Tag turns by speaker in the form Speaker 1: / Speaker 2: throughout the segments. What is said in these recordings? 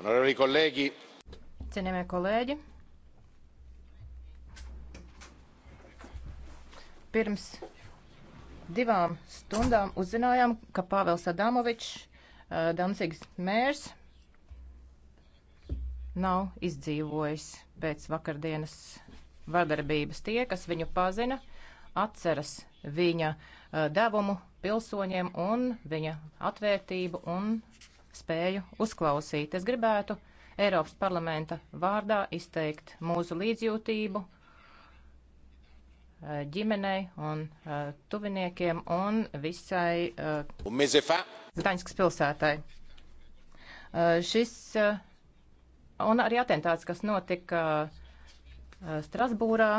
Speaker 1: Honorevoli kolēģi!
Speaker 2: Cienījamie kolēģi! Pirms divām stundām uzzinājām, ka Pāvils Adamovičs, eh, Dancigs mērs, nav izdzīvojis pēc vakardienas vardarbības. Tie, kas viņu pazina, atceras viņa eh, devumu pilsoņiem un viņa atvērtību un spēju uzklausīt. Es gribētu Eiropas parlamenta vārdā izteikt mūsu līdzjūtību eh, ģimenei un eh, tuviniekiem un visai
Speaker 1: Zdaņskas
Speaker 2: eh, pilsētai. Šis un arī atentāts, kas notika Strasbūrā.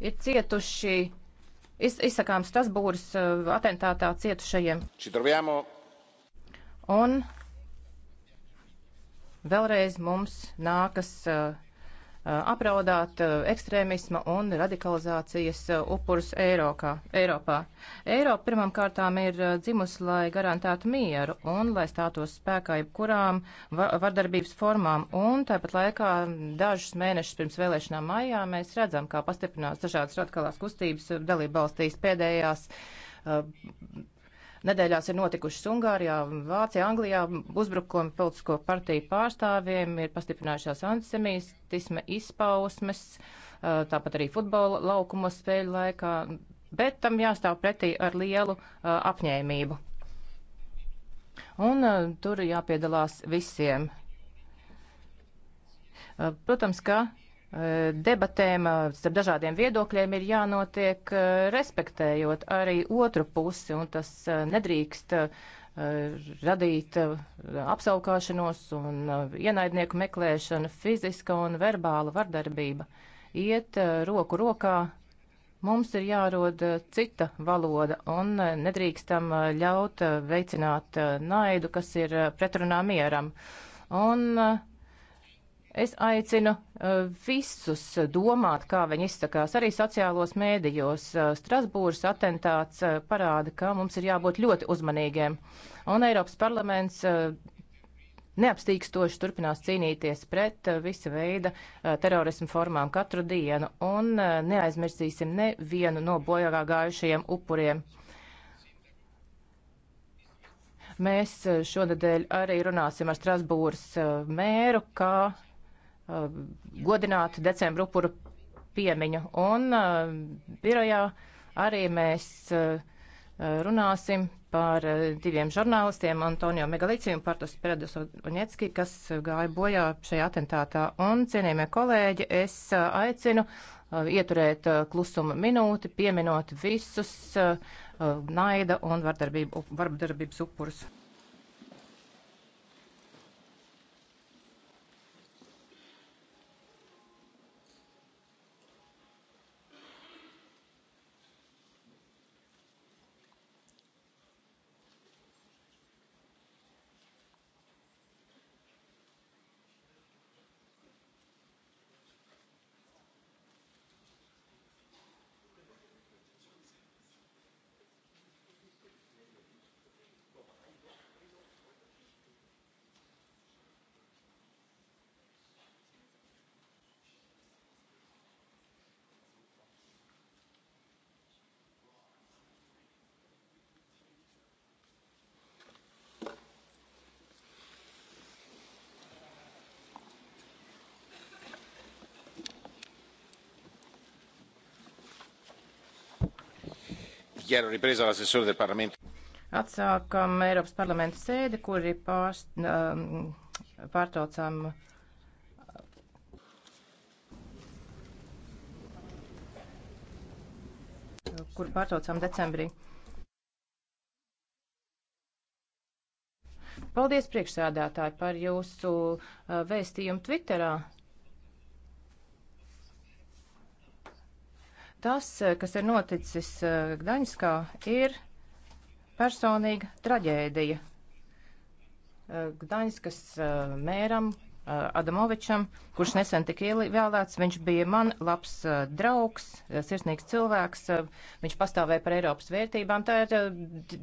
Speaker 2: Ir cietuši iz, izsakām Strasbūras uh, atentātā cietušajiem. Un vēlreiz mums nākas uh, Uh, apraudāt uh, ekstrēmisma un radikalizācijas uh, upurus Eirokā, Eiropā. Eiropa pirmām kārtām ir dzimusi, lai garantētu mieru un lai stātos spēkā jebkurām vardarbības formām. Un tāpat laikā dažus mēnešus pirms vēlēšanām maijā mēs redzam, kā pastiprinās dažādas radikālās kustības dalība valstīs pēdējās. Uh, nedēļās ir notikušas Ungārijā, Vācijā, Anglijā. Uzbrukumi politisko partiju pārstāvjiem ir pastiprinājušās antisemītisma izpausmes, tāpat arī futbola laukumos spēļu laikā, bet tam jāstāv pretī ar lielu apņēmību. Un tur jāpiedalās visiem. Protams, ka debatēm starp dažādiem viedokļiem ir jānotiek respektējot arī otru pusi, un tas nedrīkst radīt apsaukāšanos un ienaidnieku meklēšana, fiziska un verbāla vardarbība. Iet roku rokā, mums ir jārod cita valoda un nedrīkstam ļaut veicināt naidu, kas ir pretrunā mieram. Un uh, Es aicinu uh, visus domāt, kā viņi izsakās, arī sociālos mēdījos. Uh, Strasbūras atentāts uh, parāda, ka mums ir jābūt ļoti uzmanīgiem. Un Eiropas parlaments neapstīkstoši turpinās cīnīties pret visa veida terorismu formām katru dienu un neaizmirsīsim nevienu no bojā gājušajiem upuriem. Mēs šonadēļ arī runāsim ar Strasbūras mēru, kā Uh, godināt decembra upuru piemiņu. Un uh, birojā arī mēs uh, runāsim par uh, diviem žurnālistiem, Antonio Megalici un Partus Peredus Oņecki, kas gāja bojā šajā atentātā. Un, cienījamie kolēģi, es uh, aicinu uh, ieturēt uh, klusuma minūti, pieminot visus uh, uh, naida un vardarbību, vardarbības upurus.
Speaker 1: dichiaro ripresa la sessione del Parlamento.
Speaker 2: Atsākam Eiropas parlamenta sēdi, kur ir pārst, um, pārtraucām. kur pārtraucām decembrī. Paldies priekšsēdētāji par jūsu uh, vēstījumu Twitterā. Tas, eh, kas ir noticis eh, Gdaņskā, ir personīga traģēdija. Eh, Gdaņskas mēram Adamovičam, kurš nesen tika ievēlēts, viņš bija man labs draugs, sirsnīgs cilvēks, viņš pastāvēja par Eiropas vērtībām. Tā ir,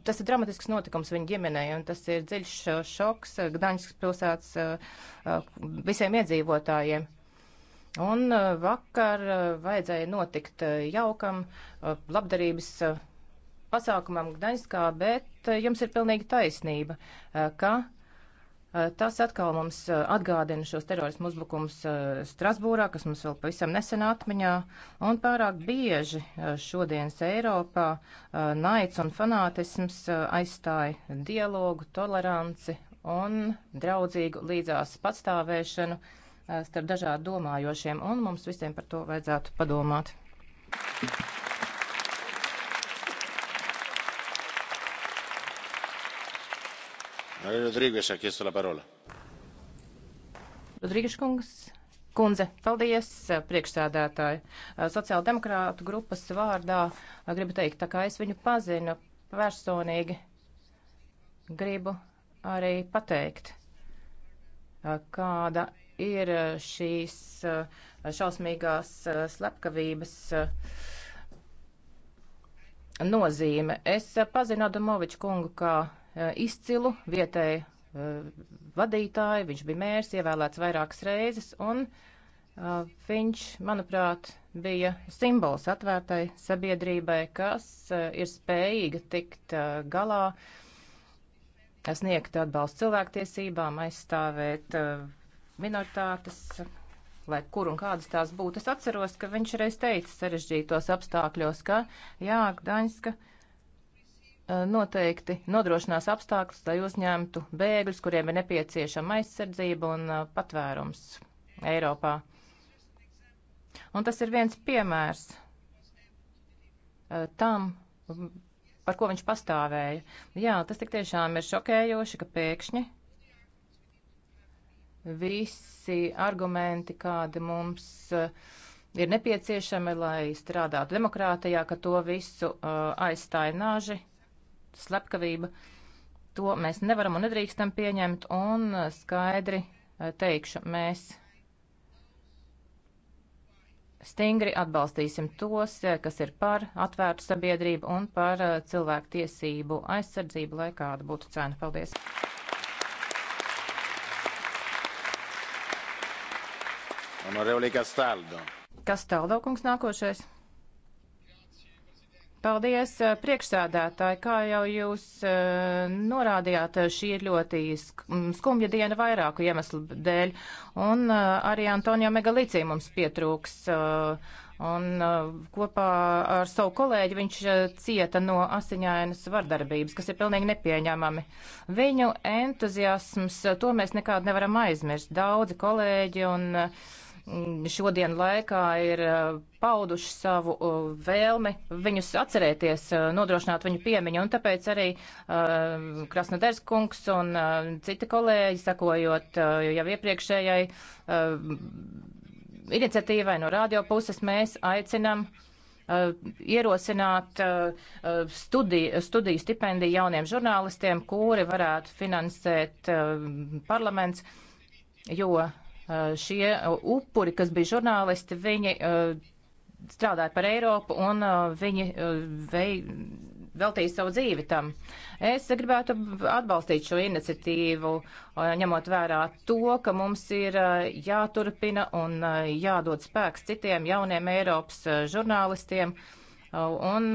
Speaker 2: tas ir dramatisks notikums viņa ģimenei, un tas ir dziļš šoks Gdaņskas pilsētas visiem iedzīvotājiem. Un uh, vakar uh, vajadzēja notikt uh, jaukam labdarības pasākumam Gdaņskā, bet jums ir pilnīgi taisnība, ka Tas atkal mums atgādina šos terorismu uzbrukumus Strasbūrā, kas mums vēl pavisam nesen atmiņā, un pārāk bieži šodienas Eiropā naids un fanātisms aizstāja dialogu, toleranci un draudzīgu līdzās patstāvēšanu Eh, starp dažādu domājošiem, un mums visiem par to vajadzētu padomāt.
Speaker 1: Rodrīgas,
Speaker 2: Rodrīgas kungs, Kundze, paldies, eh, priekšsādātāji. Eh, sociāldemokrātu grupas vārdā gribu teikt, tā kā es viņu pazinu personīgi, gribu arī pateikt, kāda ir eh, šīs eh, šausmīgās eh, slepkavības nozīme. Es pazinu Adamoviču kungu kā izcilu vietēju vadītāju, viņš bija mērs, ievēlēts vairākas reizes, un viņš, manuprāt, bija simbols atvērtai sabiedrībai, kas ir spējīga tikt galā, sniegt atbalstu cilvēktiesībām, aizstāvēt minoritātes, lai kur un kādas tās būtu. Es atceros, ka viņš reiz teica sarežģītos apstākļos, ka jā, Gdaņska noteikti nodrošinās apstākļus, lai uzņemtu bēgļus, kuriem ir nepieciešama aizsardzība un patvērums Eiropā. Un tas ir viens piemērs tam, par ko viņš pastāvēja. Jā, tas tik tiešām ir šokējoši, ka pēkšņi visi argumenti, kādi mums eh, ir nepieciešami, lai strādātu demokrātijā, ka to visu eh, aizstāja nāži, slepkavība. To mēs nevaram un nedrīkstam pieņemt, un eh, skaidri teikšu, mēs stingri atbalstīsim tos, kas ir par atvērtu sabiedrību un par cilvēku tiesību aizsardzību, lai kāda būtu cena. Paldies!
Speaker 1: Honorevoli Kastaldo.
Speaker 2: Kastaldo kungs nākošais. Paldies, eh, priekšsādātāji. Kā jau jūs eh, norādījāt, eh, šī ir ļoti mm, skumja diena vairāku iemeslu dēļ, un arī Antonio Megalicī mums pietrūks. Un kopā ar savu kolēģi viņš cieta no asiņainas vardarbības, kas ir pilnīgi nepieņemami. Viņu entuziasms, to mēs nekādu nevaram aizmirst. Daudzi kolēģi un uh, Mm, šodien laikā ir uh, pauduši savu uh, vēlmi viņus atcerēties, uh, nodrošināt viņu piemiņu, un tāpēc arī Krasnoders kungs un citi kolēģi, sakojot jau iepriekšējai iniciatīvai no radio puses, mēs aicinam ierosināt studiju, studiju stipendiju jauniem žurnālistiem, kuri varētu finansēt parlaments, jo Uh, šie uh, upuri, kas bija žurnālisti, viņi uh, strādāja par Eiropu un viņi vei, veltīja savu dzīvi tam. Es gribētu atbalstīt šo iniciatīvu, ņemot vērā to, ka mums ir jāturpina un jādod spēks citiem jauniem Eiropas žurnālistiem. Un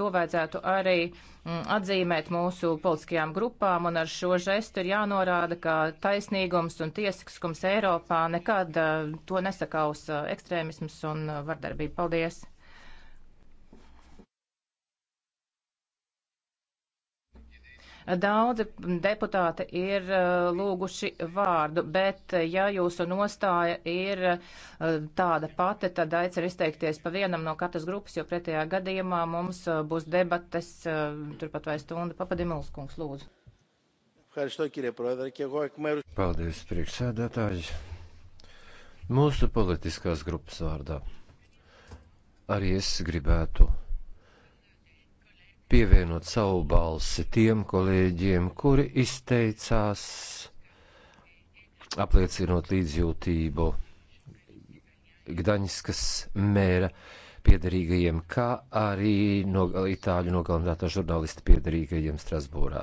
Speaker 2: to vajadzētu arī uh, Mm, atzīmēt mūsu politiskajām grupām, un ar šo žestu ir jānorāda, ka taisnīgums un tiesiskums Eiropā nekad eh, to nesakaus eh, ekstrēmisms un eh, vardarbība. Paldies! Daudzi deputāti ir uh, lūguši vārdu, bet uh, ja jūsu nostāja ir uh, tāda pati, tad aicinu izteikties pa vienam no katras grupas, jo pretējā gadījumā mums būs debates turpat vai stundu. Papadimils kungs, lūdzu.
Speaker 1: Paldies, priekšsēdētāji. Mūsu politiskās grupas vārdā. Arī es gribētu pievienot savu balsi tiem kolēģiem, kuri izteicās apliecinot līdzjūtību Gdaņskas mēra piedarīgajiem, kā arī no itāļu nogalinātā žurnālista piedarīgajiem Strasbūrā.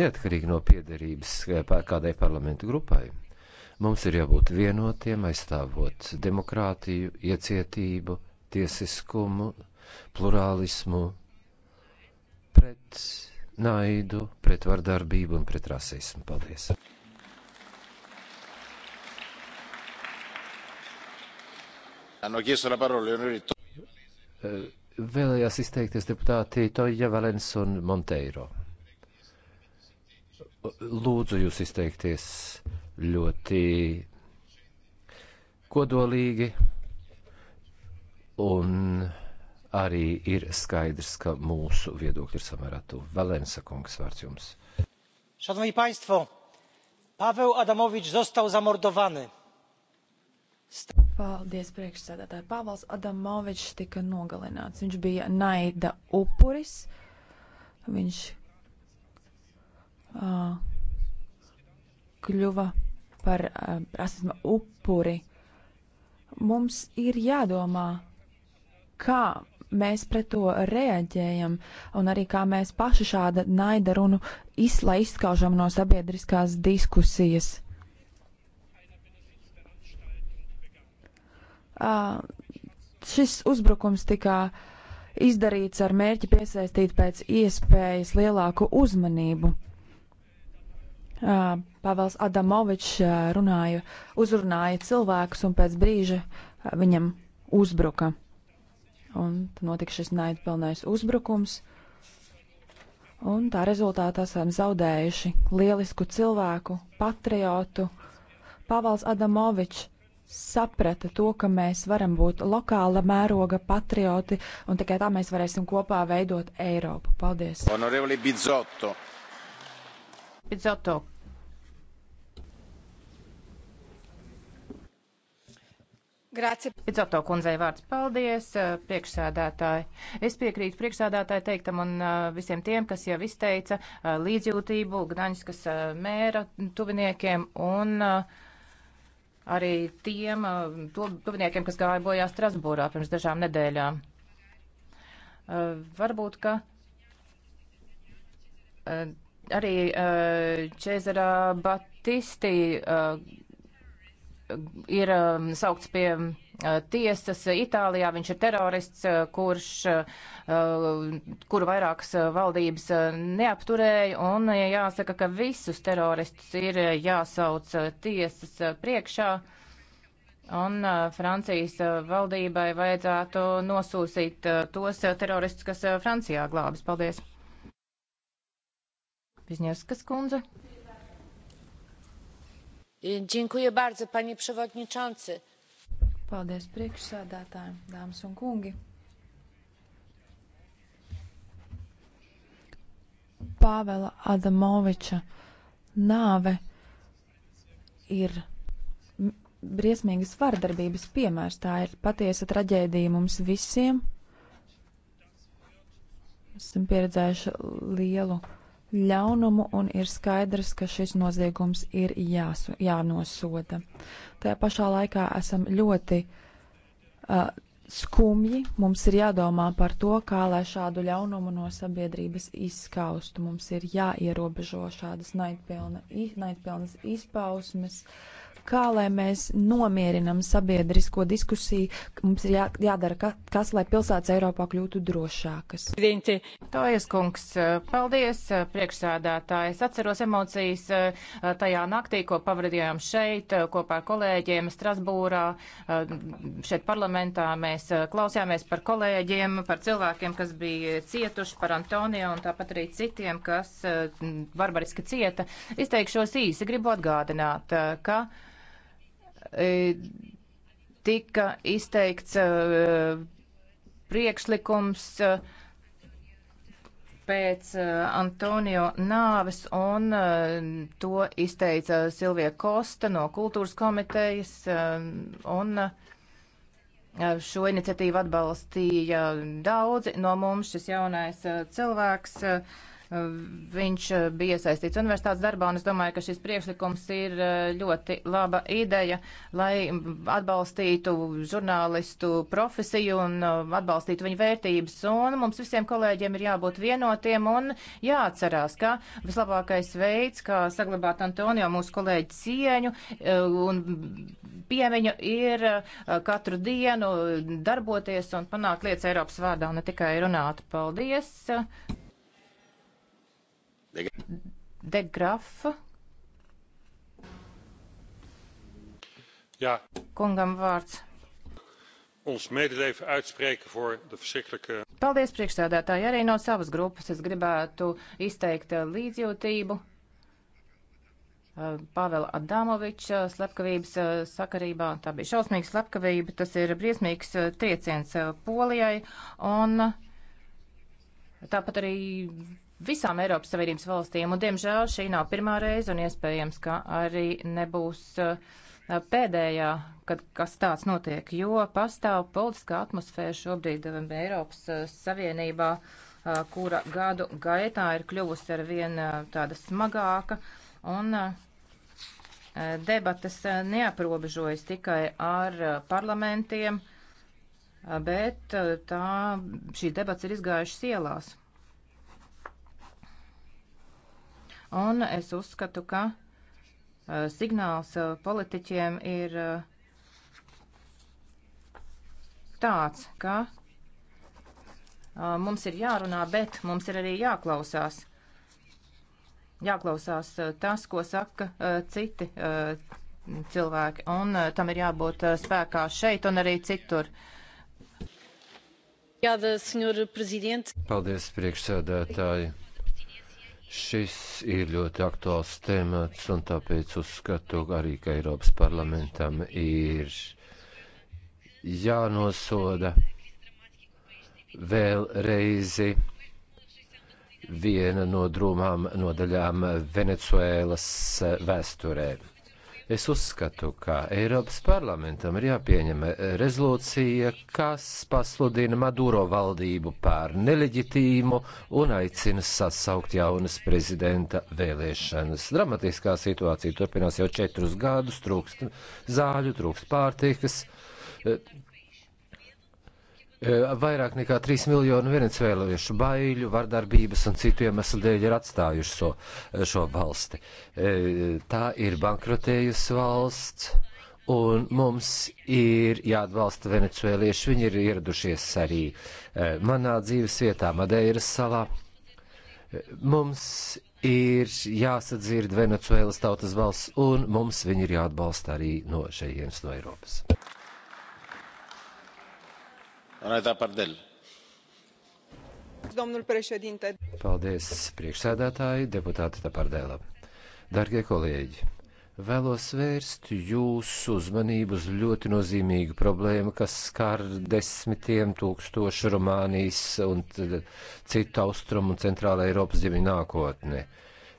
Speaker 1: Neatkarīgi no piedarības eh, kādai parlamentu grupai, mums ir jābūt vienotiem, aizstāvot demokrātiju, iecietību, tiesiskumu, plurālismu, pret naidu, pret vardarbību un pret rasismu. Paldies! Eh, vēlējās izteikties deputāti Toija Valens un Monteiro. Lūdzu jūs izteikties ļoti kodolīgi un arī ir skaidrs, ka mūsu viedokļi ir samērā tuvu. Valensa kungs, vārds jums.
Speaker 3: Szanowni Państwo,
Speaker 1: Paweł Adamowicz został zamordowany.
Speaker 4: Paldies, priekšsēdētāji. Pāvils Adamovičs tika nogalināts. Viņš bija naida upuris. Viņš uh, kļuva par uh, rasisma upuri. Mums ir jādomā, kā mēs pret to reaģējam un arī kā mēs paši šāda naida runu iz, lai izskaužam no sabiedriskās diskusijas. Uh, šis uzbrukums tika izdarīts ar mērķi piesaistīt pēc iespējas lielāku uzmanību. Uh, Pāvils Adamovičs uh, runāja, uzrunāja cilvēkus un pēc brīža viņam uzbruka un notika šis naidpilnais uzbrukums. Un tā rezultātā esam zaudējuši lielisku cilvēku, patriotu. Pāvils Adamovičs saprata to, ka mēs varam būt lokāla mēroga patrioti, un tikai tā mēs varēsim kopā veidot Eiropu. Paldies!
Speaker 3: Honorevoli Bizotto!
Speaker 4: Bizotto
Speaker 2: Grāci. Icoto kundzei vārds paldies, eh, priekšsēdētāji. Es piekrītu priekšsēdētāji teiktam un eh, visiem tiem, kas jau izteica eh, līdzjūtību Gdaņskas mēra tuviniekiem un arī tiem tuviniekiem, kas gāja bojā Strasbūrā pirms dažām nedēļām. Varbūt, ka arī Čezarā Batisti ir um, saukts pie uh, tiesas Itālijā. Viņš ir terorists, uh, kurš, uh, kuru vairākas uh, valdības uh, neapturēja, un uh, jāsaka, ka visus teroristus ir jāsauc tiesas priekšā. Un Francijas valdībai vajadzētu nosūsīt tos teroristus, kas Francijā glābis. Paldies! Bizņevskas kundze
Speaker 5: panie przewodniczący!
Speaker 4: paldies priekšsēdētājam dāmas un kungi! pāvela adamoviča nāve ir briesmīgas vardarbības piemērs. Tā ir patiesa traģēdija mums visiem. Esam pieredzējuši lielu ļaunumu un ir skaidrs, ka šis noziegums ir jāsu, jānosoda. Tajā pašā laikā esam ļoti uh, skumji. Mums ir jādomā par to, kā lai šādu ļaunumu no sabiedrības izskaustu. Mums ir jāierobežo šādas naidpilnas izpausmes. Uh, kā lai mēs nomierinam sabiedrisko diskusiju, mums ir jā, jādara ka, kas, lai pilsētas Eiropā kļūtu drošākas.
Speaker 2: Tojas kungs, paldies, priekšsādātāji. Es atceros emocijas eh, tajā naktī, ko pavadījām šeit eh, kopā ar kolēģiem Strasbūrā. Eh, šeit parlamentā mēs klausījāmies par kolēģiem, par cilvēkiem, kas bija cietuši, par Antoniju un tāpat arī citiem, kas barbariski cieta. Izteikšos īsi, gribu atgādināt, ka. E, tika izteikts e, priekšlikums e, pēc Antonio nāves, un to izteica Silvija Kosta no kultūras komitejas, un šo iniciatīvu atbalstīja daudzi no mums. Šis jaunais cilvēks Viņš eh, bija iesaistīts universitātes darbā, un es domāju, ka šis priekšlikums ir eh, ļoti laba ideja, lai atbalstītu žurnālistu profesiju un eh, atbalstītu viņu vērtības. Un mums visiem kolēģiem ir jābūt vienotiem un jāatcerās, ka vislabākais veids, kā saglabāt Antonio mūsu kolēģi cieņu un piemiņu, ir katru dienu darboties un panākt lietas Eiropas vārdā un ne tikai runāt. Paldies! De Grafa. Jā. Kungam vārds.
Speaker 6: Ons medeleven uitspreken voor de verschrikkelijke.
Speaker 2: Paldies, priekšstādātāji. Arī no savas grupas es gribētu izteikt eh, līdzjūtību eh, Pāvela Adamoviča eh, slepkavības sakarībā. Tā bija šausmīga slepkavība, tas ir briesmīgs trieciens Polijai, un tāpat arī visām Eiropas Savienības valstīm, un diemžēl šī nav pirmā reize, un iespējams, ka arī nebūs eh, pēdējā, kad kas tāds notiek, jo pastāv politiskā atmosfēra šobrīd eh, Eiropas eh, Savienībā, kura gadu gaitā ir kļuvusi ar vien tāda smagāka, un debatas neaprobežojas tikai ar parlamentiem, bet tā, šī debats ir izgājušas ielās. Un es uzskatu, ka uh, signāls uh, politiķiem ir uh, tāds, ka uh, mums ir jārunā, bet mums ir arī jāklausās. Jāklausās uh, tas, ko saka uh, citi uh, cilvēki, un uh, tam ir jābūt uh, spēkā šeit un arī
Speaker 3: citur. Uh,
Speaker 1: Paldies, priekšsēdētāji. Šis ir ļoti aktuāls temats, un tāpēc uzskatu arī, ka Eiropas parlamentam ir jānosoda vēl reizi viena no drūmām nodaļām Venecuēlas vēsturē. Es uzskatu, ka Eiropas parlamentam ir jāpieņem rezolūcija, kas pasludina Maduro valdību par neleģitīmu un aicina sasaukt jaunas prezidenta vēlēšanas. Dramatiskā situācija turpinās jau četrus gadus, trūkst zāļu, trūkst pārtikas Eh, vairāk nekā 3 miljonu venecuēliešu baiļu, vardarbības un citu iemeslu dēļ ir atstājuši šo, so, eh, šo valsti. Eh, tā ir bankrotējusi valsts. Un mums ir jāatbalsta venecuēlieši. Viņi ir ieradušies arī manā dzīves vietā, Madeiras salā. Mums ir jāsadzird Venecuēlas tautas balss, un mums viņi ir jāatbalsta arī no šejienes, no Eiropas
Speaker 7: domnule președinte.
Speaker 1: Paldies, priekšsēdētāji, deputāti Tapardēlā. Dargie kolēģi, vēlos vērst jūsu uzmanību uz ļoti nozīmīgu problēmu, kas skar desmitiem tūkstošu Rumānijas un citu austrumu un centrāla Eiropas ģimeņu nākotni.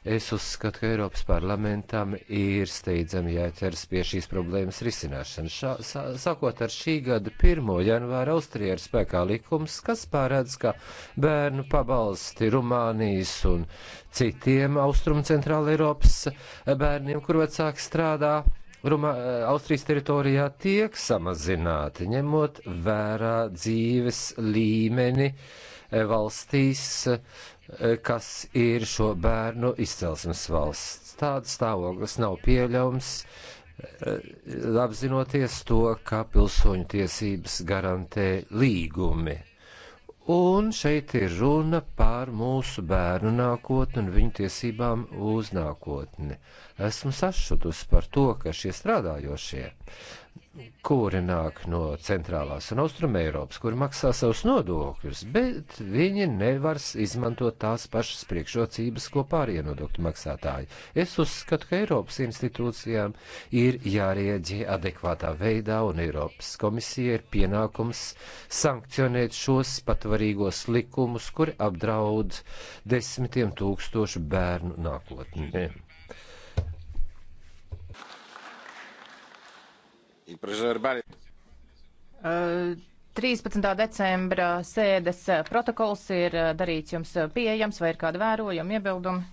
Speaker 1: Es uzskatu, ka Eiropas parlamentam ir steidzami jāķers pie šīs problēmas risināšanas. Šā, sā, sākot ar šī gada 1. janvāra Austrijā ir spēkā likums, kas pārēdz, ka bērnu pabalsti Rumānijas un citiem Austrum Centrāla Eiropas bērniem, kur vecāki strādā Rumā, Austrijas teritorijā, tiek samazināti, ņemot vērā dzīves līmeni valstīs, kas ir šo bērnu izcelsmes valsts. Tāds stāvoklis nav pieļaujams, eh, apzinoties to, ka pilsoņu tiesības garantē līgumi. Un šeit ir runa par mūsu bērnu nākotni un viņu tiesībām uz nākotni. Esmu sašutusi par to, ka šie strādājošie kuri nāk no centrālās un austruma Eiropas, kuri maksā savus nodokļus, bet viņi nevar izmantot tās pašas priekšrocības, ko pārējie nodokļu maksātāji. Es uzskatu, ka Eiropas institūcijām ir jārieģē adekvātā veidā, un Eiropas komisija ir pienākums sankcionēt šos patvarīgos likumus, kuri apdraud desmitiem tūkstošu bērnu nākotnē.
Speaker 2: Uh, 13. decembra sēdes protokols ir uh, darīts jums uh, pieejams vai ir kāda vērojuma iebildumi?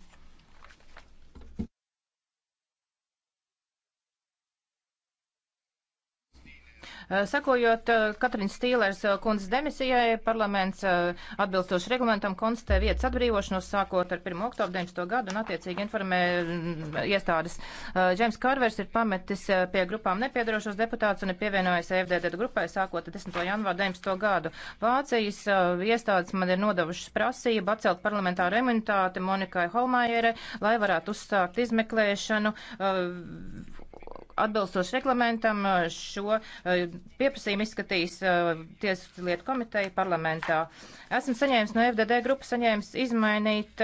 Speaker 2: Eh, Sakojot eh, Katrīnas Stīlers eh, kundzes demisijai, parlaments atbilstoši regulamentam konstatē vietas atbrīvošanos sākot ar 1. oktobru 19. gadu un attiecīgi informē mm, iestādes. Džeims Karvers ir pametis pie grupām nepiedarošos deputātus un ir pievienojies e FDD grupai sākot ar 10. janvāru 19. gadu. Vācijas iestādes man ir nodavušas prasību atcelt parlamentāru imunitāti Monikai Holmājere, lai varētu uzsākt izmeklēšanu Atbilstoši reglamentam eh, šo eh, pieprasījumu izskatīs eh, Tiesu lietu komiteja parlamentā. Esmu saņēmis no FDD grupas saņēmis izmainīt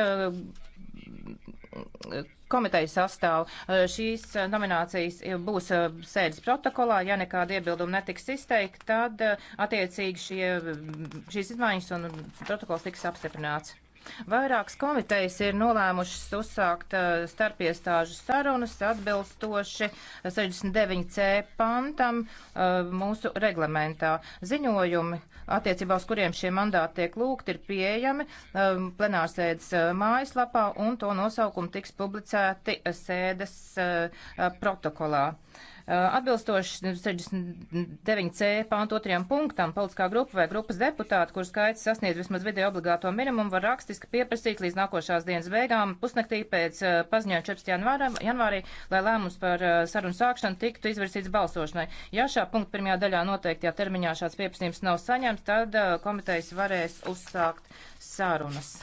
Speaker 2: komiteju sastāvu. Šīs nominācijas būs sēdes protokolā. Ja nekāda iebilduma netiks izteikta, tad attiecīgi šie, šīs izmaiņas un protokols tiks apstiprināts. Vairākas komitejas ir nolēmušas uzsākt uh, starpiestāžu sarunas atbilstoši 69c pantam uh, mūsu reglamentā. Ziņojumi, attiecībā uz kuriem šie mandāti tiek lūgti, ir pieejami um, plenārsēdes uh, mājaslapā un to nosaukumi tiks publicēti sēdes protokolā. Atbilstoši 69c pānt otrajam punktam, politiskā grupa vai grupas deputāti, kur skaits sasniedz vismaz video obligāto minimumu, var rakstiski rakstiski pieprasīts līdz nākošās dienas beigām, pusnaktī pēc eh, paziņojuma 14. Janvāra, janvārī, lai lēmums par eh, sarunu sākšanu tiktu izvirsīts balsošanai. Ja šā punkta pirmajā daļā noteiktajā termiņā šāds pieprasījums nav saņemts, tad eh, komitejas varēs uzsākt sarunas.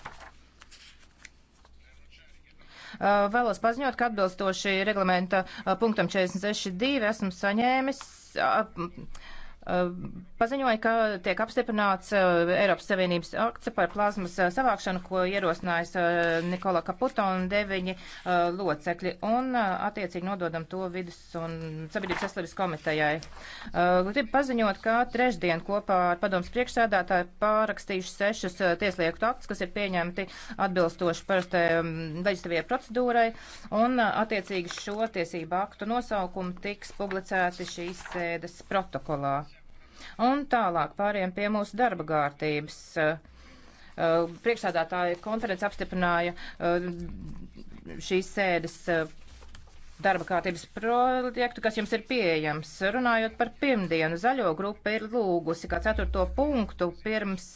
Speaker 2: Vēlos paziņot, ka atbilstoši reglamenta punktam 46.2 esmu saņēmis paziņoja, ka tiek apstiprināts Eiropas Savienības akts par plazmas savākšanu, ko ierosinājis Nikola Kaputo un deviņi locekļi, un attiecīgi nododam to vidus un sabiedrības veselības komitejai. Gribu paziņot, ka trešdien kopā ar padoms priekšsēdētāju pārakstījuši sešus tieslieku aktus, kas ir pieņemti atbilstoši parastai leģistavie procedūrai, un attiecīgi šo tiesību aktu nosaukumu tiks publicēti šīs sēdes protokolā. Un tālāk pāriem pie mūsu darba gārtības. Eh, eh, priekšsādātāja konference apstiprināja eh, šīs sēdes darba kārtības projektu, kas jums ir pieejams. Runājot par pirmdienu, zaļo grupa ir lūgusi kā ceturto punktu pirms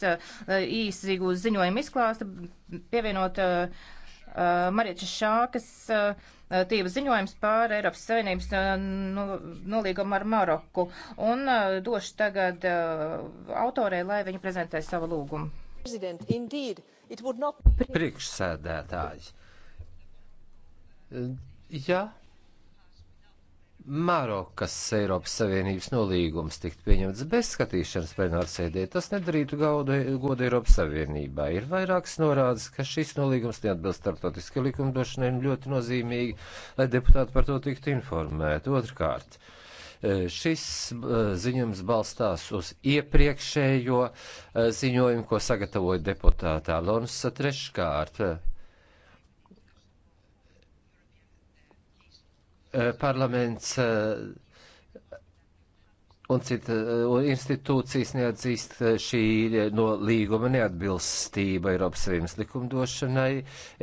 Speaker 2: īsīgu ziņojumu izklāsta pievienot uh, Marietas Šākas uh, Eh, tības ziņojums pār Eiropas Savienības eh, nu, nolīgumu ar Maroku. Un eh, došu tagad autorei, lai viņa prezentē savu lūgumu.
Speaker 8: Not...
Speaker 1: Priekšsēdētāji. Ja Marokas Eiropas Savienības nolīgums tiktu pieņemts bez skatīšanas plenārsēdē, tas nedarītu gaudu, godu Eiropas Savienībā. Ir vairākas norādes, ka šis nolīgums neatbilst starptautiskai likumdošanai un ļoti nozīmīgi, lai deputāti par to tiktu informēti. Otrkārt, e, šis e, ziņojums balstās uz iepriekšējo e, ziņojumu, ko sagatavoja deputātā Lonsa treškārt. Eh, parlaments eh, un citas eh, institūcijas neatzīst šī no līguma neatbilstība Eiropas Savienības likumdošanai.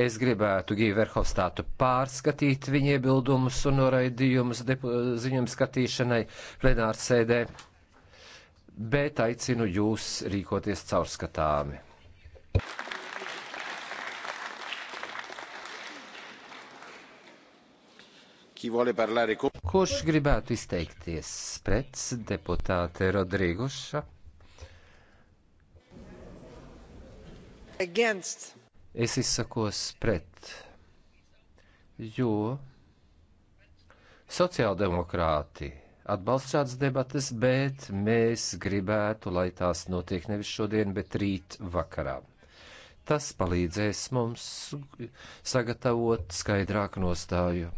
Speaker 1: Es gribētu Gīvi Verhofstātu pārskatīt viņa iebildumus un noraidījumus ziņojumu skatīšanai plenārsēdē, bet aicinu jūs rīkoties caurskatāmi. Kurš gribētu izteikties pret deputāte Rodrīguša? Against. Es izsakos pret, jo sociāldemokrāti atbalsta šādas debates, bet mēs gribētu, lai tās notiek nevis šodien, bet rīt vakarā. Tas palīdzēs mums sagatavot skaidrāku nostāju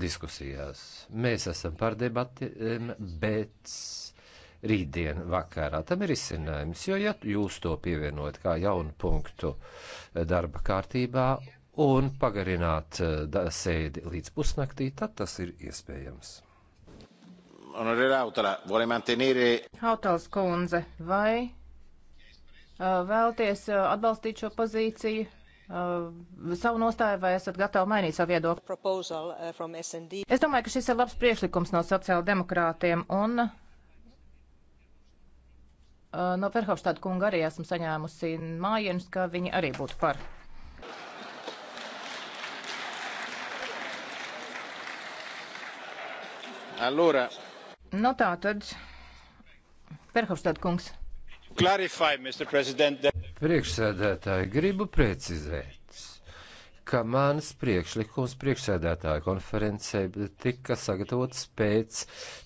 Speaker 1: diskusijās. Mēs esam par debatiem, bet rītdien vakarā tam ir izcinājums, jo ja jūs to pievienot kā jaunu punktu darba kārtībā un pagarināt eh, sēdi līdz pusnaktī, tad tas ir iespējams.
Speaker 2: Hautals kundze, vai eh, vēlties eh, atbalstīt šo pozīciju? Uh, savu nostāju vai esat gatavi mainīt savu viedokli? Uh, es domāju, ka šis ir labs priekšlikums no sociāldemokrātiem un uh, no Verhofstāda kunga arī esmu saņēmusi mājienus, ka viņi arī būtu par. Allora. Nu tā tad, Verhofstāda kungs.
Speaker 1: Clarify, Mr. President. That... Priekšsēdētāji, gribu precizēt, ka mans priekšlikums priekšsēdētāja konferencē tika sagatavots pēc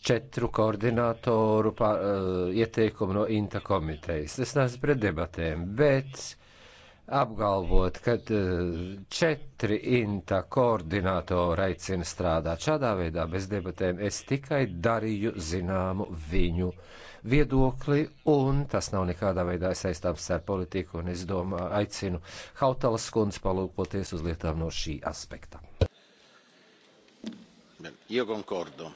Speaker 1: četru koordinātoru pār, uh, eh, ieteikumu no INTA komitejas. Es neesmu pret debatēm, bet apgalvot, ka uh, četri INTA koordinātori aicina strādāt šādā veidā bez debatēm, es tikai darīju zināmu viņu uh, viedokli, un tas nav nekādā veidā saistāms ar politiku, un es domāju, aicinu Hautalas kundzi palūkoties uz lietām no šī aspekta. Io concordo.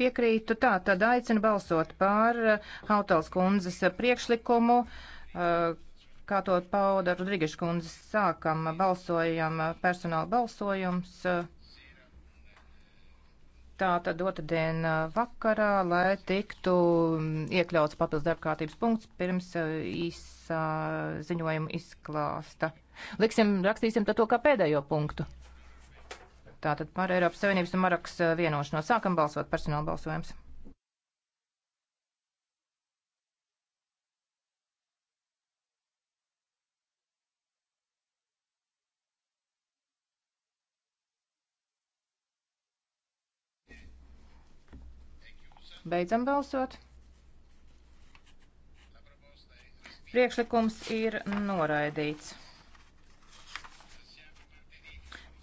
Speaker 2: Piekrītu tā, tad aicinu balsot pār eh, Hautals kundzes eh, priekšlikumu, eh, kā to pauda Rodrigeša kundzes sākam, balsojam, personāla balsojums tā tad otrdien vakarā, lai tiktu mm, iekļauts papildus darbkārtības punkts pirms e, īsā ziņojuma izklāsta. Liksim, rakstīsim tad to kā pēdējo punktu. Tātad par Eiropas Savienības un Marakas e, vienošanos sākam balsot personāla balsojums. Beidzam balsot. Priekšlikums ir noraidīts.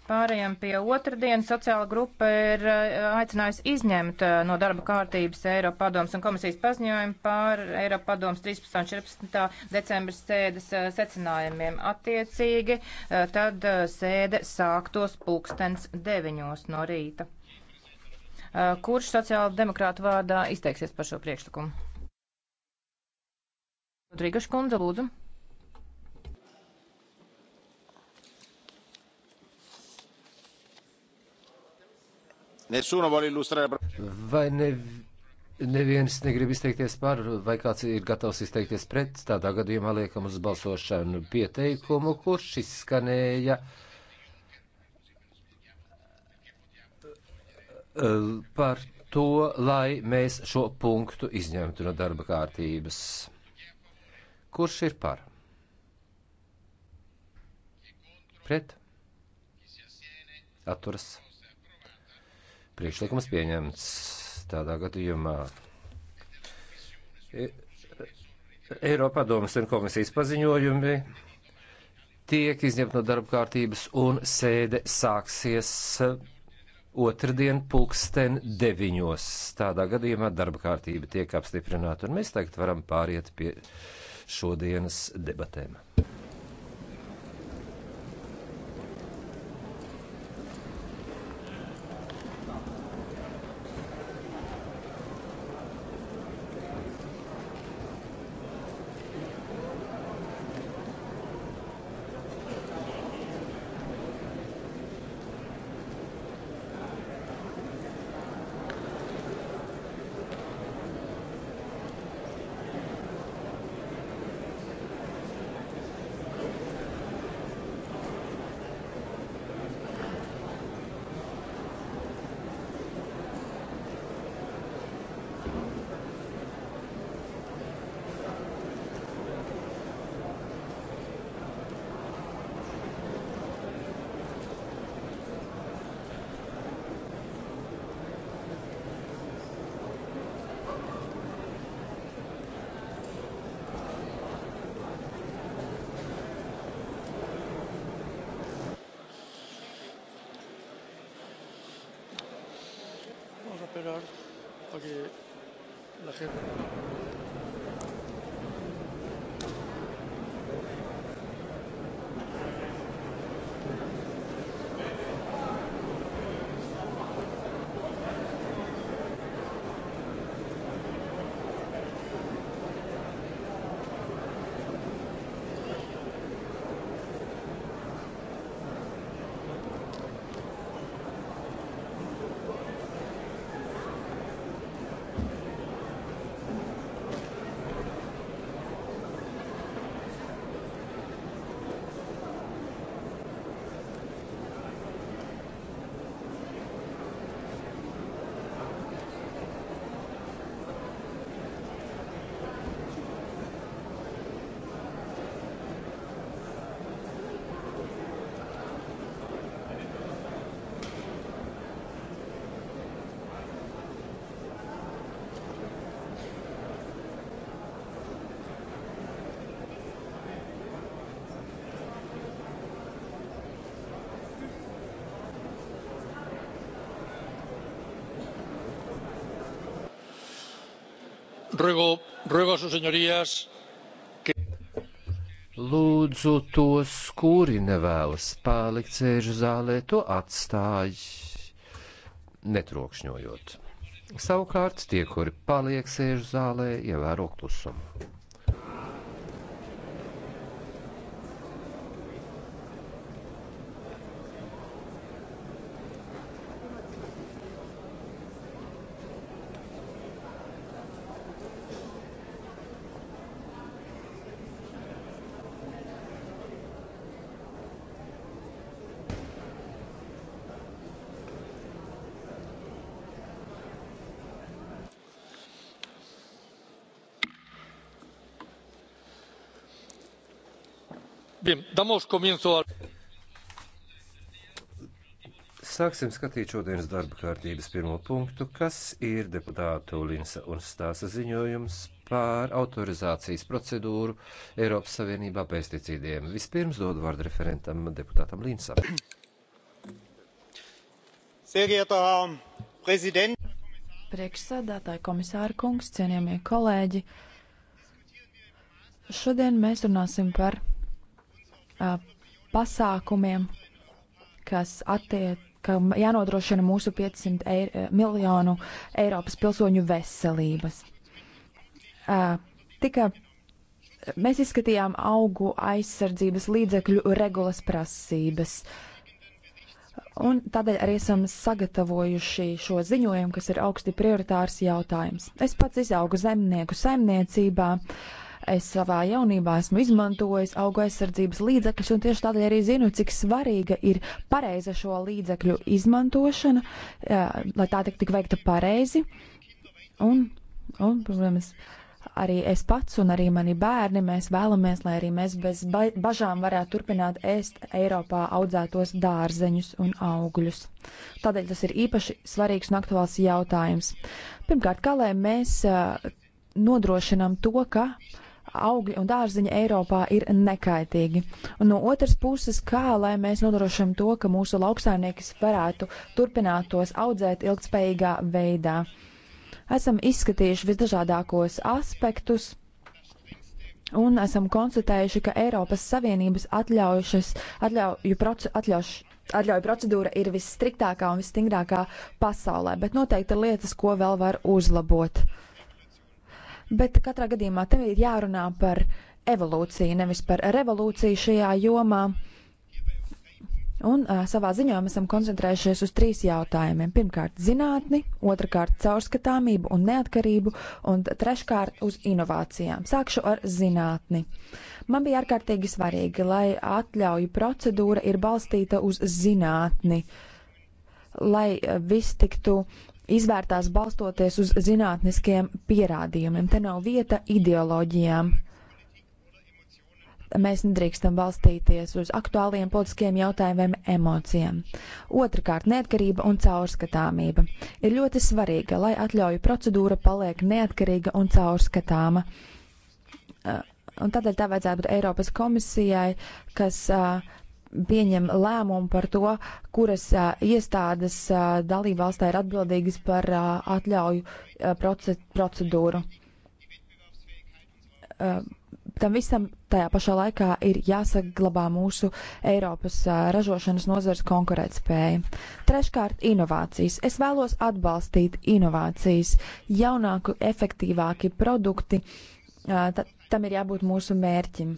Speaker 2: Pārējām pie otrdienas sociāla grupa ir eh, aicinājusi izņemt eh, no darba kārtības Eiropa padoms un komisijas paziņojumu pār Eiropa padoms 13. un 14. decembris sēdes eh, secinājumiem. Attiecīgi tad sēde sāktos pulkstens deviņos no rīta. Eh, kurš sociāla demokrāta vārdā izteiksies par šo priekšlikumu? Rodrīgaša kundze, lūdzu.
Speaker 1: Vai ne, neviens negrib izteikties par, vai kāds ir gatavs izteikties pret? Tādā gadījumā liekam uz balsošanu pieteikumu, kurš izskanēja. Uh, Eh, par to, lai mēs šo punktu izņemtu no darba kārtības. Kurš ir par? Pret? Atturas. Priekšlikums pieņemts tādā gadījumā. E, Eiropadomas un komisijas paziņojumi tiek izņemti no darba kārtības un sēde sāksies otrdien pulksten deviņos. Tādā gadījumā darba kārtība tiek apstiprināta, un mēs tagad varam pāriet pie šodienas debatēm. Ruego, ruego a sus señorías que. Lūdzu tos, kuri nevēlas palikt sēžu zālē, to atstāj netrokšņojot. Savukārt tie, kuri paliek sēžu zālē, ievēro klusumu. damos comienzo al. Sāksim skatīt šodienas darba kārtības pirmo punktu, kas ir deputātu Linsa un Stāsa ziņojums par autorizācijas procedūru Eiropas Savienībā pesticīdiem. Vispirms dodu vārdu referentam deputātam Linsam.
Speaker 4: Priekšsēdētāji komisāri kungs, cienījamie kolēģi, šodien mēs runāsim par pasākumiem, kas attiec ka jānodrošina mūsu 500 eiro, miljonu Eiropas pilsoņu veselības. Tika mēs izskatījām augu aizsardzības līdzekļu regulas prasības. Un tādēļ arī esam sagatavojuši šo ziņojumu, kas ir augsti prioritārs jautājums. Es pats izaugu zemnieku saimniecībā. Uh, Es savā jaunībā esmu izmantojis auga aizsardzības līdzekļus, un tieši tādēļ arī zinu, cik svarīga ir pareiza šo līdzekļu izmantošana, jā, lai tā tik, tik veikta pareizi. Un, un protams, arī es pats un arī mani bērni, mēs vēlamies, lai arī mēs bez ba bažām varētu turpināt ēst Eiropā audzētos dārzeņus un augļus. Tādēļ tas ir īpaši svarīgs un aktuāls jautājums. Pirmkārt, kā lai mēs uh, nodrošinām to, ka uh, augļi un dārziņi Eiropā ir nekaitīgi. Un no otras puses, kā lai mēs nodrošam to, ka mūsu lauksaimnieks varētu turpināt tos audzēt ilgspējīgā veidā. Esam izskatījuši visdažādākos aspektus. Un esam konstatējuši, ka Eiropas Savienības atļaujušas, atļauju, proce, atļauš, atļauju procedūra ir visstriktākā un visstingrākā pasaulē, bet noteikti ir lietas, ko vēl var uzlabot. Uh, Bet katrā gadījumā te ir jārunā par evolūciju, nevis par revolūciju šajā jomā. Un uh, savā ziņā mēs esam koncentrējušies uz trīs jautājumiem. Pirmkārt, zinātni, otrkārt, caurskatāmību un neatkarību, un treškārt, uz inovācijām. Sākšu ar zinātni. Man bija ārkārtīgi svarīgi, lai atļauju procedūra ir balstīta uz zinātni, lai viss tiktu izvērtās balstoties uz zinātniskiem pierādījumiem. Te nav vieta ideoloģijām. Mēs nedrīkstam balstīties uz aktuāliem politiskiem jautājumiem, emocijām. Otrakārt, neatkarība un caurskatāmība. Ir ļoti svarīga, lai atļauju procedūra paliek neatkarīga un caurskatāma. Uh, un tādēļ tā vajadzētu būt Eiropas komisijai, kas uh, pieņem lēmumu par to, kuras a, iestādes dalībvalstā ir atbildīgas par a, atļauju a, proce, procedūru. Tam visam tajā pašā laikā ir jāsaglabā mūsu Eiropas ražošanas nozars konkurētspēja. Treškārt, inovācijas. Es vēlos atbalstīt inovācijas, jaunāku, efektīvāki produkti. Tam ir jābūt mūsu mērķim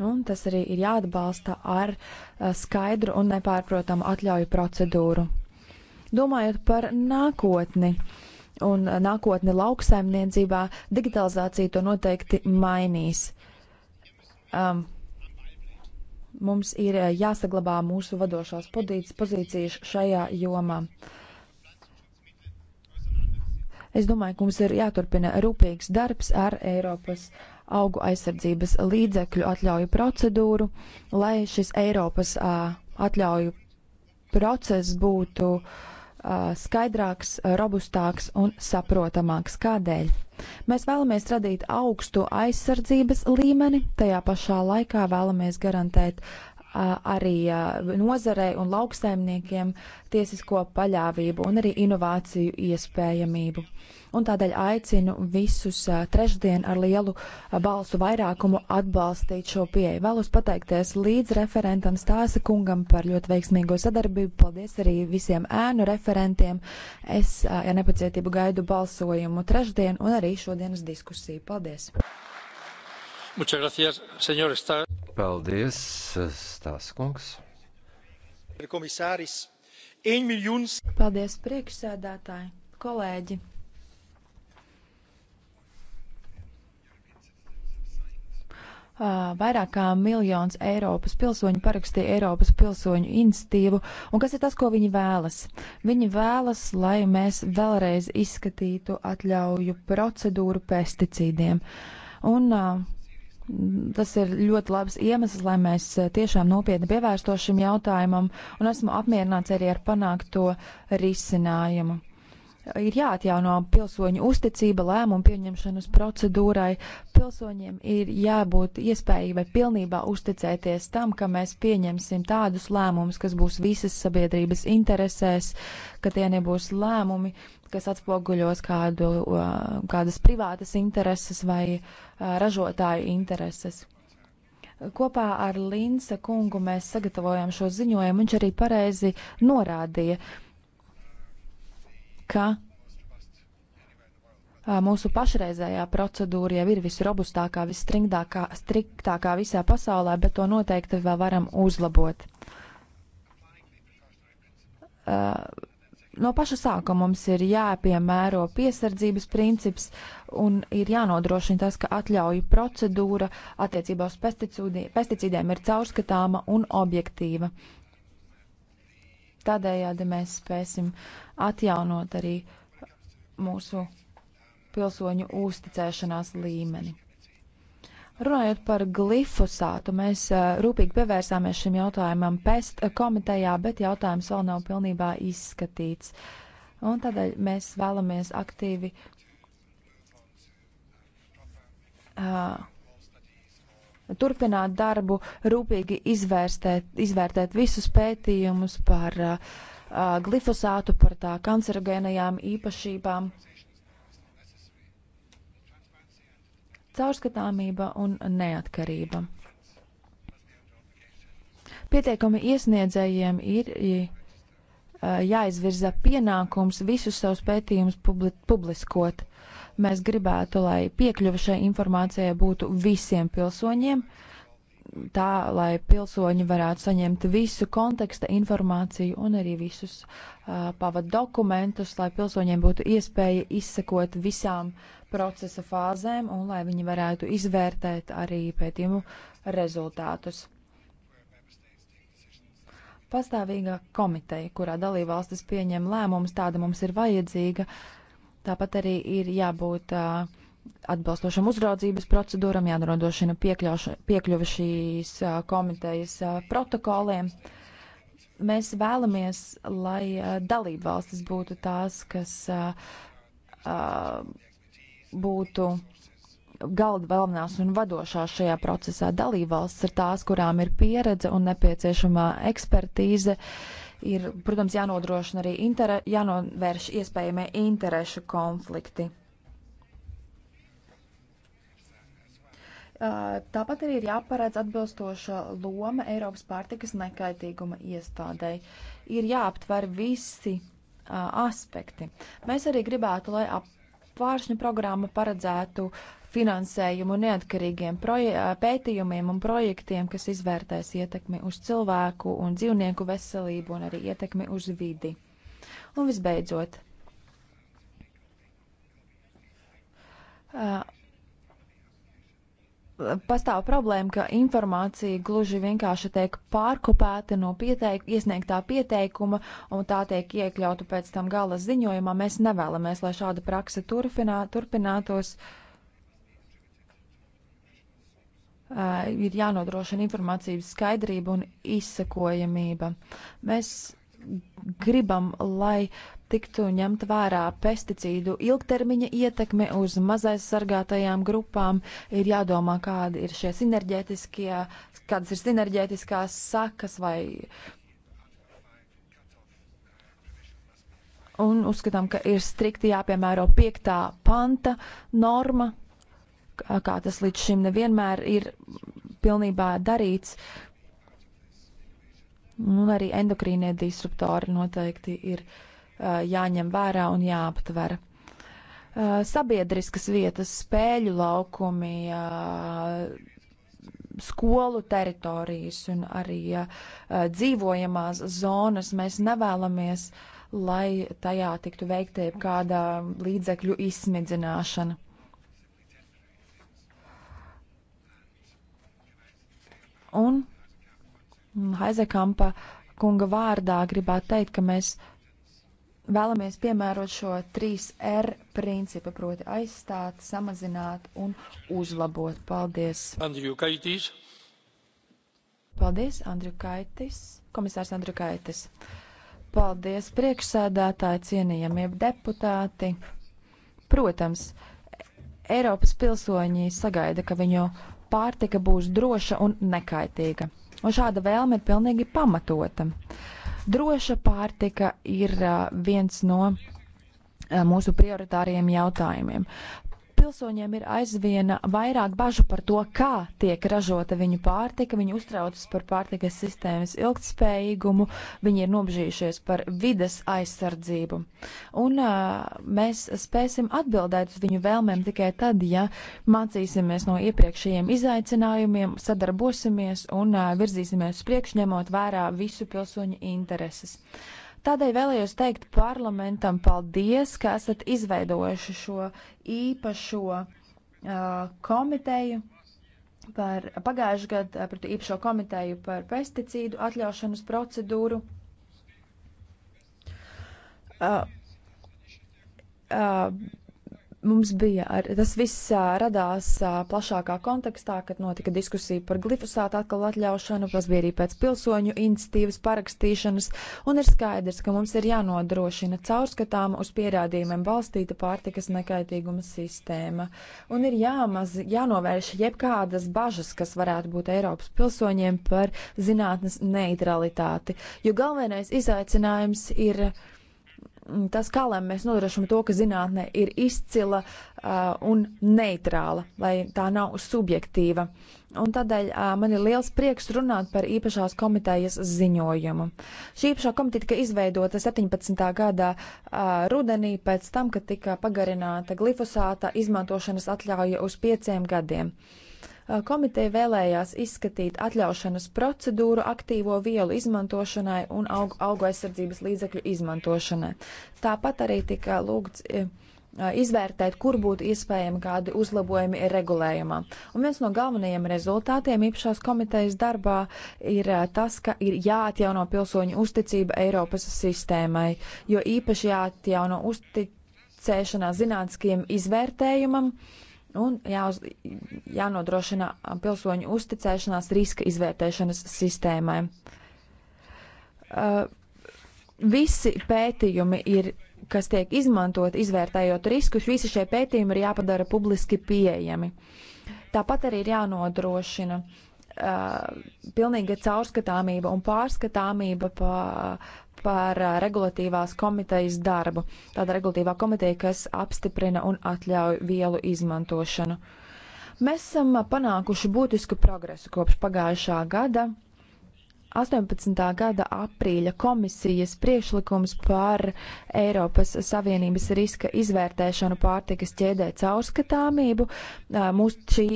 Speaker 4: Un tas arī ir jāatbalsta ar uh, skaidru un nepārprotamu atļauju procedūru. Domājot par nākotni un uh, nākotni lauksaimniecībā, digitalizācija to noteikti mainīs. Um, mums ir uh, jāsaglabā mūsu vadošās pozīcijas šajā jomā. Es domāju, ka mums ir jāturpina rūpīgs darbs ar Eiropas uh, augu aizsardzības līdzekļu atļauju procedūru, lai šis Eiropas atļauju process būtu skaidrāks, robustāks un saprotamāks. Kādēļ? Mēs vēlamies radīt augstu aizsardzības līmeni, tajā pašā laikā vēlamies garantēt arī nozarei un lauksaimniekiem tiesisko paļāvību un arī inovāciju iespējamību. Un tādēļ aicinu visus trešdien ar lielu balsu vairākumu atbalstīt šo pieeju. Vēlos pateikties līdz referentam Stāsa kungam par ļoti veiksmīgo sadarbību. Paldies arī visiem ēnu referentiem. Es ar ja nepacietību gaidu balsojumu trešdien un arī šodienas diskusiju. Paldies!
Speaker 1: Muchas gracias, señor Stāsa. Paldies, Stās kungs.
Speaker 4: Paldies, priekšsēdētāji, kolēģi. vairāk kā miljons Eiropas pilsoņu parakstīja Eiropas pilsoņu institīvu. Un kas ir tas, ko viņi vēlas? Viņi vēlas, lai mēs vēlreiz izskatītu atļauju procedūru pesticīdiem. Un uh, Tas ir ļoti labs iemesls, lai mēs eh, tiešām nopietni pievērstos šim jautājumam, un esmu apmierināts arī ar panākto risinājumu. Ir jāatjauno pilsoņu uzticība lēmumu pieņemšanas procedūrai. Pilsoņiem ir jābūt iespējai pilnībā uzticēties tam, ka mēs pieņemsim tādus lēmumus, kas būs visas sabiedrības interesēs, ka tie nebūs lēmumi, kas atspoguļos kādu, uh, kādas privātas intereses vai uh, ražotāju intereses. Kopā ar Linsa kungu mēs sagatavojam šo ziņojumu. Viņš arī pareizi norādīja, ka uh, mūsu pašreizējā procedūra jau ir visrobustākā, visstriktākā visā pasaulē, bet to noteikti vēl varam uzlabot. Uh, no paša sākuma mums ir jāpiemēro piesardzības princips un ir jānodrošina tas, ka atļauju procedūra attiecībā uz pesticīdiem ir caurskatāma un objektīva. Tādējādi mēs spēsim atjaunot arī mūsu pilsoņu uzticēšanās līmeni. Runājot par glifosātu, mēs eh, rūpīgi pievērsāmies šim jautājumam PEST komitejā, bet jautājums vēl nav pilnībā izskatīts. Un tādēļ mēs vēlamies aktīvi uh, turpināt darbu, rūpīgi izvērstēt, izvērtēt visus pētījumus par uh, glifosātu, par tā kancerogēnajām īpašībām. Uh, caurskatāmība un neatkarība. Pietiekami iesniedzējiem ir jāizvirza pienākums visus savus pētījumus publi publiskot. Mēs gribētu, lai piekļuva šai informācijai būtu visiem pilsoņiem, tā lai pilsoņi varētu saņemt visu konteksta informāciju un arī visus uh, pavadu dokumentus, lai pilsoņiem būtu iespēja izsekot visām uh, procesa fāzēm un lai viņi varētu izvērtēt arī pētījumu rezultātus. Pastāvīga komiteja, kurā dalībvalstis pieņem lēmumus, tāda mums ir vajadzīga. Tāpat arī ir jābūt uh, atbilstošam uzraudzības procedūram, jānodrošina piekļuve šīs komitejas protokoliem. Mēs vēlamies, lai dalību valstis būtu tās, kas būtu galda galvenās un vadošās šajā procesā dalībvalsts ir tās, kurām ir pieredze un nepieciešamā ekspertīze. Ir, protams, jānodrošina arī intere, jānovērš iespējamie interešu konflikti. Tāpat arī ir jāparedz atbilstoša loma Eiropas pārtikas nekaitīguma iestādei. Ir jāaptver visi aspekti. Mēs arī gribētu, lai ap apvāršņu programma paredzētu finansējumu neatkarīgiem pētījumiem un projektiem, kas izvērtēs ietekmi uz cilvēku un dzīvnieku veselību un arī ietekmi uz vidi. Un visbeidzot, uh, pastāv problēma, ka informācija gluži vienkārši tiek pārkopēta no pieteik, iesniegtā pieteikuma, un tā tiek iekļauta pēc tam gala ziņojumā. Mēs nevēlamies, lai šāda praksa turpinā, turpinātos. Uh, ir jānodrošina informācijas skaidrība un izsakojamība. Mēs gribam, lai tiktu ņemt vērā pesticīdu ilgtermiņa ietekme uz mazais sargātajām grupām, ir jādomā, kādi ir šie sinerģētiskie, kādas ir sinerģētiskās sakas vai. Un uzskatām, ka ir strikti jāpiemēro piektā panta norma, kā tas līdz šim nevienmēr ir pilnībā darīts. Uh, Nu, arī endokrīnie disruptori noteikti ir uh, jāņem vērā un jāaptver. Uh, sabiedriskas vietas, spēļu laukumi, uh, skolu teritorijas un arī uh, dzīvojamās zonas mēs nevēlamies, lai tajā tiktu veikta jebkāda līdzekļu izsmidzināšana. Un Mm, Haizekampa kunga vārdā gribētu teikt, ka mēs vēlamies piemērot šo 3R principu, proti aizstāt, samazināt un uzlabot. Paldies!
Speaker 1: Andriju Kaitis!
Speaker 4: Paldies, Andriju Kaitis! Komisārs Andriju Kaitis! Paldies, priekšsēdētāji, cienījamie deputāti! Protams, Eiropas pilsoņi sagaida, ka viņu pārtika būs droša un nekaitīga. Un šāda vēlme ir pilnīgi pamatota. Droša pārtika ir viens no mūsu prioritāriem jautājumiem pilsoņiem ir aizvien vairāk bažu par to, kā tiek ražota viņu pārtika. Viņi uztraucas par pārtikas sistēmas ilgtspējīgumu, viņi ir nobežījušies par vides aizsardzību. Un uh, mēs spēsim atbildēt uz viņu vēlmēm tikai tad, ja mācīsimies no iepriekšējiem izaicinājumiem, sadarbosimies un uh, virzīsimies uz priekšu, ņemot vērā visu pilsoņu intereses. Uh, Tādēļ vēlējos teikt parlamentam paldies, ka esat izveidojuši šo īpašo uh, komiteju par pagājušā gada uh, pret īpašo komiteju par pesticīdu atļaušanas procedūru. Uh, uh, Mums bija, ar, tas viss radās plašākā kontekstā, kad notika diskusija par glifosātu atkal atļaušanu, tas bija arī pēc pilsoņu iniciatīvas parakstīšanas, un ir skaidrs, ka mums ir jānodrošina caurskatām uz pierādījumiem balstīta pārtikas nekaitīguma sistēma, un ir jāmaz, jānovērš jebkādas bažas, kas varētu būt Eiropas pilsoņiem par zinātnes neutralitāti, jo galvenais izaicinājums ir. Uh, Mm, tas, kā lai mēs nodrošam to, ka zinātne ir izcila uh, un neitrāla, lai tā nav subjektīva. Un tādēļ uh, man ir liels prieks runāt par īpašās komitejas ziņojumu. Šī īpašā komiteja tika izveidota 17. gadā uh, rudenī pēc tam, kad tika pagarināta glifosāta izmantošanas atļauja uz pieciem gadiem. Uh, Komiteja vēlējās izskatīt atļaušanas procedūru aktīvo vielu izmantošanai un augu, augu aizsardzības līdzekļu izmantošanai. Tāpat arī tika lūgts izvērtēt, kur būtu iespējami kādi uzlabojumi regulējumā. Un viens no galvenajiem rezultātiem īpašās komitejas darbā ir tas, ka ir jāatjauno pilsoņu uzticība Eiropas sistēmai, jo īpaši jāatjauno uzticēšanā zinātniskiem izvērtējumam. Uh, un jāuz, jānodrošina pilsoņu uzticēšanās riska izvērtēšanas sistēmai. Uh, visi pētījumi ir kas tiek izmantot, izvērtējot riskus, visi šie pētījumi ir jāpadara publiski pieejami. Tāpat arī ir jānodrošina uh, pilnīga caurskatāmība un pārskatāmība pa, par regulatīvās komitejas darbu. Tāda regulatīvā komiteja, kas apstiprina un atļauj vielu izmantošanu. Mēs esam panākuši būtisku progresu kopš pagājušā gada. 18. gada aprīļa komisijas priekšlikums par Eiropas Savienības riska izvērtēšanu pārtikas ķēdē caurskatāmību. Mūs šī,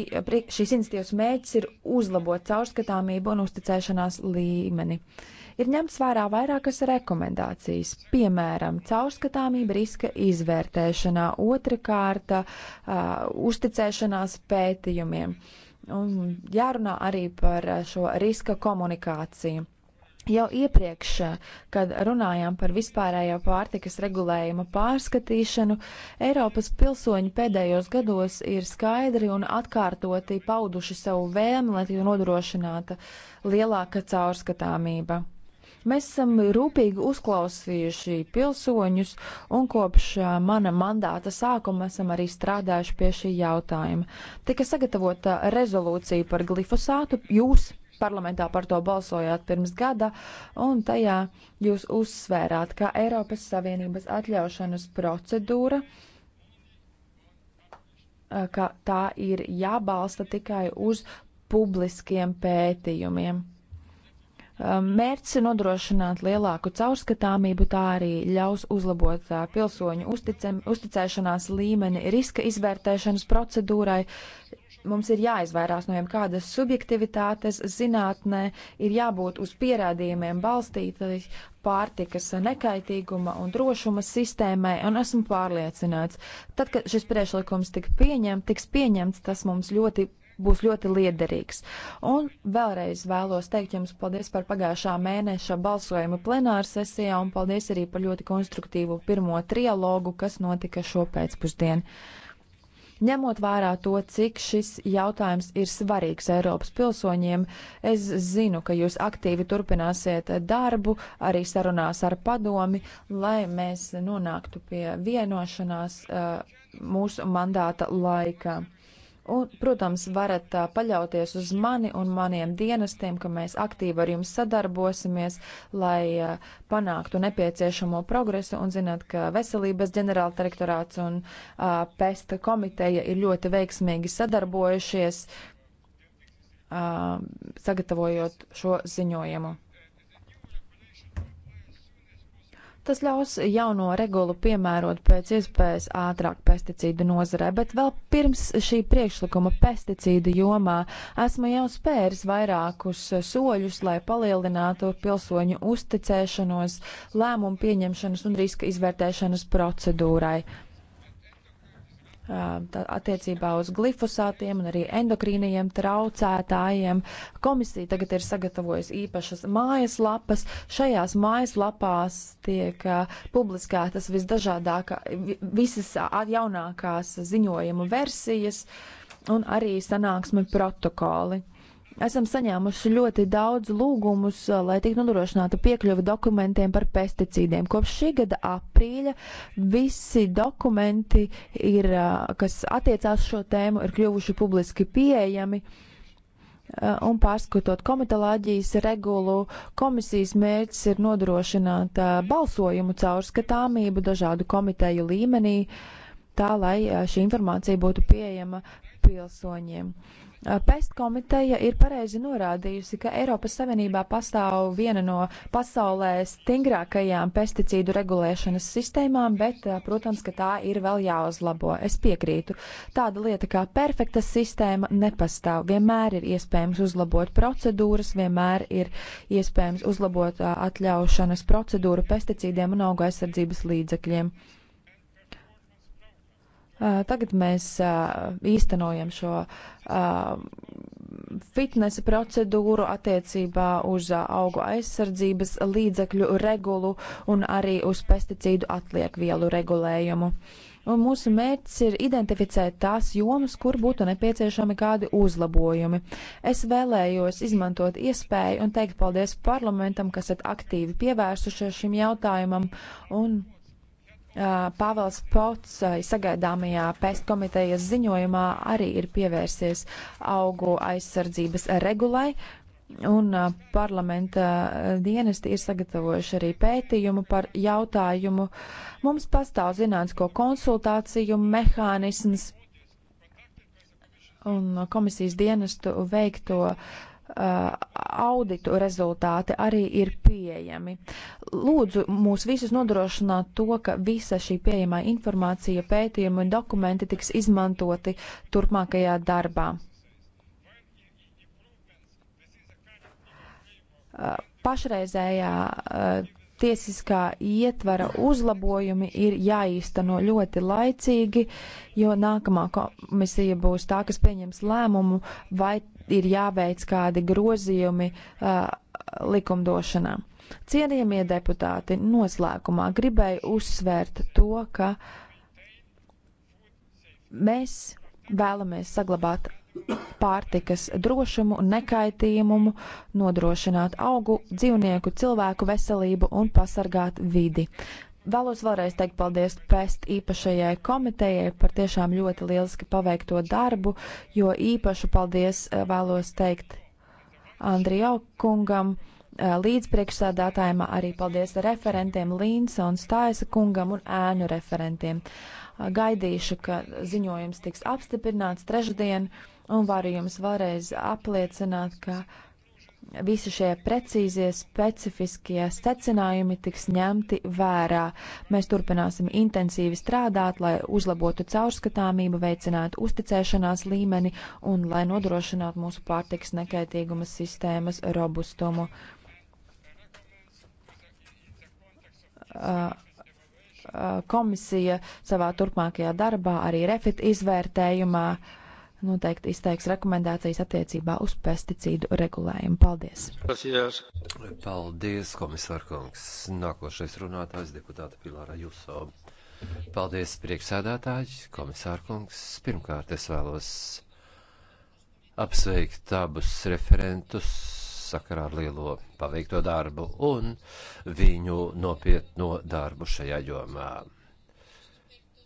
Speaker 4: šīs institīvas mēģis ir uzlabot caurskatāmību un uzticēšanās līmeni. Uh, ir ņemts vērā vairākas rekomendācijas, piemēram, caurskatāmība riska izvērtēšanā, otra kārta uh, uzticēšanās pētījumiem. Un jārunā arī par šo riska komunikāciju. Jau iepriekš, kad runājām par vispārējo pārtikas regulējuma pārskatīšanu, Eiropas pilsoņi pēdējos gados ir skaidri un atkārtoti pauduši savu vēlmi, lai tiktu nodrošināta lielāka caurskatāmība. Mēs esam rūpīgi uzklausījuši pilsoņus un kopš mana mandāta sākuma esam arī strādājuši pie šī jautājuma. Tika sagatavota rezolūcija par glifosātu. Jūs parlamentā par to balsojāt pirms gada, un tajā jūs uzsvērāt, ka Eiropas Savienības atļaušanas procedūra, ka tā ir jābalsta tikai uz publiskiem pētījumiem. Um, mērķis ir nodrošināt lielāku caurskatāmību, tā arī ļaus uzlabot uh, pilsoņu uzticam, uzticēšanās līmeni riska izvērtēšanas procedūrai. Mums ir jāizvairās no jebkādas subjektivitātes zinātnē, ir jābūt uz pierādījumiem balstītai pārtikas nekaitīguma un drošuma sistēmai, un esmu pārliecināts, tad, kad šis priešlikums tik pieņem, tiks pieņemts, tas mums ļoti būs ļoti liederīgs. Un vēlreiz vēlos teikt jums paldies par pagājušā mēneša balsojumu plenāra sesijā un paldies arī par ļoti konstruktīvu pirmo trialogu, kas notika šo pēcpusdienu. Ņemot vērā to, cik šis jautājums ir svarīgs Eiropas pilsoņiem, es zinu, ka jūs aktīvi turpināsiet darbu, arī sarunās ar padomi, lai mēs nonāktu pie vienošanās uh, mūsu mandāta laikā. Un, protams, varat uh, paļauties uz mani un maniem dienestiem, ka mēs aktīvi ar jums sadarbosimies, lai uh, panāktu nepieciešamo progresu un zināt, ka veselības ģenerāla direktorāts un uh, pesta komiteja ir ļoti veiksmīgi sadarbojušies, sagatavojot šo ziņojumu. Tas ļaus jauno regulu piemērot pēc iespējas ātrāk pesticīdu nozarē, bet vēl pirms šī priekšlikuma pesticīdu jomā esmu jau spēris vairākus soļus, lai palielinātu pilsoņu uzticēšanos, lēmumu pieņemšanas un riska izvērtēšanas procedūrai attiecībā uz glifosātiem un arī endokrīniem traucētājiem. Komisija tagad ir sagatavojusi īpašas mājaslapas. Šajās mājaslapās tiek publiskētas visdažādākā, visas jaunākās ziņojumu versijas un arī sanāksmi protokoli. Esam saņēmuši ļoti daudz lūgumus, eh, lai tiktu nodrošināta piekļuva dokumentiem par pesticīdiem. Kopš šī gada aprīļa visi dokumenti, ir, eh, kas attiecās šo tēmu, ir kļuvuši publiski pieejami. Eh, un pārskatot komitoloģijas regulu, komisijas mērķis ir nodrošināt balsojumu caurskatāmību dažādu komiteju līmenī, tā lai šī informācija būtu pieejama pilsoņiem. Uh, Pest komiteja ir pareizi norādījusi, ka Eiropas Savienībā pastāv viena no pasaulē stingrākajām pesticīdu regulēšanas sistēmām, bet, protams, ka tā ir vēl jāuzlabo. Es piekrītu. Tāda lieta kā perfekta sistēma nepastāv. Vienmēr ir iespējams uzlabot procedūras, vienmēr ir iespējams uzlabot atļaušanas procedūru pesticīdiem un auga aizsardzības līdzekļiem. Uh, tagad mēs uh, īstenojam šo uh, fitnesa procedūru attiecībā uz augu aizsardzības līdzekļu regulu un arī uz pesticīdu atliekvielu regulējumu. Un mūsu mērķis ir identificēt tās jomas, kur būtu nepieciešami kādi uzlabojumi. Es vēlējos izmantot iespēju un teikt paldies parlamentam, kas ir aktīvi pievērsušies šim jautājumam un Pāvils Pots sagaidāmajā pēst komitejas ziņojumā arī ir pievērsies augu aizsardzības regulai, un parlamenta dienesti ir sagatavojuši arī pētījumu par jautājumu. Mums pastāv zinātnisko konsultāciju mehānisms un komisijas dienestu veikto uh, Eh, auditu rezultāti arī ir pieejami. Lūdzu mūs visus nodrošināt to, ka visa šī pieejamā informācija, pētījumi un dokumenti tiks izmantoti turpmākajā darbā. Eh, pašreizējā eh, tiesiskā ietvara uzlabojumi ir jāīsteno ļoti laicīgi, jo nākamā komisija būs tā, kas pieņems lēmumu, vai ir jāveic kādi grozījumi uh, likumdošanā. Cienījamie deputāti, noslēgumā gribēju uzsvērt to, ka mēs vēlamies saglabāt pārtikas drošumu un nekaitīgumu, nodrošināt augu, dzīvnieku, cilvēku veselību un pasargāt vidi. Vēlos vēlreiz teikt paldies PEST īpašajai komitejai par tiešām ļoti lieliski paveikto darbu, jo īpašu paldies eh, vēlos teikt Andrijau kungam, eh, līdzpriekšsādātājiem, arī paldies referentiem Līnsa un Stāisa kungam un ēnu referentiem. Gaidīšu, ka ziņojums tiks apstiprināts trešdien un varu jums vēlreiz apliecināt, ka visi šie precīzie, specifiskie secinājumi tiks ņemti vērā. Mēs turpināsim intensīvi strādāt, lai uzlabotu caurskatāmību, veicinātu uzticēšanās līmeni un lai nodrošinātu mūsu pārtiks nekaitīguma sistēmas robustumu. Uh, uh komisija savā turpmākajā darbā, arī refit izvērtējumā uh, noteikti izteiks rekomendācijas attiecībā uz pesticīdu regulējumu. Paldies!
Speaker 1: Paldies, Paldies komisārkungs! Nākošais runātājs deputāta Pilāra Juso. Paldies, priekšsēdētāji, komisārkungs! Pirmkārt, es vēlos apsveikt abus referentus sakarā ar lielo paveikto darbu un viņu nopietno darbu šajā jomā.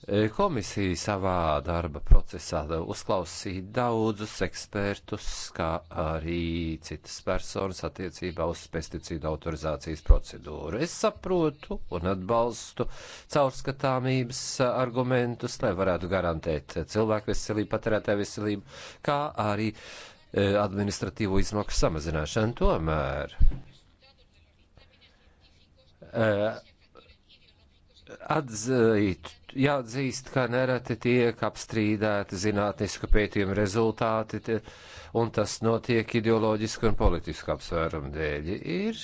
Speaker 1: E, komisija savā darba procesā uzklausīja daudzus ekspertus, kā arī citas personas attiecībā uz pesticīdu autorizācijas procedūru. Es saprotu un atbalstu caurskatāmības argumentus, lai varētu garantēt cilvēku veselību, patērētāju veselību, kā arī e, administratīvo izmaksu samazināšanu. Tomēr e, atzīt, jāatzīst, ka nereti tiek apstrīdēti zinātnisku pētījumu rezultāti, te, un tas notiek ideoloģisku un politisku apsvērumu dēļ. Ir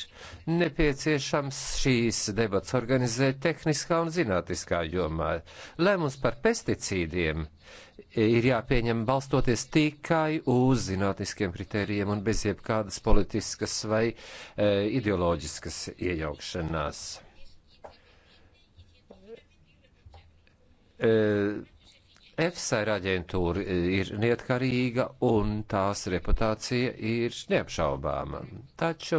Speaker 1: nepieciešams šīs debats organizēt tehniskā un zinātniskā jomā. Lēmums par pesticīdiem ir jāpieņem balstoties tikai uz zinātniskiem kritērijiem un bez jebkādas politiskas vai e, ideoloģiskas iejaukšanās. Eh, EFSA ir aģentūra, ir neatkarīga un tās reputācija ir neapšaubāma. Taču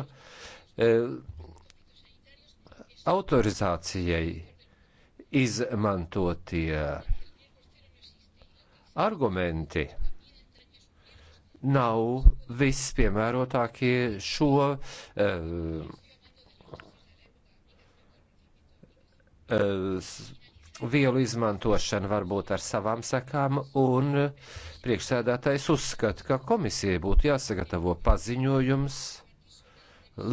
Speaker 1: eh, autorizācijai izmantotie argumenti nav vispiemērotākie šo uh, uh, vielu izmantošana var būt ar savām sekām, un priekšsēdētājs uzskata, ka komisijai būtu jāsagatavo paziņojums,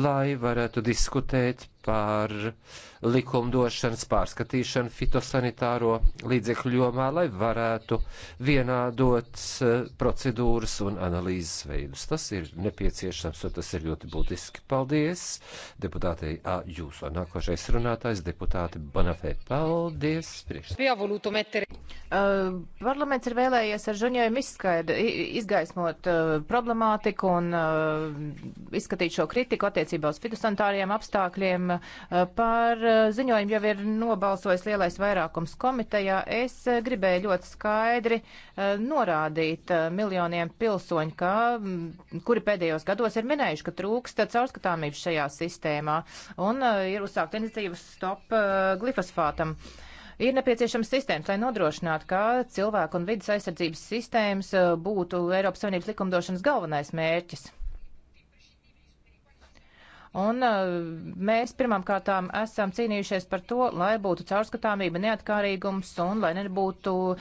Speaker 1: lai varētu diskutēt par likumdošanas pārskatīšanu fitosanitāro līdzekļu jomā, lai varētu vienādot eh, procedūras un analīzes veidus. Tas ir nepieciešams un tas ir ļoti būtiski. Paldies deputātei A. Jūso. Nākošais runātājs deputāte Banafē. Paldies. Priekš.
Speaker 5: Uh,
Speaker 2: parlaments ir vēlējies ar žuņojumu izskaidr, izgaismot uh, problemātiku un uh, izskatīt šo kritiku attiecībā uz fitosanitāriem apstākļiem ziņojumu. Eh, par eh, ziņojumu jau ir nobalsojis lielais vairākums komitejā. Es eh, gribēju ļoti skaidri norādīt miljoniem pilsoņu, ka, mm, kuri pēdējos gados ir minējuši, ka trūkst caurskatāmības šajā sistēmā un ir uzsākt iniciatīvas stop glifosfātam. Ir nepieciešams sistēmas, lai nodrošinātu, ka cilvēku un vidas aizsardzības sistēmas būtu Eiropas Savienības likumdošanas galvenais mērķis. Un uh, mēs pirmām kārtām esam cīnījušies par to, lai būtu caurskatāmība, neatkārīgums un lai nebūtu uh,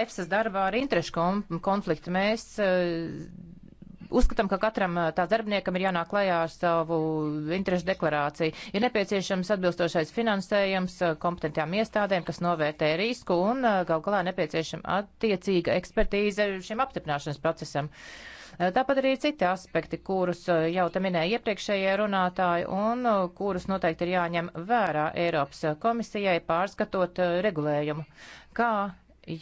Speaker 2: EFSAS darbā ar interešu konfliktu. Mēs uh, uzskatām, ka katram uh, tās darbiniekam ir jānāk klajā ar savu interešu deklarāciju. Ir nepieciešams atbilstošais finansējums uh, kompetentām iestādēm, kas novērtē risku un gal galā nepieciešama attiecīga ekspertīze šim apstiprināšanas procesam. Uh, Eh, tāpat arī citi aspekti, kurus eh, jau te minēja iepriekšējie runātāji un eh, kurus noteikti ir jāņem vērā Eiropas komisijai pārskatot regulējumu. Kā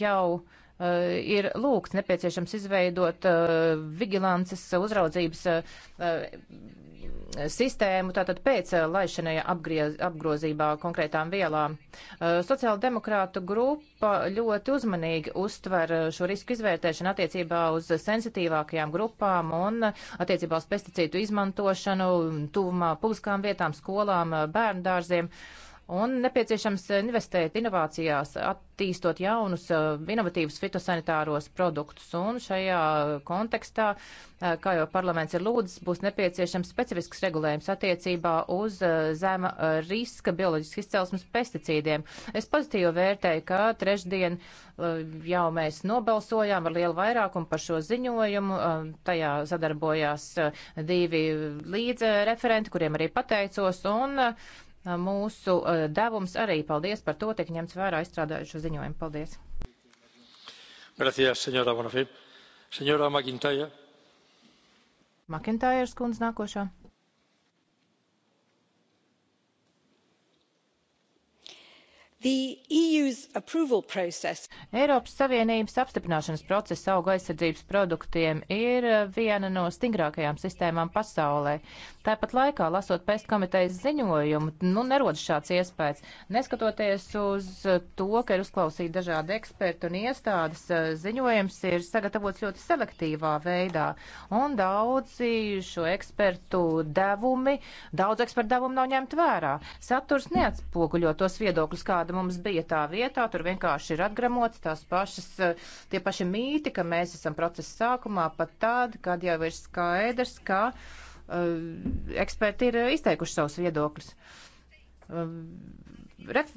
Speaker 2: jau uh, Eh, ir lūgts nepieciešams izveidot eh, vigilances uzraudzības eh, sistēmu tātad pēc laišanai apgriez, apgrozībā konkrētām vielām. Sociāla demokrātu grupa ļoti uzmanīgi uztver šo risku izvērtēšanu attiecībā uz sensitīvākajām grupām un attiecībā uz pesticītu izmantošanu tuvumā publiskām vietām, skolām, bērndārziem. dārziem Un nepieciešams investēt inovācijās, attīstot jaunus eh, inovatīvus fitosanitāros produktus. Un šajā kontekstā, eh, kā jau parlaments ir lūdzis, būs nepieciešams specifisks regulējums attiecībā uz eh, zema riska bioloģiskas izcelsmes pesticīdiem. Es pozitīvi vērtēju, ka trešdien jau mēs nobalsojām ar lielu vairākumu par šo ziņojumu. Tajā sadarbojās divi līdz referenti, kuriem arī pateicos. Un, mūsu eh, devums arī. Paldies par to, tiek ņemts vērā izstrādājušo ziņojumu. Paldies.
Speaker 1: Gracias, senora Bonafé. Senora Makintāja.
Speaker 2: Makintājas kundze nākošā. E Eiropas Savienības apstiprināšanas procesa auga aizsardzības produktiem ir eh, viena no stingrākajām sistēmām pasaulē. Tāpat laikā, lasot pēc komitejas ziņojumu, nu, nerodas šāds iespējas. Neskatoties uz eh, to, ka ir uzklausīti dažādi eksperti un iestādes, eh, ziņojums ir sagatavots ļoti selektīvā veidā. Un daudzi šo ekspertu devumi, daudz ekspertu devumu nav ņemt vērā. Saturs neatspoguļo tos viedokļus, kāda kāda mums bija tā vietā. Tur vienkārši ir atgremots tās pašas, eh, tie paši mīti, ka mēs esam procesa sākumā pat tad, kad jau ir skaidrs, ka uh, eksperti ir izteikuši savus viedokļus. Uh, ref,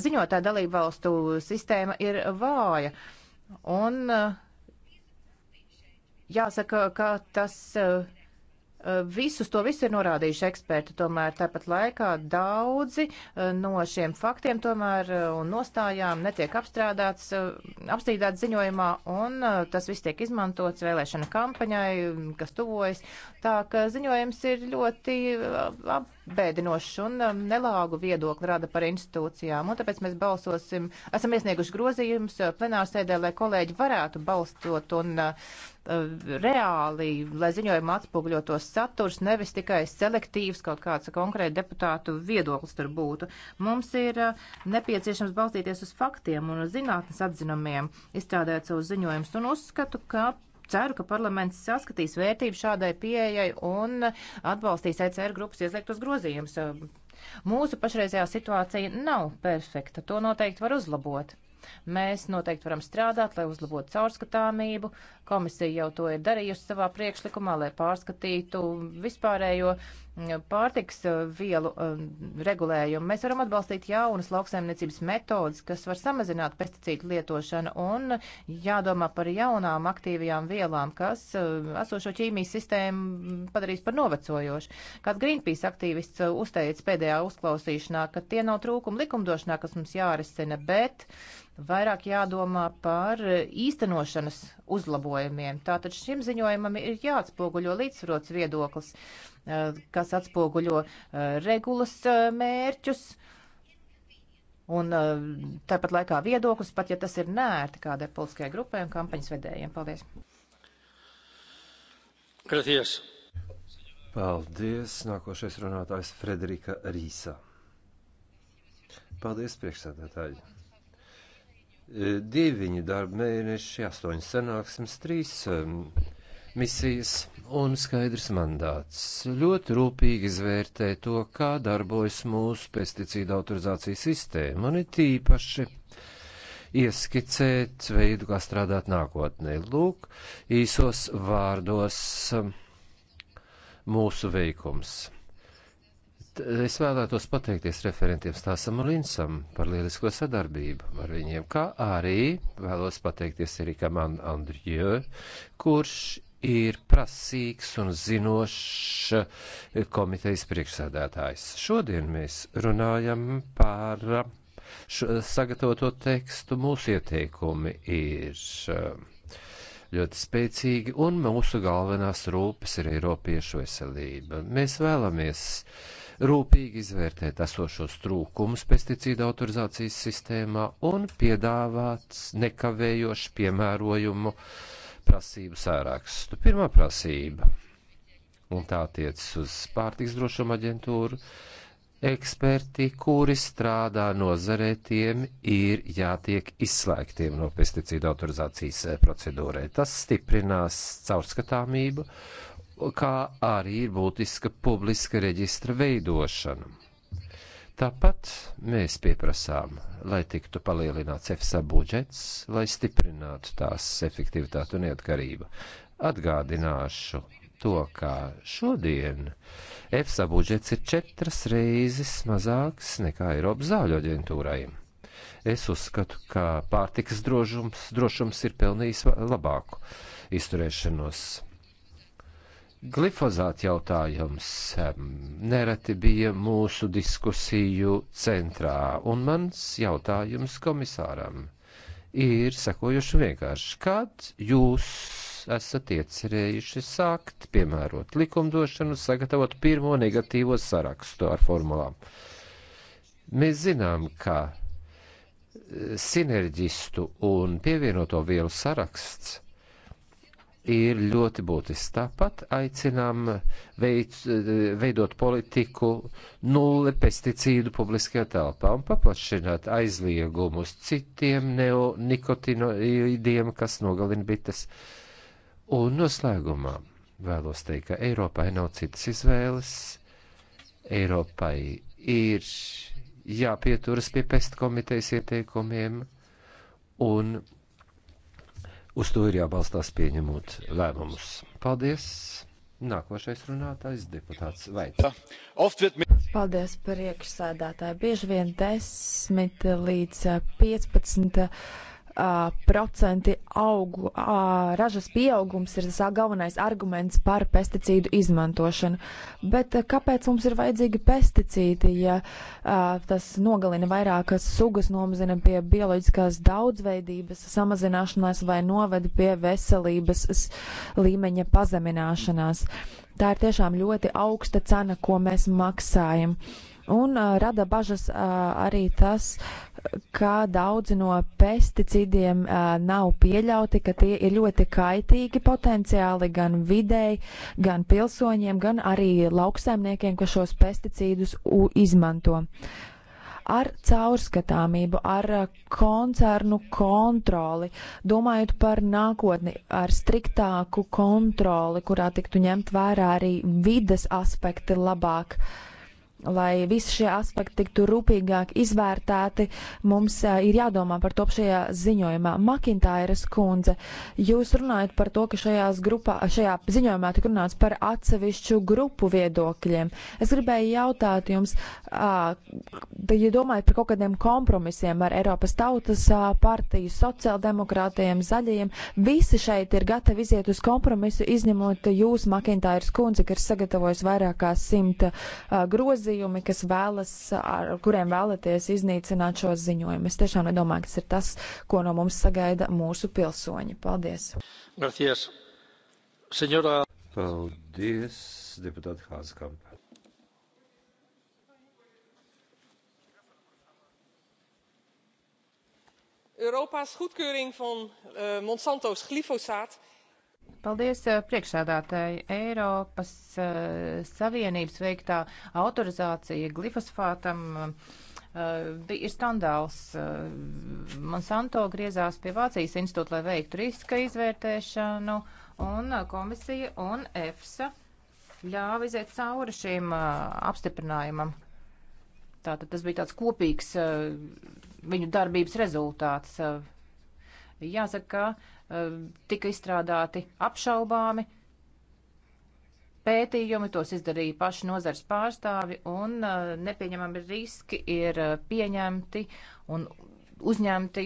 Speaker 2: ziņotāja dalību valstu sistēma ir vāja. Un uh, jāsaka, ka tas. Uh, Eh, visus to visu ir norādījuši eksperti, tomēr tāpat laikā daudzi eh, no šiem faktiem tomēr eh, un nostājām netiek apstrādāts, apstrīdāts ziņojumā, un tas viss tiek izmantots vēlēšana kampaņai, mm, kas tuvojas. Tā ka ziņojums ir ļoti ap, bēdinošs un um, nelāgu viedokli rada par institūcijām. Un tāpēc mēs balsosim, esam iesnieguši grozījumus uh, plenārsēdē, lai kolēģi varētu balstot un uh, uh, reāli, lai ziņojumā atspūgļotos saturs, nevis tikai selektīvs kaut kāds konkrēti deputātu viedoklis tur būtu. Mums ir nepieciešams balstīties uz faktiem un uz zinātnes atzinumiem, izstrādēt savus ziņojumus un uzskatu, ka ceru, ka parlaments saskatīs vērtību šādai pieejai un atbalstīs ECR grupas iesniegtos grozījumus. Mūsu pašreizējā situācija nav perfekta, to noteikti var uzlabot. Mēs noteikti varam strādāt, lai uzlabotu caurskatāmību, Komisija jau to ir darījusi savā priekšlikumā, lai pārskatītu vispārējo mm, pārtiks eh, vielu eh, regulējumu. Mēs varam atbalstīt jaunas lauksaimniecības metodas, kas var samazināt pesticīdu lietošanu un jādomā par jaunām aktīvajām vielām, kas eh, esošo ķīmijas sistēmu mm, padarīs par novecojošu. Kāds Greenpeace aktīvists uzteica pēdējā uzklausīšanā, ka tie nav trūkumi likumdošanā, kas mums jārisina, bet vairāk jādomā par īstenošanas uzlabojumu ziņojumiem. Tātad šim ziņojumam ir jāatspoguļo līdzsvarots viedoklis, eh, kas atspoguļo eh, regulas eh, mērķus. Un tāpat laikā viedoklis, pat ja tas ir nērti kādai politiskajai grupai un kampaņas vedējiem. Paldies!
Speaker 1: Gracias. Paldies! Nākošais runātājs Frederika Rīsa. Paldies, priekšsēdētāji! Eh, Diviņi darba mēneši, astoņas sanāksmes, trīs misijas un skaidrs mandāts. Ļoti rūpīgi izvērtē to, kā darbojas mūsu pesticīda autorizācijas sistēma un ir tīpaši ieskicēt veidu, kā strādāt nākotnē. Lūk, īsos vārdos mūsu veikums. Bet es vēlētos pateikties referentiem Stāsam un Linsam par lielisko sadarbību ar viņiem, kā arī vēlos pateikties Erikam Andrjē, kurš ir prasīgs un zinošs komitejas priekšsēdētājs. Šodien mēs runājam par sagatavoto tekstu. Mūsu ieteikumi ir eh, ļoti spēcīgi, un mūsu galvenās rūpes ir Eiropiešu veselība. Mēs vēlamies uh, rūpīgi izvērtēt esošos trūkumus pesticīdu autorizācijas sistēmā un piedāvāt nekavējošu piemērojumu prasību sārakstu. Pirmā prasība, un tā attiecas uz pārtiks drošuma aģentūru, eksperti, kuri strādā nozarē, tiem ir jātiek izslēgtiem no pesticīdu autorizācijas eh, procedūrē. Tas stiprinās caurskatāmību kā arī ir būtiska publiska reģistra veidošana. Tāpat mēs pieprasām, lai tiktu palielināts EFSA budžets, lai stiprinātu tās efektivitāti un neatkarību. Atgādināšu to, ka šodien EFSA budžets ir četras reizes mazāks nekā Eiropas zāļu aģentūrai. Es uzskatu, ka pārtikas drošums, drošums ir pelnījis labāku izturēšanos Glifozāta jautājums nereti bija mūsu diskusiju centrā, un mans jautājums komisāram ir sekojuši vienkārši. Kad jūs esat iecerējuši sākt piemērot likumdošanu, sagatavot pirmo negatīvo sarakstu ar formulām? Mēs zinām, ka eh, sinerģistu un pievienoto vielu saraksts ir ļoti būtisks. Tāpat aicinām veic, veidot politiku nulle pesticīdu publiskajā telpā un paplašināt aizliegumus citiem neonikotinoidiem, kas nogalina bites. Un noslēgumā vēlos teikt, ka Eiropai nav citas izvēles. Eiropai ir jāpieturas pie pest komitejas ieteikumiem un Uz to ir jābalstās pieņemot lēmumus. Paldies! Nākošais runātājs deputāts Vaita.
Speaker 4: Paldies priekšsēdētāji. Bieži vien 10 līdz 15 procenti augu, a, ražas pieaugums ir tas galvenais arguments par pesticīdu izmantošanu. Bet a, kāpēc mums ir vajadzīgi pesticīdi, ja a, tas nogalina vairākas sugas, nomazina pie bioloģiskās daudzveidības samazināšanās vai noved pie veselības līmeņa pazemināšanās? Tā ir tiešām ļoti augsta cena, ko mēs maksājam. Uh, Un uh, rada bažas uh, arī tas, ka daudzi no pesticīdiem uh, nav pieļauti, ka tie ir ļoti kaitīgi potenciāli gan videi, gan pilsoņiem, gan arī lauksaimniekiem, kas šos pesticīdus izmanto. Ar caurskatāmību, ar koncernu kontroli, domājot par nākotni, ar striktāku kontroli, kurā tiktu ņemt vērā arī vides aspekti labāk. Uh, lai visi šie aspekti tiktu rūpīgāk izvērtēti, mums uh, ir jādomā par to šajā ziņojumā. Makintāras kundze, jūs runājat par to, ka šajās grupā, šajā ziņojumā tik runāts par atsevišķu grupu viedokļiem. Es gribēju jautāt jums, uh, ja domājat par kaut kādiem kompromisiem ar Eiropas tautas uh, partiju, sociāldemokrātiem, zaļajiem, visi šeit ir gatavi iziet uz kompromisu, izņemot jūs, Makintāras kundze, kas ir sagatavojis vairāk kā simt grozi grozījumi, kas vēlas, ar kuriem vēlaties iznīcināt šo ziņojumu. Es tiešām nedomāju, kas ir tas, ko no mums sagaida mūsu pilsoņi. Paldies!
Speaker 1: Gracias. Senora... Paldies, deputāti Hāzkamp.
Speaker 3: Europa's goedkeuring van uh, Monsanto's glyfosaat
Speaker 2: Paldies eh, priekšsēdātāji. Eiropas eh, Savienības veiktā autorizācija glifosfātam eh, bija skandāls. Monsanto griezās pie Vācijas institūta, lai veiktu riska izvērtēšanu, un komisija un EFSA ļāva iziet cauri šīm apstiprinājumam. Tātad tas bija tāds kopīgs viņu darbības rezultāts. Jāsaka, ka Ehm, tika izstrādāti apšaubāmi pētījumi, tos izdarīja paši nozars pārstāvi, un eh, nepieņemami riski ir eh, pieņemti un uzņemti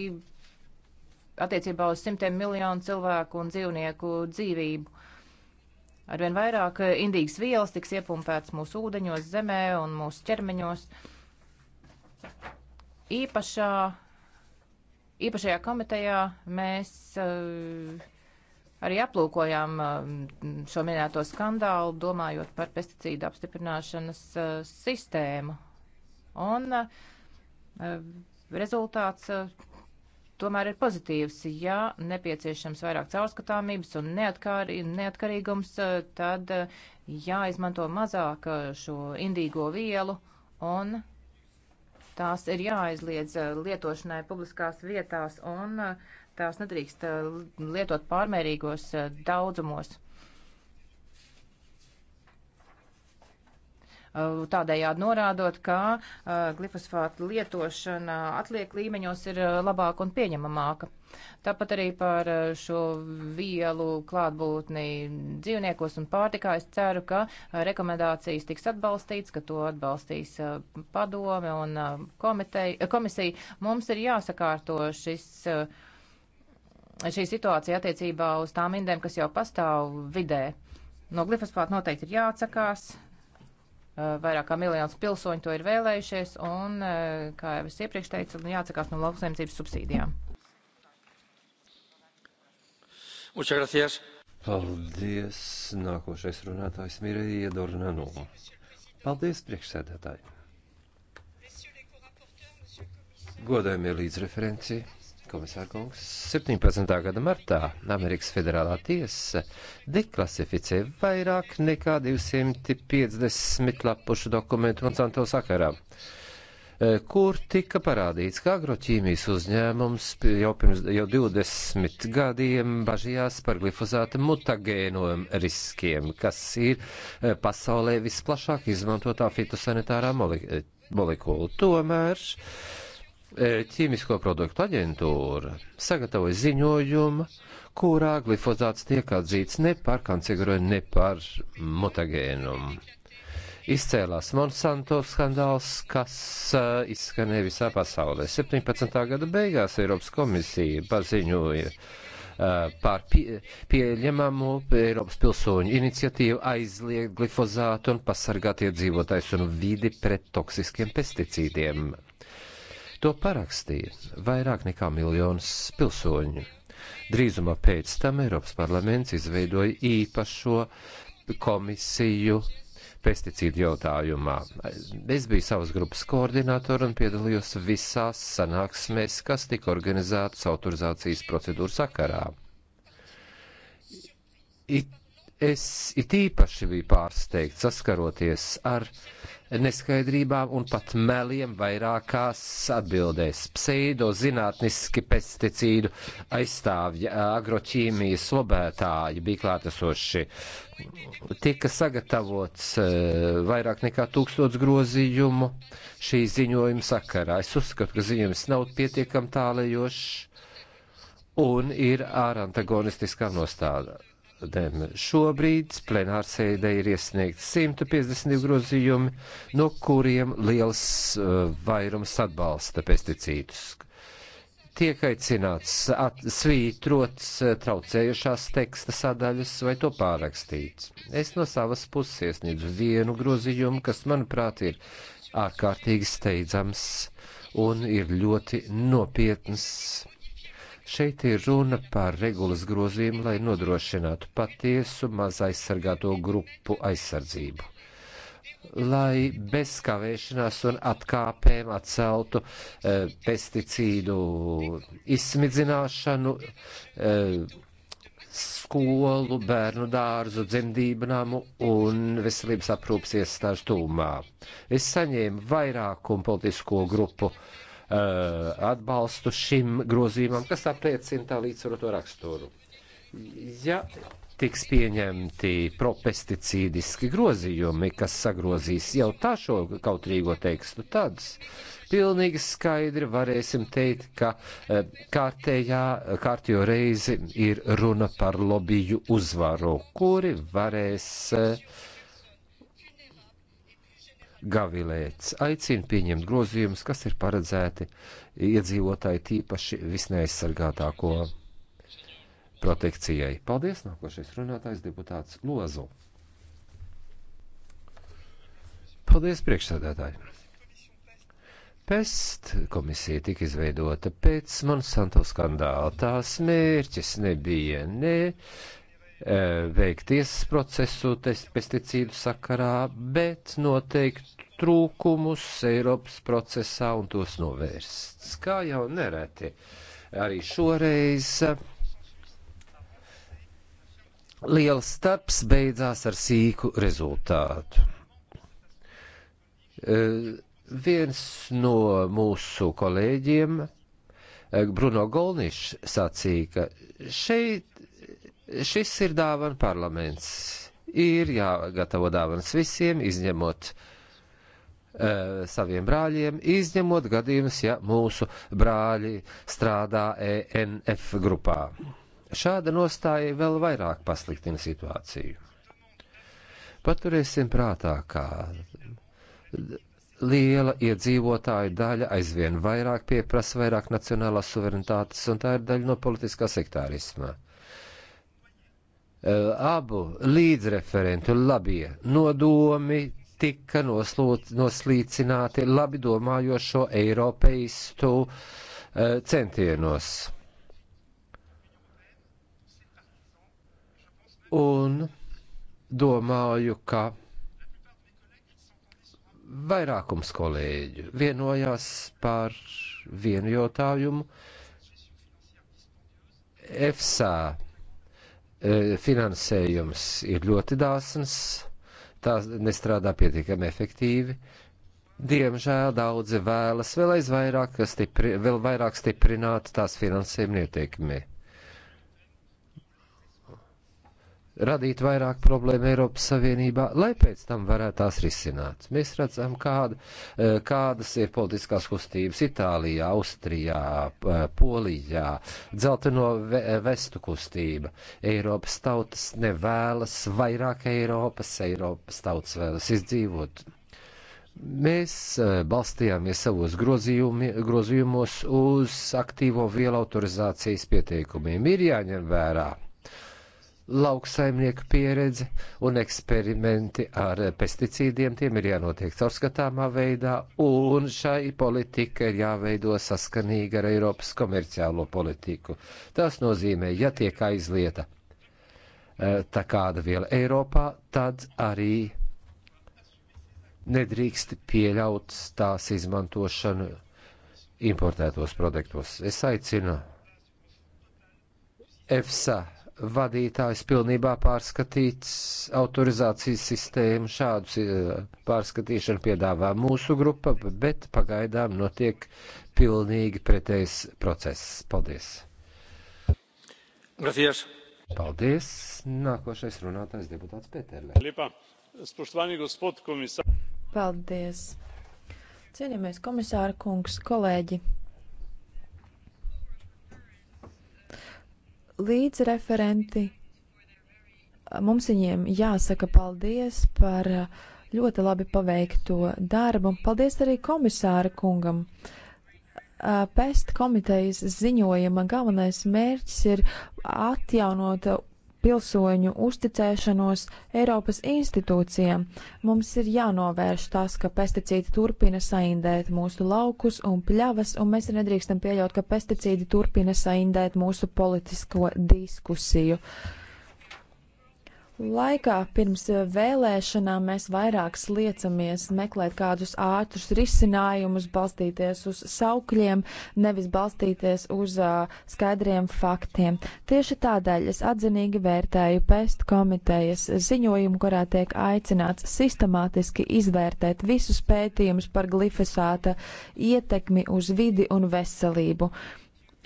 Speaker 2: attiecībā uz simtiem miljonu cilvēku un dzīvnieku dzīvību. Arvien vairāk eh, indīgas vielas tiks iepumpētas mūsu ūdeņos, zemē un mūsu ķermeņos. Īpašā Īpašajā komitejā mēs eh, arī aplūkojām eh, šo minēto skandālu, domājot par pesticīdu apstiprināšanas eh, sistēmu. Un rezultāts tomēr ir pozitīvs. Ja nepieciešams vairāk caurskatāmības un neatkarīgums, tad jāizmanto mazāk šo indīgo vielu un Tās ir jāaizliedz eh, lietošanai publiskās vietās un eh, tās nedrīkst eh, lietot pārmērīgos daudzumos. Eh, tādējādi norādot, ka eh, glifosfāta lietošana atliek līmeņos ir eh, labāka un pieņemamāka. Tāpat arī par šo vielu klātbūtni dzīvniekos un pārtikā es ceru, ka rekomendācijas tiks atbalstīts, ka to atbalstīs padome un komitei, komisija. Mums ir jāsakārto šis. Šī situācija attiecībā uz tām indēm, kas jau pastāv vidē. No glifosfāta noteikti ir jāatsakās, Eh, vairāk kā miljons pilsoņu to ir vēlējušies, un, eh, kā jau es iepriekš teicu, nu, jāatsakās no lauksaimniecības subsīdijām.
Speaker 1: Muchas gracias. Paldies. Nākošais runātājs Mirija Dornano. Paldies, priekšsēdētāji. Godājumie līdzreferenci Komisārkungs 17. gada martā Amerikas Federālā tiesa deklasificēja vairāk nekā 250 lapušu dokumentu Monsanto sakarā, eh, kur tika parādīts, ka agroķīmijas uzņēmums jau pirms jau 20 gadiem bažījās par glifozāta mutagēnojiem riskiem, kas ir eh, pasaulē visplašāk izmantotā fitosanitārā eh, molekula. Molekulu. Tomēr uh, E, ķīmisko produktu aģentūra sagatavoja ziņojumu, kurā glifozāts tiek atzīts ne par kancerogēnu, ne par mutagēnumu. Izcēlās Monsanto skandāls, kas uh, e, izskanēja visā pasaulē. 17. gada beigās Eiropas komisija paziņoja uh, par pie, pieļemamu Eiropas pilsoņu iniciatīvu aizliegt glifozātu un pasargāt iedzīvotājs un vidi pret toksiskiem pesticīdiem. To parakstīja vairāk nekā miljonus pilsoņu. Drīzumā pēc tam Eiropas parlaments izveidoja īpašo komisiju pesticīdu jautājumā. Es biju savas grupas koordinātori un piedalījos visās sanāksmēs, kas tika organizētas autorizācijas procedūru sakarā. It es it īpaši biju pārsteigts saskaroties ar neskaidrībām un pat meliem vairākās atbildēs. Pseido zinātniski pesticīdu aizstāvja agroķīmijas lobētāji bija klātesoši. Tika sagatavots eh, vairāk nekā tūkstots grozījumu šī ziņojuma sakarā. Es uzskatu, ka ziņojums nav pietiekam tālējošs un ir ar antagonistiskām nostādām metodēm. Šobrīd plenārsēdē ir iesniegts 152 grozījumi, no kuriem liels uh, vairums atbalsta pesticīdus. Tiek aicināts svītrots uh, traucējušās teksta sadaļas vai to pārrakstīts. Es no savas puses iesniedzu vienu grozījumu, kas, manuprāt, ir ārkārtīgi steidzams un ir ļoti nopietns Šeit ir runa par regulas grozījumu, lai nodrošinātu patiesu maz aizsargāto grupu aizsardzību, lai bez kavēšanās un atkāpēm atceltu e, pesticīdu izsmidzināšanu, e, skolu, bērnu dārzu, dzemdību namu un veselības aprūpas iestāžu tūmā. Es saņēmu vairākumu politisko grupu. E, Uh, atbalstu šim grozījumam, kas apliecina tā līdzsvaroto raksturu. Ja tiks pieņemti propesticīdiski grozījumi, kas sagrozīs jau tā šo kautrīgo tekstu, tad pilnīgi skaidri varēsim teikt, ka uh, kārtējā, kārtējo reizi ir runa par lobiju uzvaru, kuri varēs uh, Gavilēts aicina pieņemt grozījumus, kas ir paredzēti iedzīvotāji tīpaši visneaizsargātāko protekcijai. Paldies, nākošais runātājs deputāts Lozo. Paldies, priekšsēdētāji. Pest komisija tika izveidota pēc Monsanto skandāla. Tās mērķis nebija ne Eh, veikt tiesas procesu pesticīdu sakarā, bet noteikt trūkumus Eiropas procesā un tos novērst. Kā jau nereti arī šoreiz. Liels starps beidzās ar sīku rezultātu. Eh, viens no mūsu kolēģiem, eh, Bruno Golnišs, sacīja, ka šeit Šis ir dāvana parlaments. Ir jāgatavo dāvanas visiem, izņemot uh, saviem brāļiem, izņemot gadījumus, ja mūsu brāļi strādā ENF grupā. Šāda nostāja vēl vairāk pasliktina situāciju. Paturēsim prātā, kā liela iedzīvotāju daļa aizvien vairāk pieprasa vairāk nacionālās suverenitātes, un tā ir daļa no politiskā sektārisma. Eh, abu līdzreferentu labie nodomi tika noslūc, noslīcināti labi domājošo eiropeistu eh, centienos. Un domāju, ka vairākums kolēģu vienojās par vienu jautājumu. EFSA E, finansējums ir ļoti dāsns, tās nestrādā pietiekami efektīvi. Diemžēl daudzi vēlas vēl aizvairāk stipri, vēl vairāk stiprināt tās finansējumu ietekmi. radīt vairāk problēmu Eiropas Savienībā, lai pēc tam varētu tās risināt. Mēs redzam, kāda, e, kādas ir politiskās kustības Itālijā, Austrijā, e, Polijā, dzelteno e, vestu kustība. Eiropas tautas nevēlas vairāk Eiropas, Eiropas tautas vēlas izdzīvot. Mēs balstījāmies savos grozījumos uz aktīvo vielu autorizācijas pieteikumiem. Ir jāņem vērā lauksaimnieku pieredze un eksperimenti ar pesticīdiem. Tiem ir jānotiek caurskatāmā veidā, un šai politika ir jāveido saskanīgi ar Eiropas komerciālo politiku. Tas nozīmē, ja tiek aizlieta e, tā kāda viela Eiropā, tad arī nedrīkst pieļaut tās izmantošanu importētos produktos. Es aicinu EFSA vadītājs pilnībā pārskatīts autorizācijas sistēmu. Šādu eh, pārskatīšanu piedāvā mūsu grupa, bet pagaidām notiek pilnīgi pretējs process. Paldies! Gracias. Paldies! Nākošais runātājs deputāts Pēterle.
Speaker 4: Paldies! Cienījamies komisāra kungs, kolēģi! līdzreferenti. Mums viņiem jāsaka paldies par ļoti labi paveikto darbu. Paldies arī komisāra kungam. Pest komitejas ziņojuma galvenais mērķis ir atjaunot pilsoņu uzticēšanos Eiropas institūcijām. Mums ir jānovērš tas, ka pesticīdi turpina saindēt mūsu laukus un pļavas, un mēs nedrīkstam pieļaut, ka pesticīdi turpina saindēt mūsu politisko diskusiju. Uh, laikā pirms eh, vēlēšanām mēs vairāk sliecamies meklēt kādus ātrus risinājumus, balstīties uz saukļiem, nevis balstīties uz uh, skaidriem faktiem. Tieši tādēļ es atzinīgi vērtēju pest komitejas ziņojumu, kurā tiek aicināts sistemātiski izvērtēt visus pētījumus par glifosāta ietekmi uz vidi un veselību. Uh,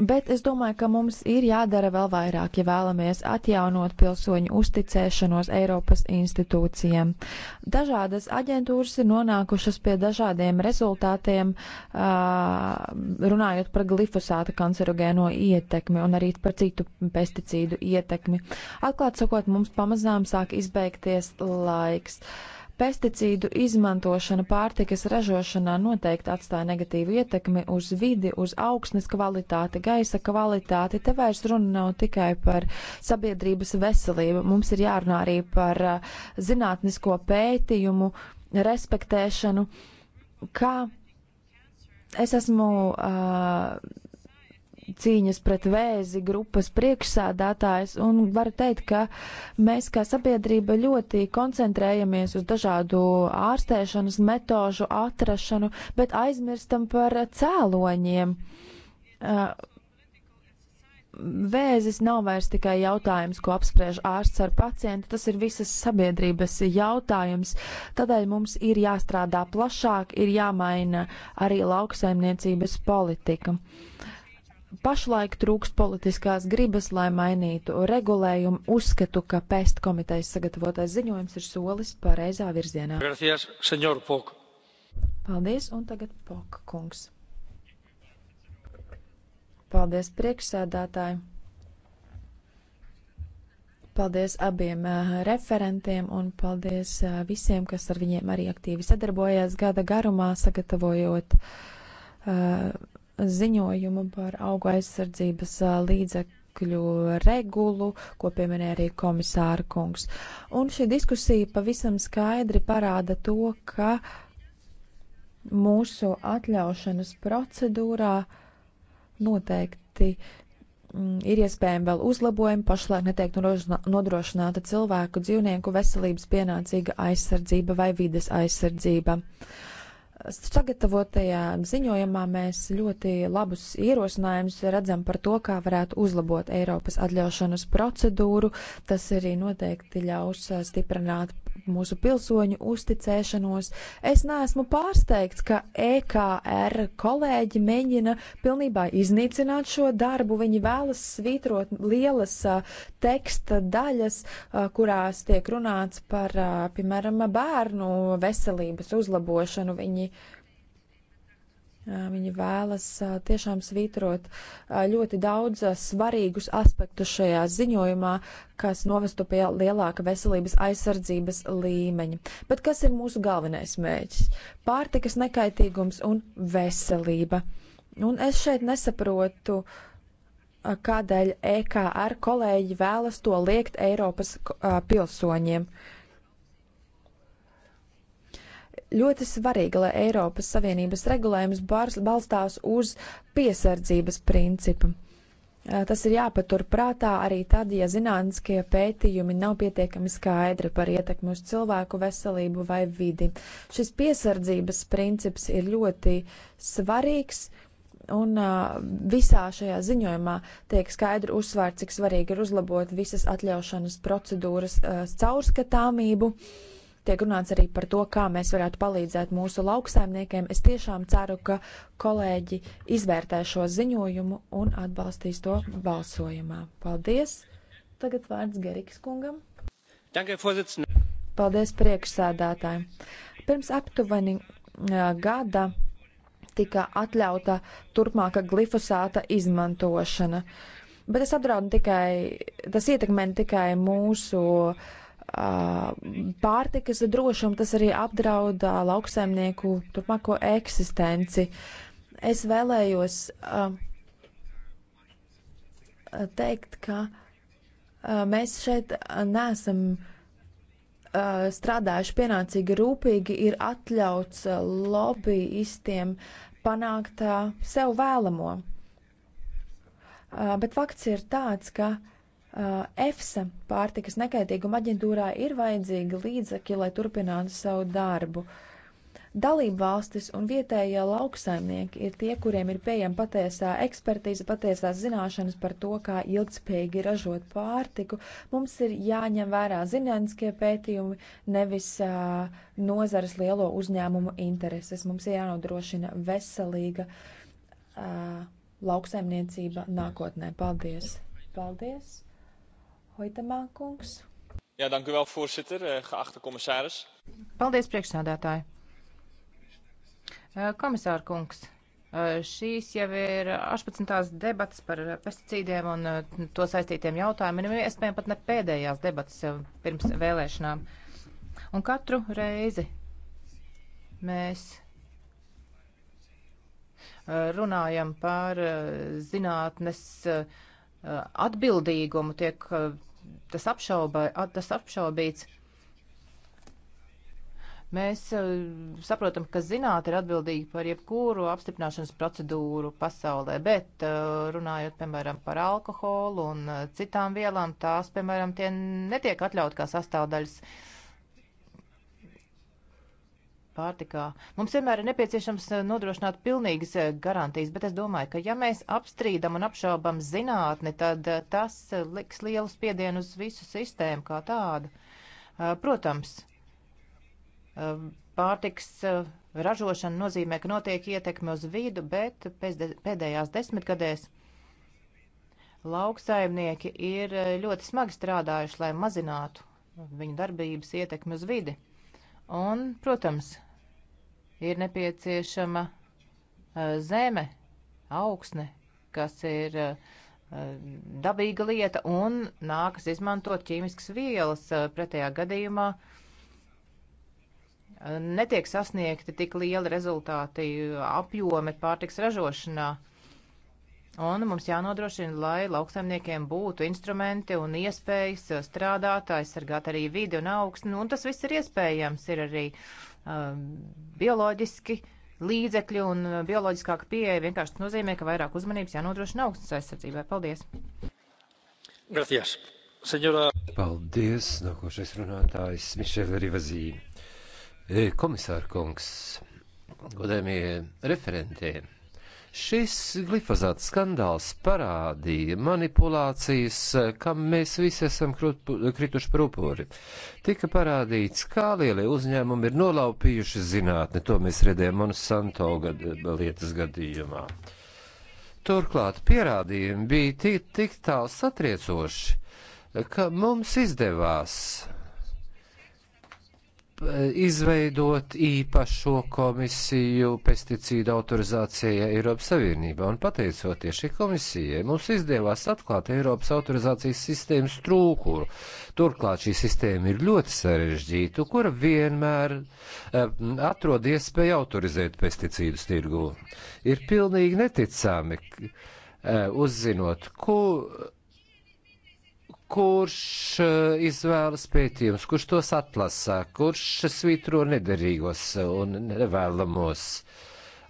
Speaker 4: Bet es domāju, ka mums ir jādara vēl vairāk, ja vēlamies atjaunot pilsoņu uzticēšanos Eiropas institūcijiem. Dažādas aģentūras ir nonākušas pie dažādiem rezultātiem, runājot par glifosāta kancerogēno ietekmi un arī par citu pesticīdu ietekmi. Atklāt sakot, mums pamazām sāk izbeigties laiks. Uh, Pesticīdu izmantošana pārtikas ražošanā noteikti atstāja negatīvu ietekmi uz vidi, uz augsnes kvalitāti, gaisa kvalitāti. Te vairs runa nav tikai par sabiedrības veselību, mums ir jārunā arī par uh, zinātnisko pētījumu, respektēšanu, kā es esmu. Uh, cīņas pret vēzi grupas priekšsādātājs, un var teikt, ka mēs kā sabiedrība ļoti koncentrējamies uz dažādu ārstēšanas metožu atrašanu, bet aizmirstam par cēloņiem. Vēzis nav vairs tikai jautājums, ko apspriež ārsts ar pacientu, tas ir visas sabiedrības jautājums. Tādēļ mums ir jāstrādā plašāk, ir jāmaina arī lauksaimniecības politika. Uh, pašlaik trūkst politiskās gribas, lai mainītu regulējumu. Uzskatu, ka pēst komitejas sagatavotais ziņojums ir solis pareizā virzienā.
Speaker 1: Gracias, senor Pok.
Speaker 4: Paldies, un tagad Pok kungs. Paldies, priekšsēdētāji. Paldies abiem eh, referentiem un paldies eh, visiem, kas ar viņiem arī aktīvi sadarbojās gada garumā, sagatavojot uh, ziņojumu par auga aizsardzības līdzekļu regulu, ko pieminēja arī komisāra kungs. Un šī diskusija pavisam skaidri parāda to, ka mūsu atļaušanas procedūrā noteikti mm, ir iespējami vēl uzlabojumi, pašlaik netiek nodrošināta cilvēku dzīvnieku veselības pienācīga aizsardzība vai vides aizsardzība. Uh, Sagatavotajā ziņojumā mēs ļoti labus ierosinājumus redzam par to, kā varētu uzlabot Eiropas atļaušanas procedūru. Tas arī noteikti ļaus uh, stiprināt mūsu pilsoņu uzticēšanos. Es neesmu pārsteigts, ka EKR kolēģi mēģina pilnībā iznīcināt šo darbu. Viņi vēlas svītrot lielas uh, teksta daļas, uh, kurās tiek runāts par, piemēram, bērnu veselības uzlabošanu. Viņi viņi Viņa vēlas tiešām svītrot ļoti daudz svarīgus aspektus šajā ziņojumā, kas novestu pie lielāka veselības aizsardzības līmeņa. Bet kas ir mūsu galvenais mērķis? Pārtikas nekaitīgums un veselība. Un es šeit nesaprotu, kādēļ EKR kolēģi vēlas to liekt Eiropas pilsoņiem. Uh, ļoti svarīgi, lai Eiropas Savienības regulējums balstās uz piesardzības principu. Tas ir jāpatur prātā arī tad, ja zinātniskie pētījumi nav pietiekami skaidri par ietekmi uz cilvēku veselību vai vidi. Šis piesardzības princips ir ļoti svarīgs, un uh, visā šajā ziņojumā tiek skaidri uzsvērts, cik svarīgi ir uzlabot visas atļaušanas procedūras uh, caurskatāmību. Uh, Tiek runāts arī par to, kā mēs varētu palīdzēt mūsu lauksaimniekiem. Es tiešām ceru, ka kolēģi izvērtē šo ziņojumu un atbalstīs to balsojumā. Paldies! Tagad vārds Geriks kungam. Paldies priekšsēdētājiem. Pirms aptuveni gada tika atļauta turpmāka glifosāta izmantošana. Bet tas apdraud tikai, tas ietekmē ne tikai mūsu uh, Uh, pārtikas drošumu, tas arī apdrauda uh, lauksaimnieku turpmāko eksistenci. Es vēlējos uh, teikt, ka uh, mēs šeit nesam uh, strādājuši pienācīgi rūpīgi, ir atļauts uh, lobbyistiem panākt sev vēlamo. Bet fakts ir tāds, ka uh, Uh, EFSA pārtikas nekaitīguma aģentūrā ir vajadzīgi līdzekļi, lai turpinātu savu darbu. Dalību valstis un vietējie lauksaimnieki ir tie, kuriem ir pieejama patiesā ekspertīze, patiesās zināšanas par to, kā ilgspējīgi ražot pārtiku. Mums ir jāņem vērā zinātniskie pētījumi, nevis uh, nozares lielo uzņēmumu intereses. Mums ir jānodrošina veselīga uh, lauksaimniecība nākotnē. Paldies! Paldies! Hoitamā kungs.
Speaker 3: Jā, dank u vēl, voorzitter, eh, geachte komisāris.
Speaker 2: Paldies, priekšsādātāji. Eh, Komisāra kungs, eh, Šīs jau ir 18. debatas par pesticīdiem un to saistītiem jautājumiem, iespējams pat ne pēdējās debatas pirms vēlēšanām. Un katru reizi mēs runājam par zinātnes atbildīgumu, tiek tas, apšauba, tas apšaubīts. Mēs e, saprotam, ka zinātne ir atbildīga par jebkuru apstiprināšanas procedūru pasaulē, bet e, runājot, piemēram, par alkoholu un e, citām vielām, tās, piemēram, tie netiek atļaut kā sastāvdaļas uh, pārtikā. Mums vienmēr ir nepieciešams eh, nodrošināt pilnīgas eh, garantijas, bet es domāju, ka ja mēs apstrīdam un apšaubam zinātni, tad eh, tas liks lielu spiedienu uz visu sistēmu kā tādu. Protams, pārtiks ražošana nozīmē, ka notiek ietekme uz vidu, bet pēdējās desmitgadēs lauksaimnieki ir ļoti smagi strādājuši, lai mazinātu viņu darbības ietekmi uz vidi. Un, protams, ir nepieciešama zeme, augsne, kas ir dabīga lieta un nākas izmantot ķīmiskas vielas. Pretējā gadījumā netiek sasniegti tik lieli rezultāti apjomi pārtiks ražošanā. Un mums jānodrošina, lai lauksaimniekiem būtu instrumenti un iespējas strādāt, aizsargāt arī vidi un augstu. Nu, un tas viss ir iespējams. Ir arī uh, Um, bioloģiski līdzekļi un uh, bioloģiskāka pieeja vienkārši tas nozīmē, ka vairāk uzmanības jānodrošina augstas aizsardzībai. Paldies!
Speaker 9: Gracias. Senora...
Speaker 1: Paldies! Nākošais runātājs Mišela Rivazīna. Eh, Komisāra kungs, godējumie referentiem! Šis glifozāts skandāls parādīja manipulācijas, kam mēs visi esam krituši par upuri. Tika parādīts, kā lielie uzņēmumi ir nolaupījuši zinātni, to mēs redzējām Monsanto gad, lietas gadījumā. Turklāt pierādījumi bija tik, tik tālu satriecoši, ka mums izdevās Eh, izveidot īpašo komisiju pesticīdu autorizācijai Eiropas Savienībā. Un pateicoties šī komisijai, mums izdevās atklāt Eiropas autorizācijas sistēmas trūkuru. Turklāt šī sistēma ir ļoti sarežģīta, kura vienmēr um, atrod iespēju autorizēt pesticīdus tirgū. Ir pilnīgi neticami, uh, uzzinot, ko kurš eh, izvēlas pētījumus, kurš tos atlasā, kurš svītro nederīgos un nevēlamos.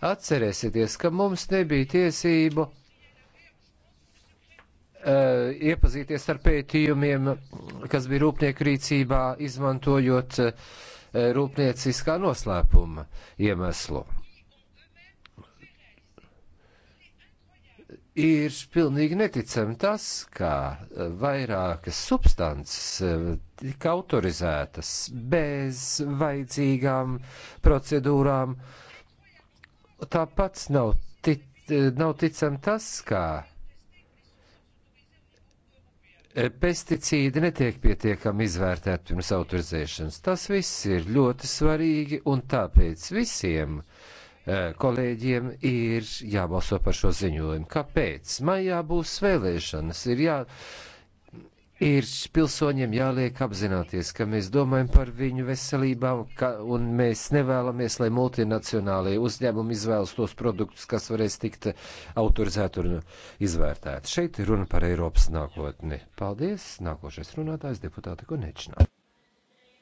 Speaker 1: Atcerēsieties, ka mums nebija tiesību uh, iepazīties ar pētījumiem, kas bija rūpnieku rīcībā, izmantojot uh, rūpnieciskā noslēpuma iemeslu. Ir pilnīgi neticami tas, ka vairākas substances eh, tika autorizētas bez vajadzīgām procedūrām. Tāpat nav, tic, eh, nav ticami tas, ka eh, pesticīdi netiek pietiekami izvērtēti pirms autorizēšanas. Tas viss ir ļoti svarīgi un tāpēc visiem uh, Eh, kolēģiem ir jābalso par šo ziņojumu. Kāpēc? Maijā būs vēlēšanas. Ir, jā, ir pilsoņiem jāliek apzināties, ka mēs domājam par viņu veselībām ka, un mēs nevēlamies, lai multinacionālie uzņēmumi izvēlas tos produktus, kas varēs tikt autorizēti un izvērtēti. Šeit ir runa par Eiropas nākotni. Paldies! Nākošais runātājs deputāte Konečnā.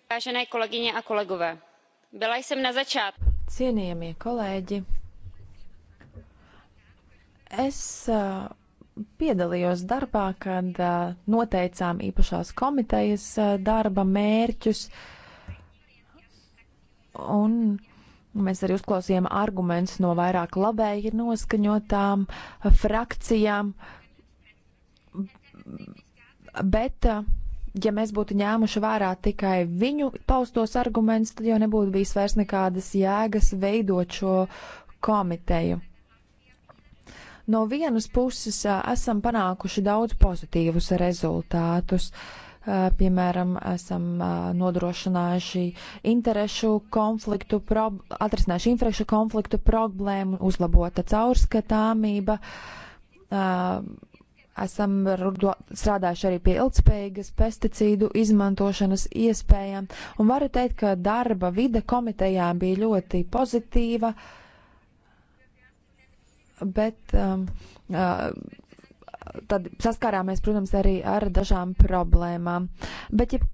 Speaker 5: Vážené kolegyně a kolegové,
Speaker 4: Cienījamie kolēģi, es piedalījos darbā, kad noteicām īpašās komitejas darba mērķus, un mēs arī uzklausījām argumentus no vairāk labēji noskaņotām frakcijām, bet uh, ja mēs būtu ņēmuši vērā tikai viņu paustos argumentus, tad jau nebūtu bijis vairs nekādas jēgas veidot šo komiteju. No vienas puses esam panākuši daudz pozitīvus rezultātus. Piemēram, esam nodrošinājuši interešu konfliktu, atrisinājuši interešu konfliktu problēmu, uzlabota caurskatāmība esam strādājuši arī pie ilgspējīgas pesticīdu izmantošanas iespējām, un varu teikt, ka darba vide komitejā bija ļoti pozitīva, bet um, uh, tad saskārāmies, protams, arī ar dažām problēmām. Bet, ja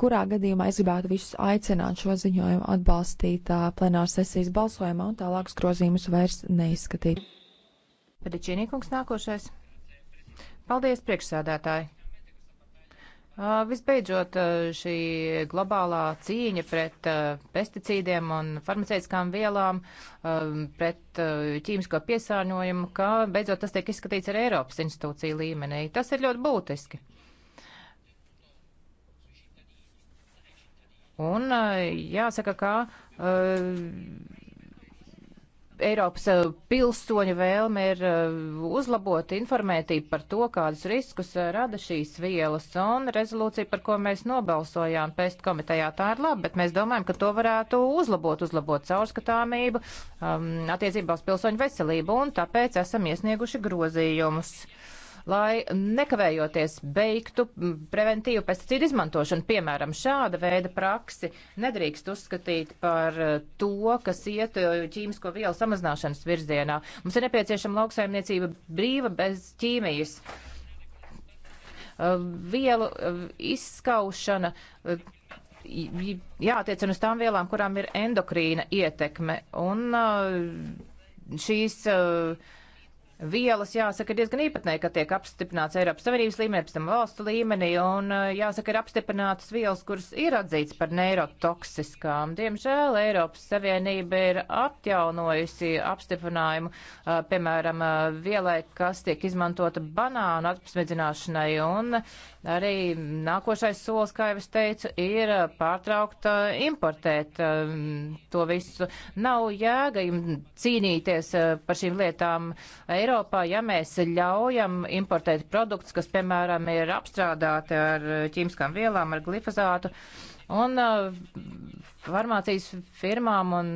Speaker 4: kurā gadījumā es gribētu visus aicināt šo ziņojumu atbalstīt uh, plenāra sesijas balsojumā un tālākus grozījumus vairs neizskatīt.
Speaker 2: Pedičīnī kungs nākošais. Paldies, priekšsēdētāji! Visbeidzot, šī globālā cīņa pret pesticīdiem un farmaceitiskām vielām, pret ķīmisko piesārņojumu, ka beidzot tas tiek izskatīts ar Eiropas institūciju līmenī. Tas ir ļoti būtiski. Un jāsaka, ka Eiropas eh, pilsoņu vēlme ir eh, uzlabot informētību par to, kādus riskus eh, rada šīs vielas, un rezolūcija, par ko mēs nobalsojām pēst komitejā, tā ir laba, bet mēs domājam, ka to varētu uzlabot, uzlabot caurskatāmību um, attiecībā uz pilsoņu veselību, un tāpēc esam iesnieguši grozījumus. Uh, lai nekavējoties beigtu preventīvu pesticīdu izmantošanu. Piemēram, šāda veida praksi nedrīkst uzskatīt par eh, to, kas iet eh, ķīmisko vielu samazināšanas virzienā. Mums ir nepieciešama lauksaimniecība brīva bez ķīmijas. Eh, vielu izskaušana jātiecina uz tām vielām, kurām ir endokrīna ietekme. Un šīs uh, vielas, jāsaka, ir diezgan īpatnē, ka tiek apstiprināts Eiropas Savienības līmenī, pēc tam valstu līmenī, un jāsaka, ir apstiprinātas vielas, kuras ir atzīts par neirotoksiskām. Diemžēl Eiropas Savienība ir atjaunojusi apstiprinājumu, piemēram, vielai, kas tiek izmantota banānu atpasmedzināšanai, un Arī nākošais solis, kā jau es teicu, ir pārtraukt eh, importēt eh, to visu. Nav jēga cīnīties eh, par šīm lietām Eiropā, ja mēs ļaujam importēt produktus, kas, piemēram, ir apstrādāti ar ķīmiskām vielām, ar glifozātu. Un farmācijas firmām un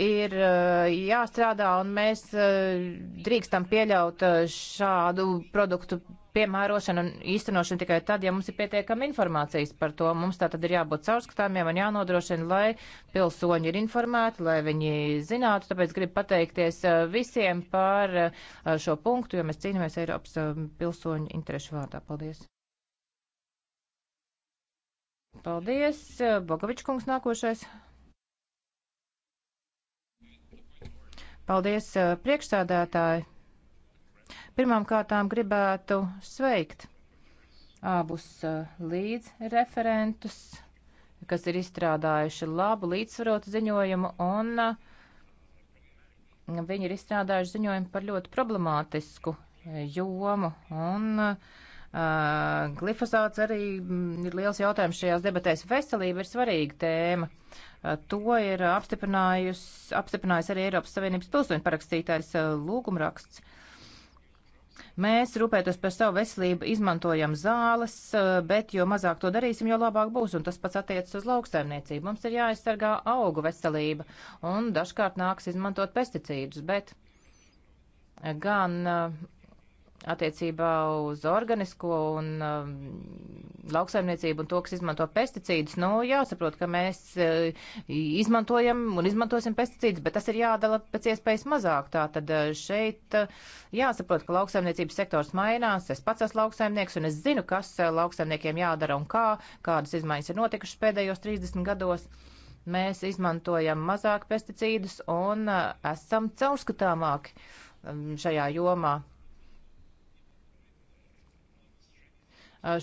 Speaker 2: ir eh, jāstrādā, un mēs eh, drīkstam pieļaut eh, šādu produktu piemērošanu un īstenošanu tikai tad, ja mums ir pietiekama informācijas par to. Mums tā tad ir jābūt caurskatāmiem un jānodrošina, lai pilsoņi ir informēti, lai viņi zinātu. Tāpēc gribu pateikties visiem par šo punktu, jo mēs cīnāmies Eiropas pilsoņu interešu vārdā. Paldies! Paldies! Bogovičs kungs nākošais. Paldies, eh, priekšsādātāji! Pirmām kārtām gribētu sveikt abus eh, līdz referentus, kas ir izstrādājuši labu līdzsvarotu ziņojumu, un eh, viņi ir izstrādājuši ziņojumu par ļoti problemātisku jomu, un uh, glifosāts arī mm, ir liels jautājums šajās debatēs. Veselība ir svarīga tēma, To ir apstiprinājis arī Eiropas Savienības pilsoņu parakstītais lūgumraksts. Mēs rūpētos par savu veselību, izmantojam zāles, bet jo mazāk to darīsim, jo labāk būs, un tas pats attiecas uz lauksaimniecību. Mums ir jāaizsargā augu veselība, un dažkārt nāks izmantot pesticīdus, bet gan attiecībā uz organisko un um, lauksaimniecību un to, kas izmanto pesticīdus. Nu, jāsaprot, ka mēs uh, izmantojam un izmantosim pesticīdus, bet tas ir jādala pēc iespējas mazāk. Tā tad uh, šeit uh, jāsaprot, ka lauksaimniecības sektors mainās. Es pats esmu lauksaimnieks un es zinu, kas uh, lauksaimniekiem jādara un kā, kādas izmaiņas ir notikušas pēdējos 30 gados. Mēs izmantojam mazāk pesticīdus un uh, esam caurskatāmāki um, šajā jomā.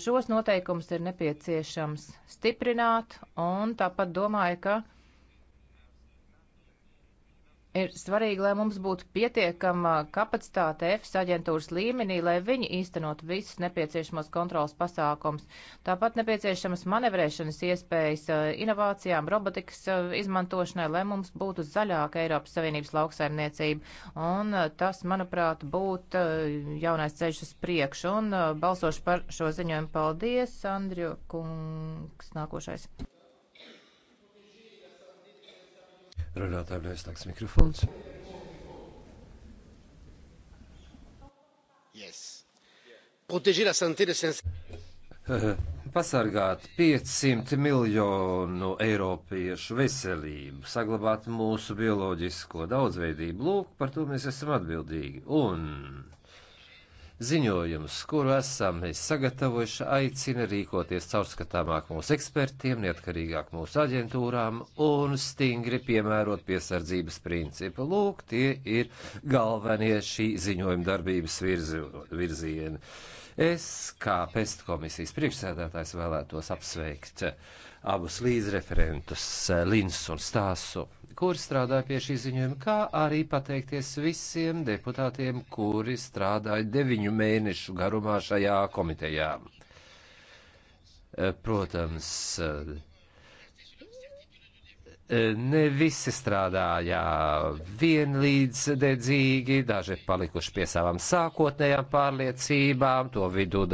Speaker 2: Šos noteikumus ir nepieciešams stiprināt, un tāpat domāju, ka ir svarīgi, lai mums būtu pietiekama kapacitāte EFS aģentūras līmenī, lai viņi īstenot visus nepieciešamos kontrolas pasākums. Tāpat nepieciešamas manevrēšanas iespējas eh, inovācijām, robotikas eh, izmantošanai, lai mums būtu zaļāka Eiropas Savienības lauksaimniecība. Un eh, tas, manuprāt, būtu jaunais ceļš uz priekšu. Un balsošu par šo ziņojumu paldies, Andriju Kungs, nākošais.
Speaker 1: Runātājiem neizslēgts mikrofons. Yes. Proteger la santé de 500 pasargāt 500 miljonu eiropiešu veselību, saglabāt mūsu bioloģisko daudzveidību. Lūk, par to mēs esam atbildīgi. Un Ziņojums, kuru esam mēs sagatavojuši, aicina rīkoties caurskatāmāk mūsu ekspertiem, neatkarīgāk mūsu aģentūrām un stingri piemērot piesardzības principu. Lūk, tie ir galvenie šī ziņojuma darbības virzi, virzieni. Es, kā pest komisijas priekšsēdētājs, vēlētos apsveikt abus līdzreferentus Lins un Stāsu kur strādāja pie šī ziņojuma, kā arī pateikties visiem deputātiem, kuri strādāja deviņu mēnešu garumā šajā komitejā. Eh, protams, eh, eh, ne visi strādāja vienlīdzdedzīgi, daži palikuši pie savām sākotnējām pārliecībām, to vidū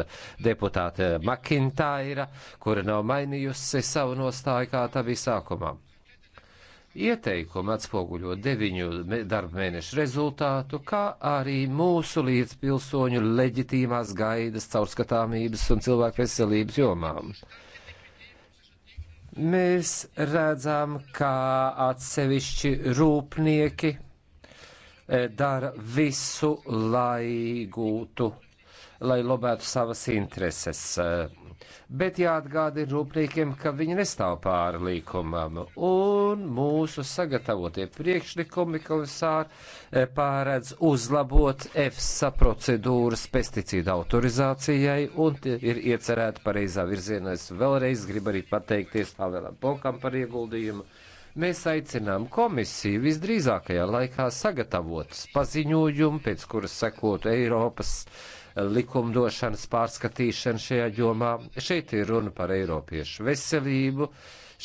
Speaker 1: deputāte Makintaira, kura nav mainījusi savu nostāju kā tā bija sākumā. Ieteikumi atspoguļo deviņu darba mēnešu rezultātu, kā arī mūsu līdzpilsoņu leģitīmās gaidas caurskatāmības un cilvēku veselības jomām mēs redzam, kā atsevišķi rūpnieki eh, dara visu, lai gūtu, lai lobētu savas intereses. Eh, Bet jāatgādina rūpniekiem, ka viņi nestāv pāri līkumam, un mūsu sagatavotie priekšlikumi komisāri e, pārēdz uzlabot EFSA procedūras pesticīdu autorizācijai, un ir iecerēta pareizā virzienā. Es vēlreiz gribu arī pateikties Pavelam Polkam par ieguldījumu mēs aicinām komisiju visdrīzākajā laikā sagatavot paziņojumu, pēc kuras sekotu Eiropas uh, likumdošanas pārskatīšana šajā jomā. Šeit ir runa par Eiropiešu veselību,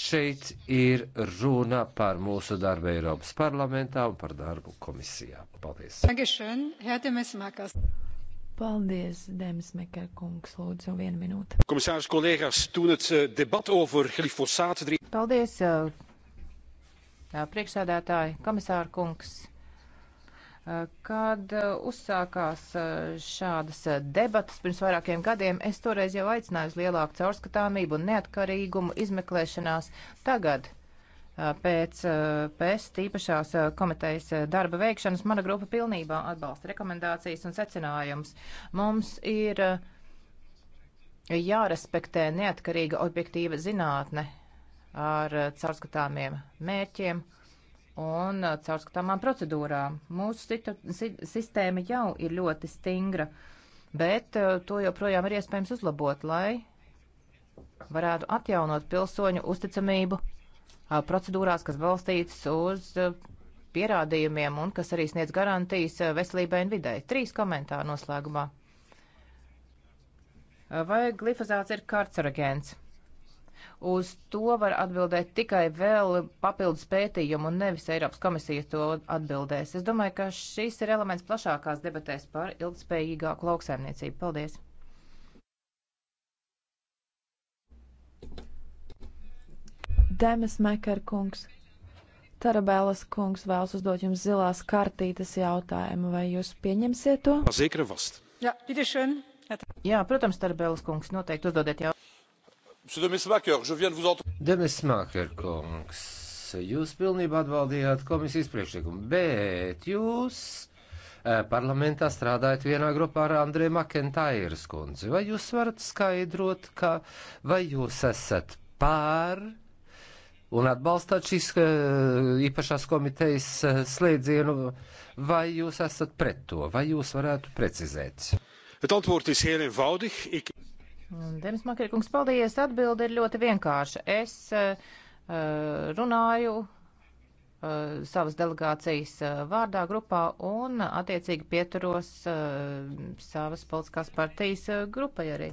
Speaker 1: šeit ir runa par mūsu darbu Eiropas parlamentā un par darbu komisijā. Paldies!
Speaker 4: Paldies, Demsmeker kungs, lūdzu, vienu minūti.
Speaker 1: Komisārs, kolēģis, toen het eh, debat over glifosātu.
Speaker 4: Paldies, eh, priekšsēdētāji,
Speaker 2: komisāra kungs. Kad eh, uzsākās eh, šādas eh, debatas pirms vairākiem gadiem, es toreiz jau aicināju uz lielāku caurskatāmību un neatkarīgumu izmeklēšanās. Tagad pēc PS tīpašās komitejas darba veikšanas mana grupa pilnībā atbalsta rekomendācijas un secinājumus. Mums ir jārespektē neatkarīga objektīva zinātne ar caurskatāmiem mērķiem un uh, caurskatāmām procedūrām. Mūsu situ, si, sistēma jau ir ļoti stingra, bet uh, to joprojām ir iespējams uzlabot, lai varētu atjaunot pilsoņu uzticamību uh, procedūrās, kas balstītas uz pierādījumiem un kas arī sniedz garantijas veselībai un videi. Trīs komentāri noslēgumā. Vai glifozāts ir karcerogēns? Uz to var atbildēt tikai vēl papildus pētījumu, un nevis Eiropas komisija to atbildēs. Es domāju, ka šis ir elements plašākās debatēs par ilgspējīgāku lauksaimniecību. Paldies!
Speaker 4: Demis Mekar kungs. Tarabēlas kungs vēlas uzdot jums zilās kartītes jautājumu. Vai jūs pieņemsiet to? Jā,
Speaker 2: protams, Tarabēlas kungs, noteikti uzdodiet jautājumu.
Speaker 1: Demesmaker kungs, jūs pilnībā atbaldījāt komisijas priekšlikumu, bet jūs eh, parlamentā strādājat vienā grupā ar Andrēju Makentairas kundzi. Vai jūs varat skaidrot, ka vai jūs esat pār un atbalstāt šīs eh, īpašās komitejas eh, slēdzienu, vai jūs esat pret to, vai jūs varētu precizēt? Het antwoord is heel eenvoudig. Ik...
Speaker 2: Demis Makrikungs, paldies. Atbilde ir ļoti vienkārša. Es uh, runāju eh, savas delegācijas vārdā grupā un attiecīgi pieturos
Speaker 4: savas politiskās partijas grupai arī.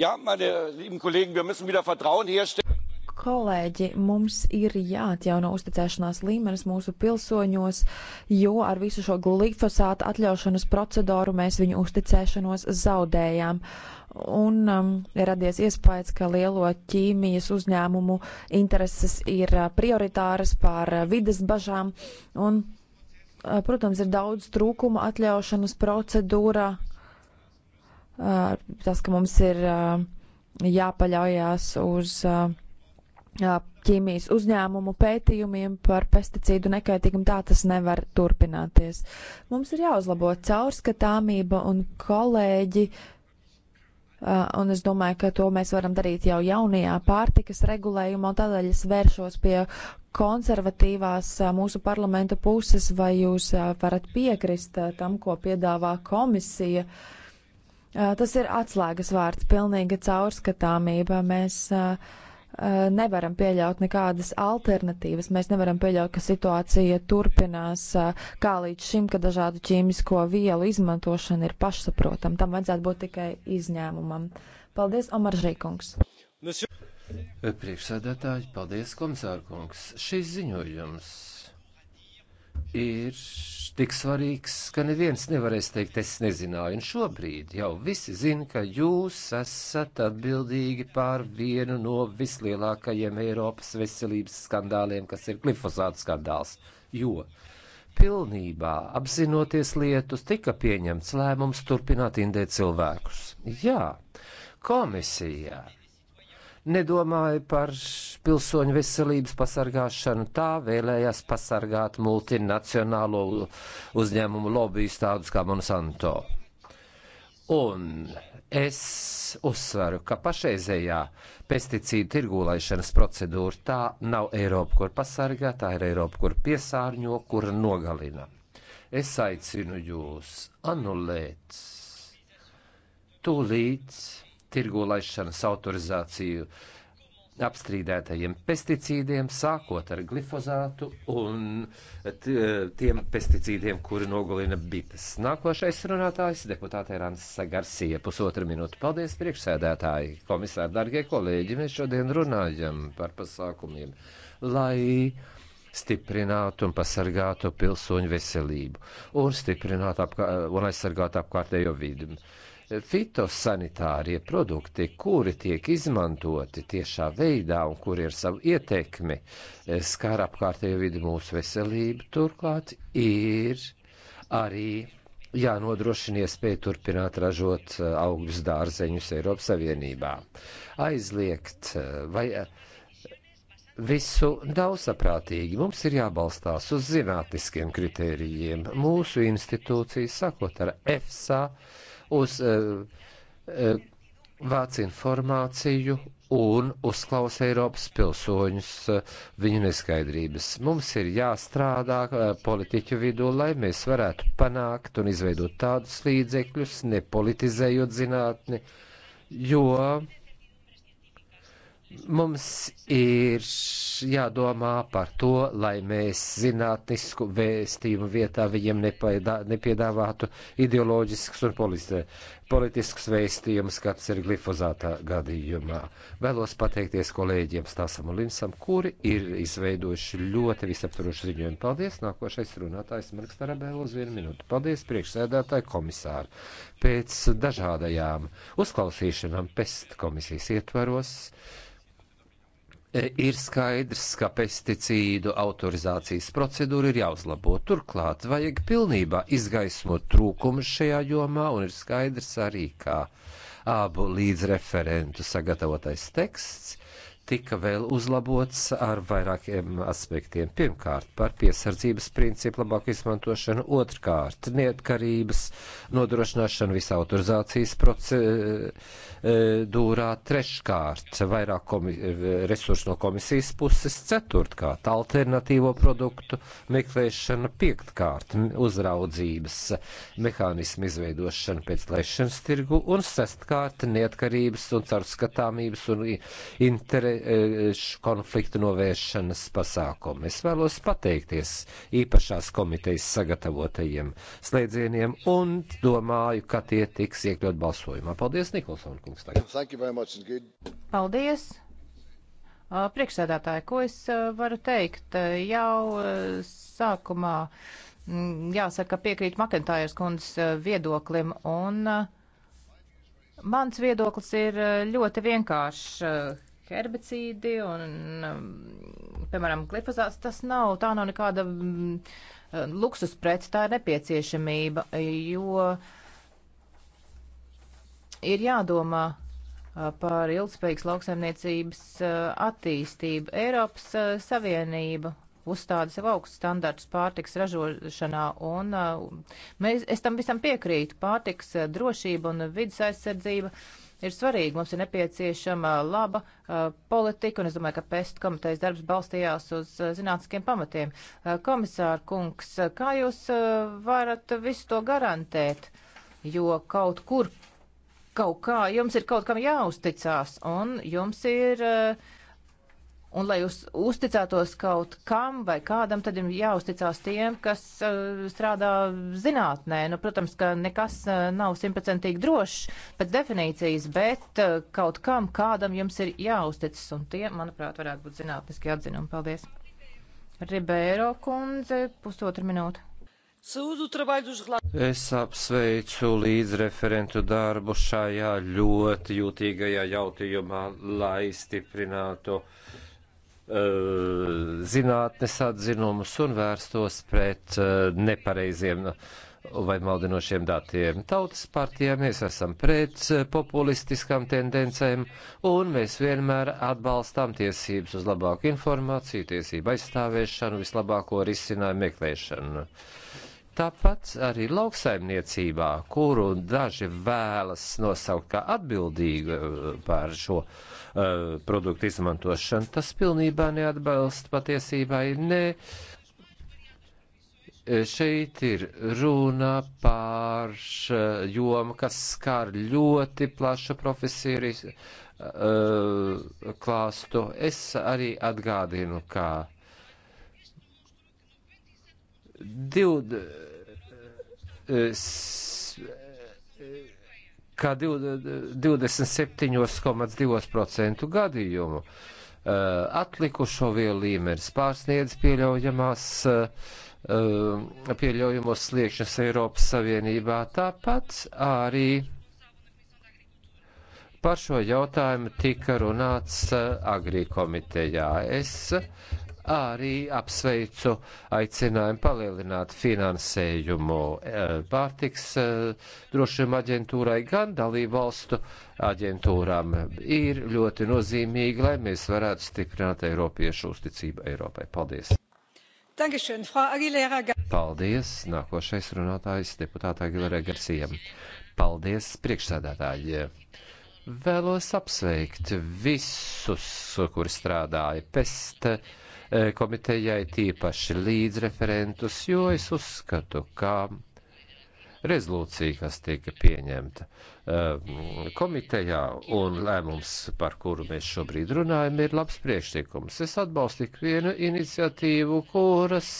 Speaker 7: Jā, mani lieben kolēģi, mēs
Speaker 5: müssen wieder vertrauen herstellen.
Speaker 4: Kolēģi, mums ir jāatjauno uzticēšanās līmenis mūsu pilsoņos, jo ar visu šo glifosātu atļaušanas procedūru mēs viņu uzticēšanos zaudējām. Uh, un um, ir radies iespējas, ka lielo ķīmijas uzņēmumu intereses ir uh, prioritāras pār uh, vides bažām, un, uh, protams, ir daudz trūkumu atļaušanas procedūrā. Uh, tas, ka mums ir uh, jāpaļaujās uz uh, uh, ķīmijas uzņēmumu pētījumiem par pesticīdu nekaitīgumu. Tā tas nevar turpināties. Mums ir jāuzlabo caurskatāmība un kolēģi. Uh, Eh, un es domāju, ka to mēs varam darīt jau jaunajā pārtikas regulējumā, un tādēļ es vēršos pie konservatīvās eh, mūsu parlamenta puses, vai jūs eh, varat piekrist tam, ko piedāvā komisija. Tas ir atslēgas vārds - pilnīga caurskatāmība. Mēs uh, Eh, nevaram pieļaut nekādas alternatīvas. Mēs nevaram pieļaut, ka situācija turpinās eh, kā līdz šim, ka dažādu ķīmisko vielu izmantošana ir pašsaprotama. Tam vajadzētu būt tikai izņēmumam. Paldies, Omar Žīkungs!
Speaker 1: Priekšsēdētāji, paldies, komisārkungs! Šis ziņojums ir tik svarīgs, ka neviens nevarēs teikt, es nezināju. Un šobrīd jau visi zina, ka jūs esat atbildīgi pār vienu no vislielākajiem Eiropas veselības skandāliem, kas ir glifosāta skandāls. Jo pilnībā apzinoties lietus, tika pieņemts lēmums turpināt indēt cilvēkus. Jā, komisijā nedomāja par pilsoņu veselības pasargāšanu. Tā vēlējās pasargāt multinacionālo uzņēmumu lobbyus tādus kā Monsanto. Un es uzsveru, ka pašreizējā pesticīdu tirgūlaišanas procedūra tā nav Eiropa, kur pasargā, tā ir Eiropa, kur piesārņo, kur nogalina. Es aicinu jūs anulēt tūlīt tirgu laišanas autorizāciju apstrīdētajiem pesticīdiem, sākot ar glifozātu un tiem pesticīdiem, kuri nogalina bites. Nākošais runātājs - deputāte Rāns Sagarsija. Pusotra minūte. Paldies, priekšsēdētāji, komisāri, dargie kolēģi. Mēs šodien runājam par pasākumiem, lai stiprinātu un pasargātu pilsoņu veselību un stiprinātu apkār un aizsargātu apkārtējo vidi fitosanitārie produkti, kuri tiek izmantoti tiešā veidā un kuri ir savu ietekmi, eh, skar apkārtējo vidi mūsu veselību, turklāt ir arī jānodrošina iespēja turpināt ražot eh, augļus dārzeņus Eiropas Savienībā. Aizliegt eh, vai visu daudzsaprātīgi. Mums ir jābalstās uz zinātniskiem kritērijiem. Mūsu institūcijas sakot ar EFSA uz eh, eh, vāc informāciju un uzklausa Eiropas pilsoņus eh, viņu neskaidrības. Mums ir jāstrādā politiķu vidū, lai mēs varētu panākt un izveidot tādus līdzekļus, nepolitizējot zinātni, jo Mums ir jādomā par to, lai mēs zinātnisku vēstījumu vietā viņiem nepiedāvātu ideoloģisks un politisks vēstījums, kāds ir glifozātā gadījumā. Vēlos pateikties kolēģiem Stāsam un Linsam, kuri ir izveidojuši ļoti visaptvarošu ziņojumu. Paldies! Nākošais runātājs Marks Tarabēl uz vienu minūtu. Paldies, priekšsēdētāji komisāri! Pēc dažādajām uzklausīšanām pest komisijas ietvaros E, ir skaidrs, ka pesticīdu autorizācijas procedūra ir jāuzlabo. Turklāt vajag pilnībā izgaismot trūkumus šajā jomā, un ir skaidrs arī, ka abu līdzreferentu sagatavotais teksts tika vēl uzlabots ar vairākiem aspektiem. Pirmkārt, par piesardzības principu labāku izmantošanu, otrkārt, neatkarības nodrošināšanu visā autorizācijas procedūrā E, dūrā treškārt, vairāk komi, e, resursu no komisijas puses ceturtkārt, alternatīvo produktu meklēšana piektkārt, uzraudzības mehānismu izveidošana pēc lēšanas tirgu un sestkārt neatkarības un caurskatāmības un interešu konfliktu novēršanas pasākumu. Es vēlos pateikties īpašās komitejas sagatavotajiem slēdzieniem un domāju, ka tie tiks iekļaut balsojumā. Paldies, Nikolson! Hārtings
Speaker 2: tagad. Paldies! Uh, priekšsēdētāji, ko es uh, varu teikt? Uh, jau sākumā mm, jāsaka piekrīt Makentājas kundzes viedoklim un mans viedoklis ir ļoti vienkāršs herbicīdi un, um, piemēram, glifosāts, tas nav, tā nav nekāda mm, luksus prece, tā ir nepieciešamība, jo uh, Ir jādomā par ilgspējīgas lauksaimniecības attīstību. Eiropas Savienība uzstāda sev augstu standartus pārtiks ražošanā, un mēs, es tam visam piekrītu. Pārtiks drošība un vidas aizsardzība ir svarīga. Mums ir nepieciešama laba politika, un es domāju, ka pest komitejas darbs balstījās uz zinātniskiem pamatiem. Komisāra kungs, kā jūs varat visu to garantēt? Jo kaut kur kaut kā, jums ir kaut kam jāuzticās, un jums ir, eh, un lai jūs uzticētos kaut kam vai kādam, tad jums jāuzticās tiem, kas eh, strādā zinātnē. Nu, protams, ka nekas eh, nav simtprocentīgi drošs pēc definīcijas, bet kaut kam, kādam jums ir jāuzticas, un tie, manuprāt, varētu būt zinātniski atzinumi. Paldies! Ribeiro kundze, pusotra minūte.
Speaker 1: Es apsveicu līdzreferentu darbu šajā ļoti jūtīgajā jautājumā, lai stiprinātu uh, zinātnes atzinumus un vērstos pret uh, nepareiziem vai maldinošiem datiem. Tautas partijā mēs esam pret eh, populistiskām tendencēm, un mēs vienmēr atbalstām tiesības uz labāku informāciju, tiesību aizstāvēšanu, vislabāko risinājumu meklēšanu. Tāpat arī lauksaimniecībā, kuru daži vēlas nosaukt kā atbildīgu eh, par šo uh, produktu izmantošanu, tas pilnībā neatbalst patiesībai. Ne, eh, šeit ir runa par jomu, kas skar ļoti plašu profesiju uh, klāstu. Es arī atgādinu, ka div, kā 27,2% gadījumu. Eh, atlikušo vielu līmenis pārsniedz pieļaujamās uh, pieļaujamos sliekšņus Eiropas Savienībā. Tāpat arī par šo jautājumu tika runāts eh, agrī komitejā. Es arī apsveicu aicinājumu palielināt finansējumu eh, pārtiks eh, drošuma aģentūrai, gan dalību valstu aģentūrām. Ir ļoti nozīmīgi, lai mēs varētu stiprināt Eiropiešu uzticību Eiropai. Paldies! Paldies! Nākošais runātājs deputātā Gilera Garcijam. Paldies, priekšsēdētāji! Vēlos apsveikt visus, kuri strādāja pest Eh, komitejai, tīpaši līdzreferentus, jo es uzskatu, ka rezolūcija, kas tika pieņemta eh, komitejā un lēmums, par kuru mēs šobrīd runājam, ir labs priekšlikums. Es atbalstu tik vienu iniciatīvu, kuras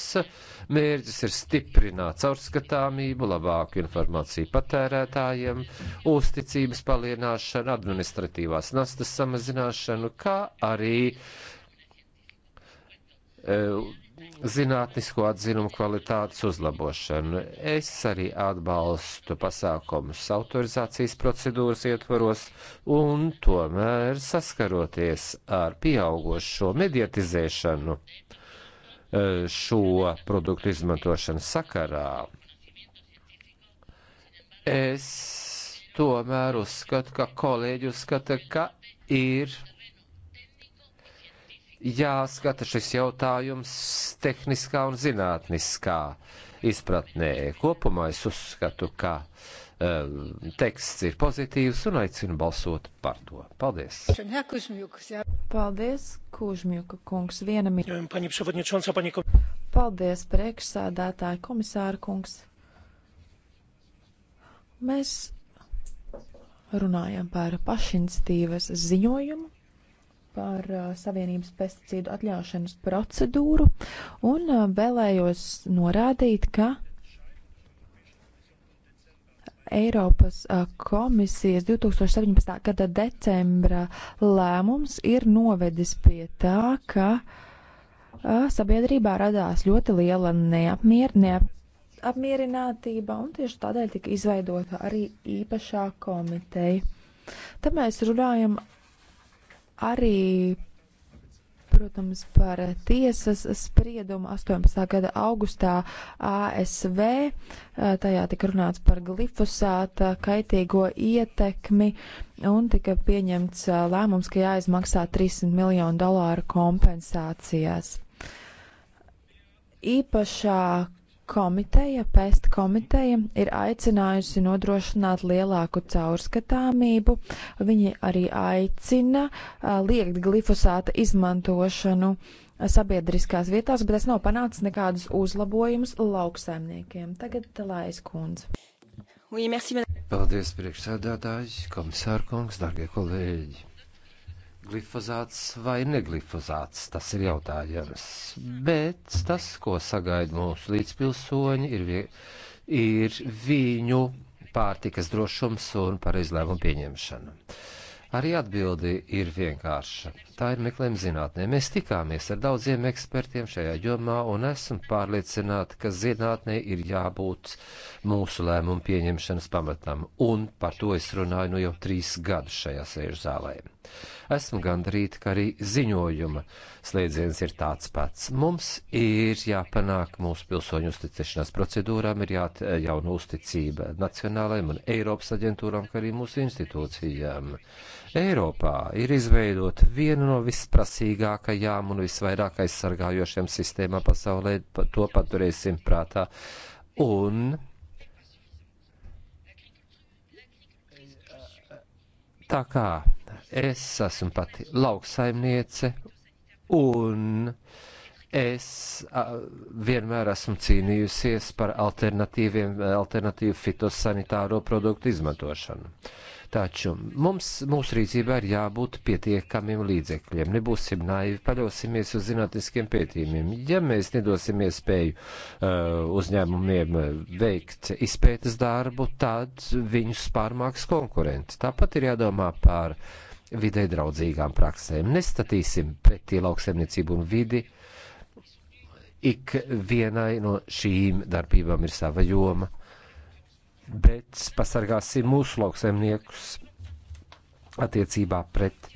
Speaker 1: mērķis ir stiprināt caurskatāmību, labāku informāciju patērētājiem, uzticības palielināšanu, administratīvās nastas samazināšanu, kā arī Eh, zinātnisko atzinumu kvalitātes uzlabošanu. Es arī atbalstu pasākumus autorizācijas procedūras ietvaros, un tomēr saskaroties ar pieaugošo mediatizēšanu eh, šo produktu izmantošanu sakarā, es tomēr uzskatu, ka kolēģi uzskata, ka ir jāskata šis jautājums tehniskā un zinātniskā izpratnē. Kopumā es uzskatu, ka um, teksts ir pozitīvs un aicinu balsot par to. Paldies!
Speaker 4: Paldies, Kūžmjuka kungs, viena minūte. Paldies, priekšsādātāja komisāra kungs. Mēs runājam par pašinstīvas ziņojumu par uh, Savienības pesticīdu atļaušanas procedūru un uh, vēlējos norādīt, ka Eiropas uh, komisijas 2017. gada decembra lēmums ir novedis pie tā, ka sabiedrībā radās ļoti liela neapmier, neapmierinātība, un tieši tādēļ tika izveidota arī īpašā komiteja. Tad mēs runājam arī, protams, par tiesas spriedumu 18. gada augustā ASV. Eh, tajā tika runāts par glifosāta kaitīgo ietekmi un tika pieņemts eh, lēmums, ka jāizmaksā 300 miljonu dolāru kompensācijās. Īpašā komiteja, pēst komiteja, ir aicinājusi nodrošināt lielāku caurskatāmību. Viņi arī aicina uh, liekt glifosāta izmantošanu sabiedriskās vietās, bet tas nav panācis nekādus uzlabojumus lauksaimniekiem. Tagad Lais kundze.
Speaker 8: Oui, merci,
Speaker 1: Paldies, priekšsēdētājs, komisārkungs, dārgie kolēģi glifozāts vai neglifozāts, tas ir jautājums. Bet tas, ko sagaida mūsu līdzpilsoņi, ir, ir viņu pārtikas drošums un pareizlēmumu pieņemšana. Arī atbildi ir vienkārša tā ir meklējuma zinātnē. Mēs tikāmies ar daudziem ekspertiem šajā jomā un esam pārliecināti, ka zinātnē ir jābūt mūsu lēmumu pieņemšanas pamatam, un par to es runāju nu jau trīs gadus šajā sēžu zālē. Esmu gandrīti, ka arī ziņojuma slēdziens ir tāds pats. Mums ir jāpanāk mūsu pilsoņu uzticēšanās procedūrām, ir jāatjauno uzticība nacionālajiem un Eiropas aģentūram, kā arī mūsu institūcijām. Uh, Eiropā ir izveidot vienu no visprasīgākajām un visvairāk aizsargājošiem sistēmām pasaulē, pa to paturēsim prātā. Un tā kā es esmu pati lauksaimniece un Es a, vienmēr esmu cīnījusies par alternatīvu fitosanitāro produktu izmantošanu. Taču mums, mūsu rīcībā ir jābūt pietiekamiem līdzekļiem. Nebūsim naivi, paļausimies uz zinātniskiem pētījumiem. Ja mēs nedosim iespēju uh, uzņēmumiem uh, veikt izpētes darbu, tad viņus pārmāks konkurenti. Tāpat ir jādomā par vidē draudzīgām praksēm. Nestatīsim pretī lauksaimniecību un vidi. Ik vienai no šīm darbībām ir sava joma bet pasargāsim mūsu lauksaimniekus attiecībā pret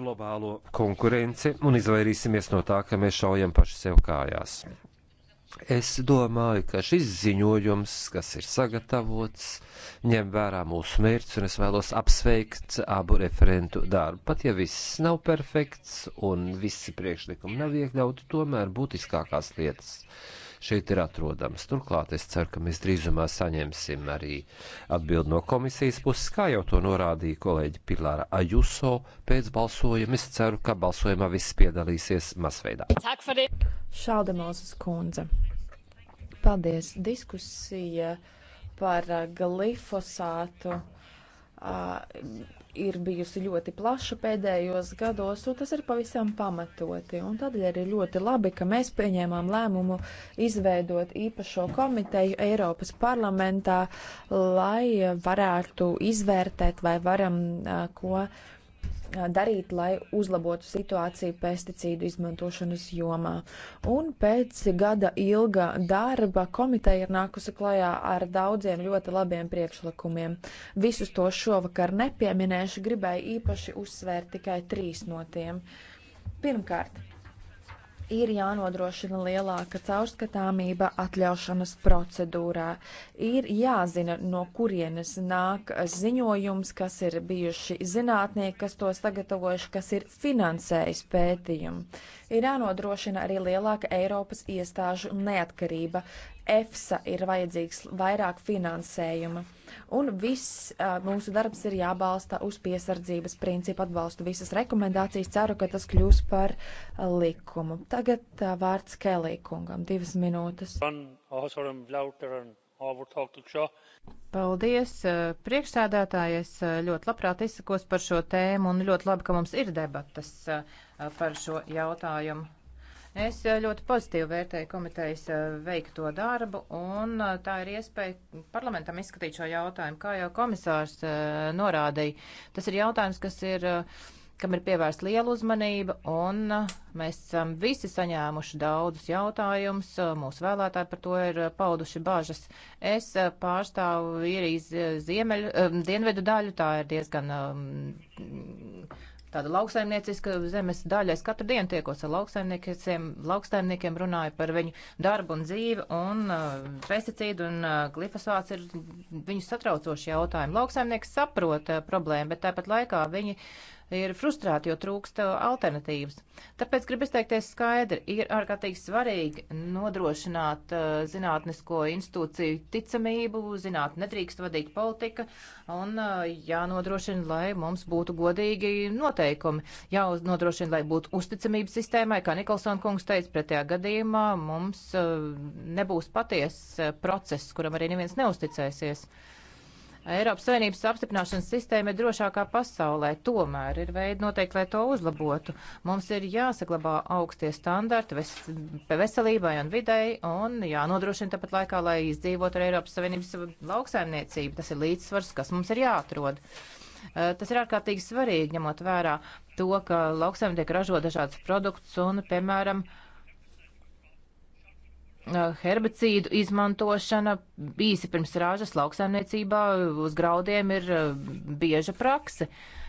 Speaker 1: globālo konkurenci un izvairīsimies no tā, ka mēs šaujam paši sev kājās. Es domāju, ka šis ziņojums, kas ir sagatavots, ņem vērā mūsu mērķus, un es vēlos apsveikt abu referentu darbu. Pat ja viss nav perfekts un visi priekšlikumi nav iekļauti, tomēr būtiskākās lietas šeit ir atrodams. Turklāt es ceru, ka mēs drīzumā saņemsim arī atbildi no komisijas puses, kā jau to norādīja kolēģi Pilāra Ajuso pēc balsojuma. Es ceru, ka balsojumā viss piedalīsies masveidā.
Speaker 4: Šāda Mozes kundze. Paldies. Diskusija par glifosātu. Uh, ir bijusi ļoti plaša pēdējos gados, un tas ir pavisam pamatoti. Un tādēļ ir ļoti labi, ka mēs pieņēmām lēmumu izveidot īpašo komiteju Eiropas parlamentā, lai varētu izvērtēt, vai varam ko darīt, lai uzlabotu situāciju pesticīdu izmantošanas jomā. Un pēc gada ilga darba komiteja ir nākusi klajā ar daudziem ļoti labiem priekšlikumiem. Visus to šovakar nepieminēšu, gribēju īpaši uzsvērt tikai trīs no tiem. Pirmkārt, ir jānodrošina lielāka caurskatāmība atļaušanas procedūrā. Ir jāzina, no kurienes nāk ziņojums, kas ir bijuši zinātnieki, kas to sagatavojuši, kas ir finansējis pētījumu. Ir jānodrošina arī lielāka Eiropas iestāžu neatkarība. EFSA ir vajadzīgs vairāk finansējuma un viss mūsu darbs ir jābalsta uz piesardzības principu atbalstu visas rekomendācijas. Ceru, ka tas kļūs par likumu. Tagad vārds Kelī kungam, divas minūtes. Paldies,
Speaker 2: priekšsēdētāji, es ļoti labprāt izsakos par šo tēmu un ļoti labi, ka mums ir debatas par šo jautājumu. Es eh, ļoti pozitīvi vērtēju komitejas eh, veikto darbu, un eh, tā ir iespēja parlamentam izskatīt šo jautājumu. Kā jau komisārs norādīja, tas ir jautājums, kas ir kam ir pievērsta liela uzmanība, un mēs esam visi saņēmuši daudzus jautājumus. Mūsu vēlētāji par to ir pauduši bažas. Es pārstāvu īrijas ziemeļu, dienvedu daļu, tā ir diezgan tāda lauksaimnieciska zemes daļa. Es katru dienu tiekos ar lauksaimniekiem, lauksaimniekiem runāju par viņu darbu un dzīvi, un uh, pesticīdu un uh, glifosāts ir viņu satraucoši jautājumi. Lauksaimnieks saprot uh, problēmu, bet tāpat laikā viņi uh, ir frustrēti, jo trūkst uh, alternatīvas. Tāpēc gribu izteikties skaidri, ir ārkārtīgi svarīgi nodrošināt uh, zinātnisko institūciju ticamību, zināt, nedrīkst vadīt politika un uh, jānodrošina, lai mums būtu godīgi noteikumi, jānodrošina, lai būtu uzticamība sistēmai, kā Nikolson kungs teica, pretējā gadījumā mums nebūs paties process, kuram arī neviens neusticēsies. Eiropas Savienības apstiprināšanas sistēma ir drošākā pasaulē, tomēr ir veidi noteikti, lai to uzlabotu. Mums ir jāsaglabā augstie standarti ves veselībai un videi un jānodrošina tāpat laikā, lai izdzīvotu ar Eiropas Savienības lauksaimniecību. Tas ir līdzsvars, kas mums ir jāatrod. Eh, tas ir ārkārtīgi svarīgi, ņemot vērā to, ka lauksaimnieki ražo dažādas produktus un, piemēram, uh, herbicīdu izmantošana īsi pirms rāžas lauksaimniecībā uz graudiem ir bieža prakse. Uh,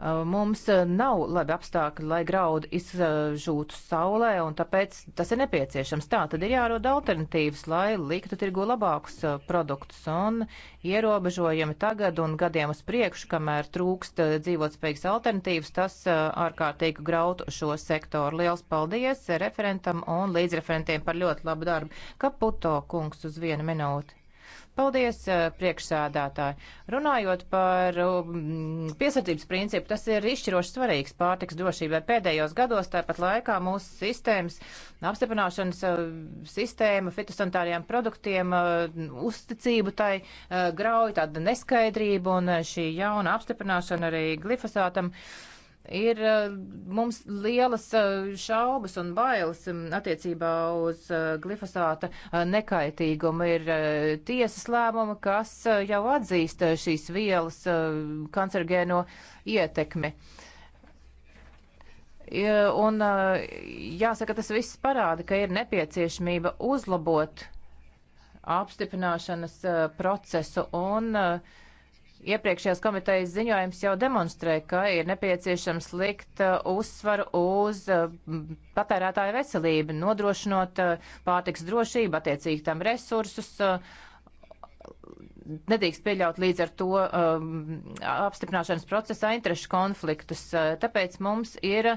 Speaker 2: Uh, mums uh, nav labi apstākļi, lai graudu izžūtu saulē, un tāpēc tas ir nepieciešams. Tā tad ir jāroda alternatīvas, lai liktu tirgu labākus uh, produktus, un ierobežojami tagad un gadiem uz priekšu, kamēr trūkst dzīvotspējīgas alternatīvas, tas ārkārtīgi grautu šo sektoru. Liels paldies referentam un līdzreferentiem par ļoti labu darbu. Kaputo kungs uz vienu minūti. Paldies, eh, priekšsēdētāji. Runājot par piesardzības principu, tas ir izšķiroši svarīgs pārtiks drošībai. Pēdējos gados tāpat laikā mūsu sistēmas, apstiprināšanas eh, sistēma fitosanitāriem produktiem eh, uzticību tai grauj tāda neskaidrība un šī jauna apstiprināšana arī glifosātam. Uh, ir eh, mums lielas eh, šaubas un bailes mm, attiecībā uz eh, glifosāta nekaitīgumu. Ir tiesas lēmumi, kas jau atzīst šīs vielas kancergēno ietekmi. Un jāsaka, tas viss parāda, ka ir nepieciešamība uzlabot apstiprināšanas procesu un uh, Iepriekšējās komitejas ziņojums jau demonstrē, ka ir nepieciešams likt uh, uzsvaru uz uh, patērētāju veselību, nodrošinot uh, pārtiks drošību, attiecīgi tam resursus. Nedrīkst pieļaut līdz ar to um, apstiprināšanas procesā interešu konfliktus. Tāpēc mums ir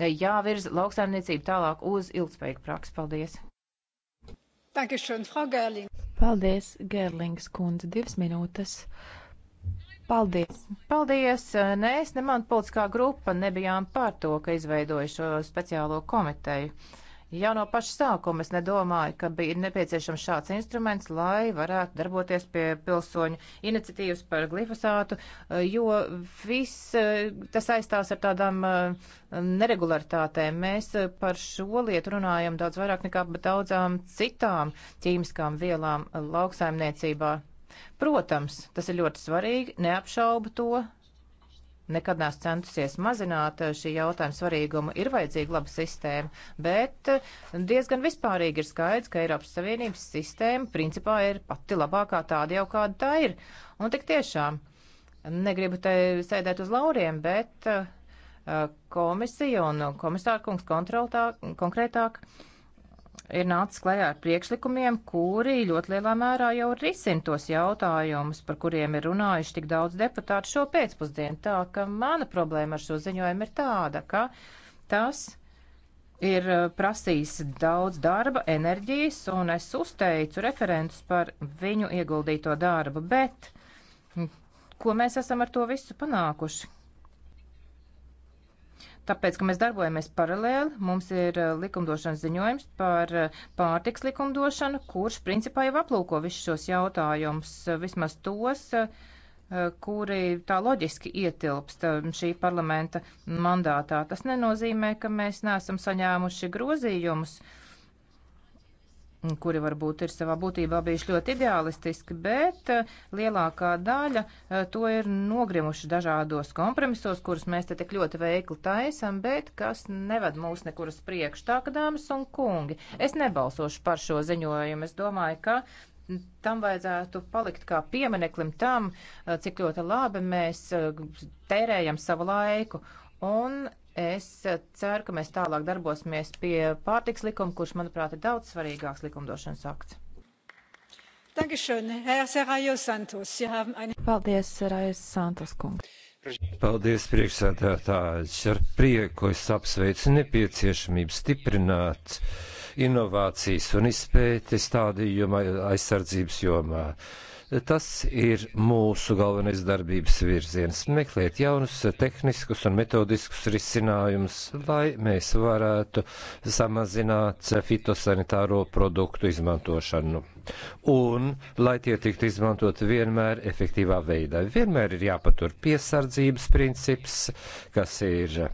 Speaker 2: jāvirza lauksaimniecība tālāk uz ilgspējīgu praksi. Paldies!
Speaker 4: Paldies, Gerlings kundze, divas
Speaker 2: minūtes. Paldies! Paldies! Ne es, ne man politiskā grupa nebijām pār to, ka izveidoju šo speciālo komiteju. Jau no paša sākuma es nedomāju, ka bija nepieciešams šāds instruments, lai varētu darboties pie pilsoņu iniciatīvas par glifosātu, eh, jo viss eh, tas aizstās ar tādām eh, neregularitātēm. Mēs par šo lietu runājam daudz vairāk nekā par daudzām citām ķīmiskām vielām lauksaimniecībā. Protams, tas ir ļoti svarīgi, neapšaubu to, nekad neesmu centusies mazināt eh, šī jautājuma svarīgumu. Ir vajadzīga laba sistēma, bet eh, diezgan vispārīgi ir skaidrs, ka Eiropas Savienības sistēma principā ir pati labākā tāda jau kāda tā ir. Un tik tiešām negribu te sēdēt uz lauriem, bet eh, komisija un komisārkungs konkrētāk ir nācis klajā ar priekšlikumiem, kuri ļoti lielā mērā jau risina tos jautājumus, par kuriem ir runājuši tik daudz deputātu šo pēcpusdienu. Tā ka mana problēma ar šo ziņojumu ir tāda, ka tas ir eh, prasījis daudz darba, enerģijas, un es uzteicu referentus par viņu ieguldīto darbu, bet hm, ko mēs esam ar to visu panākuši? tāpēc, ka mēs darbojamies paralēli, mums ir eh, likumdošanas ziņojums par eh, pārtiks likumdošanu, kurš principā jau aplūko visus šos jautājumus, eh, vismaz tos, kuri tā loģiski ietilpst šī parlamenta mandātā. Tas nenozīmē, ka mēs neesam saņēmuši grozījumus kuri varbūt ir savā būtībā bijuši ļoti ideālistiski, bet eh, lielākā daļa eh, to ir nogrimuši dažādos kompromisos, kurus mēs te tik ļoti veikli taisam, bet kas neved mūs nekur uz priekšu. Tā, ka dāmas un kungi, es nebalsošu par šo ziņojumu. Es domāju, ka tam vajadzētu palikt kā piemineklim tam, eh, cik ļoti labi mēs tērējam savu laiku. Un Es ceru, ka mēs tālāk darbosimies pie pārtiks likuma, kurš, manuprāt, ir daudz svarīgāks likumdošanas akts.
Speaker 4: Paldies, Rajas Santos kungs.
Speaker 1: Paldies, priekšsēdētājs. Ar prieku es apsveicu nepieciešamību stiprināt inovācijas un izpētes stādījuma aizsardzības jomā. Tas ir mūsu galvenais darbības virziens - meklēt jaunus tehniskus un metodiskus risinājumus, lai mēs varētu samazināt fitosanitāro produktu izmantošanu. Un, lai tie tiktu izmantot vienmēr efektīvā veidā, vienmēr ir jāpatur piesardzības princips, kas ir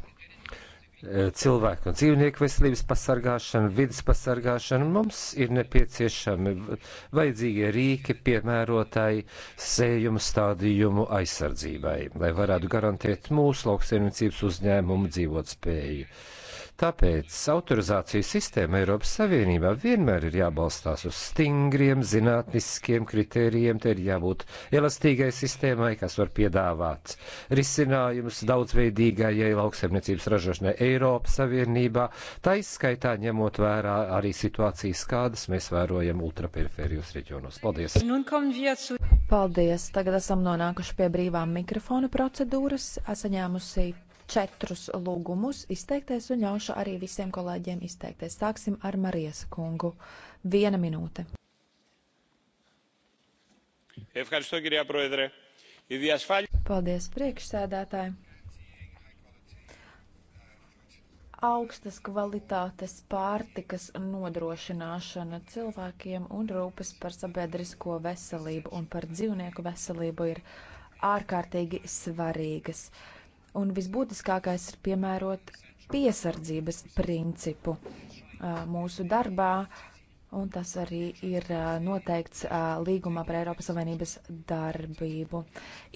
Speaker 1: cilvēku un dzīvnieku veselības pasargāšana, vidas pasargāšana. Mums ir nepieciešami vajadzīgie rīki piemērotai sējumu stādījumu aizsardzībai, lai varētu garantēt mūsu lauksaimniecības uzņēmumu dzīvot spēju. Tāpēc autorizācijas sistēma Eiropas Savienībā vienmēr ir jābalstās uz stingriem zinātniskiem kritērijiem. Te ir jābūt elastīgai sistēmai, kas var piedāvāt risinājumus daudzveidīgajai lauksaimniecības ražošanai Eiropas Savienībā, tā izskaitā ņemot vērā arī situācijas, kādas mēs vērojam ultraperiferijos reģionos. Paldies!
Speaker 3: Paldies!
Speaker 4: Tagad esam nonākuši pie brīvā mikrofona procedūras. Esam ņēmusi četrus lūgumus izteikties un ļaušu arī visiem kolēģiem izteikties. Sāksim ar Marijas kungu. Viena minūte. Paldies, priekšsēdētāji. Augstas kvalitātes pārtikas nodrošināšana cilvēkiem un rūpes par sabiedrisko veselību un par dzīvnieku veselību ir ārkārtīgi svarīgas. Uh, Un visbūtiskākais ir piemērot piesardzības principu mūsu darbā, un tas arī ir noteikts līgumā par Eiropas Savienības darbību.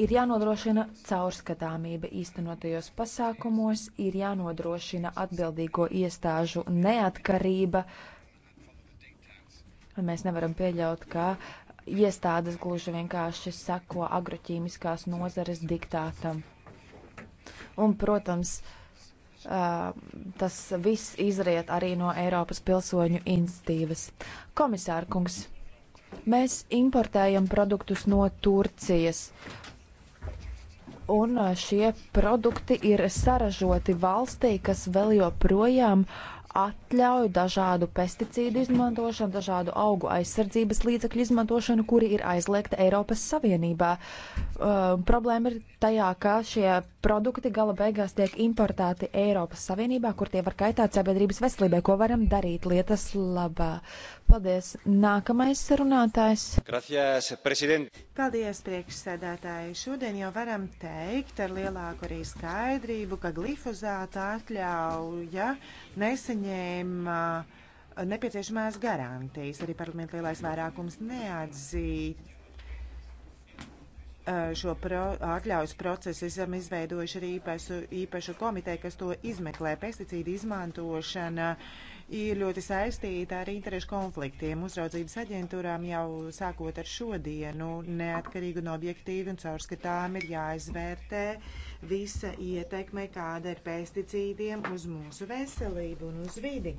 Speaker 4: Ir jānodrošina caurskatāmība īstenotajos pasākumos, ir jānodrošina atbildīgo iestāžu neatkarība. Mēs nevaram pieļaut, ka iestādes gluži vienkārši seko agroķīmiskās nozares diktātam un, protams, Uh, tas viss izriet arī no Eiropas pilsoņu institīvas. Komisāra kungs, mēs importējam produktus no Turcijas, un šie produkti ir saražoti valstī, kas vēl joprojām at atļauj dažādu pesticīdu izmantošanu, dažādu augu aizsardzības līdzekļu izmantošanu, kuri ir aizliegta Eiropas Savienībā. Uh, problēma ir tajā, ka šie produkti gala beigās tiek importēti Eiropas Savienībā, kur tie var kaitāt sabiedrības veselībai. Ko varam darīt lietas labā?
Speaker 6: Paldies. Nākamais runātājs.
Speaker 1: Gracias, prezident.
Speaker 6: Paldies, priekšsēdētāji. Šodien jau varam teikt ar lielāku arī skaidrību, ka glifozāta atļauja nesaņēma saņēma uh, nepieciešamās garantijas. Arī parlamenta lielais vairākums neatzīst uh, šo pro, atļaujas procesu esam izveidojuši arī īpašu, īpašu komiteju, kas to izmeklē. Pesticīdu izmantošana uh, ir ļoti saistīta ar interešu konfliktiem. Uzraudzības aģentūrām jau sākot ar šodienu neatkarīgi un objektīvi un caurskatām ir jāizvērtē visa ietekme, kāda ir pesticīdiem uz mūsu veselību un uz vidi.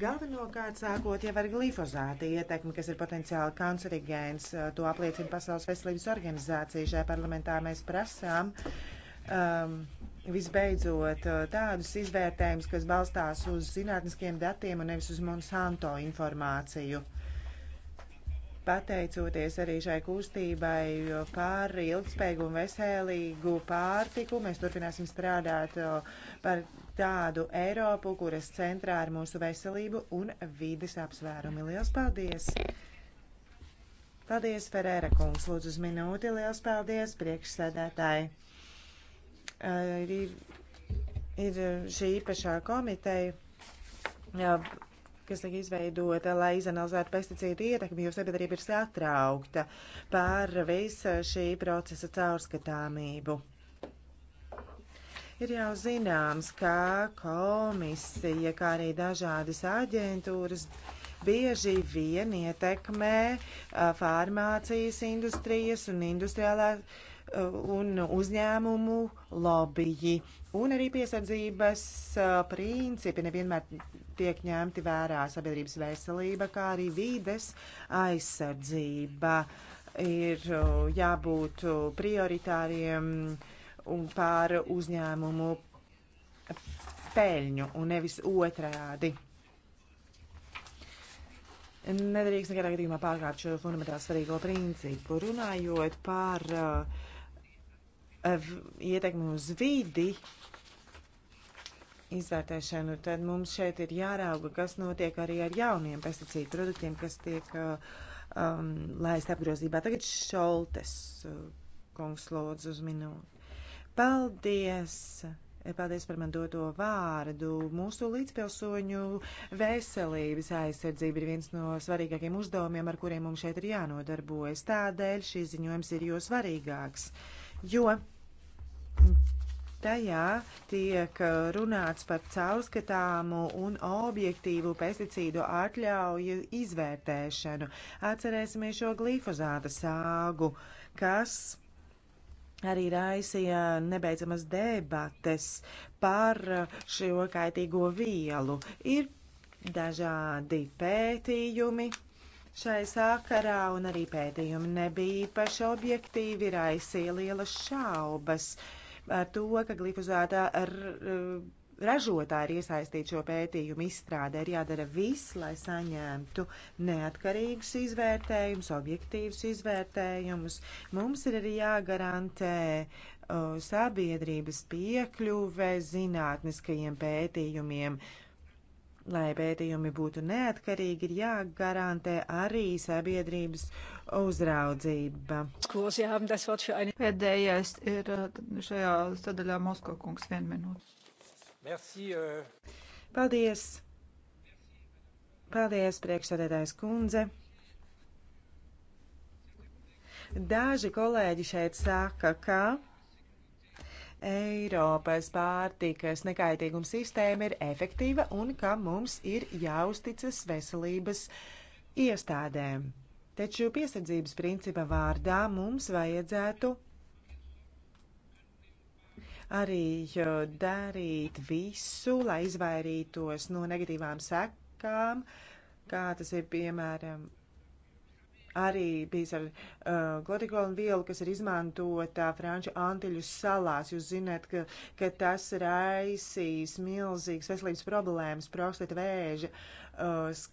Speaker 6: Galvenokārt sākot jau ar glifozāta ietekmi, kas ir potenciāli kancerigēns, to apliecina Pasaules veselības organizācija. Šajā parlamentā mēs prasām um, Visbeidzot, tādus izvērtējumus, kas balstās uz zinātniskiem datiem un nevis uz Monsanto informāciju. Pateicoties arī šai kustībai par ilgspējīgu un veselīgu pārtiku, mēs turpināsim strādāt par tādu Eiropu, kuras centrā ir mūsu veselību un vides apsvērumi. Lielas paldies! Paldies, Ferēra kungs, lūdzu uz minūti, liels paldies, priekšsēdētāji! Eh, ir, ir eh, šī īpašā komiteja, jā, eh, kas tika izveidota, lai izanalizētu pesticīdu ietekmi, jo sabiedrība ir satraukta par visu šī procesa caurskatāmību. Ir jau zināms, ka komisija, kā arī dažādas aģentūras, bieži vien ietekmē farmācijas industrijas un industriālās un uzņēmumu lobiji. Un arī piesardzības principi nevienmēr tiek ņemti vērā sabiedrības veselība, kā arī vides aizsardzība. Ir jābūt prioritāriem un pār uzņēmumu peļņu un nevis otrādi. Nedrīkst nekādā gadījumā pārkāpt šo fundamentāli svarīgo principu. Runājot par uh, ietekmi uz vidi izvērtēšanu, tad mums šeit ir jārauga, kas notiek arī ar jauniem pesticīdu produktiem, kas tiek uh, um, laist apgrozībā. Tagad Šoltes uh, kungs lūdzu uz minūti. Paldies! Paldies par man doto vārdu. Mūsu līdzpilsoņu veselības aizsardzība ir viens no svarīgākiem uzdevumiem, ar kuriem mums šeit ir jānodarbojas. Tādēļ šī ziņojums ir jo svarīgāks. Uh, jo tajā tiek uh, runāts par caurskatāmu un objektīvu pesticīdu atļauju izvērtēšanu. Atcerēsimies šo glifozāta sāgu, kas arī raisīja nebeidzamas debates par uh, šo kaitīgo vielu. Ir dažādi pētījumi, Šai sakarā un arī pētījumi nebija īpaši objektīvi, raisīja lielas šaubas par to, ka glifozāta ar, ražotāji ir iesaistīti šo pētījumu izstrādē. Ir jādara viss, lai saņemtu neatkarīgus izvērtējumus, objektīvus izvērtējumus. Mums ir arī jāgarantē uh, sabiedrības piekļuve zinātniskajiem pētījumiem. Uh, Lai pētījumi būtu neatkarīgi, ir jāgarantē arī sabiedrības uzraudzība.
Speaker 7: Pēdējais ir uh, šajā sadaļā Moskva kungs vienu minūtu.
Speaker 1: Merci, uh...
Speaker 6: Paldies! Paldies, priekšsēdētājs kundze! Daži kolēģi šeit saka, ka Eiropas pārtikas nekaitīguma sistēma ir efektīva un ka mums ir jāuzticas veselības iestādēm. Taču piesardzības principa vārdā mums vajadzētu arī darīt visu, lai izvairītos no negatīvām sekām, kā tas ir piemēram arī bijis ar uh, glodikolu vielu, kas ir izmantota Franču Antiļu salās. Jūs zināt, ka, ka tas raisīs milzīgas veselības problēmas, prostata vēža uh,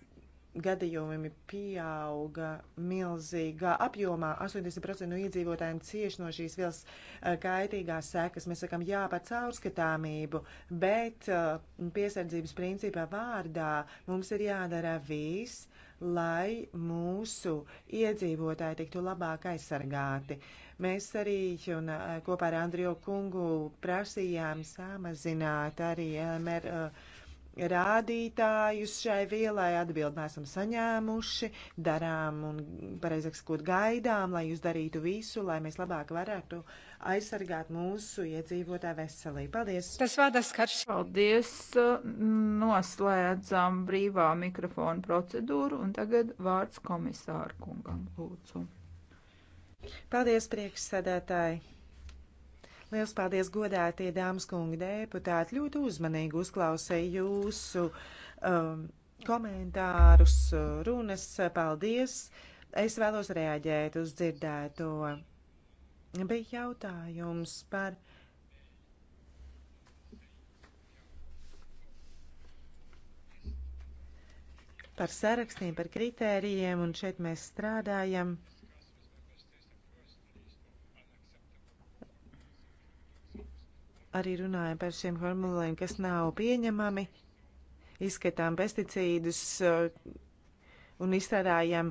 Speaker 6: gadījumi pieauga milzīgā apjomā. 80% no iedzīvotājiem cieš no šīs vielas uh, kaitīgās sekas. Mēs sakam jā par caurskatāmību, bet uh, piesardzības principā vārdā mums ir jādara viss, lai mūsu iedzīvotāji tiktu labāk aizsargāti. Mēs arī un, eh, kopā ar Andriju Kungu prasījām samazināt arī MR. Uh, eh, rādītājus šai vielai, atbildi neesam saņēmuši, darām un, pareizāk sakot, gaidām, lai jūs darītu visu, lai mēs labāk varētu aizsargāt mūsu iedzīvotāju veselību. Paldies! Tas vārdas karš. Paldies! Noslēdzām brīvā mikrofona procedūru un tagad vārds komisāru kungam lūdzu. Paldies, priekšsēdētāji! Liels paldies, godētie dāmas kungi deputāti. Ļoti uzmanīgi uzklausīju jūsu um, komentārus, runas. Paldies! Es vēlos reaģēt uz dzirdēto. Bija jautājums par. par sarakstiem, par kritērijiem, un šeit mēs strādājam. Uh, arī runājam par šiem formulēm, kas nav pieņemami, izskatām pesticīdus uh, un izstrādājam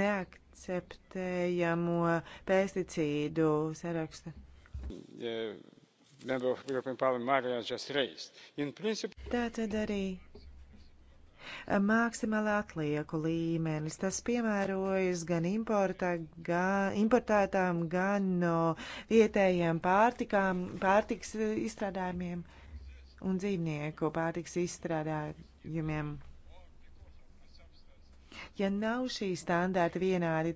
Speaker 6: neakceptējamo pesticīdu sarakstu. Tātad arī maksimāli atlieku līmenis. Tas piemērojas gan importā, gan, importētām, gan no vietējiem pārtikām, pārtiks izstrādājumiem un dzīvnieku pārtiks izstrādājumiem. Ja nav šī standārta vienādi,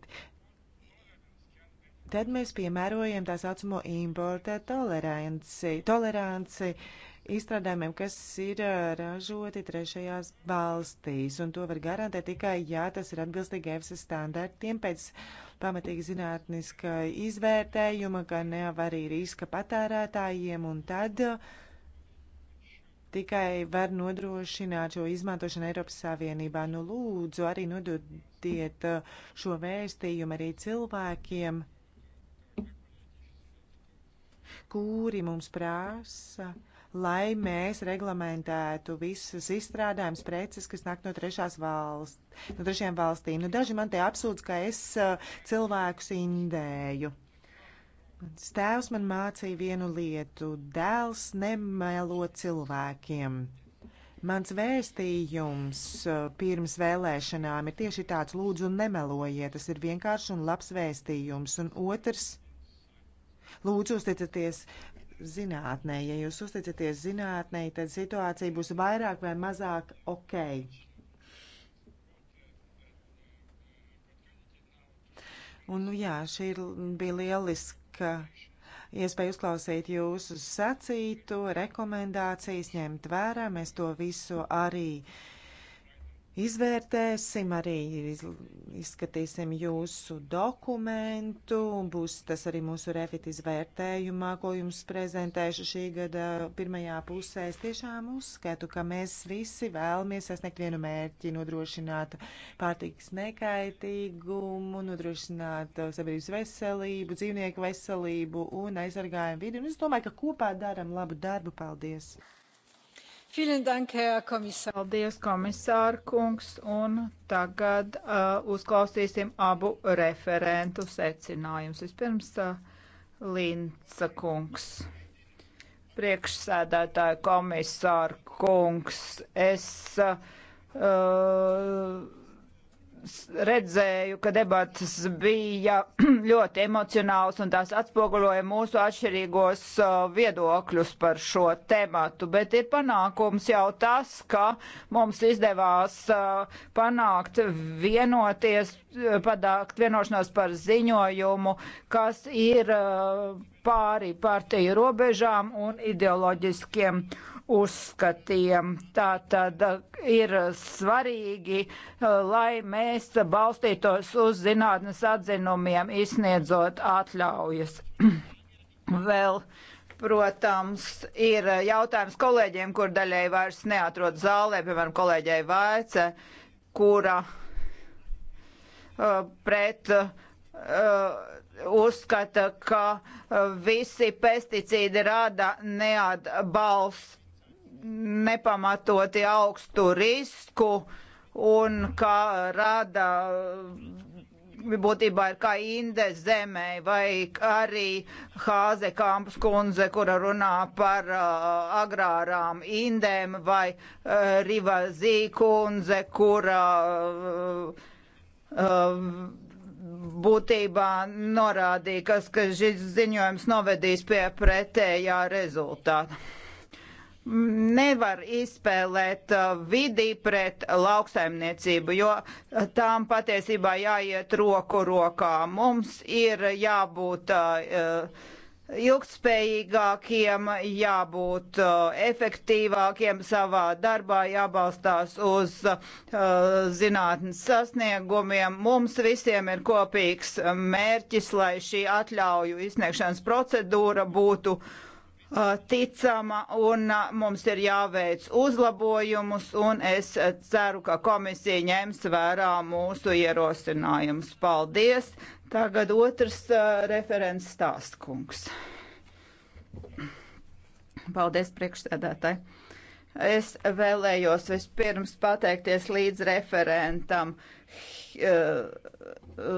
Speaker 6: tad mēs piemērojam tā saucamo importa toleranci. toleranci uh, izstrādājumiem, kas ir ražoti trešajās valstīs, un to var garantēt tikai, ja tas ir atbilstīgi EFSA standartiem pēc pamatīgi zinātniska izvērtējuma, ka nav arī riska patērētājiem, un tad tikai var nodrošināt šo izmantošanu Eiropas Savienībā. Nu, lūdzu, arī nododiet šo vēstījumu arī cilvēkiem, kuri mums prasa lai mēs reglamentētu visas izstrādājumus preces, kas nāk no trešās valsts, no trešajām valstīm. Nu, daži man te apsūdz, ka es cilvēkus indēju. Mans tēvs man mācīja vienu lietu - dēls nemelo cilvēkiem. Mans vēstījums pirms vēlēšanām ir tieši tāds - lūdzu, nemelojiet. Tas ir vienkāršs un labs vēstījums. Un otrs - lūdzu, uzticaties zinātnē. Ja jūs uzticaties zinātnē, tad situācija būs vairāk vai mazāk ok. Un, nu, jā, šī ir, bija lieliska iespēja uzklausīt jūsu sacīto, rekomendācijas ņemt vērā. Mēs to visu arī uh, izvērtēsim, arī izskatīsim jūsu dokumentu. Būs tas arī mūsu refit izvērtējumā, ko jums prezentēšu šī gada pirmajā pusē. Es tiešām uzskatu, ka mēs visi vēlamies sasniegt vienu mērķi - nodrošināt pārtīks nekaitīgumu, nodrošināt sabiedrības veselību, dzīvnieku veselību un aizsargājumu vidi. Un es domāju, ka kopā daram labu darbu. Paldies! Paldies, komisāra kungs,
Speaker 7: un tagad uh, uzklausīsim abu referentu secinājumus. Vispirms uh, Linca kungs. Priekšsēdētāja komisāra kungs, es uh, redzēju, ka debatas bija ļoti emocionāls un tās atspoguļoja mūsu atšķirīgos uh, viedokļus par šo tematu, bet ir panākums jau tas, ka mums izdevās uh, panākt vienoties, uh, padākt vienošanos par ziņojumu, kas ir pāri partiju robežām un ideoloģiskiem uzskatiem. Tā tad eh, ir svarīgi, eh, lai mēs balstītos uz zinātnes atzinumiem, izsniedzot atļaujas. Vēl protams, ir eh, jautājums kolēģiem, kur daļai vairs neatrod zālē, piemēram, kolēģei Vaice, kura uh, pret uh, uzskata, ka uh, visi pesticīdi rada neatbalst, nepamatoti augstu risku un ka rada uh, būtībā ir kā inde zemē, vai arī Hāze Kampas kundze, kura runā par uh, agrārām indēm, vai uh, Riva Zīkundze, kura uh, uh, būtībā norādīja, kas, ka šis ziņojums novedīs pie pretējā rezultāta. Nevar izspēlēt uh, vidi pret lauksaimniecību, jo uh, tām patiesībā jāiet roku rokā. Mums ir jābūt uh, uh ilgspējīgākiem, jābūt uh, efektīvākiem savā darbā, jābalstās uz uh, zinātnes sasniegumiem. Mums visiem ir kopīgs mērķis, lai šī atļauju izsniegšanas procedūra būtu uh, ticama un mums ir jāveic uzlabojumus, un es ceru, ka komisija ņems vērā mūsu ierosinājumus. Paldies! Tagad otrs uh, referents stāstkungs. Paldies priekšsēdētāji. Es vēlējos vispirms pateikties līdz referentam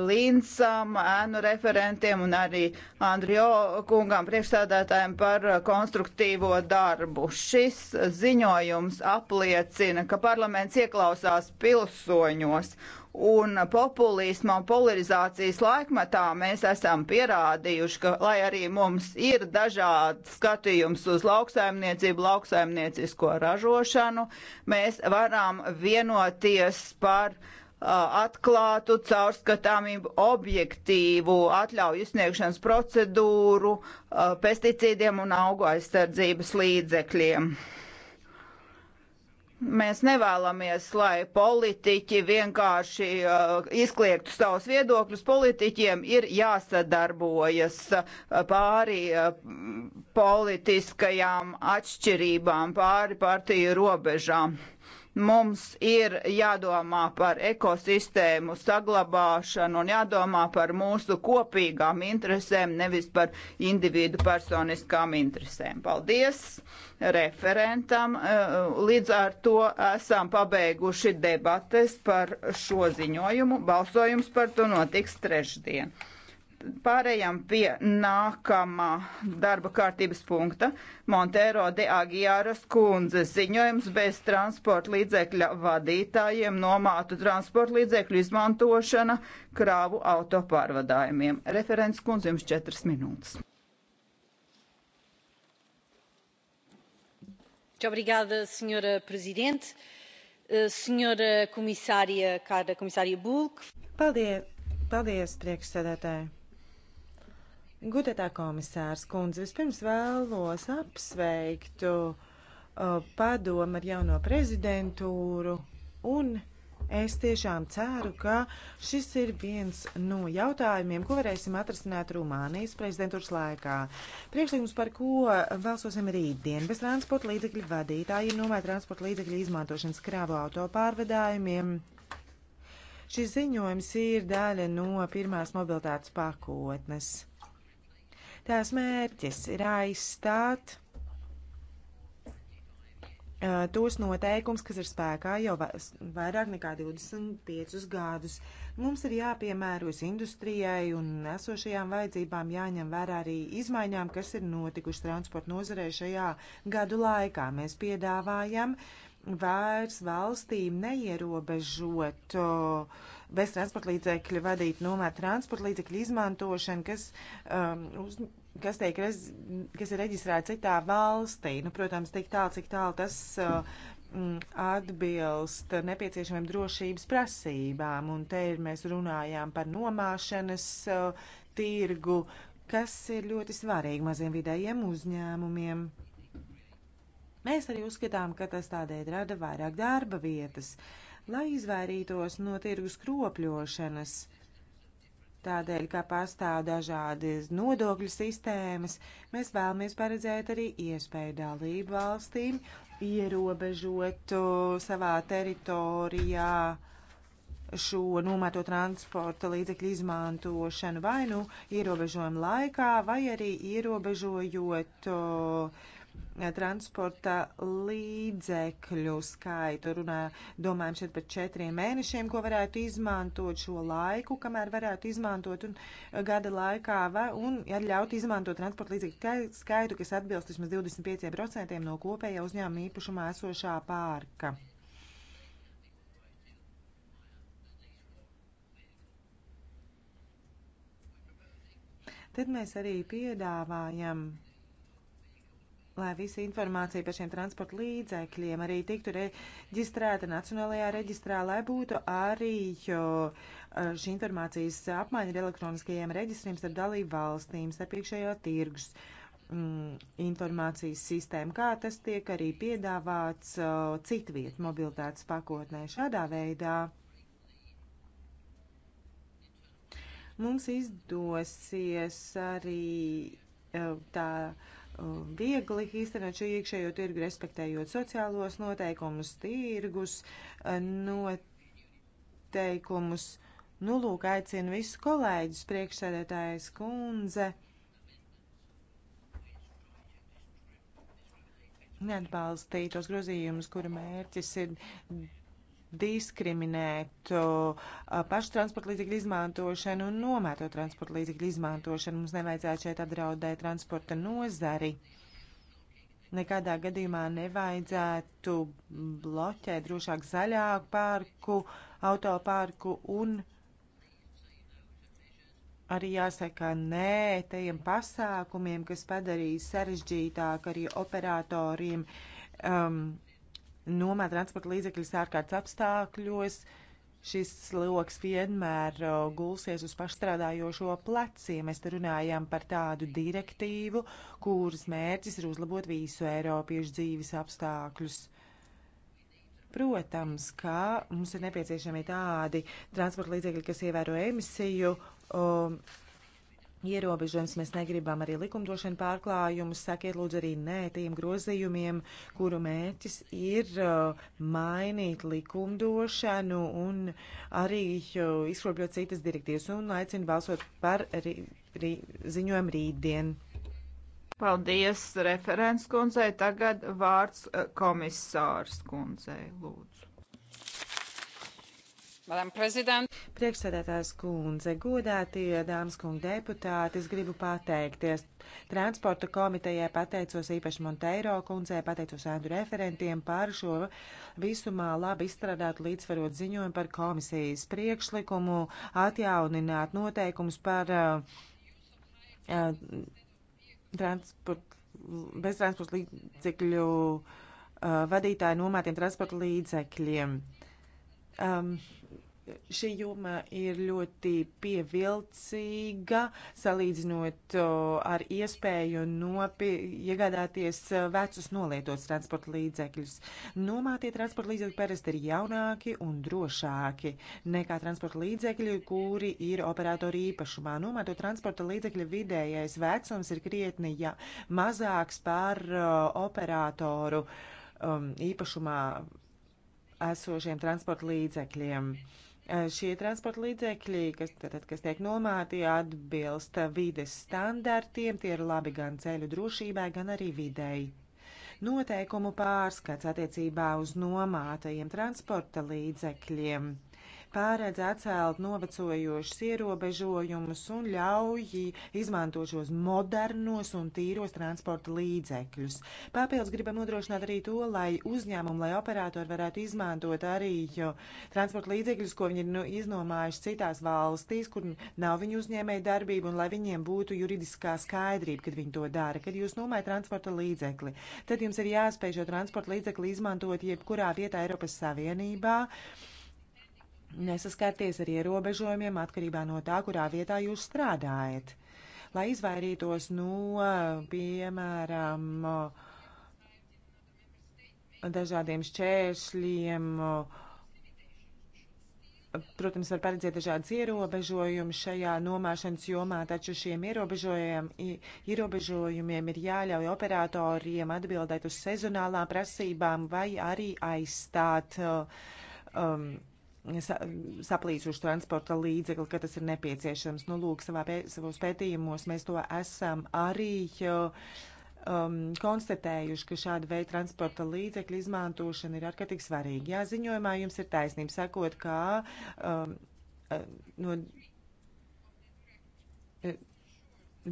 Speaker 7: Līnsam, ēnu referentiem un arī Andrio kungām priekšstādātājiem par konstruktīvo darbu. Šis ziņojums apliecina, ka parlaments ieklausās pilsoņos un populisma un polarizācijas laikmatā mēs esam pierādījuši, ka, lai arī mums ir dažāds skatījums uz lauksaimniecību, lauksaimniecisko ražošanu, mēs varam vienoties par uh, atklātu, caurskatāmību, objektīvu atļauju izsniegšanas procedūru, uh, pesticīdiem un augu aizsardzības līdzekļiem. Mēs nevēlamies, lai politiķi vienkārši uh, izkliegtu savus viedokļus. Politiķiem ir jāsadarbojas uh, pāri uh, politiskajām atšķirībām, pāri partiju robežām. Uh, Mums ir jādomā par ekosistēmu saglabāšanu un jādomā par mūsu kopīgām interesēm, nevis par individu personiskām interesēm. Paldies referentam. Eh, līdz ar to esam pabeiguši debates par šo ziņojumu. Balsojums par to notiks trešdien. Pārējām pie nākamā darba kārtības punkta. Montero de Agiāras kundze ziņojums bez transporta līdzekļa vadītājiem nomātu transporta līdzekļu izmantošana krāvu autopārvadājumiem. Referents kundze jums četras minūtes.
Speaker 5: Obrigada, senhora Presidente, eh, senhora Comissária,
Speaker 6: cara Comissária Bulk. Paldies, paldies priekšsēdētāji. Gudētā komisārs kundze, vispirms vēlos apsveikt uh, padomu ar jauno prezidentūru un es tiešām ceru, ka šis ir viens no jautājumiem, ko varēsim atrasināt Rumānijas prezidentūras laikā. Priekšlikums, par ko balsosim rītdien, bez transporta līdzekļu vadītāji ir nomēta transporta līdzekļu izmantošanas krāvu autopārvedājumiem. Šis ziņojums ir daļa no pirmās mobilitātes pakotnes. Tās mērķis ir aizstāt tos noteikums, kas ir spēkā jau vairāk nekā 25 gadus. Mums ir jāpiemērojas industrijai un esošajām vajadzībām jāņem vērā arī izmaiņām, kas ir notikušas transporta nozarē šajā gadu laikā. Mēs piedāvājam vairs valstīm neierobežot uh, bez transporta līdzekļu vadīt nomēr transporta līdzekļu izmantošanu, kas, um, uz, kas, tiek, rez, kas ir reģistrēta citā valstī. Nu, protams, tik tālu, cik tālu tas uh, mm, atbilst nepieciešamiem drošības prasībām. Un te ir mēs runājām par nomāšanas uh, tirgu, kas ir ļoti svarīgi maziem vidējiem uzņēmumiem. Mēs arī uzskatām, ka tas tādēļ rada vairāk darba vietas. Uh, lai izvairītos no tirgus kropļošanas. Tādēļ, ka pastāv dažādas nodokļu sistēmas, mēs vēlamies paredzēt arī iespēju dalību valstīm ierobežot savā teritorijā šo numēto transporta līdzekļu izmantošanu vai nu ierobežojumu laikā, vai arī ierobežojot uh, transporta līdzekļu skaitu. Runā, domājam šeit par četriem mēnešiem, ko varētu izmantot šo laiku, kamēr varētu izmantot un eh, gada laikā va, un ļaut izmantot transporta līdzekļu skaitu, kas atbilst vismaz 25% no kopējā uzņēmuma īpašumā esošā pārka. Tad mēs arī piedāvājam lai visa informācija par šiem transporta līdzekļiem arī tiktu reģistrēta Nacionālajā reģistrā, lai būtu arī eh, šī informācijas apmaiņa ar elektroniskajiem reģistriem starp dalību valstīm, starp iekšējo tirgus mm, informācijas sistēmu, kā tas tiek arī piedāvāts eh, citviet mobilitātes pakotnē šādā veidā. Mums izdosies arī eh, tā uh, Um, viegli īstenot šo iekšējo tirgu, respektējot sociālos noteikumus, tirgus, uh, noteikumus. Nu, lūk, aicinu visus kolēģus, priekšsēdētājas kundze. Neatbalstīt tos grozījumus, kura mērķis ir diskriminēt pašu transporta līdzekļu izmantošanu un nomēto transporta līdzekļu izmantošanu. Mums nevajadzētu šeit apdraudēt transporta nozari. Nekādā gadījumā nevajadzētu bloķēt drošāk zaļāku pārku, autopārku un arī jāsaka nē tajiem pasākumiem, kas padarīs sarežģītāk arī operatoriem. Um, nomēt transporta līdzekļus ārkārtas apstākļos, šis sloks vienmēr uh, gulsies uz pašstrādājošo pleciem. Mēs te runājam par tādu direktīvu, kuras mērķis ir uzlabot visu Eiropiešu dzīves apstākļus. Protams, ka mums ir nepieciešami tādi transporta līdzekļi, kas ievēro emisiju um, ierobežojums. Mēs negribam arī likumdošanu pārklājumus. Sakiet lūdzu arī nē tiem grozījumiem, kuru mērķis ir uh, mainīt likumdošanu un arī uh, izkropļot citas direktīvas un aicinu balsot par rī, rī, ziņojumu rītdien. Paldies
Speaker 7: referents kundzei.
Speaker 6: Tagad vārds uh, komisārs kundzei lūdzu. Priekšsēdētājs kundze, godētie dāmas kungi deputāti, es gribu pateikties. Transporta komitejai pateicos īpaši Monteiro kundzei, pateicos ēnu referentiem par šo visumā labi izstrādātu līdzsvarot ziņojumu par komisijas priekšlikumu atjaunināt noteikumus par uh, uh, transporta, bez transporta līdzekļu uh, vadītāju nomētiem transporta līdzekļiem. Uh, um, šī joma ir ļoti pievilcīga, salīdzinot ar iespēju nopi, iegādāties vecus nolietotus transporta līdzekļus. Nomātie nu, transporta līdzekļi parasti ir jaunāki un drošāki nekā transporta līdzekļi, kuri ir operatori īpašumā. Nomāto nu, transporta līdzekļu vidējais vecums ir krietni ja, mazāks par uh, operatoru um, īpašumā esošiem transporta līdzekļiem. Šie transporta līdzekļi, kas, tad, kas tiek nomāti, atbilst vides standartiem, tie ir labi gan ceļu drošībai, gan arī videi. Noteikumu pārskats attiecībā uz nomātajiem transporta līdzekļiem pārēdz atcelt novecojošus ierobežojumus un ļauj izmantot šos modernos un tīros transporta līdzekļus. Papildus gribam nodrošināt arī to, lai uzņēmumi, lai operatori varētu izmantot arī transporta līdzekļus, ko viņi ir nu, iznomājuši citās valstīs, kur nav viņu uzņēmēja darbība, un lai viņiem būtu juridiskā skaidrība, kad viņi to dara. Kad jūs nomājat transporta līdzekli, tad jums ir jāspēj šo transporta līdzekli izmantot jebkurā vietā Eiropas Savienībā. Uh, nesaskarties ar ierobežojumiem atkarībā no tā, kurā vietā jūs strādājat. Lai izvairītos no, piemēram, dažādiem šķēršļiem, protams, var paredzēt dažādas ierobežojumus šajā nomāšanas jomā, taču šiem ierobežojumiem ir jāļauj operatoriem atbildēt uz sezonālām prasībām vai arī aizstāt um, saplīsuši transporta līdzekli, ka tas ir nepieciešams. Nu, lūk, savā pē, savos pētījumos mēs to esam arī um, konstatējuši, ka šāda veida transporta līdzekļu izmantošana ir ārkārtīgi svarīga. Jā, ziņojumā jums ir taisnība sakot, ka um, uh, no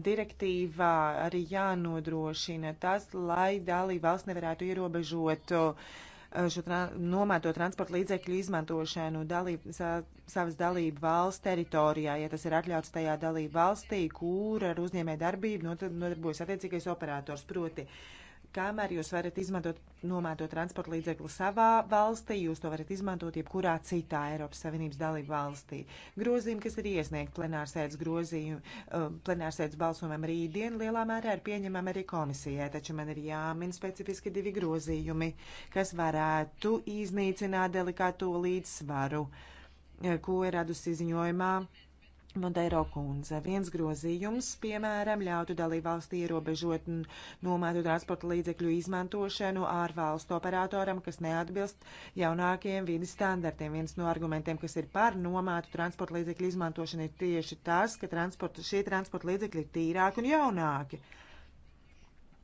Speaker 6: direktīvā arī jānodrošina tas, lai dalība valsts nevarētu ierobežot uh, Eh, šo tra nomēto transporta līdzekļu izmantošanu dalību, sa savas dalību valsts teritorijā, ja tas ir atļauts tajā dalību valstī, kur ar uzņēmē darbību nodarbojas attiecīgais operators. Proti, uh, kamēr jūs varat izmantot nomēto transporta līdzekli savā valstī, jūs to varat izmantot jebkurā citā Eiropas Savienības dalību valstī. Grozījumi, kas ir iesniegti plenārsēdes grozījumi, um, plenārsēdes balsojumam rītdien, lielā mērā ir pieņemami arī komisijai, taču man ir jāmin specifiski divi grozījumi, kas varētu iznīcināt delikāto līdzsvaru, eh, ko ir radusi ziņojumā Monteiro kundze. Viens grozījums, piemēram, ļautu dalībvalstī ierobežot nomētu transporta līdzekļu izmantošanu ārvalstu operatoram, kas neatbilst jaunākajiem vidas standartiem. Viens no argumentiem, kas ir par nomētu transporta līdzekļu izmantošanu, ir tieši tas, ka transporta, šie transporta līdzekļi ir tīrāki un jaunāki. Uh,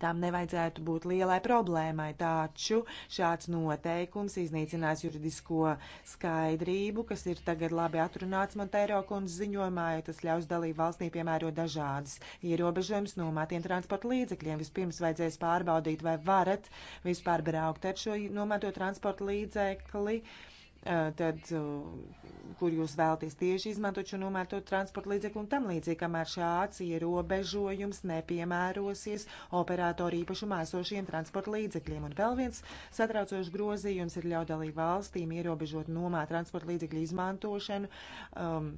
Speaker 6: Tām nevajadzētu būt lielai problēmai, taču šāds noteikums iznīcinās juridisko skaidrību, kas ir tagad labi atrunāts Monteiro kundzes ziņojumā, ja tas ļaus dalību valstī piemērot dažādas ierobežojumus nomātiem transporta līdzekļiem. Vispirms vajadzēs pārbaudīt, vai varat vispār braukt ar šo nomāto transporta līdzekli. Uh, Eh, tad, eh, kur jūs vēlties tieši izmantot šo nomērtot transporta līdzekli un tam līdzīgi, kamēr šāds ierobežojums nepiemērosies operātori īpašumā esošiem transporta līdzekļiem. Un vēl viens satraucošs grozījums ir ļaut dalību valstīm ierobežot nomēr transporta līdzekļu izmantošanu um,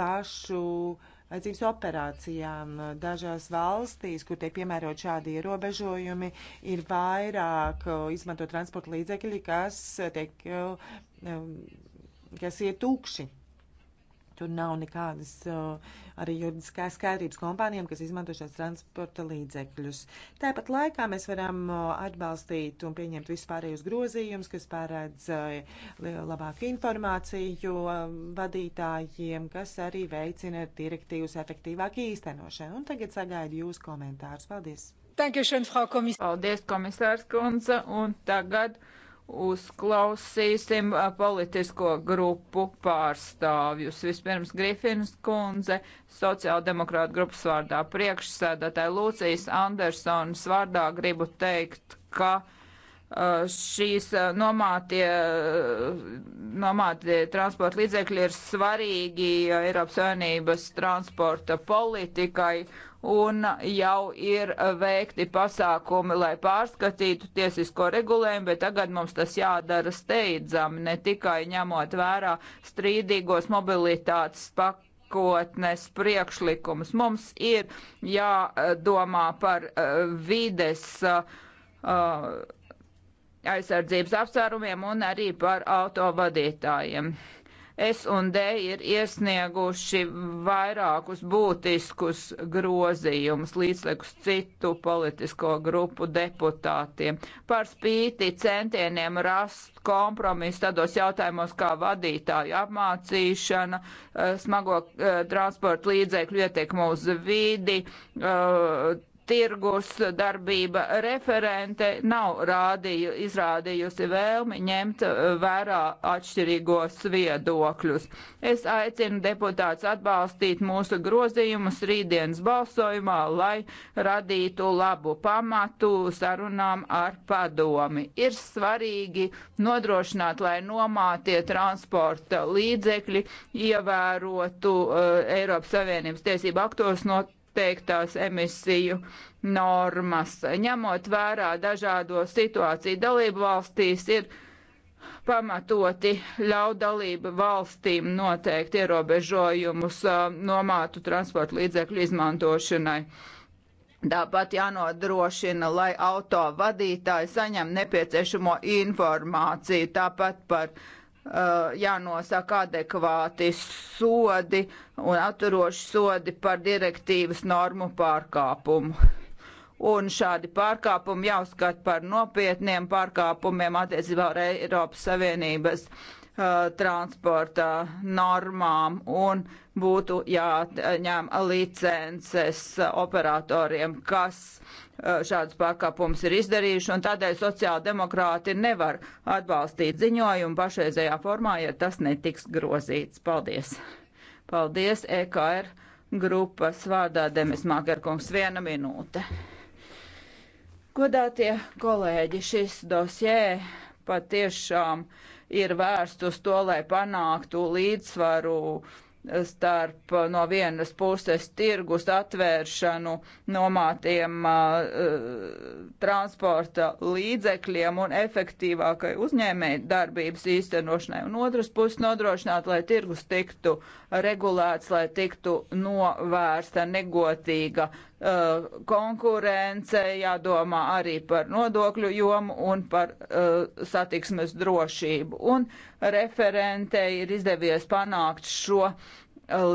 Speaker 6: pašu uh, vajadzības operācijām. Dažās valstīs, kur tiek piemērot šādi ierobežojumi, ir vairāk uh, izmanto transporta līdzekļi, kas uh, tiek uh, um, kas ir tukši. Tur nav nekādas uh, arī juridiskās skaidrības kompānijām, kas izmanto šos transporta līdzekļus. Tāpat laikā mēs varam uh, atbalstīt un pieņemt vispārējos grozījumus, kas pārēdz uh, labāku informāciju um, vadītājiem, kas arī veicina direktīvas efektīvāku īstenošanu. Un tagad sagaidu jūs komentārus. Paldies! Paldies, komisārs
Speaker 7: Kunze, un tagad uzklausīsim politisko grupu pārstāvjus. Vispirms Grifins kundze, sociāldemokrāta grupas vārdā priekšsēdētāja Lūcijas Andersonas vārdā gribu teikt, ka šīs nomātie, nomātie transporta līdzekļi ir svarīgi Eiropas Savienības transporta politikai un jau ir veikti pasākumi, lai pārskatītu tiesisko regulējumu, bet tagad mums tas jādara steidzami, ne tikai ņemot vērā strīdīgos mobilitātes pakotnes priekšlikumus. Mums ir jādomā par eh, vides eh, eh, aizsardzības apsvērumiem un arī par autovadītājiem. S un D ir iesnieguši vairākus būtiskus grozījumus līdzlekus citu politisko grupu deputātiem. Par spīti centieniem rast kompromisu tādos jautājumos kā vadītāju apmācīšana, eh, smago eh, transporta līdzekļu ietekmu uz vidi, eh, tirgus darbība referente nav rādīju, izrādījusi vēlmi ņemt eh, vērā atšķirīgos viedokļus. Es aicinu deputāts atbalstīt mūsu grozījumus rītdienas balsojumā, lai radītu labu pamatu sarunām ar padomi. Ir svarīgi nodrošināt, lai nomātie transporta līdzekļi ievērotu uh, Eiropas Savienības tiesību aktos no noteiktās emisiju normas. Ņemot vērā dažādo situāciju dalību valstīs, ir pamatoti ļauj dalību valstīm noteikt ierobežojumus uh, nomātu transporta līdzekļu izmantošanai. Tāpat jānodrošina, lai auto vadītāji saņem nepieciešamo informāciju tāpat par uh, Eh, jānosaka adekvāti sodi un atturoši sodi par direktīvas normu pārkāpumu. Un šādi pārkāpumi jāuzskata par nopietniem pārkāpumiem attiecībā ar Eiropas Savienības uh, transporta normām un būtu jāņem licences operatoriem, kas Eh, šādus pārkāpumus ir izdarījuši, un tādēļ sociāldemokrāti nevar atbalstīt ziņojumu pašreizējā formā, ja tas netiks grozīts. Paldies! Paldies, EKR grupas vārdā Demis Mākerkungs, viena minūte. Godātie kolēģi, šis dosjē patiešām ir vērsts uz to, lai panāktu līdzsvaru starp uh, no vienas puses tirgus atvēršanu nomātiem uh, uh, transporta līdzekļiem un efektīvākai uzņēmēji darbības īstenošanai, un otras puses nodrošināt, lai tirgus tiktu regulēts, lai tiktu novērsta negotīga Uh, konkurence, jādomā arī par nodokļu jomu un par uh, satiksmes drošību. Un referentei ir izdevies panākt šo uh,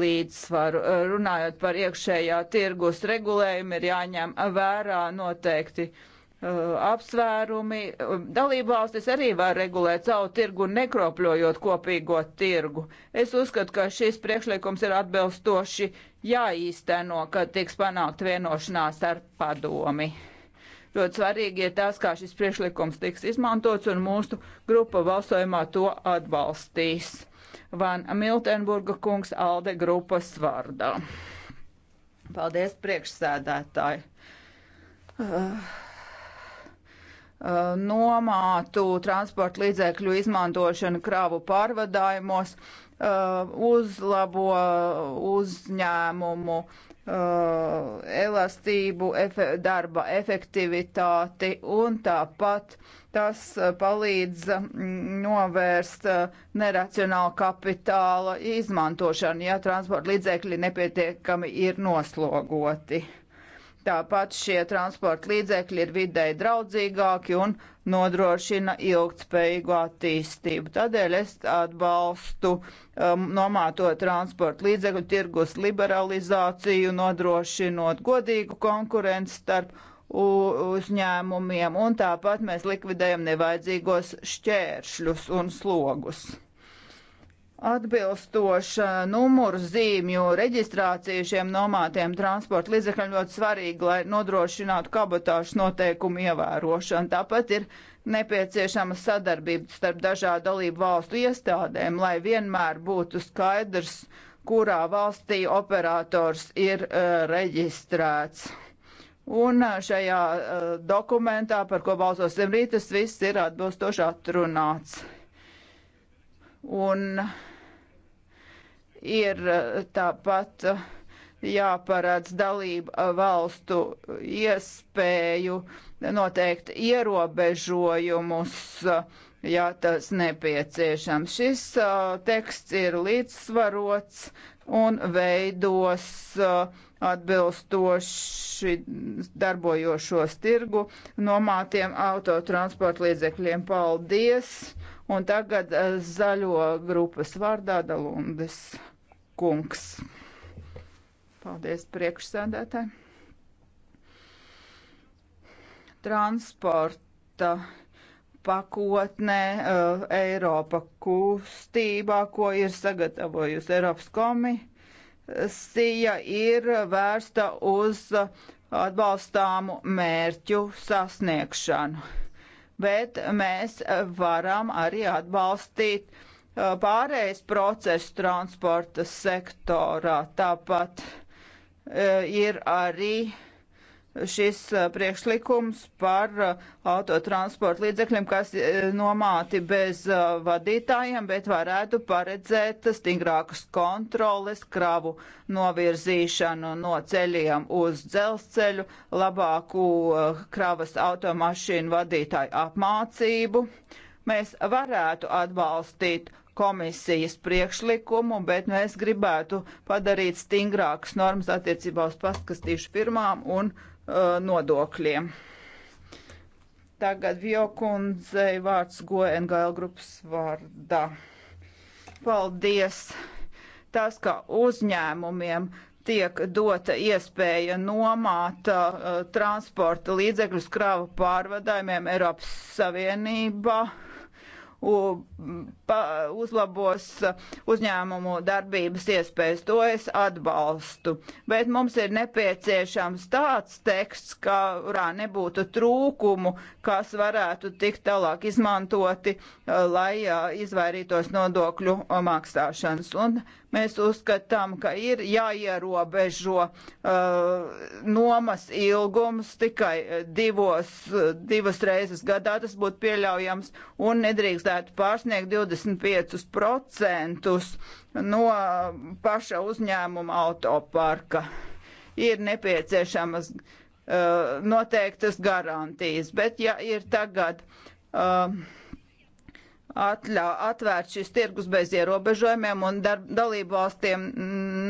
Speaker 7: līdzsvaru. Uh, runājot par iekšējā tirgus regulējumu, ir jāņem vērā noteikti uh, Uh, apsvērumi. Um, Dalībvalstis arī var regulēt savu tirgu, nekropļojot kopīgo tirgu. Es uzskatu, ka šis priekšlikums ir atbilstoši jāīsteno, kad tiks panākt vienošanās ar padomi. Ļoti svarīgi ir tas, kā šis priekšlikums tiks izmantots, un mūsu grupa balsojumā to atbalstīs. Van Miltenburga kungs Alde grupas vārdā. Paldies priekšsēdētāji. Uh. Uh, nomātu transporta līdzekļu izmantošanu kravu pārvadājumos, uh, uzlabo uzņēmumu uh, elastību, efe, darba efektivitāti un tāpat tas palīdz mm, novērst neracionālu kapitāla izmantošanu, ja transporta līdzekļi nepietiekami ir noslogoti. Tāpat šie transporta līdzekļi ir vidēji draudzīgāki un nodrošina ilgtspējīgu attīstību. Tādēļ es atbalstu um, nomāto transporta līdzekļu tirgus liberalizāciju, nodrošinot godīgu konkurenci starp uzņēmumiem, un tāpat mēs likvidējam nevajadzīgos šķēršļus un slogus. Atbilstoša numuru zīmju reģistrācija šiem nomātiem transporta līdzekļiem ļoti svarīga, lai nodrošinātu kabotāšu noteikumu ievērošanu. Tāpat ir nepieciešama sadarbība starp dažādu dalību valstu iestādēm, lai vienmēr būtu skaidrs, kurā valstī operators ir uh, reģistrēts. Un uh, šajā uh, dokumentā, par ko balsosim rīt, tas viss ir atbilstoši atrunāts un ir uh, tāpat uh, jāparāds dalību uh, valstu iespēju noteikt ierobežojumus, ja tas nepieciešams. Šis uh, teksts ir līdzsvarots un veidos uh, atbilstoši darbojošos tirgu nomātiem autotransporta līdzekļiem. Paldies! Un tagad eh, zaļo grupas vārdā Dalundes kungs. Paldies priekšsēdētāji. Transporta pakotnē uh, Eiropa kustībā, ko ir sagatavojusi Eiropas komisija, ir vērsta uz atbalstāmu mērķu sasniegšanu bet mēs eh, varam arī atbalstīt eh, pārējais procesu transporta sektorā. Tāpat eh, ir arī šis priekšlikums par autotransporta līdzekļiem, kas nomāti bez vadītājiem, bet varētu paredzēt stingrākas kontroles, kravu novirzīšanu no ceļiem uz dzelzceļu, labāku kravas automašīnu vadītāju apmācību. Mēs varētu atbalstīt komisijas priekšlikumu, bet mēs gribētu padarīt stingrākas normas attiecībā uz pastkastīšu firmām un uh, Uh, nodokļiem. Tagad Vjokundzei vārds GNGL grupas vārdā. Paldies! Tas, ka uzņēmumiem tiek dota iespēja nomāt uh, transporta līdzekļus kravu pārvadājumiem Eiropas Savienībā. U, uzlabos uzņēmumu darbības iespējas. To es atbalstu. Bet mums ir nepieciešams tāds teksts, kurā nebūtu trūkumu, kas varētu tikt tālāk izmantoti, eh, lai eh, izvairītos nodokļu eh, maksāšanas. Un mēs uzskatām, ka ir jāierobežo uh, nomas ilgums tikai divos, divas reizes gadā. Tas būtu pieļaujams un nedrīkstētu pārsniegt 20. 25% no paša uzņēmuma autoparka. Ir nepieciešamas uh, noteiktas garantijas, bet ja ir tagad uh, atļau, atvērt šis tirgus bez ierobežojumiem un darb, dalību valstiem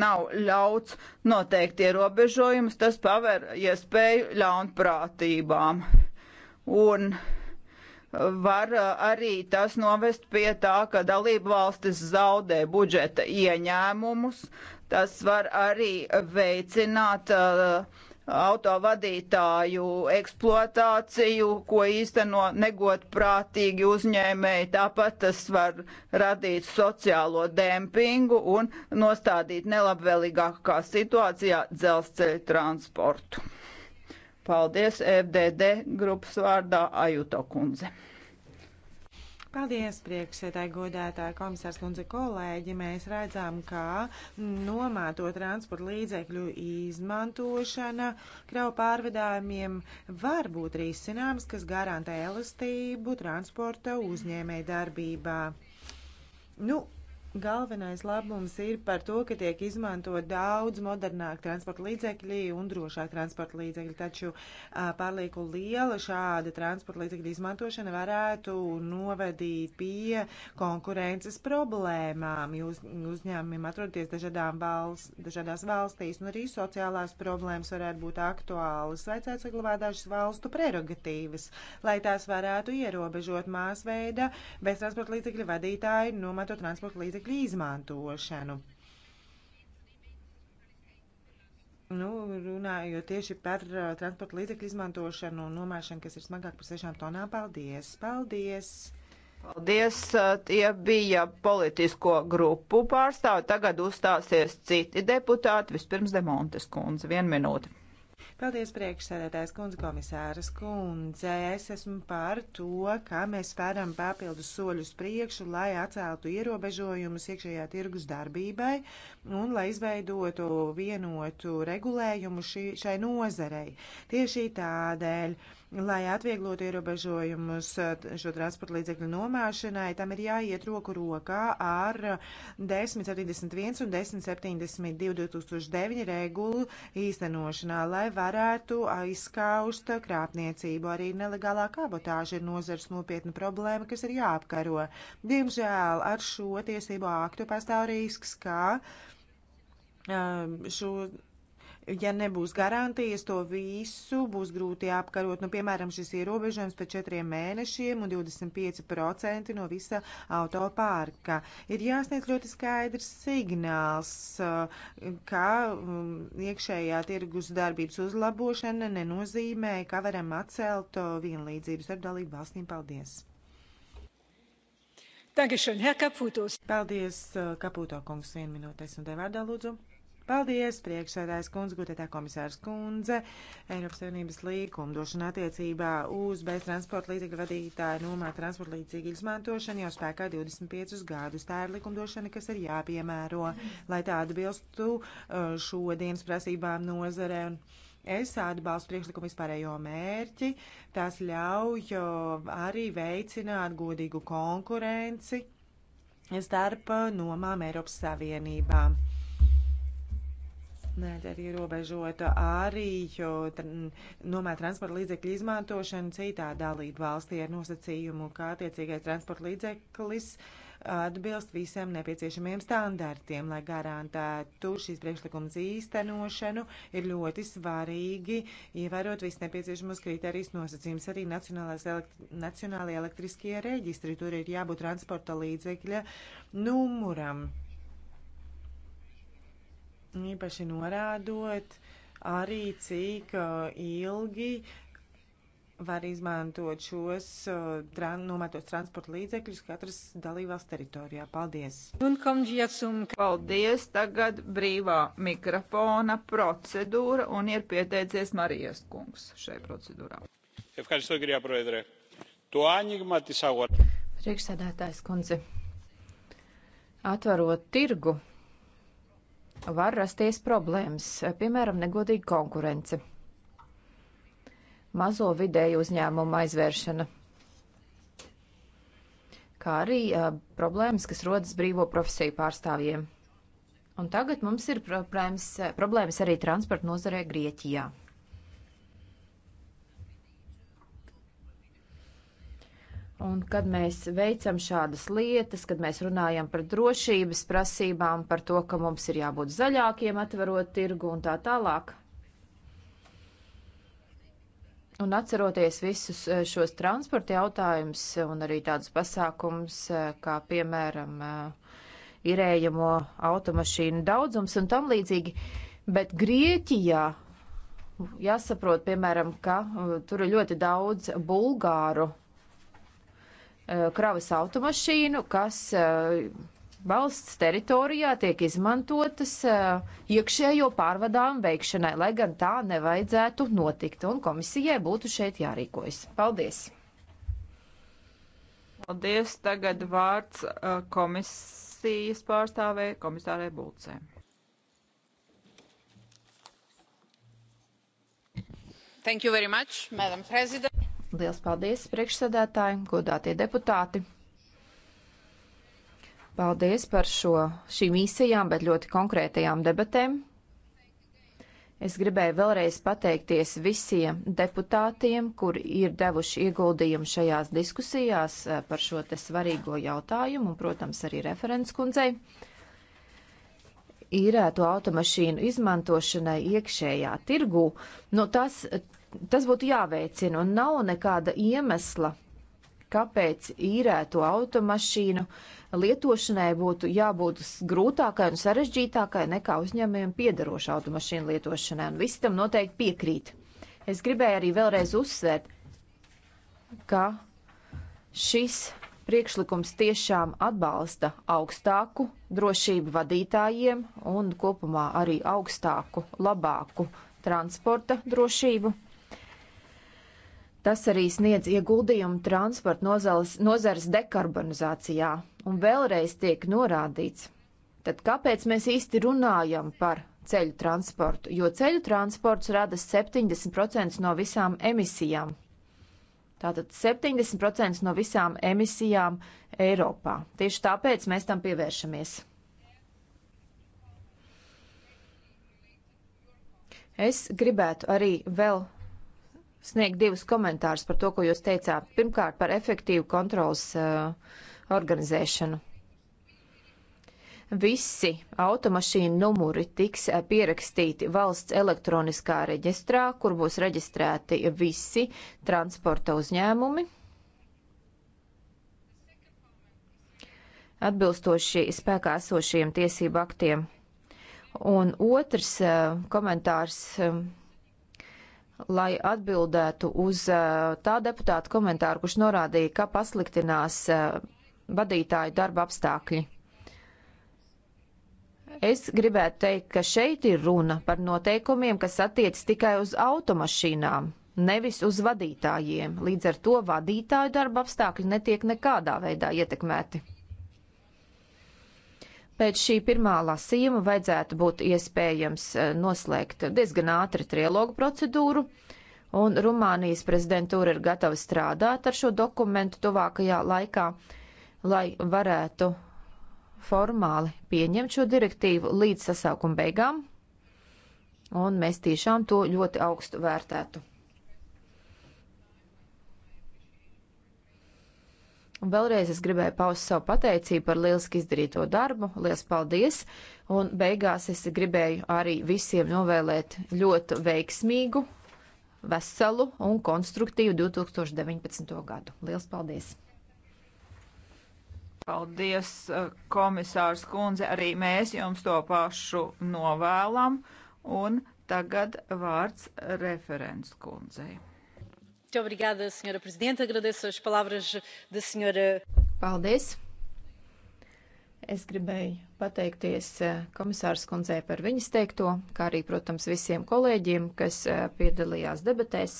Speaker 7: nav ļauts noteikt ierobežojumus, tas paver iespēju ja ļaunprātībām. Un uh, var uh, arī tas novest pie tā, ka dalību valstis zaudē budžeta ieņēmumus. Tas var arī veicināt uh, autovadītāju eksploatāciju, ko īsteno negodprātīgi uzņēmēji. Tāpat tas var radīt sociālo dempingu un nostādīt nelabvēlīgākā situācijā dzelzceļa transportu. Paldies FDD grupas vārdā Ajuto kundze.
Speaker 6: Paldies, priekšsēdāji godētāji komisārs kundze kolēģi. Mēs redzam, ka nomāto transporta līdzekļu izmantošana kravu pārvedājumiem var būt risinājums, kas garantē elastību transporta uzņēmēja darbībā. Nu, Galvenais labums ir par to, ka tiek izmantot daudz modernāk transporta līdzekļi un drošāk transporta līdzekļi, taču pārlieku liela šāda transporta līdzekļa izmantošana varētu novedīt pie konkurences problēmām. Jūs uzņēmumiem atrodaties dažādām valsts, dažādās valstīs, un arī sociālās problēmas varētu būt aktuālas. Vajadzētu saglabāt dažas valstu prerogatīvas, lai tās varētu ierobežot māsveida bez transporta līdzekļu vadītāju nomato transporta līdzekļu līdzekļu izmantošanu. Nu, runājot tieši par uh, transporta līdzekļu izmantošanu un nomēšanu, kas ir smagāk par sešām tonām, paldies! Paldies!
Speaker 7: Paldies! Uh, tie bija politisko grupu pārstāvi. Tagad uzstāsies citi deputāti. Vispirms Demontes kundze. Vienu minūti.
Speaker 6: Paldies, priekšsēdētājs kundze, komisāras kundze. Es esmu par to, kā mēs spēram papildus soļus priekšu, lai atceltu ierobežojumus iekšējā tirgus darbībai un lai izveidotu vienotu regulējumu šī, šai nozarei. Tieši tādēļ lai atvieglotu ierobežojumus eh, šo transporta līdzekļu nomāšanai. Tam ir jāiet roku rokā ar 1071 un 1072 2009 regulu īstenošanā, lai varētu aizskaust krāpniecību. Arī nelegālā kabotāža ir nozars nopietna problēma, kas ir jāapkaro. Diemžēl ar šo tiesību aktu pastāv risks, ka eh, šo ja nebūs garantijas, to visu būs grūti apkarot. Nu, piemēram, šis ierobežojums pēc četriem mēnešiem un 25% no visa autopārka. Ir jāsniedz ļoti skaidrs signāls, eh, ka mm, iekšējā tirgus darbības uzlabošana nenozīmē, ka varam atcelt eh, vienlīdzības ar dalību valstīm. Paldies! Dankeschön, Herr Kaputos. Paldies, Kaputo eh, kungs, vien minūtes un devārdā lūdzu. Paldies, priekšsēdājas kundze, gutētā komisārs kundze, Eiropas Savienības līguma došana attiecībā uz bez transporta līdzekļu vadītāju nomā transporta līdzekļu izmantošanu jau spēkā 25 gadus. Tā ir likumdošana, kas ir jāpiemēro, lai tā atbilstu uh, šodienas prasībām nozarē. Es atbalstu priekšlikumu vispārējo mērķi. Tas ļauj uh, arī veicināt godīgu konkurenci starp uh, nomām Eiropas Savienībām. Nē, tad ir ierobežota arī nomēr transporta līdzekļu izmantošana citā dalību valstī ar nosacījumu, ka attiecīgais transporta līdzeklis atbilst visiem nepieciešamiem standartiem, lai garantētu šīs priekšlikums īstenošanu, ir ļoti svarīgi ievērot visu nepieciešamos kriterijas nosacījums. Arī elektri, nacionālajie elektriskie reģistri, tur ir jābūt transporta līdzekļa numuram īpaši norādot arī, cik uh, ilgi var izmantot šos uh, tran nomētos transporta līdzekļus katras dalībvalsts teritorijā. Paldies!
Speaker 7: Paldies! Tagad brīvā mikrofona procedūra un ir pieteicies Marijas kungs šai procedūrā. Priekšsēdētājs kundze, atvarot
Speaker 5: tirgu var rasties problēmas, piemēram, negodīga konkurence, mazo vidēju uzņēmumu aizvēršana, kā arī uh, problēmas, kas rodas brīvo profesiju pārstāvjiem. Un tagad mums ir problēmas, problēmas arī transporta nozarē Grieķijā. Un kad mēs veicam šādas lietas, kad mēs runājam par drošības prasībām, par to, ka mums ir jābūt zaļākiem, atverot tirgu un tā tālāk. Un atceroties visus eh, šos transporta jautājumus un arī tādus pasākums, eh, kā piemēram eh, irējamo automašīnu daudzums un tam līdzīgi, bet Grieķijā jāsaprot, piemēram, ka tur ir ļoti daudz bulgāru Eh, kravas automašīnu, kas eh, valsts teritorijā tiek izmantotas eh, iekšējo pārvadājumu veikšanai, lai gan tā nevajadzētu notikt, un komisijai būtu šeit jārīkojas. Paldies!
Speaker 7: Paldies! Tagad vārds komisijas pārstāvē komisārai Bulcē.
Speaker 2: Thank you very much, Madam President.
Speaker 5: Liels paldies, priekšsēdētāji, godātie deputāti! Paldies par šo, šīm īsajām, bet ļoti konkrētajām debatēm. Es gribēju vēlreiz pateikties visiem deputātiem, kuri ir devuši ieguldījumu šajās diskusijās eh, par šo te svarīgo jautājumu, un, protams, arī referents kundzei. Īrēto eh, automašīnu izmantošanai iekšējā tirgū, nu tas tas būtu jāveicina, un nav nekāda iemesla, kāpēc īrēto automašīnu lietošanai būtu jābūt grūtākai un sarežģītākai nekā uzņēmējiem piedarošu automašīnu lietošanai, un visi tam noteikti piekrīt. Es gribēju arī vēlreiz uzsvērt, ka šis priekšlikums tiešām atbalsta augstāku drošību vadītājiem un kopumā arī augstāku, labāku transporta drošību. Tas arī sniedz ieguldījumu transporta nozares dekarbonizācijā. Un vēlreiz tiek norādīts, tad kāpēc mēs īsti runājam par ceļu transportu? Jo ceļu transports rada 70% no visām emisijām. Tātad 70% no visām emisijām Eiropā. Tieši tāpēc mēs tam pievēršamies. Es gribētu arī vēl sniegt divus komentārus par to, ko jūs teicāt. Pirmkārt, par efektīvu kontrolas uh, organizēšanu. Visi automašīnu numuri tiks uh, pierakstīti valsts elektroniskā reģistrā, kur būs reģistrēti visi transporta uzņēmumi. Atbilstoši spēkā esošajiem tiesību aktiem. Un otrs uh, komentārs um, lai atbildētu uz tā deputāta komentāru, kurš norādīja, ka pasliktinās vadītāju darba apstākļi. Es gribētu teikt, ka šeit ir runa par noteikumiem, kas attiec tikai uz automašīnām, nevis uz vadītājiem. Līdz ar to vadītāju darba apstākļi netiek nekādā veidā ietekmēti. Pēc šī pirmā lasījuma vajadzētu būt iespējams eh, noslēgt diezgan ātri trilogu procedūru, un Rumānijas prezidentūra ir gatava strādāt ar šo dokumentu tuvākajā laikā, lai varētu formāli pieņemt šo direktīvu līdz sasaukuma beigām, un mēs tiešām to ļoti augstu vērtētu. Un vēlreiz es gribēju paust savu pateicību par lieliski izdarīto darbu, liels paldies! Un beigās es gribēju arī visiem novēlēt ļoti veiksmīgu, veselu un konstruktīvu 2019. gadu. Liels paldies!
Speaker 7: Paldies, eh, komisārs kundze, arī mēs jums to pašu novēlam. Un tagad vārds referents kundzei
Speaker 5: senhora presidente. Agradeço as palavras da senhora.
Speaker 7: Paldies! Es gribēju pateikties
Speaker 5: eh, komisārs kundzei par viņas teikto, kā arī, protams, visiem kolēģiem, kas eh, piedalījās debatēs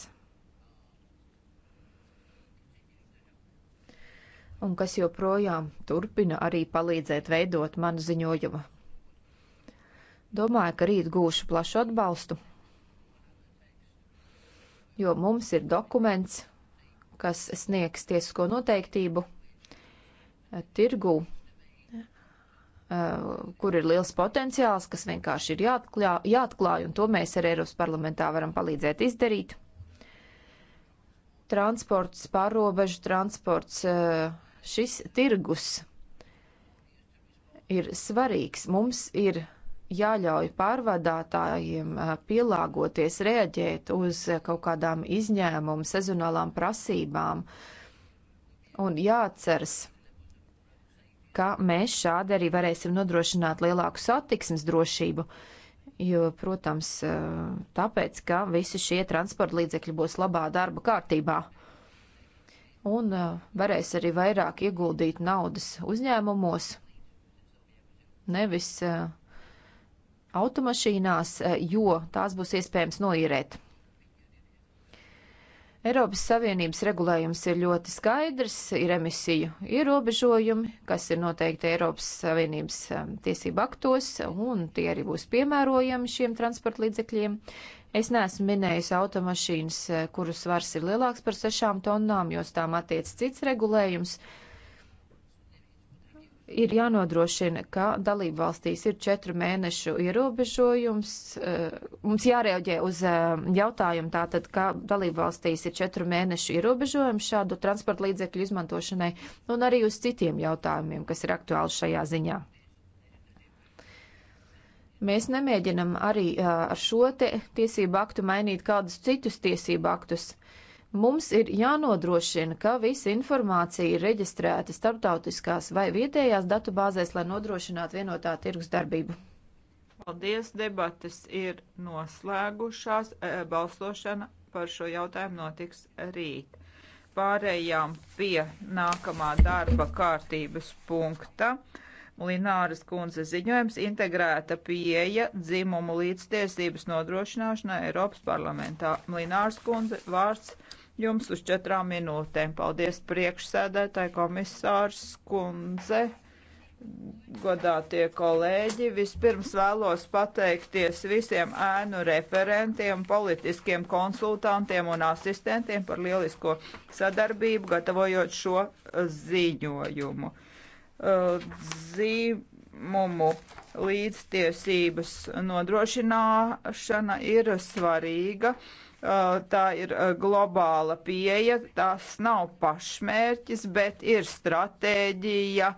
Speaker 5: un kas joprojām turpina arī palīdzēt veidot manu ziņojumu. Domāju, ka rīt gūšu plašu atbalstu jo mums ir dokuments, kas sniegs tiesisko noteiktību eh, tirgu, eh, kur ir liels potenciāls, kas vienkārši ir jāatklā, jāatklāj, un to mēs ar Eiropas parlamentā varam palīdzēt izdarīt. Transports, pārobežu transports, eh, šis tirgus ir svarīgs. Mums ir jāļauj pārvadātājiem eh, pielāgoties, reaģēt uz eh, kaut kādām izņēmumu, sezonālām prasībām un jāatceras, ka mēs šādi arī varēsim nodrošināt lielāku satiksmes drošību, jo, protams, eh, tāpēc, ka visi šie transporta līdzekļi būs labā darba kārtībā un varēs arī vairāk ieguldīt naudas uzņēmumos, nevis uh, automašīnās, e, jo tās būs iespējams noīrēt. Eiropas Savienības regulējums ir ļoti skaidrs, ir emisiju ierobežojumi, kas ir noteikti Eiropas Savienības e, tiesību aktos, un tie arī būs piemērojami šiem transporta līdzekļiem. Es neesmu minējusi automašīnas, e, kuru svars ir lielāks par sešām tonnām, jo tām attiec cits regulējums. Uh, ir jānodrošina, ka dalību valstīs ir četru mēnešu ierobežojums. Eh, mums jārēģē uz eh, jautājumu tātad, ka dalību valstīs ir četru mēnešu ierobežojums šādu transporta līdzekļu izmantošanai un arī uz citiem jautājumiem, kas ir aktuāli šajā ziņā. Mēs nemēģinam arī eh, ar šo tiesību aktu mainīt kādus citus tiesību aktus. Uh, Mums ir jānodrošina, ka visa informācija ir reģistrēta starptautiskās vai vietējās datubāzēs, lai nodrošinātu vienotā tirgus darbību.
Speaker 7: Paldies, debates ir noslēgušās. E, balsošana par šo jautājumu notiks rīt. Pārējām pie nākamā darba kārtības punkta. Lināras kundzes ziņojums - integrēta pieeja dzimumu līdztiesības nodrošināšanai Eiropas parlamentā. Lināras kundze vārds jums uz četrām minūtēm. Paldies priekšsēdētāji komisārs kundze. Godātie kolēģi, vispirms vēlos pateikties visiem ēnu referentiem, politiskiem konsultantiem un asistentiem par lielisko sadarbību, gatavojot šo ziņojumu. Uh, dzīmumu līdztiesības nodrošināšana ir svarīga. Uh, tā ir uh, globāla pieeja, tas nav pašmērķis, bet ir stratēģija,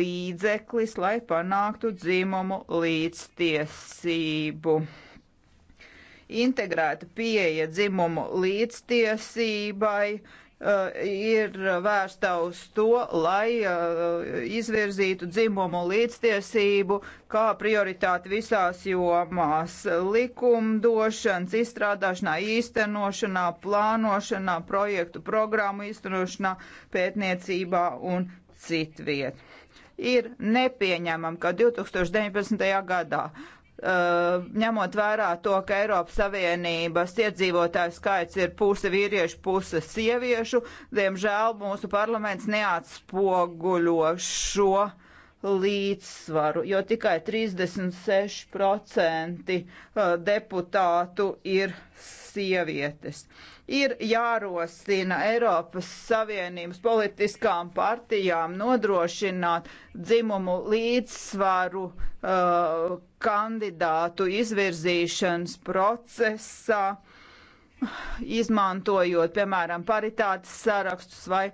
Speaker 7: līdzeklis, lai panāktu dzimumu līdztiesību. Integrēta pieeja dzimumu līdztiesībai uh, Eh, ir vērsta uz to, lai eh, izvirzītu dzimumu līdztiesību kā prioritāti visās jomās - likumdošanas, izstrādāšanā, īstenošanā, plānošanā, projektu programmu īstenošanā, pētniecībā un citviet. Ir nepieņemam, ka 2019. gadā Uh, ņemot vērā to, ka Eiropas Savienības iedzīvotāju skaits ir puse vīriešu, puse sieviešu, diemžēl mūsu parlaments neatspoguļo šo līdzsvaru, jo tikai 36% uh, deputātu ir sievietes. Ir jārosina Eiropas Savienības politiskām partijām nodrošināt dzimumu līdzsvaru uh, kandidātu izvirzīšanas procesā, izmantojot, piemēram, paritātes sarakstus vai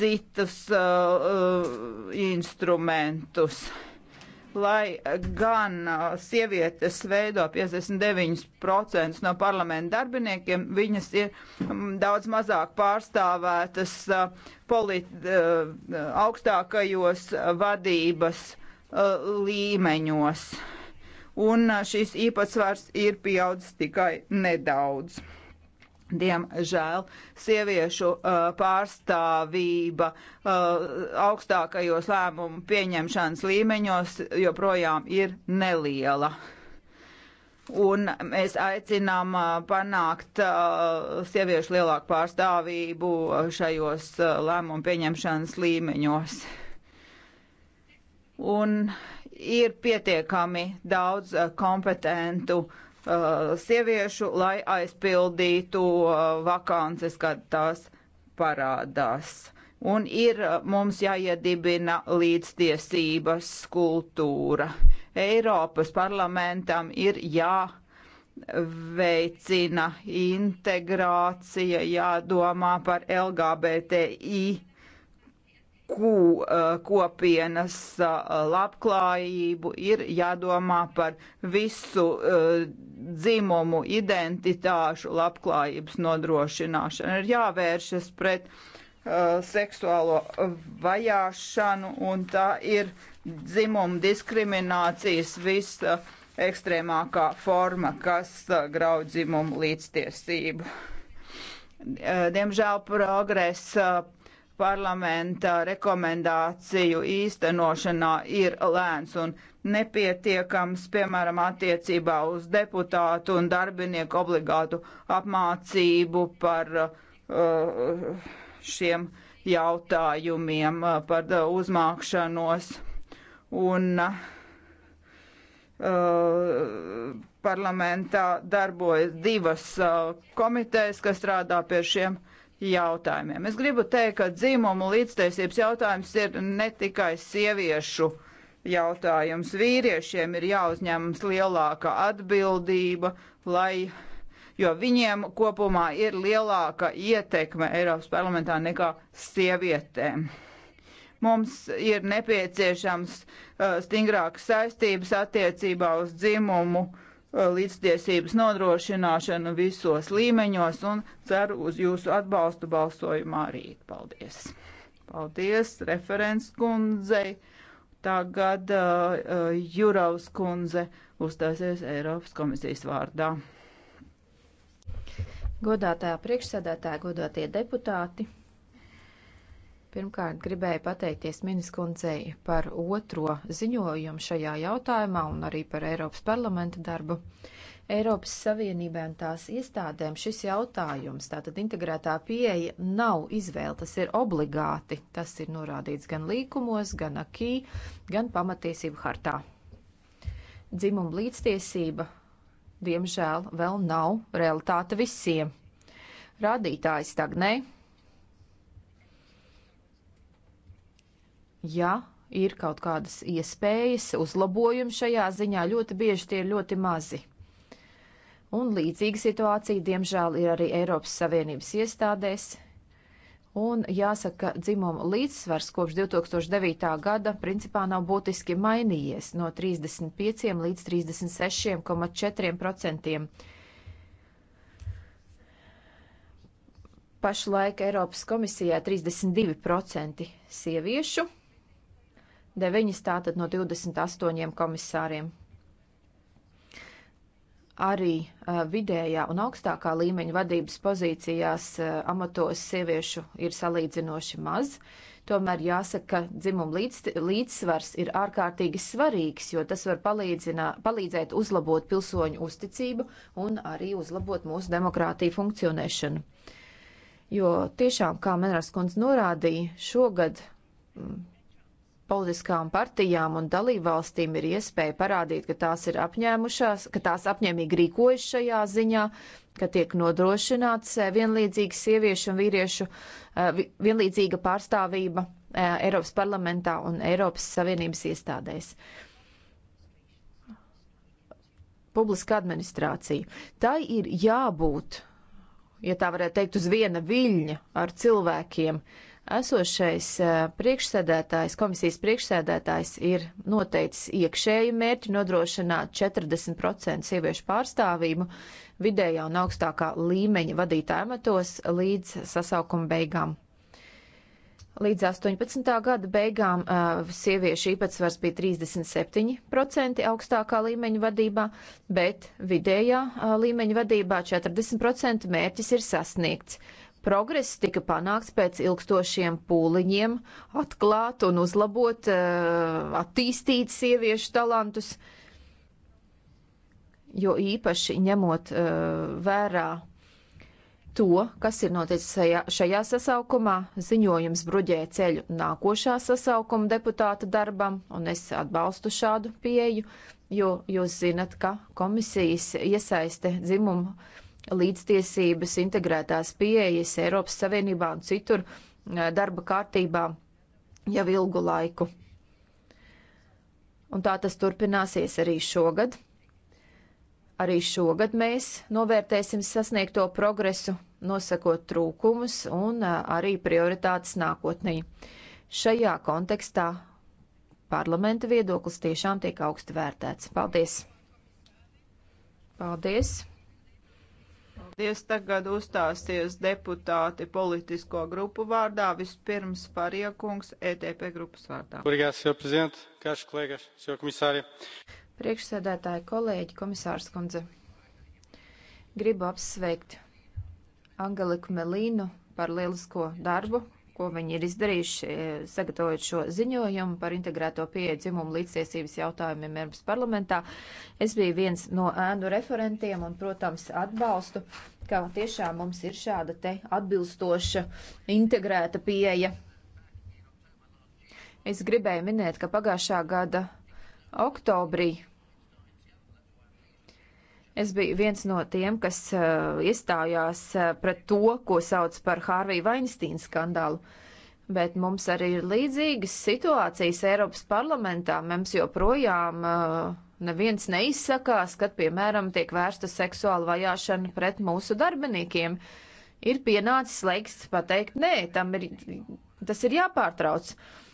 Speaker 7: citus uh, uh instrumentus lai gan sievietes veido 59% no parlamenta darbiniekiem, viņas ir mm, daudz mazāk pārstāvētas polit, augstākajos vadības līmeņos. Un šis īpatsvars ir pieaudzis tikai nedaudz. Diemžēl sieviešu uh, pārstāvība uh, augstākajos lēmumu pieņemšanas līmeņos joprojām ir neliela. Un mēs aicinām uh, panākt uh, sieviešu lielāku pārstāvību šajos uh, lēmumu pieņemšanas līmeņos. Un ir pietiekami daudz uh, kompetentu uh, Uh, sieviešu, lai aizpildītu uh, vakances, kad tās parādās. Un ir uh, mums jāiedibina līdztiesības kultūra. Eiropas parlamentam ir jā veicina integrācija, jādomā par LGBTI kū, eh, kopienas eh, labklājību, ir jādomā par visu eh, dzimumu identitāšu labklājības nodrošināšanu. Ir jāvēršas pret seksuālo vajāšanu un tā ir dzimumu diskriminācijas visa ekstrēmākā forma, kas graudzimumu līdztiesību. Diemžēl progresa parlamenta rekomendāciju īstenošanā ir lēns un nepietiekams, piemēram, attiecībā uz deputātu un darbinieku obligātu apmācību par uh, šiem jautājumiem, uh, par uh, uzmākšanos un uh, parlamentā darbojas divas uh, komitejas, kas strādā pie šiem jautājumiem jautājumiem. Es gribu teikt, ka dzimumu līdztiesības jautājums ir ne tikai sieviešu jautājums. Vīriešiem ir jāuzņemas lielāka atbildība, lai, jo viņiem kopumā ir lielāka ietekme Eiropas parlamentā nekā sievietēm. Mums ir nepieciešams uh, stingrākas saistības attiecībā uz dzimumu uh, Eh, līdztiesības nodrošināšanu visos līmeņos un ceru uz jūsu atbalstu balsojumā rīt. Paldies! Paldies, referents kundzei! Tagad uh, eh, Juravs kundze uzstāsies Eiropas komisijas vārdā.
Speaker 5: Godātā priekšsēdētāja, godātie deputāti! Pirmkārt, gribēju pateikties ministkundzei par otro ziņojumu šajā jautājumā un arī par Eiropas parlamenta darbu. Eiropas Savienībai un tās iestādēm šis jautājums, tātad integrētā pieeja, nav izvēle, tas ir obligāti. Tas ir norādīts gan līkumos, gan akī, gan pamatiesību hartā. Dzimuma līdztiesība, diemžēl, vēl nav realitāte visiem. Rādītājs stagnē, ja ir kaut kādas iespējas, uzlabojumi šajā ziņā, ļoti bieži tie ir ļoti mazi. Un līdzīga situācija, diemžēl, ir arī Eiropas Savienības iestādēs. Un jāsaka, ka dzimuma līdzsvars kopš 2009. gada principā nav būtiski mainījies no 35 līdz 36,4%. Pašlaik Eiropas komisijā 32% sieviešu deviņas tātad no 28 komisāriem. Arī uh, vidējā un augstākā līmeņa vadības pozīcijās uh, amatos sieviešu ir salīdzinoši maz. Tomēr jāsaka, ka dzimuma līdz, līdzsvars ir ārkārtīgi svarīgs, jo tas var palīdzēt uzlabot pilsoņu uzticību un arī uzlabot mūsu demokrātiju funkcionēšanu. Jo tiešām, kā Menārs Kundze norādīja, šogad politiskām partijām un dalībvalstīm ir iespēja parādīt, ka tās ir apņēmušās, ka tās apņēmīgi rīkojas šajā ziņā, ka tiek nodrošināts eh, vienlīdzīga sieviešu un vīriešu eh, vienlīdzīga pārstāvība eh, Eiropas parlamentā un Eiropas Savienības iestādēs. Publiska administrācija. Tai ir jābūt, ja tā varētu teikt, uz viena viļņa ar cilvēkiem. Uh, Esošais eh, priekšsēdētājs, komisijas priekšsēdētājs ir noteicis iekšēju mērķi nodrošināt 40% sieviešu pārstāvību vidējā un augstākā līmeņa vadītāja amatos līdz sasaukuma beigām. Līdz 18. gada beigām eh, sieviešu īpatsvars bija 37% augstākā līmeņa vadībā, bet vidējā eh, līmeņa vadībā 40% mērķis ir sasniegts. Progress tika panākts pēc ilgstošiem pūliņiem, atklāt un uzlabot, eh, attīstīt sieviešu talantus, jo īpaši ņemot eh, vērā to, kas ir noticis šajā, šajā sasaukumā, ziņojums bruģē ceļu nākošā sasaukuma deputāta darbam, un es atbalstu šādu pieju, jo jūs zinat, ka komisijas iesaiste dzimumu līdztiesības, integrētās pieejas Eiropas Savienībā un citur eh, darba kārtībā jau ilgu laiku. Un tā tas turpināsies arī šogad. Arī šogad mēs novērtēsim sasniegto progresu, nosakot trūkumus un eh, arī prioritātes nākotnē. Šajā kontekstā parlamenta viedoklis tiešām tiek augstu vērtēts. Paldies! Paldies!
Speaker 7: izteikties. Tagad uzstāsies deputāti politisko grupu vārdā. Vispirms Fariekungs, ETP grupas vārdā.
Speaker 1: Obrigās, jau prezident, kāds kolēgas, jau komisāri.
Speaker 5: Priekšsēdētāji kolēģi, komisārs kundze. Gribu apsveikt Angeliku Melīnu par lielisko darbu, ko viņi ir izdarījuši, sagatavojot šo ziņojumu par integrēto pieeja dzimumu līdztiesības jautājumiem Eiropas parlamentā. Es biju viens no ēnu referentiem un, protams, atbalstu, ka tiešām mums ir šāda te atbilstoša integrēta pieeja. Es gribēju minēt, ka pagājušā gada oktobrī Es biju viens no tiem, kas uh, iestājās uh, pret to, ko sauc par Hārvija Vainstīna skandālu. Bet mums arī ir līdzīgas situācijas Eiropas parlamentā. Mums joprojām uh, neviens neizsakās, kad, piemēram, tiek vērsta seksuāla vajāšana pret mūsu darbiniekiem. Ir pienācis laiks pateikt, nē, tam ir, tas ir jāpārtrauc. Uh,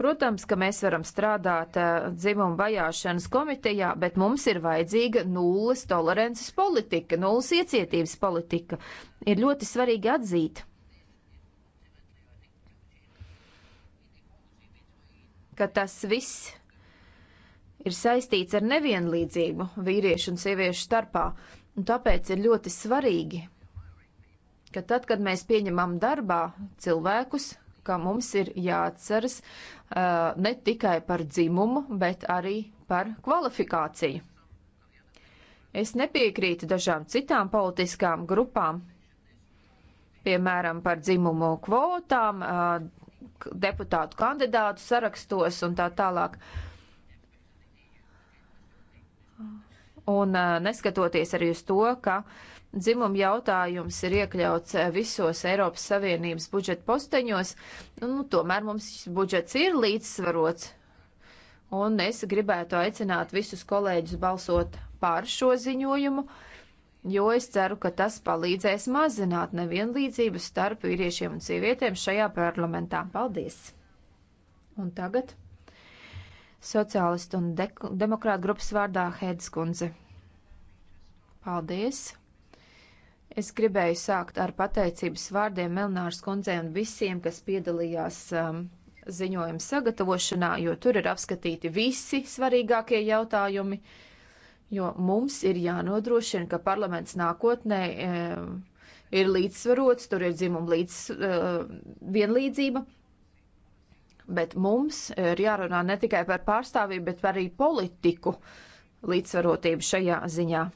Speaker 5: Protams, ka mēs varam strādāt eh, dzimumu vajāšanas komitejā, bet mums ir vajadzīga nulles tolerances politika, nulles iecietības politika. Ir ļoti svarīgi atzīt, ka tas viss ir saistīts ar nevienlīdzību vīriešu un sieviešu starpā, un tāpēc ir ļoti svarīgi, ka tad, kad mēs pieņemam darbā cilvēkus, ka mums ir jāatceras uh, ne tikai par dzimumu, bet arī par kvalifikāciju. Es nepiekrītu dažām citām politiskām grupām, piemēram, par dzimumu kvotām, uh, deputātu kandidātu sarakstos un tā tālāk. Un uh, neskatoties arī uz to, ka uh, Dzimuma jautājums ir iekļauts eh, visos Eiropas Savienības budžeta posteņos, nu, nu, tomēr mums budžets ir līdzsvarots. Un es gribētu aicināt visus kolēģus balsot par šo ziņojumu, jo es ceru, ka tas palīdzēs mazināt nevienlīdzības starp vīriešiem un sievietēm šajā parlamentā. Paldies! Un tagad sociālistu un demokrātu grupas vārdā Hēdes kundze. Paldies! Es gribēju sākt ar pateicības vārdiem Melnāras kundzei un visiem, kas piedalījās um, ziņojuma sagatavošanā, jo tur ir apskatīti visi svarīgākie jautājumi, jo mums ir jānodrošina, ka parlaments nākotnē um, ir līdzsvarots, tur ir dzimuma līdz, uh, vienlīdzība, bet mums ir jārunā ne tikai par pārstāvību, bet arī politiku līdzsvarotību šajā ziņā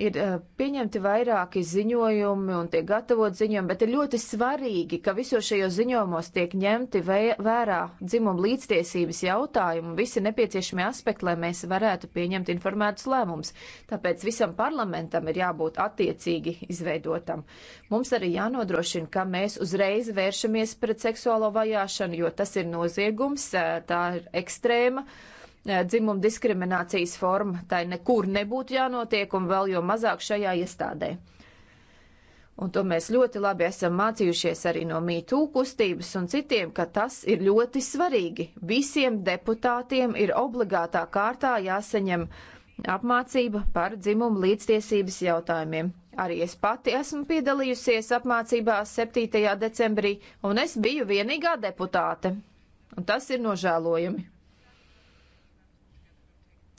Speaker 5: ir eh, pieņemti vairāki ziņojumi un tiek gatavot ziņojumi, bet ir ļoti svarīgi, ka visos šajos ziņojumos tiek ņemti vērā dzimumu līdztiesības jautājumi un visi nepieciešamie aspekti, lai mēs varētu pieņemt informētus lēmumus. Tāpēc visam parlamentam ir jābūt attiecīgi izveidotam. Mums arī jānodrošina, ka mēs uzreiz vēršamies pret seksuālo vajāšanu, jo tas ir noziegums, eh, tā ir ekstrēma Eh, dzimuma diskriminācijas forma. Tai nekur nebūtu jānotiek un vēl jo mazāk šajā iestādē. Un to mēs ļoti labi esam mācījušies arī no mītū kustības un citiem, ka tas ir ļoti svarīgi. Visiem deputātiem ir obligātā kārtā jāsaņem apmācība par dzimumu līdztiesības jautājumiem. Arī es pati esmu piedalījusies apmācībā 7. decembrī, un es biju vienīgā deputāte. Un tas ir nožēlojami.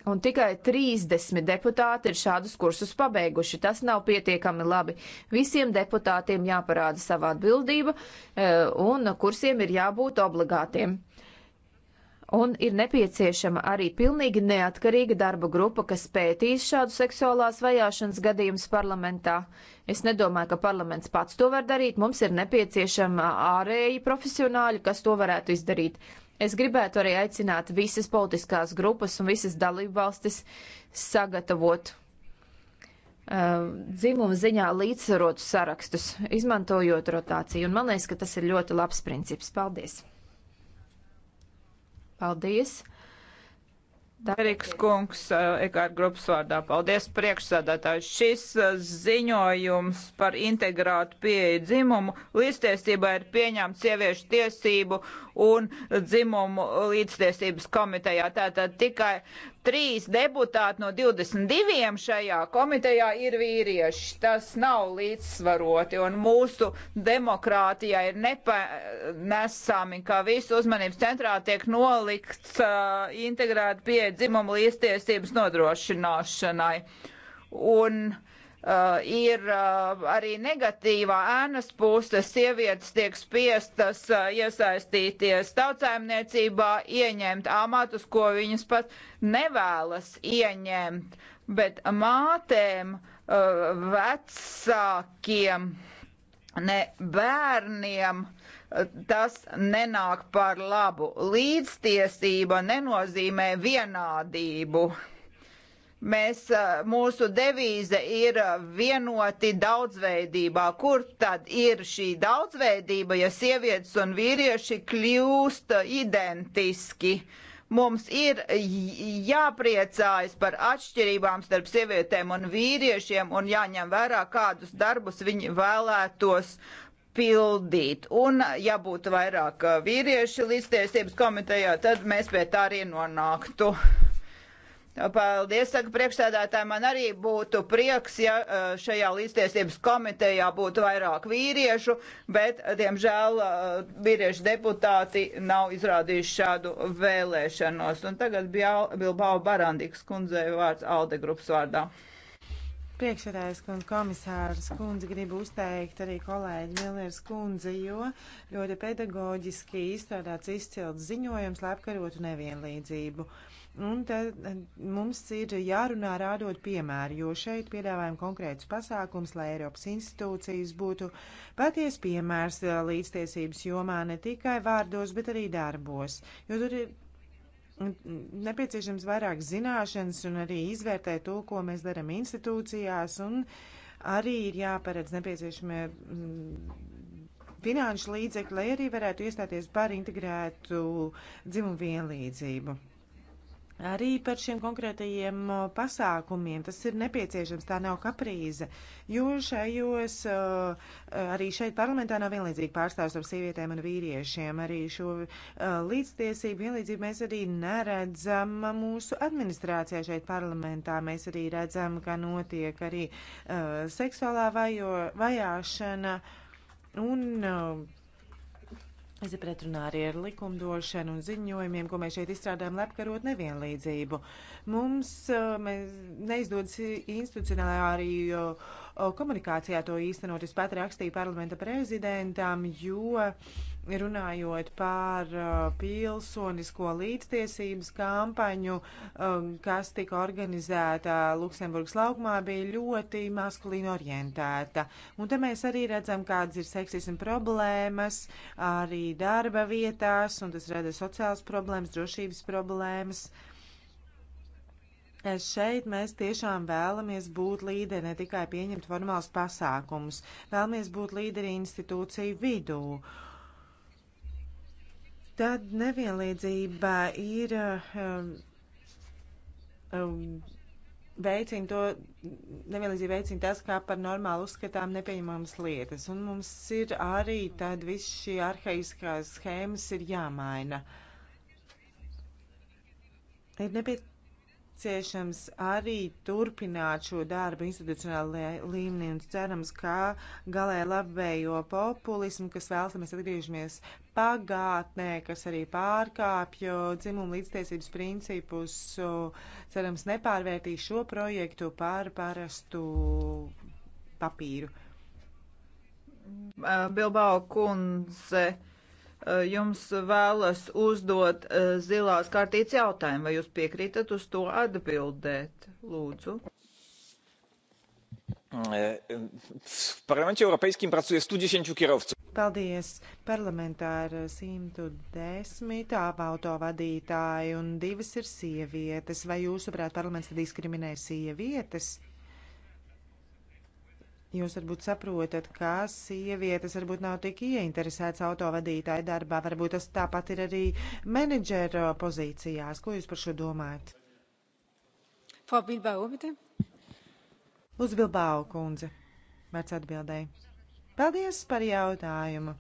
Speaker 5: Un tikai 30 deputāti ir šādus kursus pabeiguši. Tas nav pietiekami labi. Visiem deputātiem jāparāda savā atbildība, e, un kursiem ir jābūt obligātiem. Un ir nepieciešama arī pilnīgi neatkarīga darba grupa, kas pētīs šādu seksuālās vajāšanas gadījumus parlamentā. Es nedomāju, ka parlaments pats to var darīt. Mums ir nepieciešama ārēji profesionāļi, kas to varētu izdarīt. Uh, Es gribētu arī aicināt visas politiskās grupas un visas dalībvalstis sagatavot uh, dzimumu ziņā līdzsvarotus sarakstus, izmantojot rotāciju. Un man liekas, ka tas ir ļoti labs princips. Paldies!
Speaker 7: Paldies! Dariks Kungs, eh, EKR grupas vārdā, paldies priekšsādātājs. Šis eh, ziņojums par integrātu pieeju dzimumu līdztiesībā ir pieņemts sieviešu tiesību un dzimumu līdztiesības komitejā. Tātad tikai trīs deputāti no 22 šajā komitejā ir vīrieši. Tas nav līdzsvaroti, un mūsu demokrātijā ir nepanesami, ka visu uzmanības centrā tiek nolikts uh, eh, integrēta pieeja dzimumu līdztiesības nodrošināšanai. Un uh, ir uh, arī negatīvā ēnas puse. Sievietes tiek spiestas uh, iesaistīties tautsājumniecībā, ieņemt amatus, ko viņas pat nevēlas ieņemt. Bet mātēm, uh, vecākiem, ne bērniem uh, tas nenāk par labu. Līdztiesība nenozīmē vienādību. Mēs, mūsu devīze ir vienoti daudzveidībā. Kur tad ir šī daudzveidība, ja sievietes un vīrieši kļūst identiski? Mums ir jāpriecājas par atšķirībām starp sievietēm un vīriešiem un jāņem vērā, kādus darbus viņi vēlētos uh, pildīt. Un, ja būtu vairāk uh, vīriešu līdztiesības komitejā, tad mēs pie tā arī nonāktu. Paldies, saka priekšsēdētāji, man arī būtu prieks, ja uh, šajā līdztiesības komitejā būtu vairāk vīriešu, bet, diemžēl, uh, vīriešu deputāti nav izrādījuši šādu vēlēšanos. Un tagad Bilbao Barandikas kundzei vārds Alde grupas vārdā
Speaker 6: priekšsēdājas kundze, komisārs kundze, gribu uzteikt arī kolēģi Milnieres kundze, jo ļoti pedagoģiski izstrādāts izcilts ziņojums, lai apkarotu nevienlīdzību. Un tad eh, mums ir jārunā rādot piemēru, jo šeit piedāvājam konkrētus pasākums, lai Eiropas institūcijas būtu paties piemērs eh, līdztiesības jomā ne tikai vārdos, bet arī darbos, jo tur ir nepieciešams vairāk zināšanas un arī izvērtēt to, ko mēs darām institūcijās, un arī ir jāparedz nepieciešamie mm, finanšu līdzekļi, lai arī varētu iestāties par integrētu dzimumu vienlīdzību arī par šiem konkrētajiem uh, pasākumiem. Tas ir nepieciešams, tā nav kaprīze, jo šajos, uh, uh, arī šeit parlamentā nav vienlīdzīgi pārstāvs ar sievietēm un vīriešiem. Arī šo līdztiesību vienlīdzību mēs arī neredzam mūsu administrācijā šeit parlamentā. Mēs arī redzam, ka notiek arī seksuālā vajo, vajāšana un. Uh, Tas ir pretrunā arī ar likumdošanu un ziņojumiem, ko mēs šeit izstrādājam, lai apkarot nevienlīdzību. Mums mēs, neizdodas institucionālā arī komunikācijā to īstenot. Es pat rakstīju parlamenta prezidentam, jo. Uh, runājot par uh, pilsonisko līdztiesības kampaņu, um, kas tika organizēta Luksemburgas laukumā, bija ļoti maskulīna orientēta. Un te mēs arī redzam, kādas ir seksismu problēmas, arī darba vietās, un tas rada sociālas problēmas, drošības problēmas. Es šeit mēs tiešām vēlamies būt līderi, ne tikai pieņemt formālus pasākumus, vēlamies būt līderi institūciju vidū. Uh, tad nevienlīdzība ir um, um, veicina to, nevienlīdzība veicina tas, kā par normāli uzskatām nepieņemamas lietas. Un mums ir arī tad viss šī arhaiskās schēmas ir jāmaina. Ir nepieciešams arī turpināt šo darbu institucionālajā līmenī un cerams, ka galē labvējo populismu, kas vēlams, mēs atgriežamies pagātnē, kas arī pārkāpj dzimumu līdztiesības principus, cerams, nepārvērtīs šo projektu par parastu papīru. Bilbao kundze, jums
Speaker 7: vēlas uzdot zilās kārtīts jautājumu, vai jūs piekrītat uz to
Speaker 6: atbildēt, lūdzu?
Speaker 3: Mm, e, w Parlamencie Europejskim pracuje 110 kierowców.
Speaker 6: Paldies! Parlamentā ir 110 avauto vadītāji un divas ir sievietes. Vai jūsuprāt parlaments diskriminē sievietes? Jūs varbūt saprotat, ka sievietes varbūt nav tik ieinteresētas autovadītāju darbā, varbūt tas tāpat ir arī menedžera pozīcijās. Ko jūs par šo domājat? Frau Bilbao, bitte. Uz Bilbao kundze. Vērts atbildēja. Paldies par jautājumu.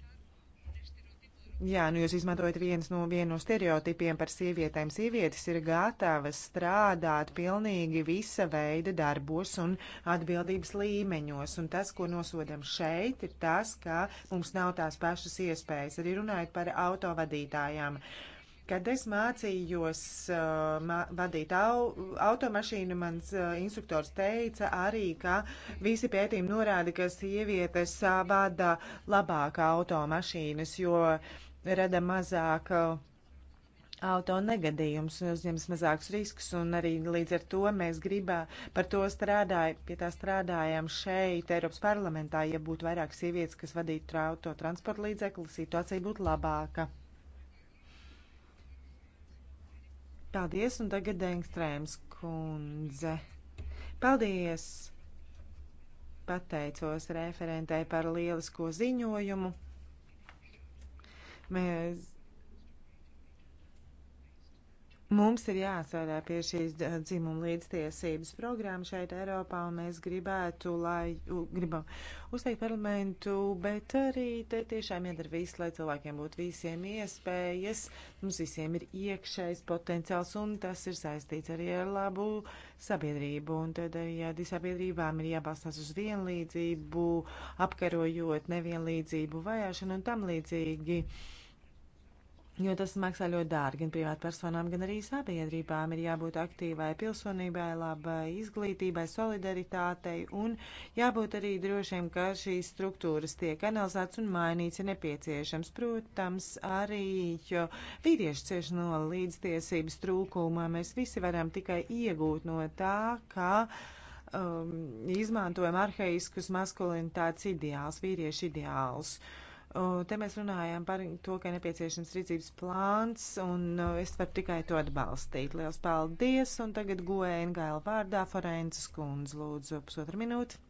Speaker 6: Jā, nu jūs izmantojat viens no, vienu no stereotipiem par sievietēm. Sievietes ir gatavas strādāt pilnīgi visa veida darbos un atbildības līmeņos. Un tas, ko nosodam šeit, ir tas, ka mums nav tās pašas iespējas. Arī runājot par autovadītājām. Uh, Kad es mācījos uh, mā, vadīt au, automašīnu, mans uh, instruktors teica arī, ka visi pētījumi norāda, ka sievietes uh, vada labāk automašīnas, jo rada mazāk uh, auto negadījumus, uzņems mazākus riskus, un arī līdz ar to mēs gribā par to strādāja, pie tā strādājām šeit, Eiropas parlamentā, ja būtu vairāk sievietes, kas vadītu autotransporta līdzekli, situācija būtu labāka. Paldies, un tagad Dengstrēms kundze. Paldies! Pateicos referentē par lielisko ziņojumu. Mēs Mums ir jāstrādā pie šīs dzimuma līdztiesības programmas šeit Eiropā, un mēs gribētu, lai, gribam uzteikt parlamentu, bet arī te tiešām iedara viss, lai cilvēkiem būtu visiem iespējas, mums visiem ir iekšējs potenciāls, un tas ir saistīts arī ar labu sabiedrību, un tad arī ja, sabiedrībām ir jābalstās uz vienlīdzību, apkarojot nevienlīdzību, vajāšanu un tam līdzīgi. Jo tas maksā ļoti dārgi gan privātpersonām, gan arī sabiedrībām. Ir jābūt aktīvai pilsonībai, labai izglītībai, solidaritātei un jābūt arī drošiem, ka šīs struktūras tiek analizētas un mainīts ir nepieciešams. Protams, arī vīrieši cieš no līdztiesības trūkumā. Mēs visi varam tikai iegūt no tā, ka um, izmantojam arheiskus maskulinitātes ideāls, vīriešu ideāls. Uh, Te mēs runājām par to, ka nepieciešams rīcības plāns, un uh, es varu tikai to atbalstīt. Lielas paldies, un tagad goēngāla vārdā Forences kundze lūdzu pusotru minūti.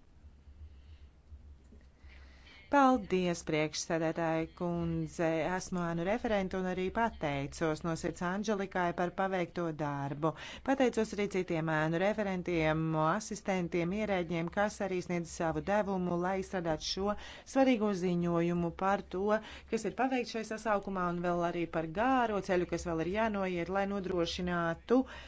Speaker 6: Paldies, priekšsēdētāji kundze. Esmu Anu referentu un arī pateicos no sirds Anželikai par paveikto darbu. Pateicos arī citiem Anu referentiem, asistentiem, ierēģiem, kas arī sniedz savu devumu, lai izstrādātu šo svarīgo ziņojumu par to, kas ir paveikts šai sasaukumā un vēl arī par gāro ceļu, kas vēl ir jānoiet, lai nodrošinātu uh,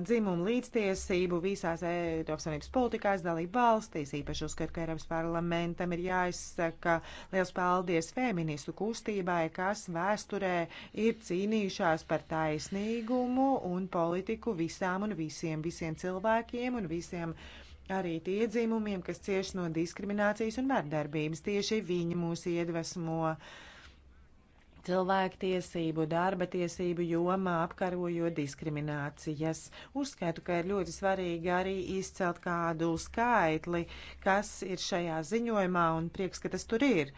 Speaker 6: dzimumu līdztiesību visās Eiropas Savienības politikās dalību valstīs. Īpaši uzskat, ka Eiropas parlamentam ir jāizsaka liels paldies feministu kustībai, kas vēsturē ir cīnījušās par taisnīgumu un politiku visām un visiem, visiem cilvēkiem un visiem arī tie dzimumiem, kas cieši no diskriminācijas un vardarbības. Tieši viņi mūs iedvesmo. Uh, cilvēktiesību, darba tiesību jomā apkarojot diskriminācijas. Uzskatu, ka ir ļoti svarīgi arī izcelt kādu skaitli, kas ir šajā ziņojumā, un prieks, ka tas tur ir.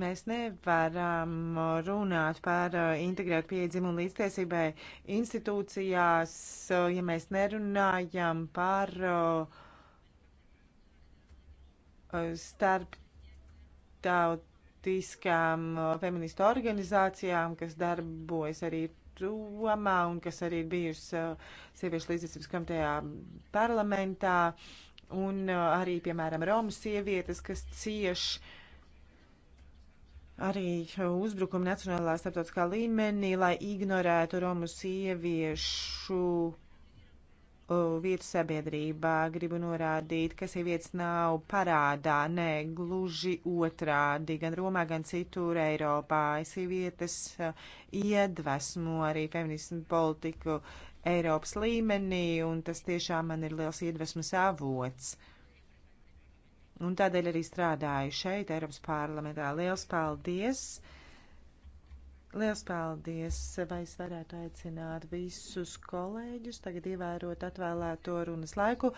Speaker 6: Mēs nevaram runāt par uh, integrētu piedzimumu līdztiesībai institūcijās, uh, ja mēs nerunājam par uh, starp taut starptautiskām feministu organizācijām, kas darbojas arī Romā un kas arī ir bijusi sieviešu līdzjūtības komitejā parlamentā, un arī, piemēram, Romas sievietes, kas cieši arī uzbrukumi nacionālā starptautiskā līmenī, lai ignorētu Romu sieviešu Uh, vietu sabiedrībā. Gribu norādīt, ka sievietes nav parādā, nē, gluži otrādi, gan Romā, gan citur Eiropā. Sievietes uh, iedvesmo arī feminismu politiku Eiropas līmenī, un tas tiešām man ir liels iedvesmas avots. Un tādēļ arī strādāju šeit, Eiropas parlamentā. Liels paldies! Liels paldies! Vai es varētu aicināt visus kolēģus tagad ievērot atvēlēto runas laiku?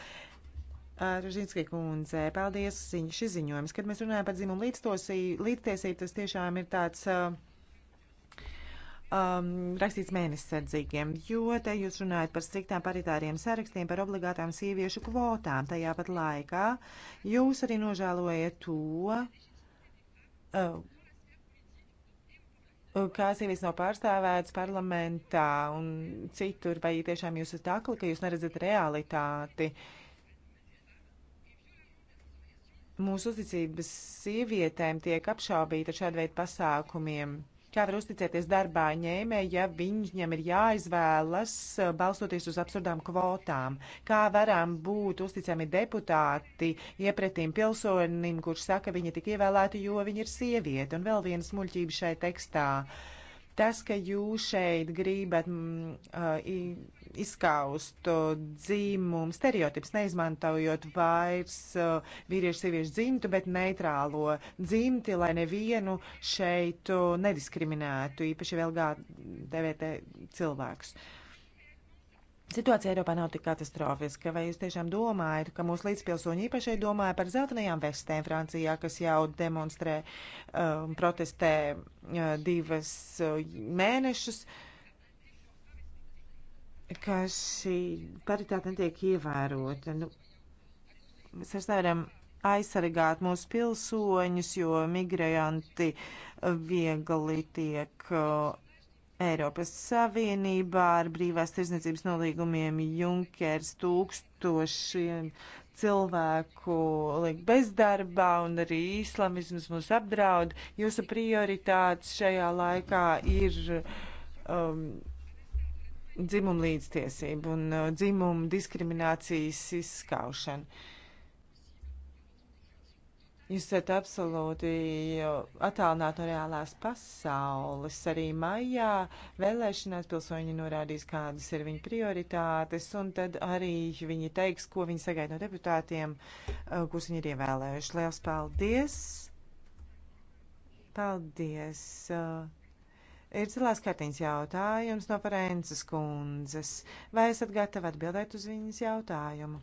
Speaker 6: Žinski kundze, paldies, šis ziņojums. Kad mēs runājam par dzimumu līdztiesību, tas tiešām ir tāds uh, um, rakstīts mēnesis sardzīgiem, jo te jūs runājat par striktām paritāriem sarakstiem, par obligātām sieviešu kvotām. Tajā pat laikā jūs arī nožēlojat to, uh, kā sievietes nav pārstāvētas parlamentā un citur, vai tiešām jūs esat akli, ka jūs neredzat realitāti. Mūsu uzticības sievietēm tiek apšaubīta šāda veida pasākumiem. Kā var uzticēties darbā ņēmē, ja viņiem ir jāizvēlas eh, balstoties uz absurdām kvotām? Kā varam būt uzticami deputāti iepretīm pilsonim, kurš saka, viņa tik ievēlēta, jo viņa ir sieviete? Un vēl viena smuļķība šai tekstā. Uh, Tas, ka jūs šeit gribat mm, uh, izskaust uh, dzimumu stereotips, neizmantojot vairs uh, vīriešu sieviešu dzimtu, bet neitrālo dzimti, lai nevienu šeit nediskriminētu, īpaši vēl gā DVT cilvēkus. Uh, Situācija Eiropā nav tik katastrofiska, vai jūs tiešām domājat, ka mūsu līdzpilsoņi īpaši domāja par zeltainajām vestēm Francijā, kas jau demonstrē, um, protestē uh, divas uh, mēnešus, ka šī paritāte netiek ievērota. Nu, mēs vairs nevaram aizsargāt mūsu pilsoņus, jo migranti viegli tiek uh, Eiropas Savienībā ar brīvās tirsniecības nolīgumiem Junkers tūkstošiem cilvēku liek bezdarbā un arī islamisms mūs apdraud. Jūsu prioritātes šajā laikā ir um, dzimuma līdztiesība un uh, dzimuma diskriminācijas izskaušana. Jūs esat absolūti attālināti no reālās pasaules. Arī maijā vēlēšanās pilsoņi norādīs, kādas ir viņu prioritātes, un tad arī viņi teiks, ko viņi sagaida no deputātiem, uh, kurus viņi ir ievēlējuši. Lielas paldies! Paldies! Uh, ir cilvēks kārtiņas jautājums no Parences kundzes. Vai esat gatavi atbildēt uz viņas jautājumu?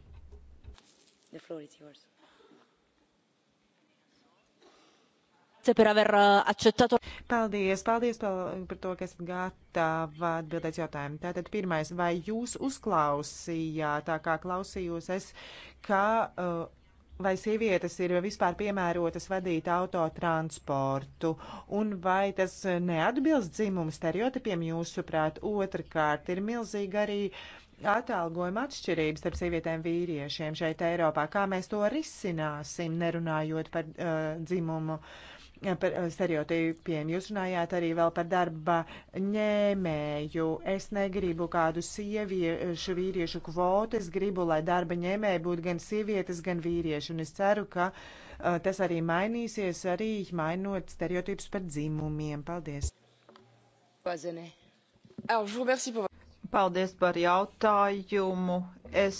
Speaker 5: The floor is yours.
Speaker 6: Eh, paldies, paldies par to, ka esat gatava atbildēt jautājumu. Tātad pirmais, vai jūs uzklausījāt, tā kā klausījos es, ka uh, vai sievietes ir vispār piemērotas vadīt autotransportu, un vai tas neatbilst dzimumu stereotipiem jūsuprāt? Otrakārt, ir milzīga arī atalgojuma atšķirības starp sievietēm vīriešiem šeit Eiropā. Kā mēs to risināsim, nerunājot par uh, dzimumu? Uh, par eh, stereotipiem. Jūs runājāt arī vēl par darba ņēmēju. Es negribu kādu sieviešu vīriešu kvotu, es gribu, lai darba ņēmēji būtu gan sievietes, gan vīrieši. Un es ceru, ka uh, tas arī mainīsies, arī mainot stereotipus par dzimumiem. Paldies! Pazenē. Alors, je vous remercie pour Paldies par jautājumu.
Speaker 7: Es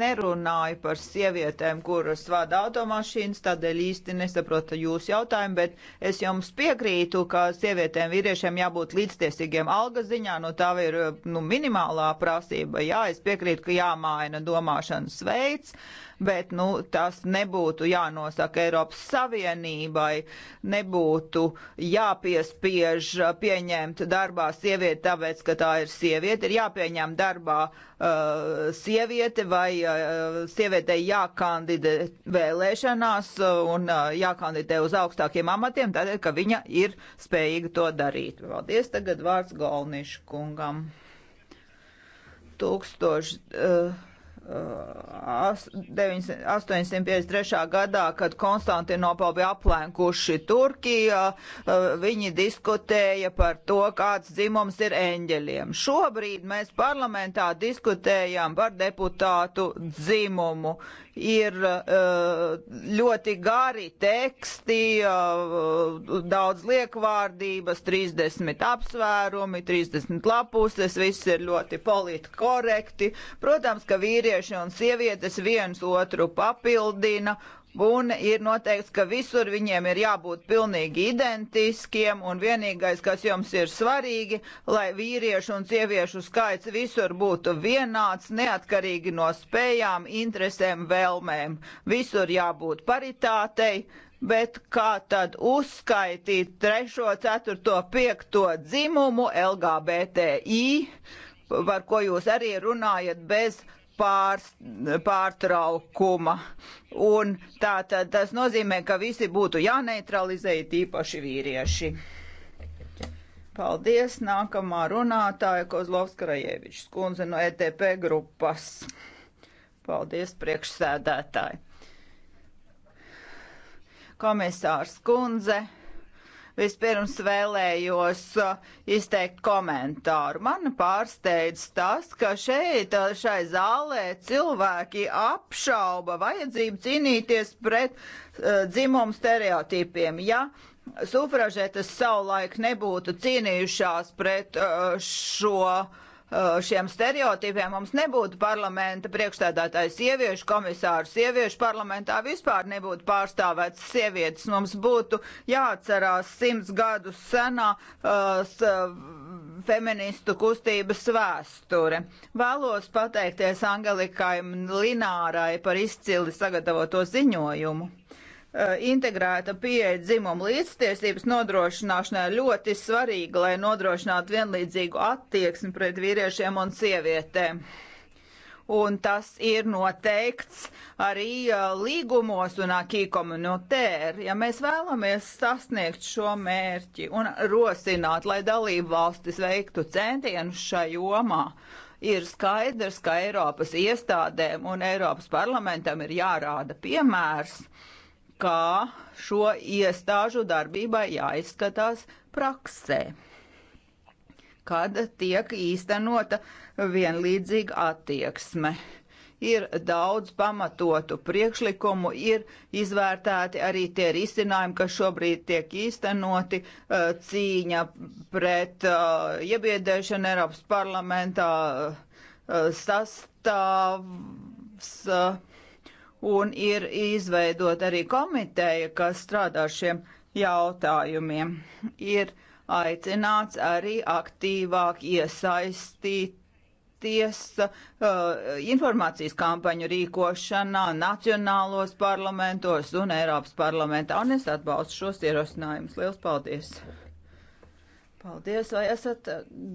Speaker 7: nerunāju par sievietēm, kuras vada automašīnas, tādēļ īsti nesaprotu jūsu jautājumu, bet es jums piekrītu, ka sievietēm vīriešiem jābūt līdztiesīgiem alga ziņā, nu tā ir nu, minimālā prasība. Jā, es piekrītu, ka jāmaina domāšanas veids. Uh, bet nu, tas nebūtu jānosaka Eiropas Savienībai, nebūtu jāpiespiež uh, pieņemt darbā sievieti, tāpēc, ka tā ir sieviete, ir jāpieņem darbā uh, sieviete vai uh, sievietei jākandidē vēlēšanās uh, un uh, jākandidē uz augstākiem amatiem, tādēļ, ka viņa ir spējīga to darīt. Paldies, tagad vārds Golnišu kungam. Tūkstoši. Uh, 853. gadā, kad Konstantinopola bija aplenkuši Turkija, uh, viņi diskutēja par to, kāds dzimums ir eņģeļiem. Šobrīd mēs parlamentā diskutējam par deputātu dzimumu, ir eh, ļoti gari teksti, eh, daudz liekvārdības, 30 apsvērumi, 30 lapuses, viss ir ļoti politkorekti. Protams, ka vīrieši un sievietes viens otru papildina un ir noteikts, ka visur viņiem ir jābūt pilnīgi identiskiem, un vienīgais, kas jums ir svarīgi, lai vīriešu un sieviešu skaits visur būtu vienāds, neatkarīgi no spējām, interesēm, vēlmēm. Visur jābūt paritātei, bet kā tad uzskaitīt 3., 4., 5. dzimumu LGBTI, par ko jūs arī runājat bez pār, pārtraukuma. Un tā tad tas nozīmē, ka visi būtu jāneutralizē, tīpaši vīrieši. Paldies, nākamā runātāja Kozlovska Rajevičs, kundze no ETP grupas. Paldies, priekšsēdētāji. Komisārs kundze Vispirms vēlējos uh, izteikt komentāru. Man pārsteidz tas, ka šeit, uh, šai zālē, cilvēki apšauba vajadzību cīnīties pret uh, dzimumu stereotipiem. Ja sufražetes savulaik nebūtu cīnījušās pret uh, šo Uh, šiem stereotipiem mums nebūtu parlamenta priekšstādātājs sieviešu komisāru, sieviešu parlamentā vispār nebūtu pārstāvēts sievietes. Mums būtu jāatcerās simts gadus senā uh, uh, feministu kustības vēsture. Vēlos pateikties Angelikai Linārai par izcili sagatavoto ziņojumu. Eh, integrēta pieeja dzimumu līdztiesības nodrošināšanai ļoti svarīga, lai nodrošinātu vienlīdzīgu attieksmi pret vīriešiem un sievietēm. Un tas ir noteikts arī eh, līgumos un akī komunitēr. Ja mēs vēlamies sasniegt šo mērķi un rosināt, lai dalību valstis veiktu centienus šajā jomā, ir skaidrs, ka Eiropas iestādēm un Eiropas parlamentam ir jārāda piemērs. Uh, kā šo iestāžu darbībai jāizskatās praksē, kad tiek īstenota vienlīdzīga attieksme. Ir daudz pamatotu priekšlikumu, ir izvērtēti arī tie risinājumi, kas šobrīd tiek īstenoti uh, cīņa pret uh, iebiedēšanu Eiropas parlamentā uh, sastāvs un ir izveidot arī komiteja, kas strādā šiem jautājumiem. Ir aicināts arī aktīvāk iesaistīt tiesa uh, informācijas kampaņu rīkošanā nacionālos parlamentos un Eiropas parlamentā. Un es atbalstu šos ierosinājumus. Lielas paldies! Paldies! Vai esat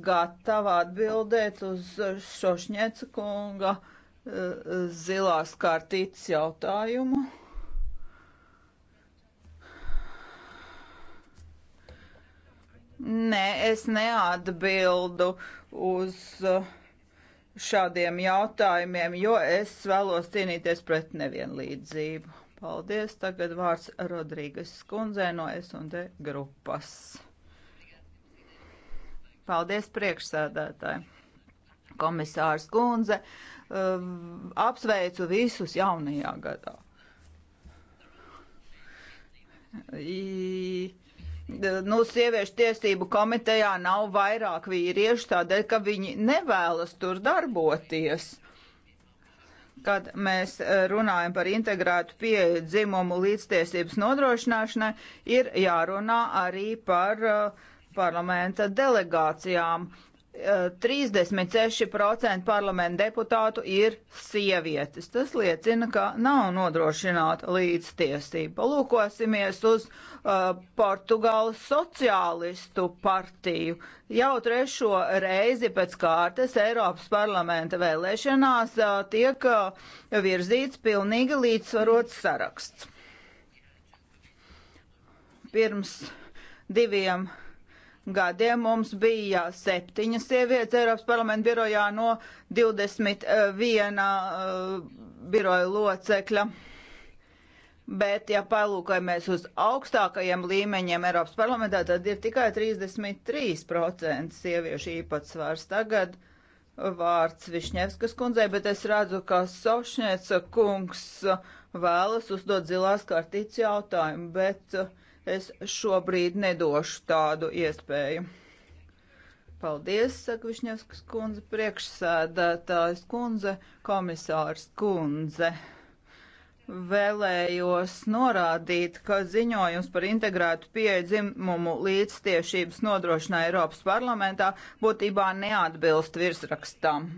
Speaker 7: gatavi atbildēt uz Šošņeca kunga? Uh, zilās kārtītes jautājumu. Nē, es neatbildu uz uh, šādiem jautājumiem, jo es vēlos cīnīties pret nevienlīdzību. Paldies. Tagad vārds Rodrīgas skundzē no S&D grupas. Paldies priekšsēdētāji komisārs Kunze, um, apsveicu visus jaunajā gadā. I, nu, sieviešu tiesību komitejā nav vairāk vīriešu, tādēļ, ka viņi nevēlas tur darboties. Kad mēs eh, runājam par integrētu pieeju dzimumu līdztiesības nodrošināšanai, ir jārunā arī par uh, parlamenta delegācijām. 36% parlamenta deputātu ir sievietes. Tas liecina, ka nav nodrošināta līdztiesība. Palūkosimies uz uh, Portugāles sociālistu partiju. Jau trešo reizi pēc kārtas Eiropas parlamenta vēlēšanās uh, tiek uh, virzīts pilnīgi līdzsvarots saraksts. Pirms diviem gadiem gadiem mums bija septiņas sievietes Eiropas parlamenta birojā no 21 uh, eh, biroja locekļa. Bet, ja palūkojamies uz augstākajiem līmeņiem Eiropas parlamentā, tad ir tikai 33% sieviešu īpatsvars. Tagad vārds Višņevskas kundzei, bet es redzu, ka Sošņēca kungs vēlas uzdot zilās kartītes jautājumu, bet uh, es šobrīd nedošu tādu iespēju. Paldies, saka Višņevskas kundze, priekšsēdētājs kundze, komisārs kundze. Vēlējos norādīt, ka ziņojums par integrētu pieeja dzimumu līdztiešības nodrošinā Eiropas parlamentā būtībā neatbilst virsrakstam.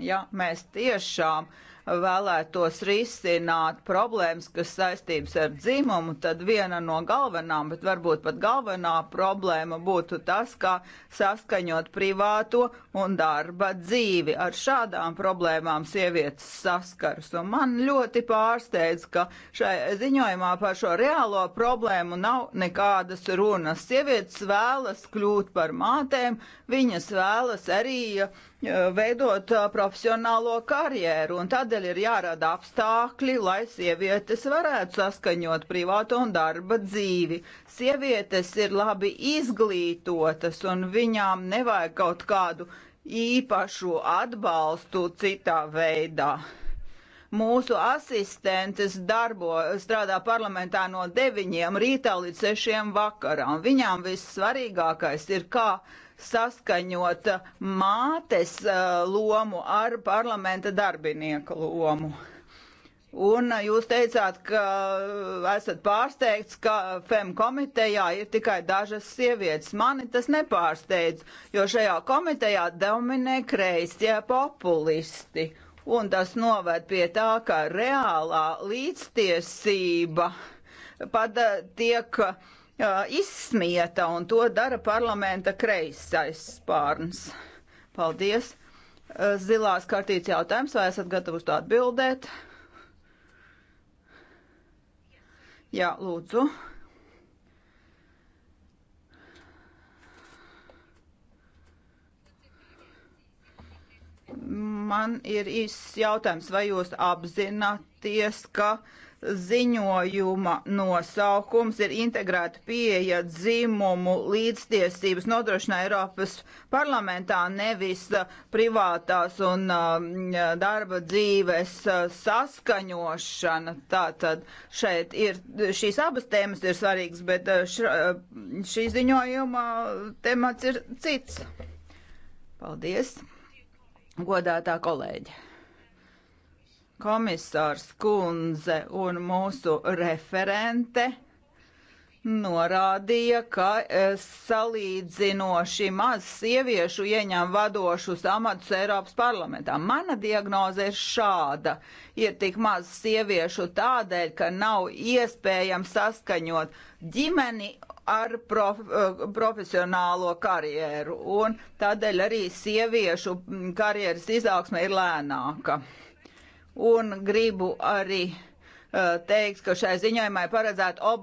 Speaker 7: Ja mēs tiešām uh, vēlētos risināt problēmas, kas saistības ar dzimumu, tad viena no galvenām, bet varbūt pat galvenā problēma būtu tas, kā saskaņot privāto un darba dzīvi. Ar šādām problēmām sievietes saskaras. Un man ļoti pārsteidz, ka šai ziņojumā par šo reālo problēmu nav nekādas runas. Sievietes vēlas kļūt par mātēm, viņas vēlas arī uh, Eh, veidot eh, profesionālo karjeru, un tādēļ ir jārada apstākļi, lai sievietes varētu saskaņot privāto un darba dzīvi. Sievietes ir labi izglītotas, un viņām nevajag kaut kādu īpašu atbalstu citā veidā. Mūsu asistentes darbo strādā parlamentā no 9 rītā līdz 6 vakarā, un viņām vissvarīgākais ir, kā uh, saskaņot mātes eh, lomu ar parlamenta darbinieka lomu. Un eh, jūs teicāt, ka esat pārsteigts, ka FEM komitejā ir tikai dažas sievietes. Mani tas nepārsteidz, jo šajā komitejā dominē kreisie populisti. Un tas noved pie tā, ka reālā līdztiesība pat eh, tiek uh, izsmieta, un to dara parlamenta kreisais spārns. Paldies! Eh, zilās kartītes jautājums, vai esat gatavi uz to atbildēt? Jā, lūdzu. Man ir īsts jautājums, vai jūs apzināties, ka uh, ziņojuma nosaukums ir integrēta pieeja dzimumu līdztiesības nodrošinā Eiropas parlamentā nevis uh, privātās un um, darba dzīves uh, saskaņošana. Tātad šeit ir, šīs abas tēmas ir svarīgas, bet uh, šī ziņojuma temats ir cits. Paldies, godātā kolēģe komisārs Kunze un mūsu referente norādīja, ka e, salīdzinoši maz sieviešu ieņem vadošus amatus Eiropas parlamentā. Mana diagnoze ir šāda. Ir tik maz sieviešu tādēļ, ka nav iespējams saskaņot ģimeni ar prof, e, profesionālo karjeru, un tādēļ arī sieviešu karjeras izaugsme ir lēnāka un gribu arī uh, teikt, ka šai ziņojumai paredzēta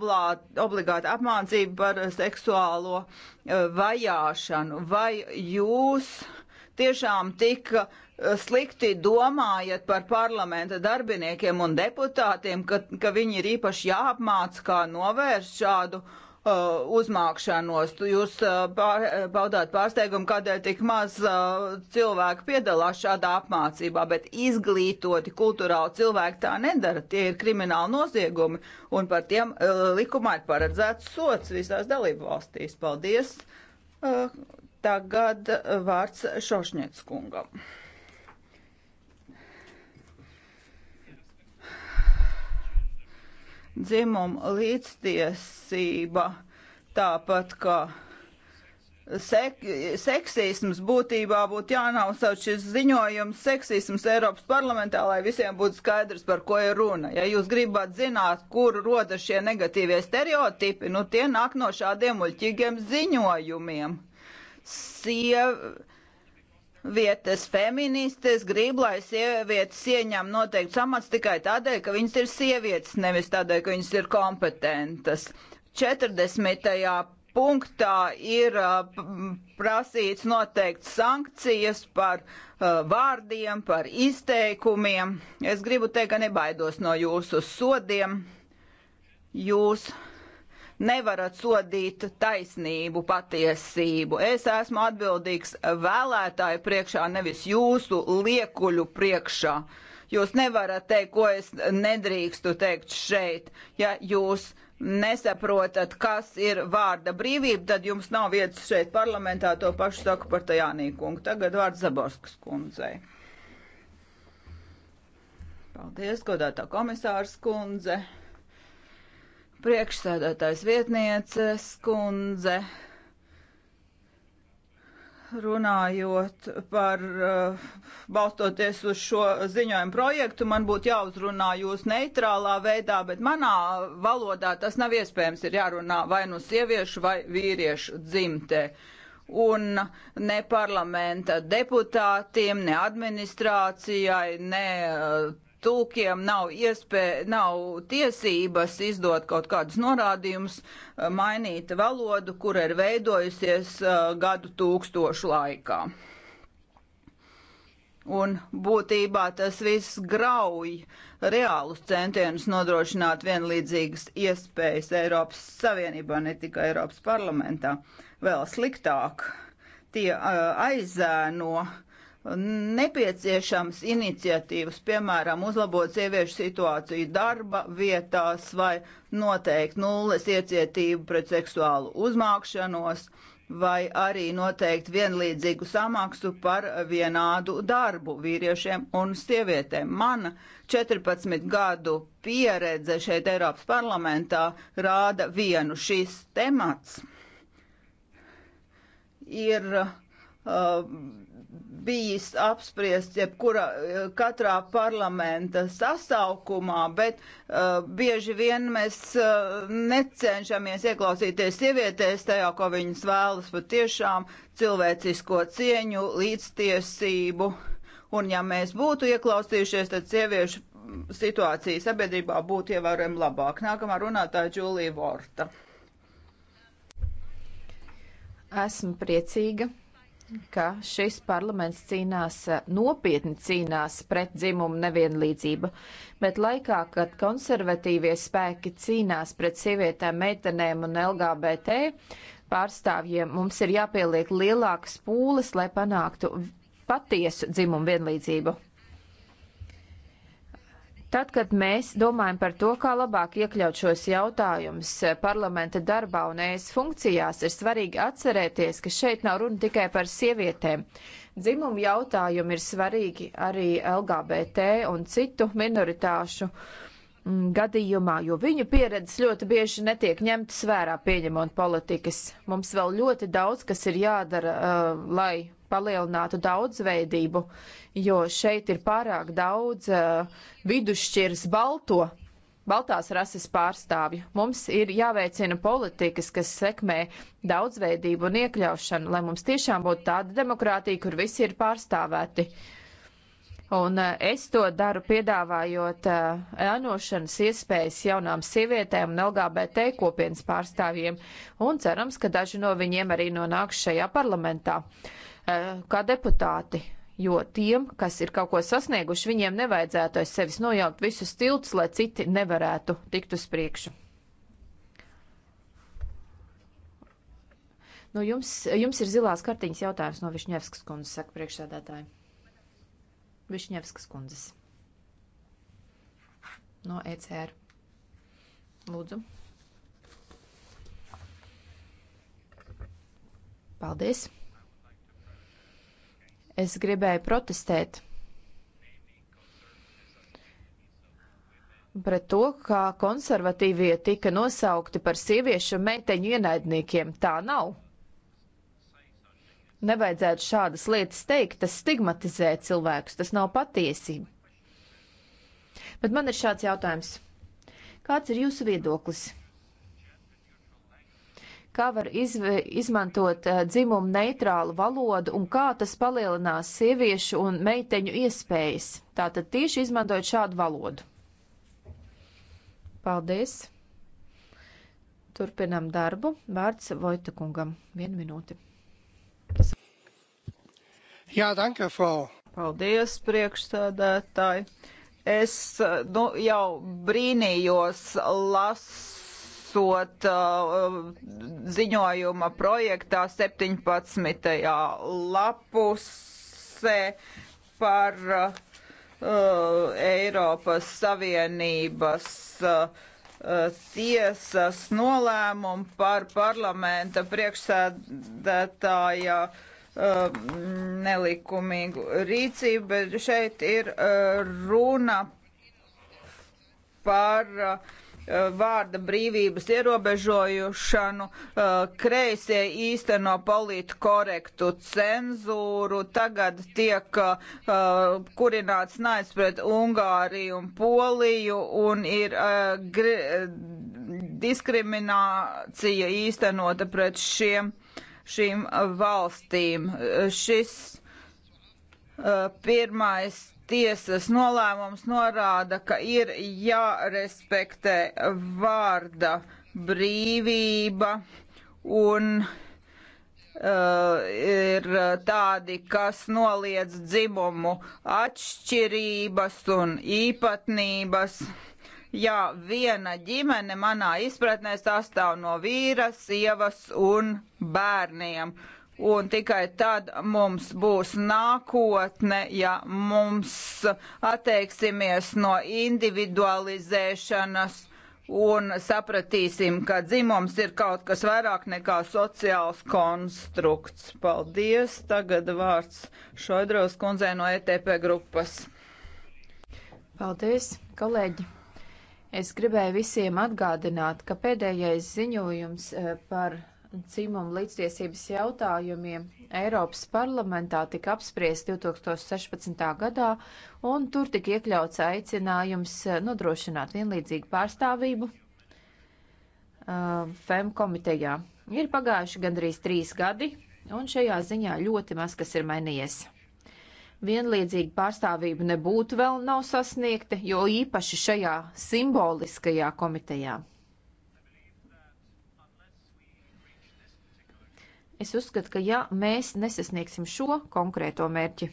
Speaker 7: obligāta apmācība par seksuālo uh, vajāšanu. Vai jūs tiešām tik uh, slikti domājat par parlamenta darbiniekiem un deputātiem, ka, ka viņi ir īpaši jāapmāca, kā novērst šādu Uh, uzmākšanos. Jūs pār, uh, baudāt pārsteigumu, kādēļ tik maz uh, cilvēku piedalās šādā apmācībā, bet izglītoti kulturāli cilvēki tā nedara. Tie ir krimināli noziegumi, un par tiem likumā ir paredzēts sots visās dalību valstīs. Paldies! Tagad vārds Šošņets kungam. dzimuma līdztiesība, tāpat kā Sek, seksisms būtībā būtu jānosauc šis ziņojums seksisms Eiropas parlamentā, lai visiem būtu skaidrs, par ko ir runa. Ja jūs gribat zināt, kur roda šie negatīvie stereotipi, nu tie nāk no šādiem muļķīgiem ziņojumiem. Siev, vietas feministes grib, lai sievietes ieņem noteikti samats tikai tādēļ, ka viņas ir sievietes, nevis tādēļ, ka viņas ir kompetentas. 40. punktā ir uh, prasīts noteikti sankcijas par uh, vārdiem, par izteikumiem. Es gribu teikt, ka nebaidos no jūsu sodiem. Jūs nevarat sodīt taisnību, patiesību. Es esmu atbildīgs vēlētāju priekšā, nevis jūsu liekuļu priekšā. Jūs nevarat teikt, ko es nedrīkstu teikt šeit. Ja jūs nesaprotat, kas ir vārda brīvība, tad jums nav vietas šeit parlamentā. To pašu saku par Tajānīkungu. Tagad vārds Zaborskas kundzei. Paldies, godātā komisārs kundze priekšsēdētājs vietnieces kundze runājot par, eh, balstoties uz šo ziņojumu projektu, man būtu jāuzrunā jūs neitrālā veidā, bet manā valodā tas nav iespējams, ir jārunā vai nu sieviešu vai vīriešu dzimtē. Un ne parlamenta deputātiem, ne administrācijai, ne eh, tūkiem nav, iespē, nav tiesības izdot kaut kādus norādījumus, eh, mainīt valodu, kura ir veidojusies eh, gadu tūkstošu laikā. Un būtībā tas viss grauj reālus centienus nodrošināt vienlīdzīgas iespējas Eiropas Savienībā, ne tikai Eiropas parlamentā. Vēl sliktāk, tie eh, aizēno no nepieciešams iniciatīvas, piemēram, uzlabot sieviešu situāciju darba vietās vai noteikt nulles iecietību pret seksuālu uzmākšanos vai arī noteikt vienlīdzīgu samaksu par vienādu darbu vīriešiem un sievietēm. Mana 14 gadu pieredze šeit Eiropas parlamentā rāda vienu šis temats. Ir uh, bijis apspriests jebkura katrā parlamenta sasaukumā, bet uh, bieži vien mēs uh, necenšamies ieklausīties sievietēs tajā, ko viņas vēlas, bet tiešām cilvēcisko cieņu, līdztiesību. Un ja mēs būtu ieklausījušies, tad sieviešu situācija sabiedrībā būtu ievērojami labāk. Nākamā runātāja Džulija Vorta.
Speaker 5: Esmu priecīga ka šis parlaments cīnās, nopietni cīnās pret dzimumu nevienlīdzību, bet laikā, kad konservatīvie spēki cīnās pret sievietēm, meitenēm un LGBT pārstāvjiem, mums ir jāpieliek lielākas pūles, lai panāktu patiesu dzimumu vienlīdzību. Tad, kad mēs domājam par to, kā labāk iekļaut šos jautājumus parlamenta darbā un ES funkcijās, ir svarīgi atcerēties, ka šeit nav runa tikai par sievietēm. Dzimumu jautājumi ir svarīgi arī LGBT un citu minoritāšu mm, gadījumā, jo viņu pieredzes ļoti bieži netiek ņemtas vērā pieņemot politikas. Mums vēl ļoti daudz, kas ir jādara, uh, lai palielinātu daudzveidību, jo šeit ir pārāk daudz uh, vidusšķiras balto, baltās rases pārstāvju. Mums ir jāveicina politikas, kas sekmē daudzveidību un iekļaušanu, lai mums tiešām būtu tāda demokrātija, kur visi ir pārstāvēti. Un uh, es to daru piedāvājot uh, ēnošanas iespējas jaunām sievietēm un LGBT kopienas pārstāvjiem, un cerams, ka daži no viņiem arī nonāks šajā parlamentā. Uh, Eh, kā deputāti, jo tiem, kas ir kaut ko sasnieguši, viņiem nevajadzētu aiz sevis nojaukt visus tiltus, lai citi nevarētu tikt uz priekšu. Nu, jums, jums ir zilās kartiņas jautājums no Višņevskas kundzes, saka priekšsādātāji. Višņevskas kundzes. No ECR. Lūdzu. Paldies. Es gribēju protestēt pret to, kā konservatīvie tika nosaukti par sieviešu un meiteņu ienaidniekiem. Tā nav. Nevajadzētu šādas lietas teikt, tas stigmatizē cilvēkus, tas nav patiesība. Bet man ir šāds jautājums. Kāds ir jūsu viedoklis? kā var izve, izmantot eh, dzimumu neitrālu valodu un kā tas palielinās sieviešu un meiteņu iespējas. Tātad tieši izmantojot šādu valodu. Paldies! Turpinam darbu. Vārds Vojtakungam. Vienu minūti.
Speaker 7: Jā, danke, Frau. Paldies, priekšsēdētāji. Es eh, nu, jau brīnījos las balsot uh, ziņojuma projektā 17. lapusē par uh, Eiropas Savienības uh, tiesas nolēmumu par parlamenta priekšsēdētāja uh, nelikumīgu rīcību, bet šeit ir uh, runa par uh, Eh, vārda brīvības ierobežojušanu, eh, kreisie īsteno politkorektu cenzūru, tagad tiek eh, kurināts naids pret Ungāriju un Poliju un ir diskriminācija īstenota pret šiem, šīm valstīm. Šis pirmais tiesas nolēmums norāda, ka ir jārespektē vārda brīvība un Uh, ir tādi, kas noliedz dzimumu atšķirības un īpatnības. Jā, viena ģimene manā izpratnē sastāv no vīra, sievas un bērniem. Uh, un tikai tad mums būs nākotne, ja mums atteiksimies no individualizēšanas un sapratīsim, ka dzimums ir kaut kas vairāk nekā sociāls konstrukts. Paldies! Tagad vārds Šoidros kundzē no ETP grupas.
Speaker 5: Paldies, kolēģi! Es gribēju visiem atgādināt, ka pēdējais ziņojums eh, par dzimumu līdztiesības jautājumiem Eiropas parlamentā tika apspriests 2016. gadā, un tur tika iekļauts aicinājums nodrošināt vienlīdzīgu pārstāvību uh, FEM komitejā. Ir pagājuši gandrīz trīs gadi, un šajā ziņā ļoti maz kas ir mainījies. Vienlīdzīga pārstāvība nebūtu vēl nav sasniegta, jo īpaši šajā simboliskajā komitejā. Es uzskatu, ka ja mēs nesasniegsim šo konkrēto mērķi,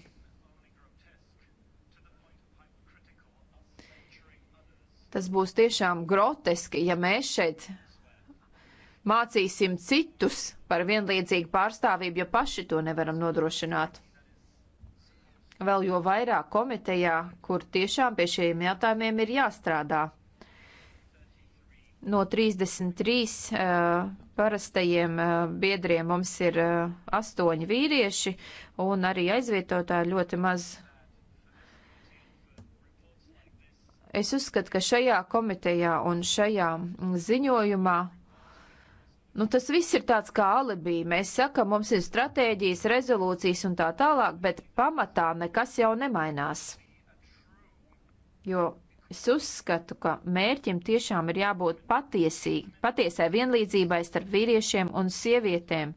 Speaker 5: tas būs tiešām groteski, ja mēs šeit mācīsim citus par vienlīdzīgu pārstāvību, ja paši to nevaram nodrošināt. Vēl jo vairāk komitejā, kur tiešām pie šiem jautājumiem ir jāstrādā. No 33 uh, parastajiem uh, biedriem mums ir uh, astoņi vīrieši un arī aizvietotāji ļoti maz. Es uzskatu, ka šajā komitejā un šajā ziņojumā Nu, tas viss ir tāds kā alibī. Mēs sakam, mums ir stratēģijas, rezolūcijas un tā tālāk, bet pamatā nekas jau nemainās. Jo Es uzskatu, ka mērķim tiešām ir jābūt patiesīgi, patiesai vienlīdzībai starp vīriešiem un sievietēm.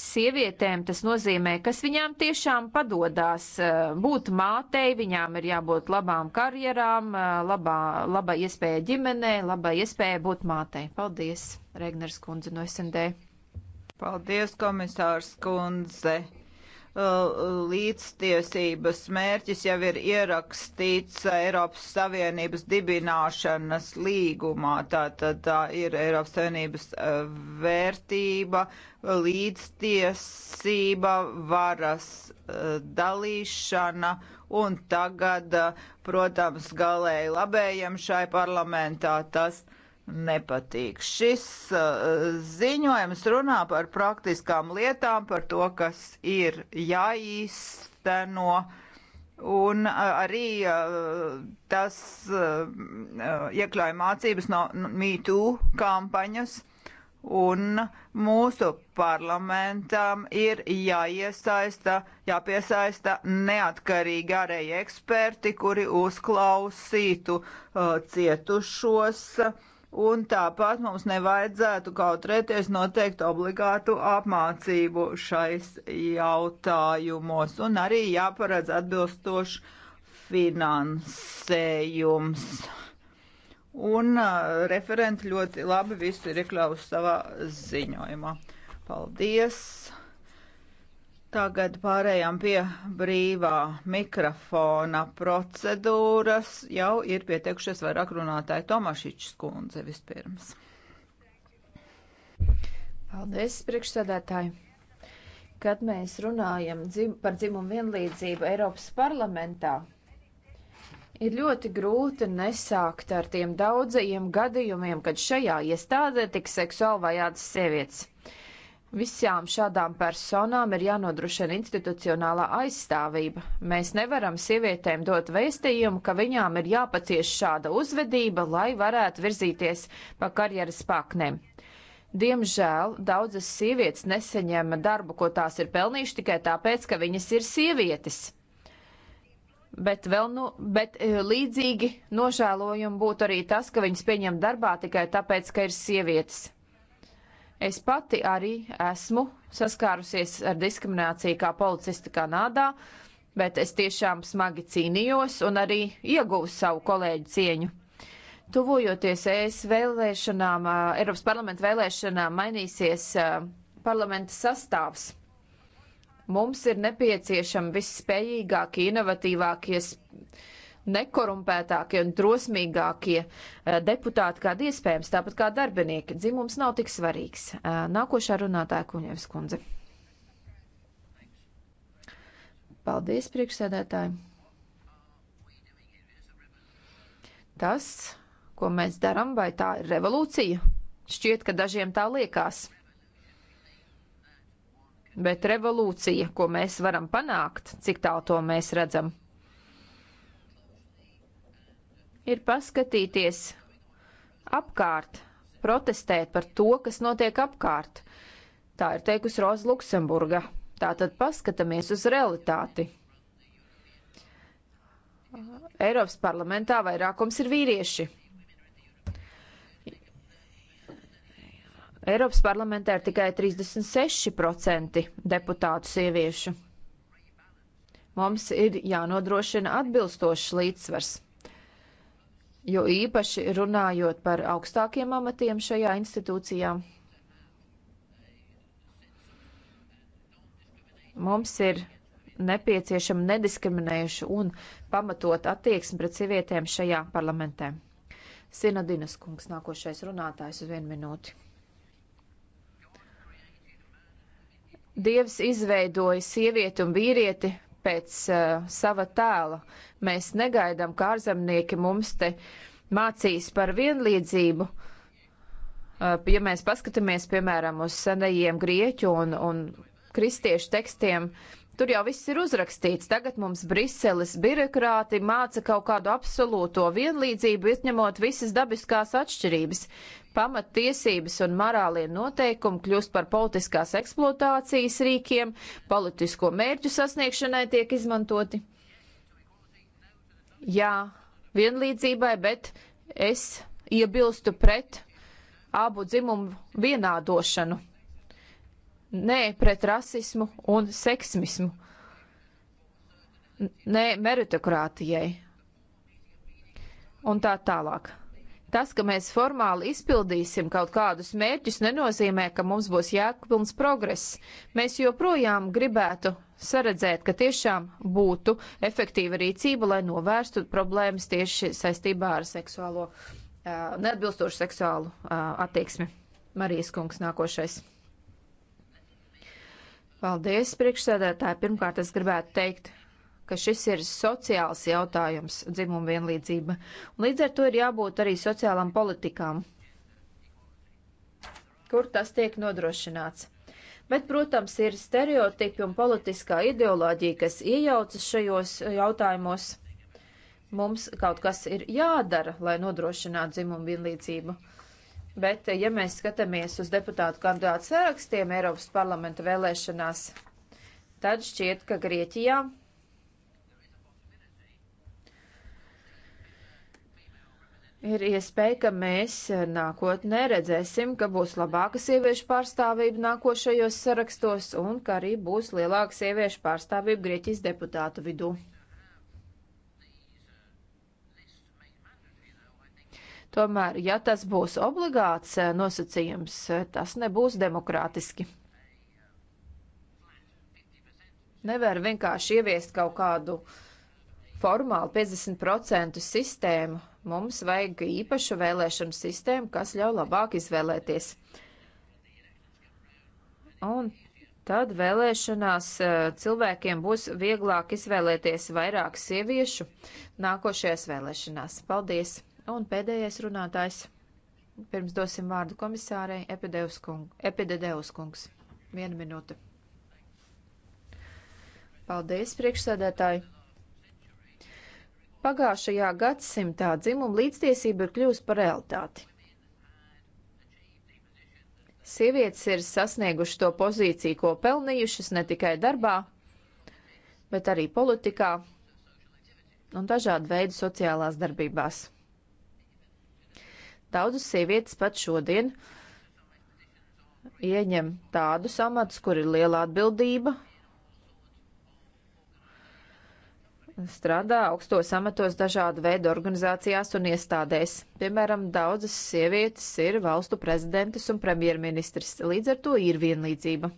Speaker 5: Sievietēm tas nozīmē, kas viņām tiešām padodās eh, būt mātei, viņām ir jābūt labām karjerām, eh, labā, laba iespēja ģimenē, laba iespēja būt mātei.
Speaker 7: Paldies, Regners kundze no SND. Paldies, komisārs kundze. Uh, līdztiesības mērķis jau ir ierakstīts Eiropas Savienības dibināšanas līgumā. Tā, tā, tā ir Eiropas Savienības uh, vērtība, līdztiesība, varas uh, dalīšana un tagad, protams, galēji labējam šai parlamentā tas nepatīk. Šis uh, ziņojums runā par praktiskām lietām, par to, kas ir jāīsteno. Un uh, arī uh, tas uh, uh iekļauj mācības no MeToo kampaņas, un mūsu parlamentam ir jāiesaista, jāpiesaista neatkarīgi ārēji eksperti, kuri uzklausītu uh, cietušos. Uh, Un tāpat mums nevajadzētu kautrēties noteikt obligātu apmācību šais jautājumos un arī jāparedz atbilstošs finansējums. Un uh, referenti ļoti labi visu ir iekļāvuši savā ziņojumā. Paldies! Tagad pārējām pie brīvā mikrofona procedūras. Jau ir pieteikušies vairāk runātāji Tomašičs kundze vispirms. Paldies, priekšsēdētāji! Kad
Speaker 5: mēs runājam dzim, par dzimumu vienlīdzību Eiropas parlamentā, ir ļoti grūti nesākt ar tiem daudzajiem gadījumiem, kad šajā iestādē tik seksuāli vajādas sievietes. Visām šādām personām ir jānodrošina institucionālā aizstāvība. Mēs nevaram sievietēm dot vēstījumu, ka viņām ir jāpacieš šāda uzvedība, lai varētu virzīties pa karjeras paknēm. Diemžēl daudzas sievietes neseņem darbu, ko tās ir pelnījuši tikai tāpēc, ka viņas ir sievietes. Bet, nu, bet e, līdzīgi nožēlojumi būtu arī tas, ka viņas pieņem darbā tikai tāpēc, ka ir sievietes. Es pati arī esmu saskārusies ar diskrimināciju kā policista Kanādā, bet es tiešām smagi cīnījos un arī ieguvu savu kolēģu cieņu. Tuvojoties ES vēlēšanām, Eiropas parlamenta vēlēšanām, mainīsies parlamenta sastāvs. Mums ir nepieciešami visspējīgākie, inovatīvākie nekorumpētākie un drosmīgākie eh, deputāti, kādi iespējams, tāpat kā darbinieki. Dzimums nav tik svarīgs. Eh, nākošā runātāja Kuņevs kundze. Paldies, priekšsēdētāji. Tas, ko mēs darām, vai tā ir revolūcija? Šķiet, ka dažiem tā liekas. Bet revolūcija, ko mēs varam panākt, cik tālu to mēs redzam, ir paskatīties apkārt, protestēt par to, kas notiek apkārt. Tā ir teikusi Roza Luksemburga. Tātad paskatamies uz realitāti. Eiropas parlamentā vairākums ir vīrieši. Eiropas parlamentā ir tikai 36% deputātu sieviešu. Mums ir jānodrošina atbilstošs līdzsvars jo īpaši runājot par augstākiem amatiem šajā institūcijā. Mums ir nepieciešama nediskriminējuša un pamatot attieksme pret sievietēm šajā parlamentē. Sinadinas kungs, nākošais runātājs uz vienu minūti. Dievs izveidoja sievieti un vīrieti, pēc uh, sava tēla. Mēs negaidām, ka ārzemnieki mums te mācīs par vienlīdzību. Uh, ja mēs paskatāmies, piemēram, uz senajiem grieķu un, un kristiešu tekstiem, Tur jau viss ir uzrakstīts. Tagad mums Briseles birokrāti māca kaut kādu absolūto vienlīdzību, izņemot visas dabiskās atšķirības. Pamattiesības un morālie noteikumi kļūst par politiskās eksploatācijas rīkiem, politisko mērķu sasniegšanai tiek izmantoti. Jā, vienlīdzībai, bet es iebilstu pret abu dzimumu vienādošanu. Nē, pret rasismu un seksismu. Nē, meritokrātijai. Un tā tālāk. Tas, ka mēs formāli izpildīsim kaut kādus mērķus, nenozīmē, ka mums būs jēgpilns progress. Mēs joprojām gribētu saredzēt, ka tiešām būtu efektīva rīcība, lai novērstu problēmas tieši saistībā ar seksuālo, neatbilstošu seksuālu attieksmi. Marijas kungs nākošais. Paldies, priekšsēdētāji. Pirmkārt, es gribētu teikt ka šis ir sociāls jautājums - dzimuma vienlīdzība. Un līdz ar to ir jābūt arī sociālām politikām, kur tas tiek nodrošināts. Bet, protams, ir stereotipi un politiskā ideoloģija, kas iejaucas šajos jautājumos. Mums kaut kas ir jādara, lai nodrošinātu dzimumu vienlīdzību. Bet, ja mēs skatāmies uz deputātu kandidātu sarakstiem Eiropas parlamenta vēlēšanās, tad šķiet, ka Grieķijā Ir iespēja, ka mēs nākotnē redzēsim, ka būs labāka sieviešu pārstāvība nākošajos sarakstos un ka arī būs lielāka sieviešu pārstāvība Grieķijas deputātu vidū. Tomēr, ja tas būs obligāts nosacījums, tas nebūs demokrātiski. Nevar vienkārši ieviest kaut kādu formālu 50% sistēmu Mums vajag īpašu vēlēšanu sistēmu, kas ļauj labāk izvēlēties. Un tad vēlēšanās eh, cilvēkiem būs vieglāk izvēlēties vairāk sieviešu nākošajās vēlēšanās. Paldies! Un pēdējais runātājs. Pirms dosim vārdu komisārei Epidedeus kungs. Viena minūte. Paldies, priekšsēdētāji! Pagājušajā gadsimtā dzimuma līdztiesība ir kļuvusi par realitāti. Sievietes ir sasniegušas to pozīciju, ko pelnījušas ne tikai darbā, bet arī politikā un dažādu veidu sociālās darbībās. Daudzas sievietes pat šodien ieņem tādus amatus, kur ir liela atbildība, strādā augstos amatos dažādu veidu organizācijās un iestādēs. Piemēram, daudzas sievietes ir valstu prezidentas un premjerministrs, līdz ar to ir vienlīdzība.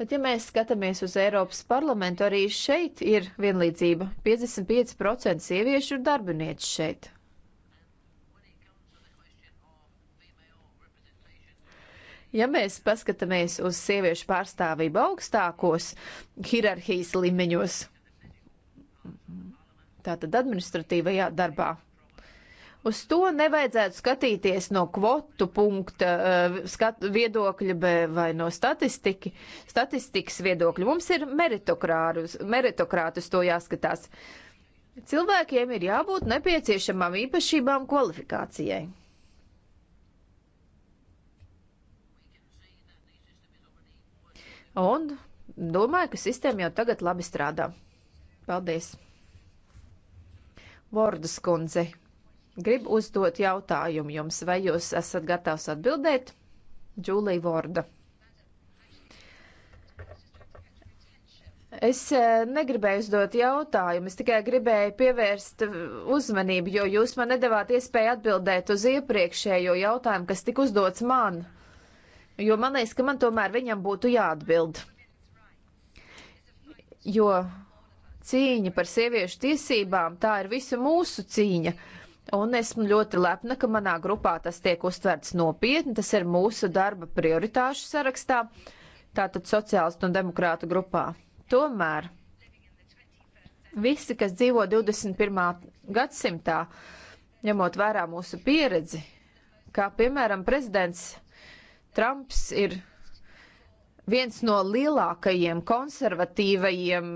Speaker 5: Bet, ja mēs skatāmies uz Eiropas parlamentu, arī šeit ir vienlīdzība. 55% sieviešu ir darbinieci šeit. Ja mēs paskatāmies uz sieviešu pārstāvību augstākos hierarhijas līmeņos, tātad administratīvajā darbā. Uz to nevajadzētu skatīties no kvotu punkta eh, skat, viedokļa vai no statistiki, statistikas viedokļa. Mums ir meritokrātus to jāskatās. Cilvēkiem ir jābūt nepieciešamām īpašībām kvalifikācijai. Un domāju, ka sistēma jau tagad labi strādā. Paldies! Vordas kundze, gribu uzdot jautājumu jums, vai jūs esat gatavs atbildēt? Džūlija Vorda. Es eh, negribēju uzdot jautājumu, es tikai gribēju pievērst uzmanību, jo jūs man nedavāt iespēju atbildēt uz iepriekšējo jautājumu, kas tika uzdots man. Jo man liekas, ka man tomēr viņam būtu jāatbild. Jo cīņa par sieviešu tiesībām, tā ir visa mūsu cīņa. Un esmu ļoti lepna, ka manā grupā tas tiek uztverts nopietni, tas ir mūsu darba prioritāšu sarakstā, tātad sociālistu un demokrātu grupā. Tomēr visi, kas dzīvo 21. gadsimtā, ņemot vērā mūsu pieredzi, kā piemēram prezidents Trumps ir viens no lielākajiem konservatīvajiem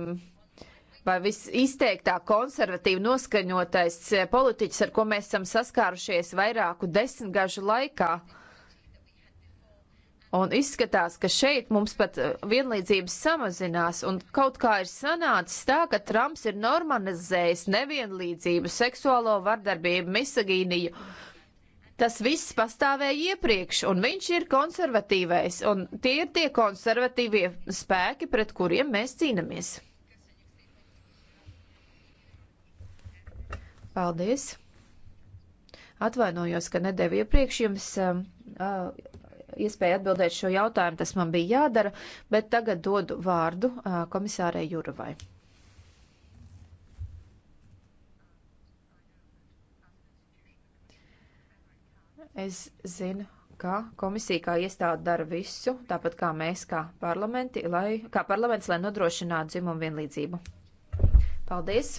Speaker 5: vai visizteiktāk konservatīvi noskaņotais eh, politiķis, ar ko mēs esam saskārušies vairāku desmitgažu laikā. Un izskatās, ka šeit mums pat eh, vienlīdzības samazinās, un kaut kā ir sanācis tā, ka Trumps ir normalizējis nevienlīdzību, seksuālo vardarbību, misagīniju. Tas viss pastāvēja iepriekš, un viņš ir konservatīvais, un tie ir tie konservatīvie spēki, pret kuriem mēs cīnāmies. Paldies! Atvainojos, ka nedēļu iepriekš jums uh, iespēja atbildēt šo jautājumu, tas man bija jādara, bet tagad dodu vārdu uh, komisārai Juravai. Es zinu, ka komisija kā iestāde dara visu, tāpat kā mēs kā, parlamenti, lai, kā parlaments, lai nodrošinātu dzimumu vienlīdzību. Paldies!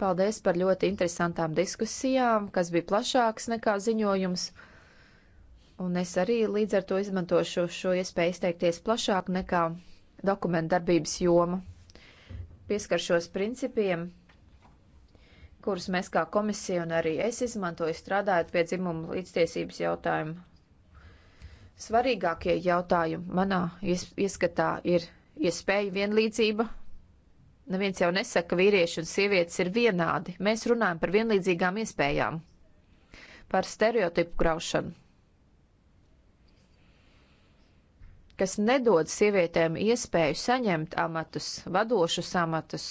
Speaker 5: Paldies par ļoti interesantām diskusijām, kas bija plašāks nekā ziņojums. Un es arī līdz ar to izmantošu šo iespēju izteikties plašāk nekā dokumentu darbības joma. Pieskaršos principiem, kurus mēs kā komisija un arī es izmantoju strādājot pie dzimumu līdztiesības jautājumu. Svarīgākie jautājumi manā ieskatā ir iespēja vienlīdzība Neviens jau nesaka, ka vīrieši un sievietes ir vienādi. Mēs runājam par vienlīdzīgām iespējām, par stereotipu graušanu, kas nedod sievietēm iespēju saņemt amatus, vadošus amatus.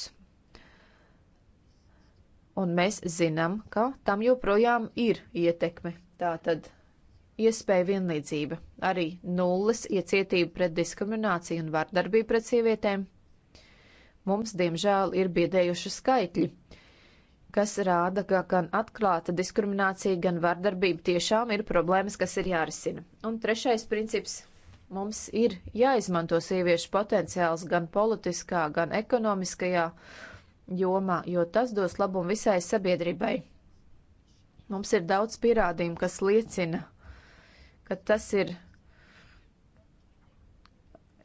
Speaker 5: Un mēs zinām, ka tam joprojām ir ietekme. Tā tad iespēja vienlīdzība, arī nulles iecietība pret diskrimināciju un vardarbību pret sievietēm Mums, diemžēl, ir biedējuši skaitļi, kas rāda, ka gan atklāta diskriminācija, gan vardarbība tiešām ir problēmas, kas ir jārisina. Un trešais princips - mums ir jāizmanto sieviešu potenciāls gan politiskā, gan ekonomiskajā jomā, jo tas dos labumu visai sabiedrībai. Mums ir daudz pierādījumu, kas liecina, ka tas ir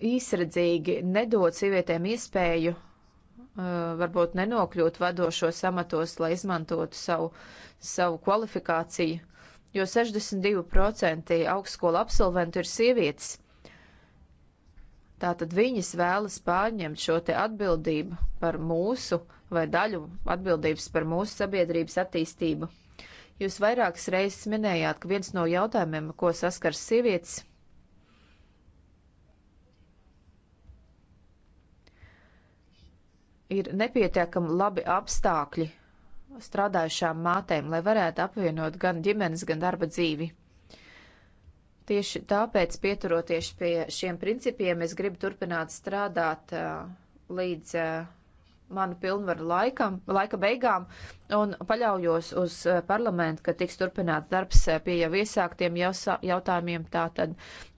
Speaker 5: īsredzīgi nedod sievietēm iespēju uh, varbūt nenokļūt vadošos amatos, lai izmantotu savu, savu kvalifikāciju, jo 62% augstskola absolventu ir sievietes. Tātad viņas vēlas pārņemt šo te atbildību par mūsu vai daļu atbildības par mūsu sabiedrības attīstību. Jūs vairākas reizes minējāt, ka viens no jautājumiem, ko saskars sievietes, ir nepietiekami labi apstākļi strādājušām mātēm, lai varētu apvienot gan ģimenes, gan darba dzīvi. Tieši tāpēc, pieturoties pie šiem principiem, es gribu turpināt strādāt uh, līdz uh, manu pilnvaru laikam, laika beigām un paļaujos uz eh, parlamentu, ka tiks turpināts darbs eh, pie jau iesāktiem jautājumiem, tātad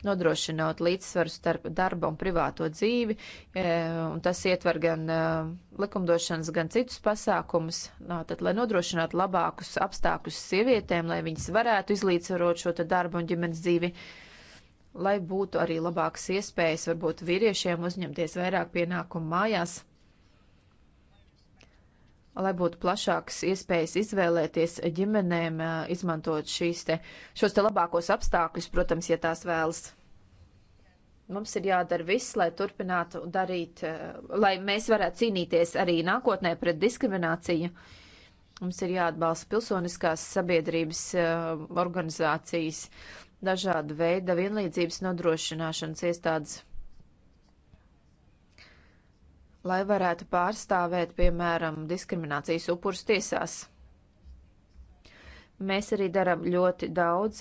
Speaker 5: nodrošinot līdzsvaru starp darba un privāto dzīvi, eh, un tas ietver gan likumdošanas, gan citus pasākumus, tātad, lai nodrošinātu labākus apstākļus sievietēm, lai viņas varētu izlīdzvarot šo darbu un ģimenes dzīvi lai būtu arī labākas iespējas varbūt vīriešiem uzņemties vairāk pienākumu mājās lai būtu plašāks iespējas izvēlēties ģimenēm, izmantot šīs te, šos te labākos apstākļus, protams, ja tās vēlas. Mums ir jādara viss, lai turpinātu darīt, lai mēs varētu cīnīties arī nākotnē pret diskrimināciju. Mums ir jāatbalsta pilsoniskās sabiedrības organizācijas, dažāda veida vienlīdzības nodrošināšanas iestādes lai varētu pārstāvēt, piemēram, diskriminācijas upurus tiesās. Mēs arī darām ļoti daudz,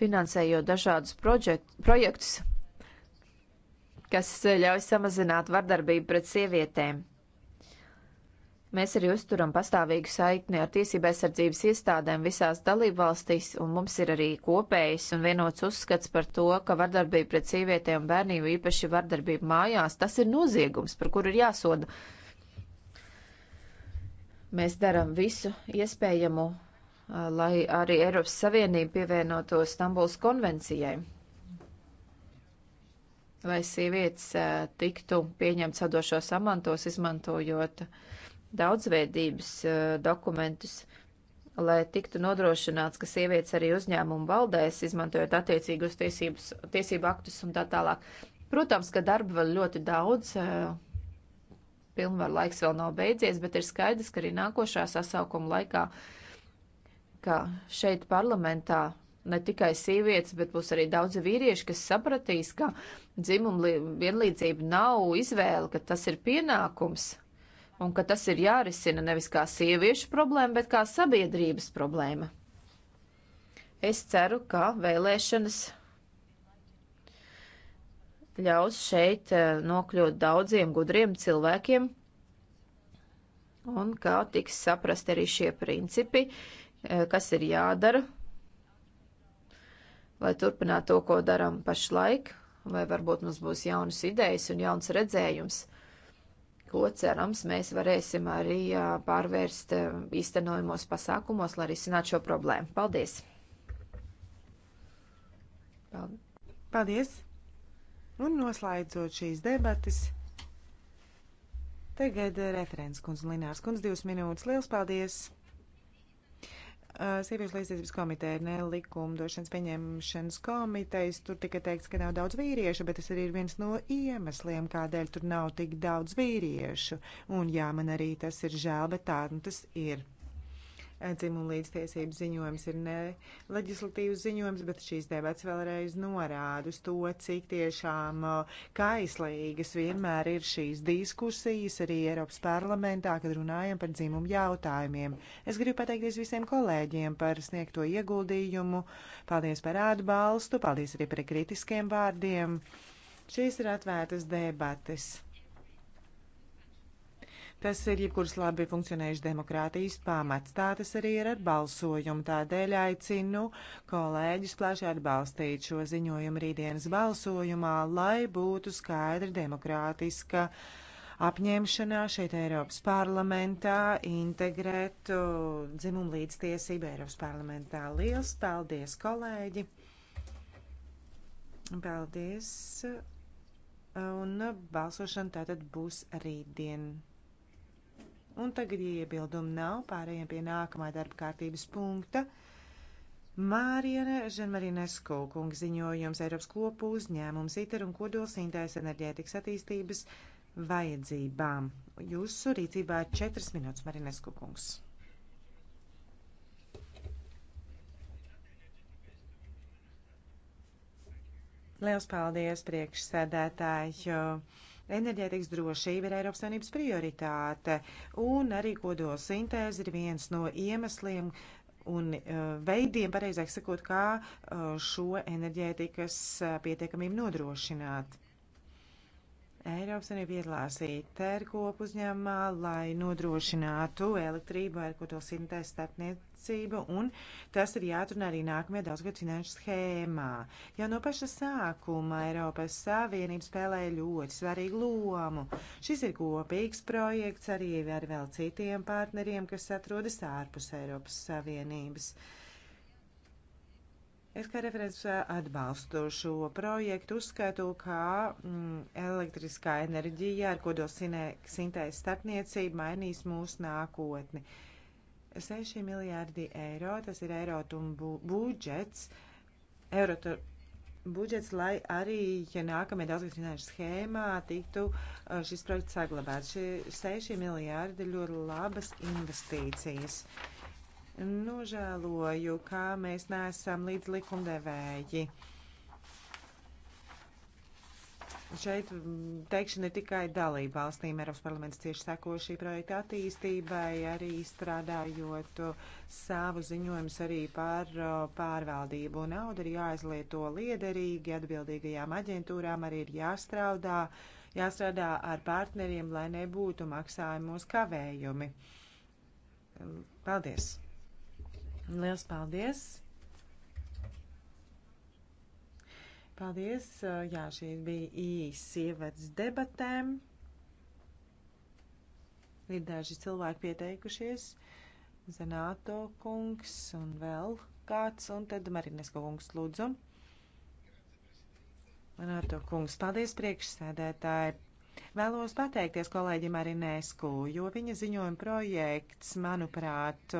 Speaker 5: finansējot dažādus prožekt, projektus, kas ļauj samazināt vardarbību pret sievietēm. Mēs arī uzturam pastāvīgu saikni ar tiesībai sardzības iestādēm visās dalību valstīs, un mums ir arī kopējs un vienots uzskats par to, ka vardarbība pret sievietēm un bērniem, īpaši vardarbība mājās, tas ir noziegums, par kuru ir jāsoda. Mēs darām visu iespējamo, lai arī Eiropas Savienība pievienoto Stambuls konvencijai lai sievietes tiktu pieņemts sadošos amantos, izmantojot uh, daudzveidības eh, dokumentus, lai tiktu nodrošināts, ka sievietes arī uzņēmumu valdēs, izmantojot attiecīgus tiesības, tiesību aktus un tā tālāk. Protams, ka darba vēl ļoti daudz, eh, pilnvaru laiks vēl nav beidzies, bet ir skaidrs, ka arī nākošā sasaukuma laikā, ka šeit parlamentā ne tikai sievietes, bet būs arī daudzi vīrieši, kas sapratīs, ka dzimuma vienlīdzība nav izvēle, ka tas ir pienākums un ka tas ir jārisina nevis kā sieviešu problēma, bet kā sabiedrības problēma. Es ceru, ka vēlēšanas ļaus šeit eh, nokļūt daudziem gudriem cilvēkiem, un kā tiks saprast arī šie principi, eh, kas ir jādara, lai turpinātu to, ko darām pašlaik, vai varbūt mums būs jaunas idejas un jauns redzējums ko cerams mēs varēsim arī pārvērst īstenojumos pasākumos, lai risinātu šo problēmu. Paldies!
Speaker 6: Paldies! Un noslēdzot šīs debatas, tagad referents kundze Linārs kundze divas minūtes. Liels paldies! Eh, Sieviešu līdztiesības komiteja ir nelikumdošanas pieņemšanas komitejas. Tur tika teikts, ka nav daudz vīriešu, bet tas arī ir viens no iemesliem, kādēļ tur nav tik daudz vīriešu. Un jā, man arī tas ir žēl, bet tā nu tas ir. Dzimuma līdztiesības ziņojums ir ne leģislatīvs ziņojums, bet šīs debats vēlreiz norāda uz to, cik tiešām uh, kaislīgas vienmēr ir šīs diskusijas arī Eiropas parlamentā, kad runājam par dzimumu jautājumiem. Es gribu pateikties visiem kolēģiem par sniegto ieguldījumu. Paldies par atbalstu, paldies arī par kritiskiem vārdiem. Šīs ir atvērtas debates. Tas ir jebkuras labi funkcionējušas demokrātijas pamats. Tā tas arī ir ar balsojumu. Tādēļ aicinu kolēģus plaši atbalstīt šo ziņojumu rītdienas balsojumā, lai būtu skaidra demokrātiska apņemšanās šeit Eiropas parlamentā integrēt dzimumu līdztiesību Eiropas parlamentā. Liels paldies, kolēģi! Paldies! Un balsošana tātad būs rītdien. Un tagad, ja iebildumu nav, pārējiem pie nākamā darba kārtības punkta. Mārija Žanmarinesku kungs ziņojums Eiropas kopu uzņēmums ITER un kodolsintēs enerģētikas attīstības vajadzībām. Jūsu rīcībā ir četras minūtes, Marinesku kungs. Liels paldies, priekšsēdētāji! Enerģētikas drošība ir Eiropas Savienības prioritāte, un arī kodola sintēze ir viens no iemesliem un uh, veidiem, pareizāk sakot, kā uh, šo enerģētikas uh, pietiekamību nodrošināt. Eiropas Savienība ieslāsīt tērkopu uzņēmumā, lai nodrošinātu elektrību, ar ko to sintēs starpniecību, un tas ir jāatrunā arī nākamajā daudzgad finanšu schēmā. Jau no paša sākuma Eiropas Savienība spēlēja ļoti svarīgu lomu. Šis ir kopīgs projekts arī ar vēl citiem partneriem, kas atrodas ārpus Eiropas Savienības. Uh, Es kā referents atbalstu šo projektu, uzskatu, ka mm, elektriskā enerģija ar kodolsintēzes starpniecību mainīs mūsu nākotni. 6 miljārdi eiro, tas ir Eirotum bu budžets, Eurotu budžets, lai arī ja nākamajā daudzgad finanšu schēmā tiktu uh, šis projekts saglabāts. Šie 6 miljārdi ļoti labas investīcijas. Uh, Nožēloju, kā mēs neesam līdz likumdevēji. Šeit mm, teikšana ir tikai dalība valstīm. Eiropas parlaments cieši seko šī projekta attīstībai, arī strādājot savu ziņojumus arī par pārvaldību. Nauda ir jāizlieto liederīgi, atbildīgajām aģentūrām arī ir jāstrādā, jāstrādā ar partneriem, lai nebūtu maksājumos kavējumi. Paldies! Liels paldies! Paldies! Uh, jā, šī bija īsi ievads debatēm. Ir daži cilvēki pieteikušies. Zanāto kungs un vēl kāds, un tad Marinesko kungs lūdzu. Zanāto kungs, paldies priekšsēdētāji. Vēlos pateikties kolēģim arī Nesku, jo viņa ziņojuma projekts, manuprāt,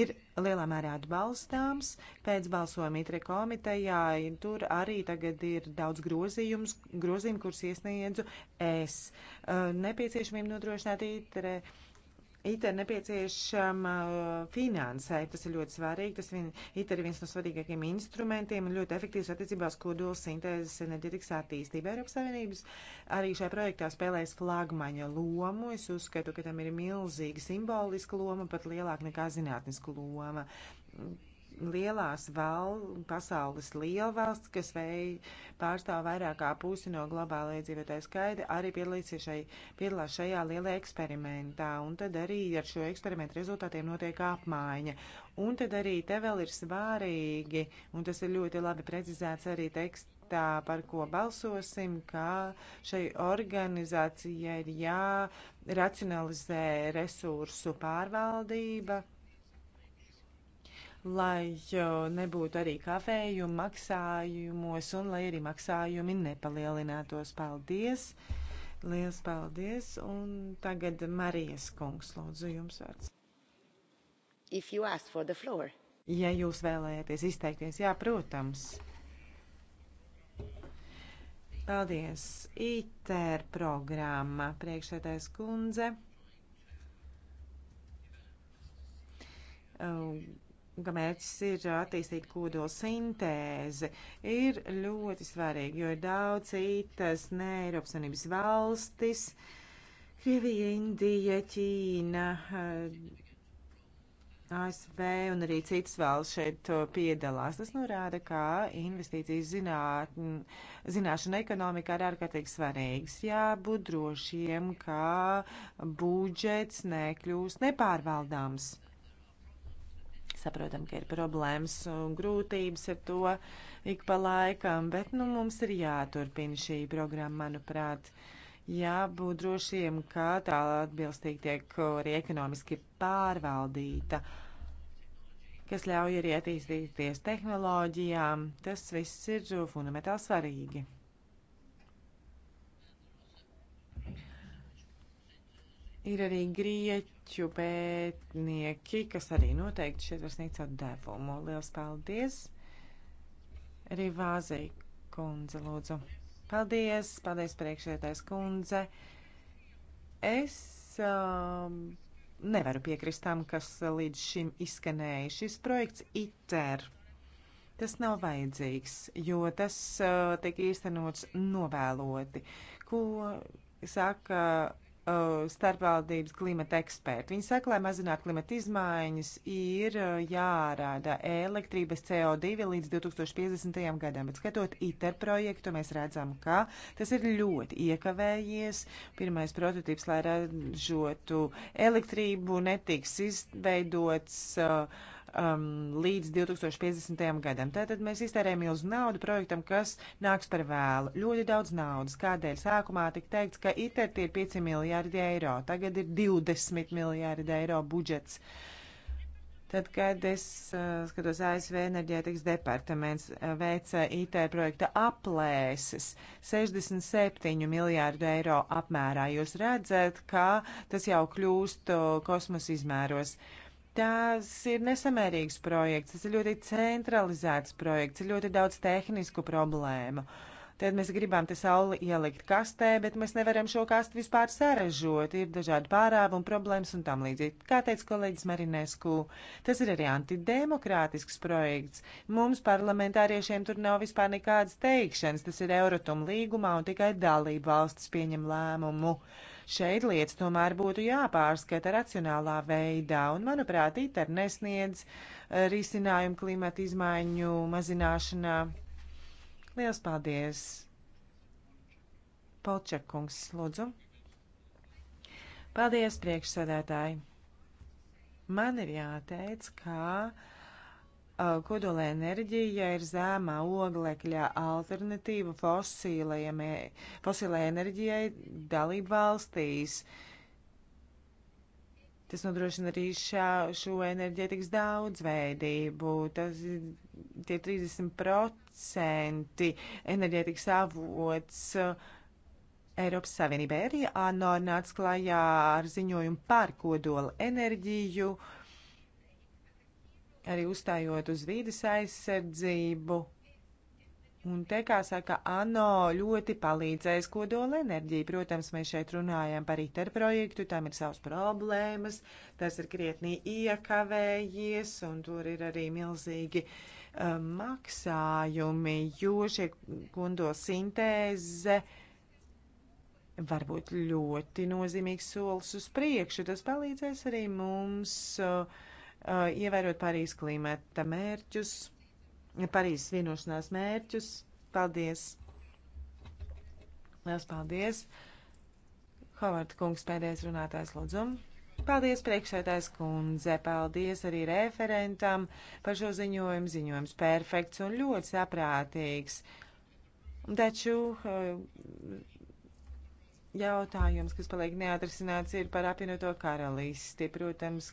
Speaker 6: ir lielā mērā atbalstāms. Pēc balsojuma itre komitejā tur arī tagad ir daudz grozījums, grozījumi, kurus iesniedzu es. Nepieciešamību nodrošināt itre IT ir nepieciešama uh, finansēja, tas ir ļoti svarīgi, tas vien, IT ir viens no svarīgākajiem instrumentiem un ļoti efektīvs attiecībās kodola sintēzes enerģetikas attīstība. Eiropas Savienības arī šajā projektā spēlēs flagmaņa lomu. Es uzskatu, ka tam ir milzīga simboliska loma, pat lielāka nekā zinātniska loma lielās val, pasaules lielvalsts, kas vei pārstāv vairāk kā pusi no globāla iedzīvotāju skaida, arī piedalīsies šai, piedalās šajā lielajā eksperimentā. Un tad arī ar šo eksperimentu rezultātiem notiek apmaiņa. Un tad arī te vēl ir svārīgi, un tas ir ļoti labi precizēts arī tekstā tā, par ko balsosim, ka šai organizācijai ir jāracionalizē resursu pārvaldība, lai nebūtu arī kavējumu maksājumos un lai arī maksājumi nepalielinātos. Paldies! Liels paldies! Un tagad Marijas kungs, lūdzu, jums vārds.
Speaker 2: If you asked for the floor.
Speaker 6: Ja jūs vēlējāties izteikties, jā, protams. Paldies! ITER programma, priekšsēdājas kundze. Uh, ka mērķis ir attīstīt kodola sintēzi, ir ļoti svarīgi, jo ir daudz citas ne Eiropas Unības valstis, Krievija, Indija, Ķīna, eh, ASV un arī citas valsts šeit eh, piedalās. Tas norāda, ka investīcijas zināt, zināšana ekonomikā ir ārkārtīgi svarīgas. Jābūt drošiem, ka budžets nekļūst nepārvaldāms Saprotam, ka ir problēmas un grūtības ar to ik pa laikam, bet nu, mums ir jāturpina šī programma, manuprāt. Jābūt drošiem, ka tā atbilstīgi tiek arī ekonomiski pārvaldīta, kas ļauj arī attīstīties tehnoloģijām. Tas viss ir fundamentāli svarīgi. Ir arī grieķi mērķu pētnieki, kas arī noteikti šeit var sniegt savu devumu. Lielas paldies! Rivāzei kundze, lūdzu. Paldies, paldies priekšētais kundze. Es um, nevaru piekrist tam, kas līdz šim izskanēja. Šis projekts ITER. Tas nav vajadzīgs, jo tas uh, tiek īstenots novēloti. Ko saka Uh, starpvaldības klimata eksperti. Viņi saka, lai mazinātu klimata izmaiņas, ir uh, jārāda elektrības CO2 līdz 2050. gadam. Bet skatot ITER projektu, mēs redzam, ka tas ir ļoti iekavējies. Pirmais prototips, lai ražotu elektrību, netiks izveidots. Uh, um, līdz 2050. gadam. Tātad mēs iztērējam milzu naudu projektam, kas nāks par vēlu. Ļoti daudz naudas. Kādēļ sākumā tika teikts, ka ITER tie ir 5 miljārdi eiro, tagad ir 20 miljārdi eiro budžets. Tad, kad es uh, skatos ASV enerģētikas departaments uh, veica uh, IT projekta aplēses 67 miljārdu eiro apmērā, jūs redzat, ka tas jau kļūst uh, kosmosa izmēros. Uh, Tās ir nesamērīgs projekts, tas ir ļoti centralizēts projekts, ir ļoti daudz tehnisku problēmu. Tad mēs gribam te sauli ielikt kastē, bet mēs nevaram šo kastu vispār sarežot. Ir dažādi pārāvumi, problēmas un tam līdzīgi. Kā teica kolēģis Marinesku, tas ir arī antidemokrātisks projekts. Mums parlamentāriešiem tur nav vispār nekādas teikšanas. Tas ir Euratom līgumā un tikai dalība valstis pieņem lēmumu. Uh, Šeit lietas tomēr būtu jāpārskata racionālā veidā, un, manuprāt, ITER nesniedz eh, risinājumu klimata izmaiņu mazināšanā. Lielas paldies! Polčakungs, lūdzu. Paldies, priekšsēdētāji! Man ir jāteic, ka. Kā Uh, Kodolē enerģija ir zemā oglekļa alternatīva fosilē e, enerģijai dalību valstīs. Tas nodrošina arī šā, šo enerģētikas daudzveidību. Tas ir tie 30% enerģētikas avots uh, Eiropas Savienībai. Arī ANO nāca klajā ar ziņojumu par kodola enerģiju. Uh, arī uzstājot uz vīdes aizsardzību. Un te, kā saka, ANO ļoti palīdzēs kodola enerģija. Protams, mēs šeit runājam par ITER projektu, tam ir savas problēmas, tas ir krietnī iekavējies, un tur ir arī milzīgi uh, maksājumi, jo šie kodola sintēze var būt ļoti nozīmīgs solis uz priekšu. Tas palīdzēs arī mums. Uh, Uh, ievērot Parīzes klimata mērķus, Parīzes vienošanās mērķus. Paldies! Lielas paldies! Havarda kungs pēdējais runātājs lūdzum. Paldies priekšsētājs kundze, paldies arī referentam par šo ziņojumu. Ziņojums perfekts un ļoti saprātīgs. Taču uh, jautājums, kas paliek neatrisināts, ir par apvienoto karalisti. Protams,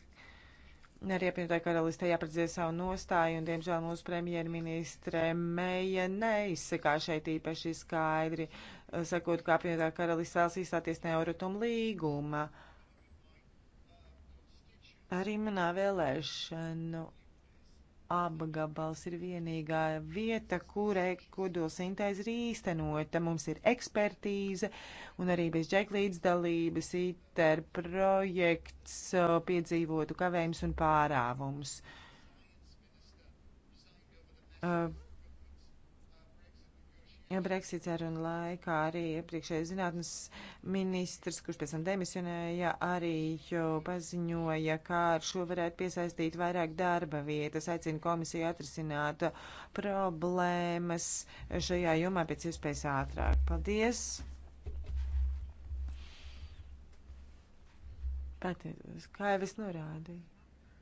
Speaker 6: Arī apvienotāja karaliste jāpredzē savu nostāju, un, diemžēl, mūsu premjerministre Meija neizsakā šeit īpaši skaidri, eh, sakot, ka apvienotāja karaliste vēlas izstāties no Eurotuma līguma. Arī manā vēlēšanu apgabals ir vienīgā vieta, kur e- kodolsintēze ir īstenota. Mums ir ekspertīze un arī bez džeklīdz dalības ITER projekts piedzīvotu kavējums un pārāvums. Uh, Brexit sarunu laikā arī iepriekšējais zinātnes ministrs, kurš pēc tam demisionēja, arī paziņoja, kā ar šo varētu piesaistīt vairāk darba vietas, aicina komisiju atrisināt problēmas šajā jomā pēc iespējas ātrāk. Paldies! Patīk, kā jau es norādīju.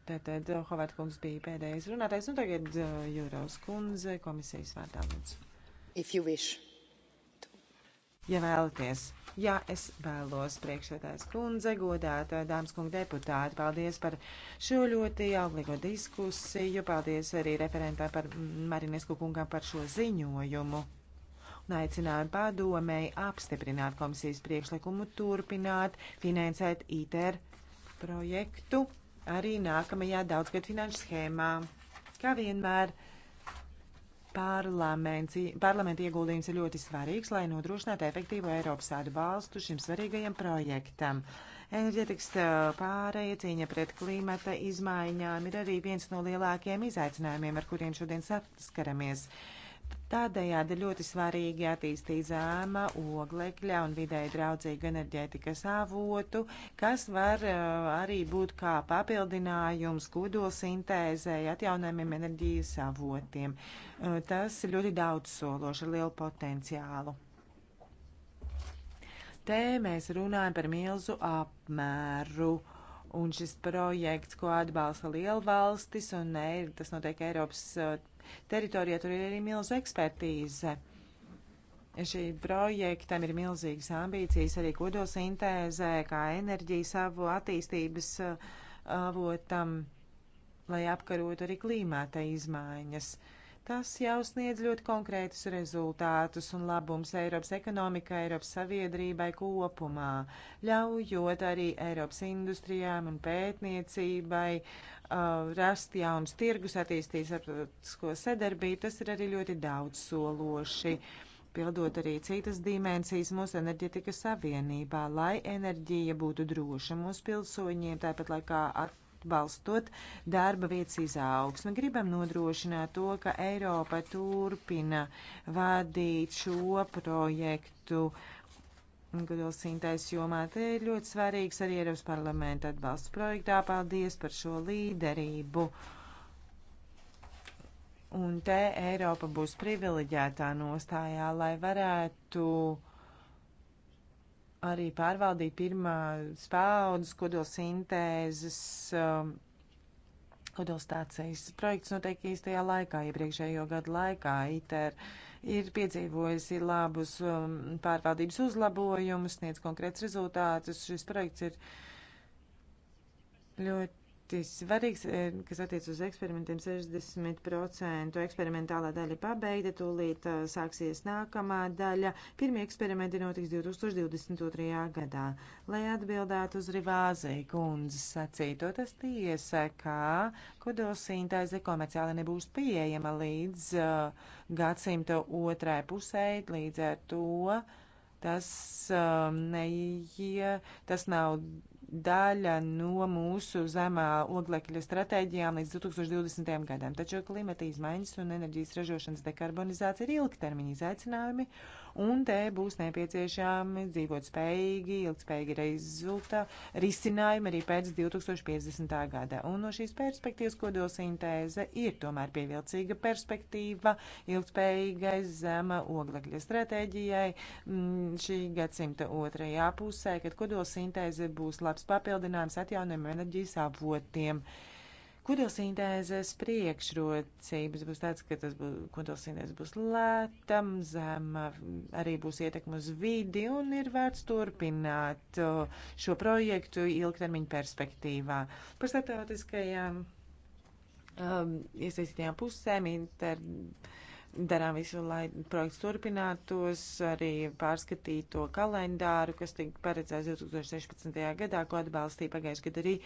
Speaker 6: Tātad Hovārds kungs bija pēdējais runātais, un tagad uh, Jūraus kundze komisijas vārdā lūdzu. If you wish. Ja vēlaties. Jā, es vēlos priekšsēdājas kundze, godātā dāmas kunga deputāti. Paldies par šo ļoti auglīgo diskusiju. Paldies arī referentā par Marinesku kungam par šo ziņojumu. Un aicināju padomēji apstiprināt komisijas priekšlikumu turpināt finansēt ITER projektu arī nākamajā daudzgad finanšu schēmā. Kā vienmēr. Parlaments, parlamenta ieguldījums ir ļoti svarīgs, lai nodrošinātu efektīvu Eiropas atbalstu šim svarīgajam projektam. Enerģetikas uh, pārēja cīņa pret klimata izmaiņām ir arī viens no lielākajiem izaicinājumiem, ar kuriem šodien saskaramies. Uh, Tādējādi ļoti svarīgi attīstīt zēma, oglekļa un vidēji draudzīgu enerģētikas avotu, kas var uh, arī būt kā papildinājums kodolsintēzei atjaunojumiem enerģijas avotiem. Uh, tas ļoti daudz sološi ar lielu potenciālu. Te mēs runājam par milzu apmēru. Uh, Un šis projekts, ko atbalsta liela valstis, un ne, tas notiek Eiropas uh, teritorijā, tur ir arī milzu ekspertīze. Šī projektam ir milzīgas ambīcijas arī kodolsintēzē, kā enerģija savu attīstības uh, avotam, lai apkarotu arī klimāta izmaiņas. Uh, Tas jau sniedz ļoti konkrētus rezultātus un labums Eiropas ekonomikai, Eiropas saviedrībai kopumā, ļaujot arī Eiropas industrijām un pētniecībai uh, rast jaunus tirgus, attīstīt starptautisko sadarbību. Tas ir arī ļoti daudz sološi. Mm pildot arī citas dimensijas mūsu enerģetikas savienībā, lai enerģija būtu droša mūsu pilsoņiem, tāpat laikā at, atbalstot darba vietas izaugsmi. Gribam nodrošināt to, ka Eiropa turpina vadīt šo projektu. Gudulsīntais jomā te ir ļoti svarīgs arī Eiropas parlamenta atbalsts projektā. Paldies par šo līderību. Un te Eiropa būs privileģētā nostājā, lai varētu arī pārvaldīt pirmā spaudas kodolsintēzes um, kodolstācijas projekts notiek īstajā laikā, iepriekšējo gadu laikā. ITER ir piedzīvojusi labus um, pārvaldības uzlabojumus, sniedz konkrēts rezultātus. Šis projekts ir ļoti ļoti svarīgs, eh, kas attiec uz eksperimentiem. 60% eksperimentālā daļa pabeigta, tūlīt eh, sāksies nākamā daļa. Pirmie eksperimenti notiks 2022. gadā. Lai atbildētu uz Rivāzei kundzes sacīto, tas tiesa, ka kodolsīntāze komerciāli nebūs pieejama līdz uh, gadsimta otrai pusē, līdz ar to tas, um, ne, tas nav daļa no mūsu zemā oglekļa stratēģijām līdz 2020. gadam. Taču klimata izmaiņas un enerģijas ražošanas dekarbonizācija ir ilgtermiņa izaicinājumi. Uh, un te būs nepieciešami dzīvot spējīgi, ilgspējīgi rezultā, risinājumi arī pēc 2050. gada. Un no šīs perspektīvas kodolsintēze ir tomēr pievilcīga perspektīva ilgspējīgai zema oglekļa stratēģijai mm, šī gadsimta otrajā pusē, kad kodolsintēze būs labs papildinājums atjaunojumu enerģijas avotiem. Thank you Kodolsintēzes priekšrocības būs tāds, ka tas būs, kodolsintēze būs lētam, zemā, arī būs ietekma uz vidi un ir vērts turpināt šo projektu ilgtermiņa perspektīvā. Par starptautiskajām um, iesaistītajām pusēm inter, darām visu, lai projekts turpinātos, arī pārskatīt to kalendāru, kas tika paredzēts 2016. gadā, ko atbalstīja pagājušajā gadā arī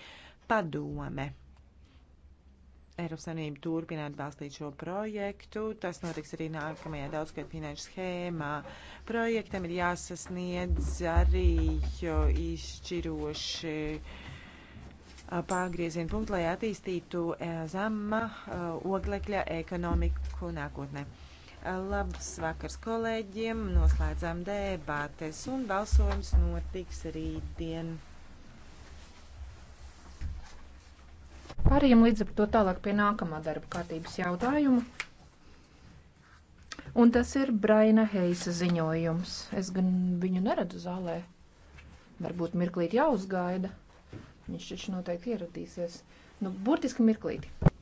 Speaker 6: padome. Eiropas Savienība turpina atbalstīt šo projektu. Tas notiks arī nākamajā daudzgad finanšu schēmā. Projektam ir jāsasniedz arī izšķiroši pārgrieziena punkti, lai attīstītu zema oglekļa ekonomiku nākotnē. Labs vakars kolēģiem, noslēdzām debates un balsojums notiks rītdien.
Speaker 9: Pārējiem līdz ar to tālāk pie nākamā darba kārtības jautājuma. Un tas ir Braina Heisa ziņojums. Es gan viņu neredzu zālē. Varbūt mirklīt jāuzgaida. Viņš taču noteikti ieradīsies. Nu, burtiski mirklīti.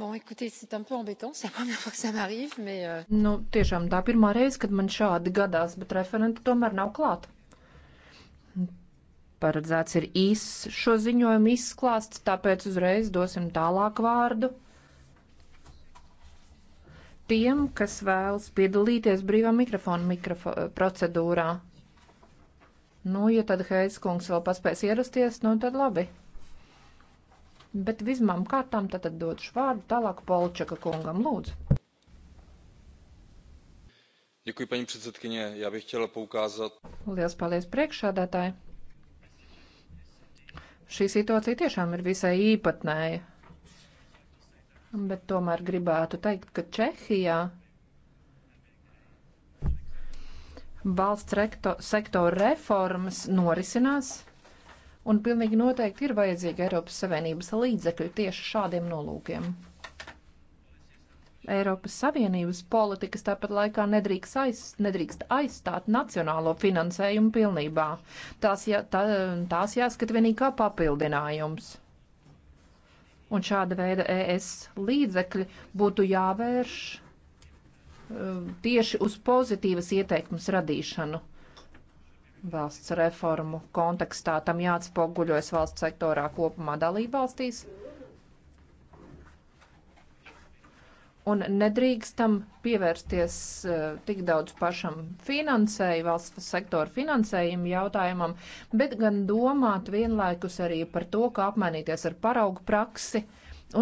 Speaker 9: Bon, écoutez, c'est un peu embêtant, c'est la première fois que ça m'arrive, mais... Euh... Nu, tiešām tā pirmā reize, kad man šādi gadās, bet referenta tomēr nav klāt. Paredzēts ir īs šo ziņojumu izklāsts, tāpēc uzreiz dosim tālāk vārdu. Tiem, kas vēlas piedalīties brīvā mikrofona mikrofo procedūrā. Nu, ja tad Heizkungs vēl paspēs ierasties, nu tad labi bet vismām kārtām tad došu vārdu tālāk Polčaka kungam. Lūdzu.
Speaker 6: Děkuji, paní
Speaker 1: předsedkyně. Já bych chtěla poukázat.
Speaker 9: Lielas paldies priekšādātāji. Šī situācija tiešām ir visai īpatnēja. Bet tomēr gribētu teikt, ka Čehijā valsts rektor, sektora reformas norisinās un pilnīgi noteikti ir vajadzīga Eiropas Savienības līdzekļu tieši šādiem nolūkiem. Eiropas Savienības politikas tāpat laikā nedrīkst, aiz, nedrīkst aizstāt nacionālo finansējumu pilnībā. Tās, jā, tā, tās jāskat vienīgi kā papildinājums. Un šāda veida ES līdzekļi būtu jāvērš uh, tieši uz pozitīvas ieteikums radīšanu valsts reformu kontekstā. Tam jāatspoguļojas valsts sektorā kopumā dalībvalstīs. Un nedrīkstam pievērsties uh, tik daudz pašam finansēju, valsts sektora finansējumu jautājumam, bet gan domāt vienlaikus arī par to, kā apmainīties ar paraugu praksi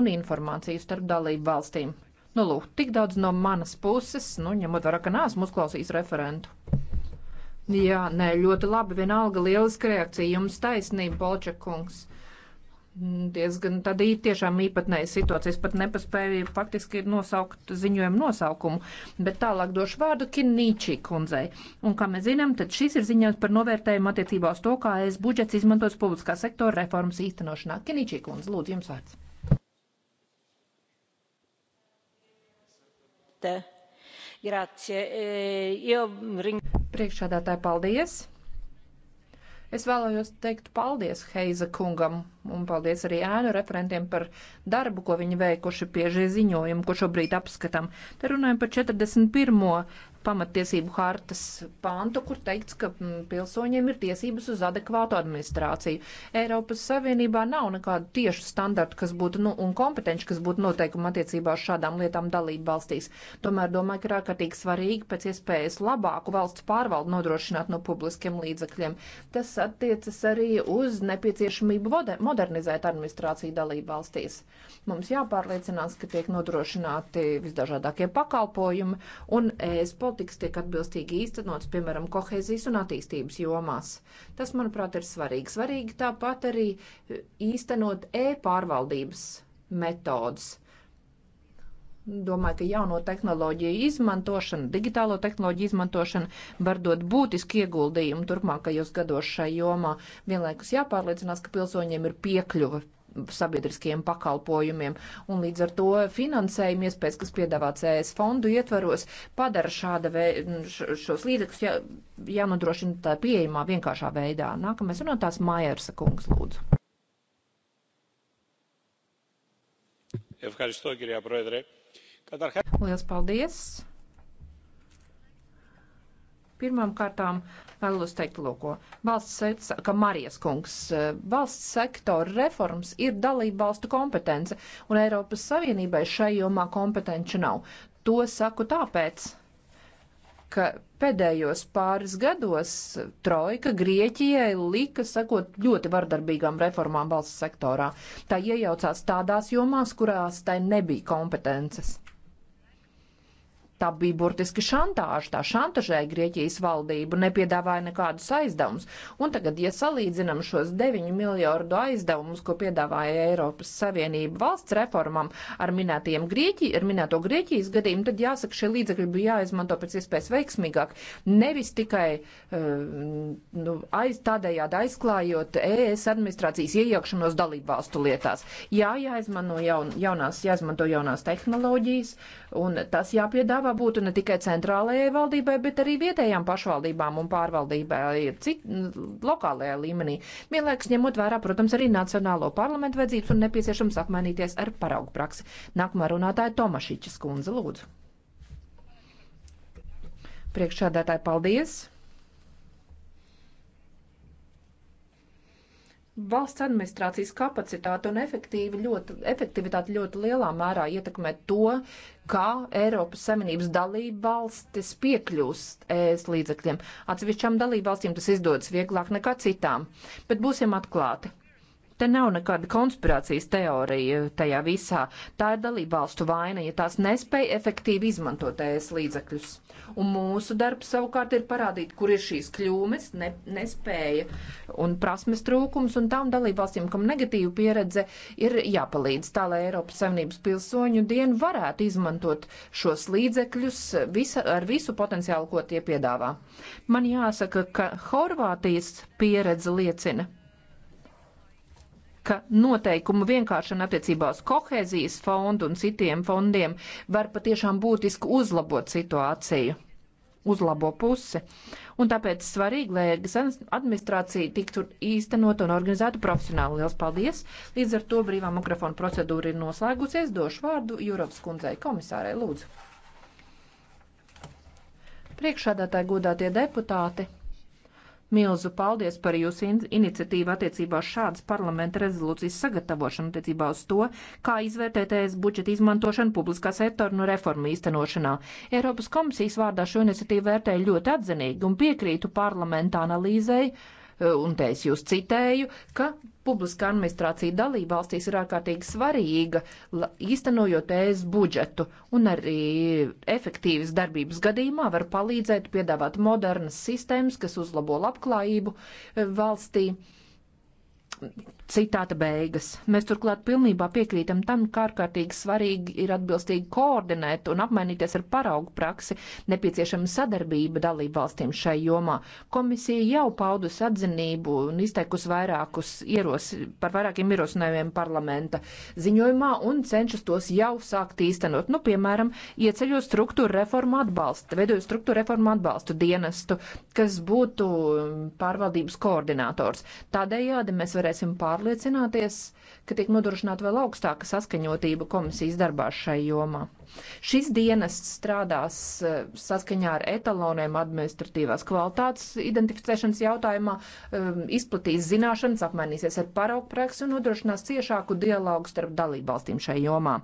Speaker 9: un informāciju starp dalību valstīm. Nu, lūk, tik daudz no manas puses, nu, ņemot vērā, ka nāsmu uzklausījis referentu. Jā, nē, ļoti labi, vienalga lieliska reakcija, jums taisnība, Bolčakungs. Diezgan tad ir tiešām īpatnēja situācija, es pat nepaspēju faktiski nosaukt ziņojumu nosaukumu, bet tālāk došu vārdu Kinīčī kundzei. Un kā mēs zinām, tad šis ir ziņojums par novērtējumu attiecībā uz to, kā es budžets izmantos publiskā sektora reformas īstenošanā. Kinīčī kundze, lūdzu, jums vārds.
Speaker 3: Te. Eh,
Speaker 9: Priekšādātāji, paldies! Es vēlējos teikt paldies Heiza kungam un paldies arī ēnu referentiem par darbu, ko viņi veikuši pie šī ziņojuma, ko šobrīd apskatām. Te runājam par 41 pamatiesību hartas pantu, kur teikts, ka mm, pilsoņiem ir tiesības uz adekvātu administrāciju. Eiropas Savienībā nav nekādu tiešu standartu, kas būtu, nu, un kompetenci, kas būtu noteikuma attiecībā uz šādām lietām dalību valstīs. Tomēr domāju, ka ir ārkārtīgi svarīgi pēc iespējas labāku valsts pārvaldu nodrošināt no publiskiem līdzakļiem. Tas attiecas arī uz nepieciešamību modernizēt administrāciju dalību valstīs. Mums jāpārliecinās, ka tiek nodrošināti visdažādākie pakalpojumi un ESPO politikas tiek atbilstīgi īstenots, piemēram, kohēzijas un attīstības jomās. Tas, manuprāt, ir svarīgi. Svarīgi tāpat arī e, īstenot e-pārvaldības metodas. Domāju, ka jauno tehnoloģiju izmantošana, digitālo tehnoloģiju izmantošana var dot būtisku ieguldījumu turpmākajos gados šai jomā. Vienlaikus jāpārliecinās, ka pilsoņiem ir piekļuva sabiedriskiem pakalpojumiem, un līdz ar to finansējuma iespējas, kas piedāvāts ES fondu ietvaros, padara šāda vē, šos līdzekļus jā, jānodrošina tā pieejamā vienkāršā veidā. Nākamais runātājs Majersa kungs lūdzu. Lielas paldies! Pirmām kārtām vēlos teikt, lūko, valsts sec, ka Marijas kungs, eh, valsts sektora reformas ir dalība valstu kompetence, un Eiropas Savienībai šai jomā kompetenci nav. To saku tāpēc, ka pēdējos pāris gados Trojka Grieķijai lika sakot ļoti vardarbīgām reformām valsts sektorā. Tā iejaucās tādās jomās, kurās tai nebija kompetences. Tā bija burtiski šantāža, tā šantažēja Grieķijas valdību, nepiedāvāja nekādus aizdevumus. Un tagad, ja salīdzinām šos 9 miljardu aizdevumus, ko piedāvāja Eiropas Savienība valsts reformam ar, Grieķi, ar minēto Grieķijas gadījumu, tad jāsaka, šie līdzekļi bija jāizmanto pēc iespējas veiksmīgāk, nevis tikai uh, nu, aiz, tādējādi aizklājot ES administrācijas iejaukšanos dalību valstu lietās. Jā, jāizmanto, jaun, jaunās, jāizmanto jaunās tehnoloģijas, un tas jāpiedāvā jāpiedāvā būtu ne tikai centrālajai valdībai, bet arī vietējām pašvaldībām un pārvaldībai cit, lokālajā līmenī. Vienlaiks ņemot vērā, protams, arī Nacionālo parlamentu vajadzības un nepieciešams apmainīties ar paraugu praksi. Nākamā runātāja Tomašiķa skundze, lūdzu. Priekšādātāji, paldies! valsts administrācijas kapacitāte un ļoti, efektivitāte ļoti lielā mērā ietekmē to, kā Eiropas Savienības dalība valstis piekļūst ES līdzekļiem. Atsevišķām dalība valstīm tas izdodas vieglāk nekā citām, bet būsim atklāti. Te nav nekāda konspirācijas teorija tajā visā. Tā ir dalība valstu vaina, ja tās nespēja efektīvi izmantot ES līdzekļus. Un mūsu darbs savukārt ir parādīt, kur ir šīs kļūmes, ne, nespēja un prasmes trūkums, un tām dalību valstīm, kam negatīva pieredze, ir jāpalīdz tā, lai Eiropas Savienības pilsoņu dienu varētu izmantot šos līdzekļus visa, ar visu potenciālu, ko tie piedāvā. Man jāsaka, ka Horvātijas pieredze liecina, ka noteikumu vienkāršana attiecībā uz kohēzijas fondu un citiem fondiem var patiešām būtiski uzlabot situāciju uz labo pusi. Un tāpēc svarīgi, lai ērgas administrācija tiktu īstenot un organizētu profesionāli. Liels paldies! Līdz ar to brīvā mikrofona procedūra ir noslēgusies. Došu vārdu Jūropas kundzei komisārai. Lūdzu! Priekšādātāji godātie deputāti! Milzu paldies par jūsu in iniciatīvu attiecībā uz šādas parlamenta rezolūcijas sagatavošanu, attiecībā uz to, kā izvērtēt ES budžeta izmantošanu publiskā sektora un reformu īstenošanā. Eiropas komisijas vārdā šo iniciatīvu vērtēju ļoti atzinīgi un piekrītu parlamenta analīzei un te es jūs citēju, ka publiskā administrācija dalība valstīs ir ārkārtīgi svarīga, īstenojot ES budžetu, un arī efektīvas darbības gadījumā var palīdzēt piedāvāt modernas sistēmas, kas uzlabo labklājību e, valstī. Uh, Citāta beigas. Mēs turklāt pilnībā piekrītam tam, kā ārkārtīgi svarīgi ir atbilstīgi koordinēt un apmainīties ar paraugu praksi, nepieciešama sadarbība dalību valstīm šai jomā. Komisija jau paudusi atzinību un izteikusi vairākus ieros, par vairākiem ierosinājumiem parlamenta ziņojumā un cenšas tos jau sākt īstenot. Nu, piemēram, ieceļot struktūra reformu atbalstu, veidojot struktūra reformu atbalstu dienestu, kas būtu um, pārvaldības koordinators. Tādējādi mēs varētu varēsim pārliecināties, ka tiek nodrošināta vēl augstāka saskaņotība komisijas darbā šai jomā. Šis dienests strādās eh, saskaņā ar etaloniem administratīvās kvalitātes identificēšanas jautājumā, ehm, izplatīs zināšanas, apmainīsies ar paraugpraksi un nodrošinās ciešāku dialogu starp dalībvalstīm šai jomā.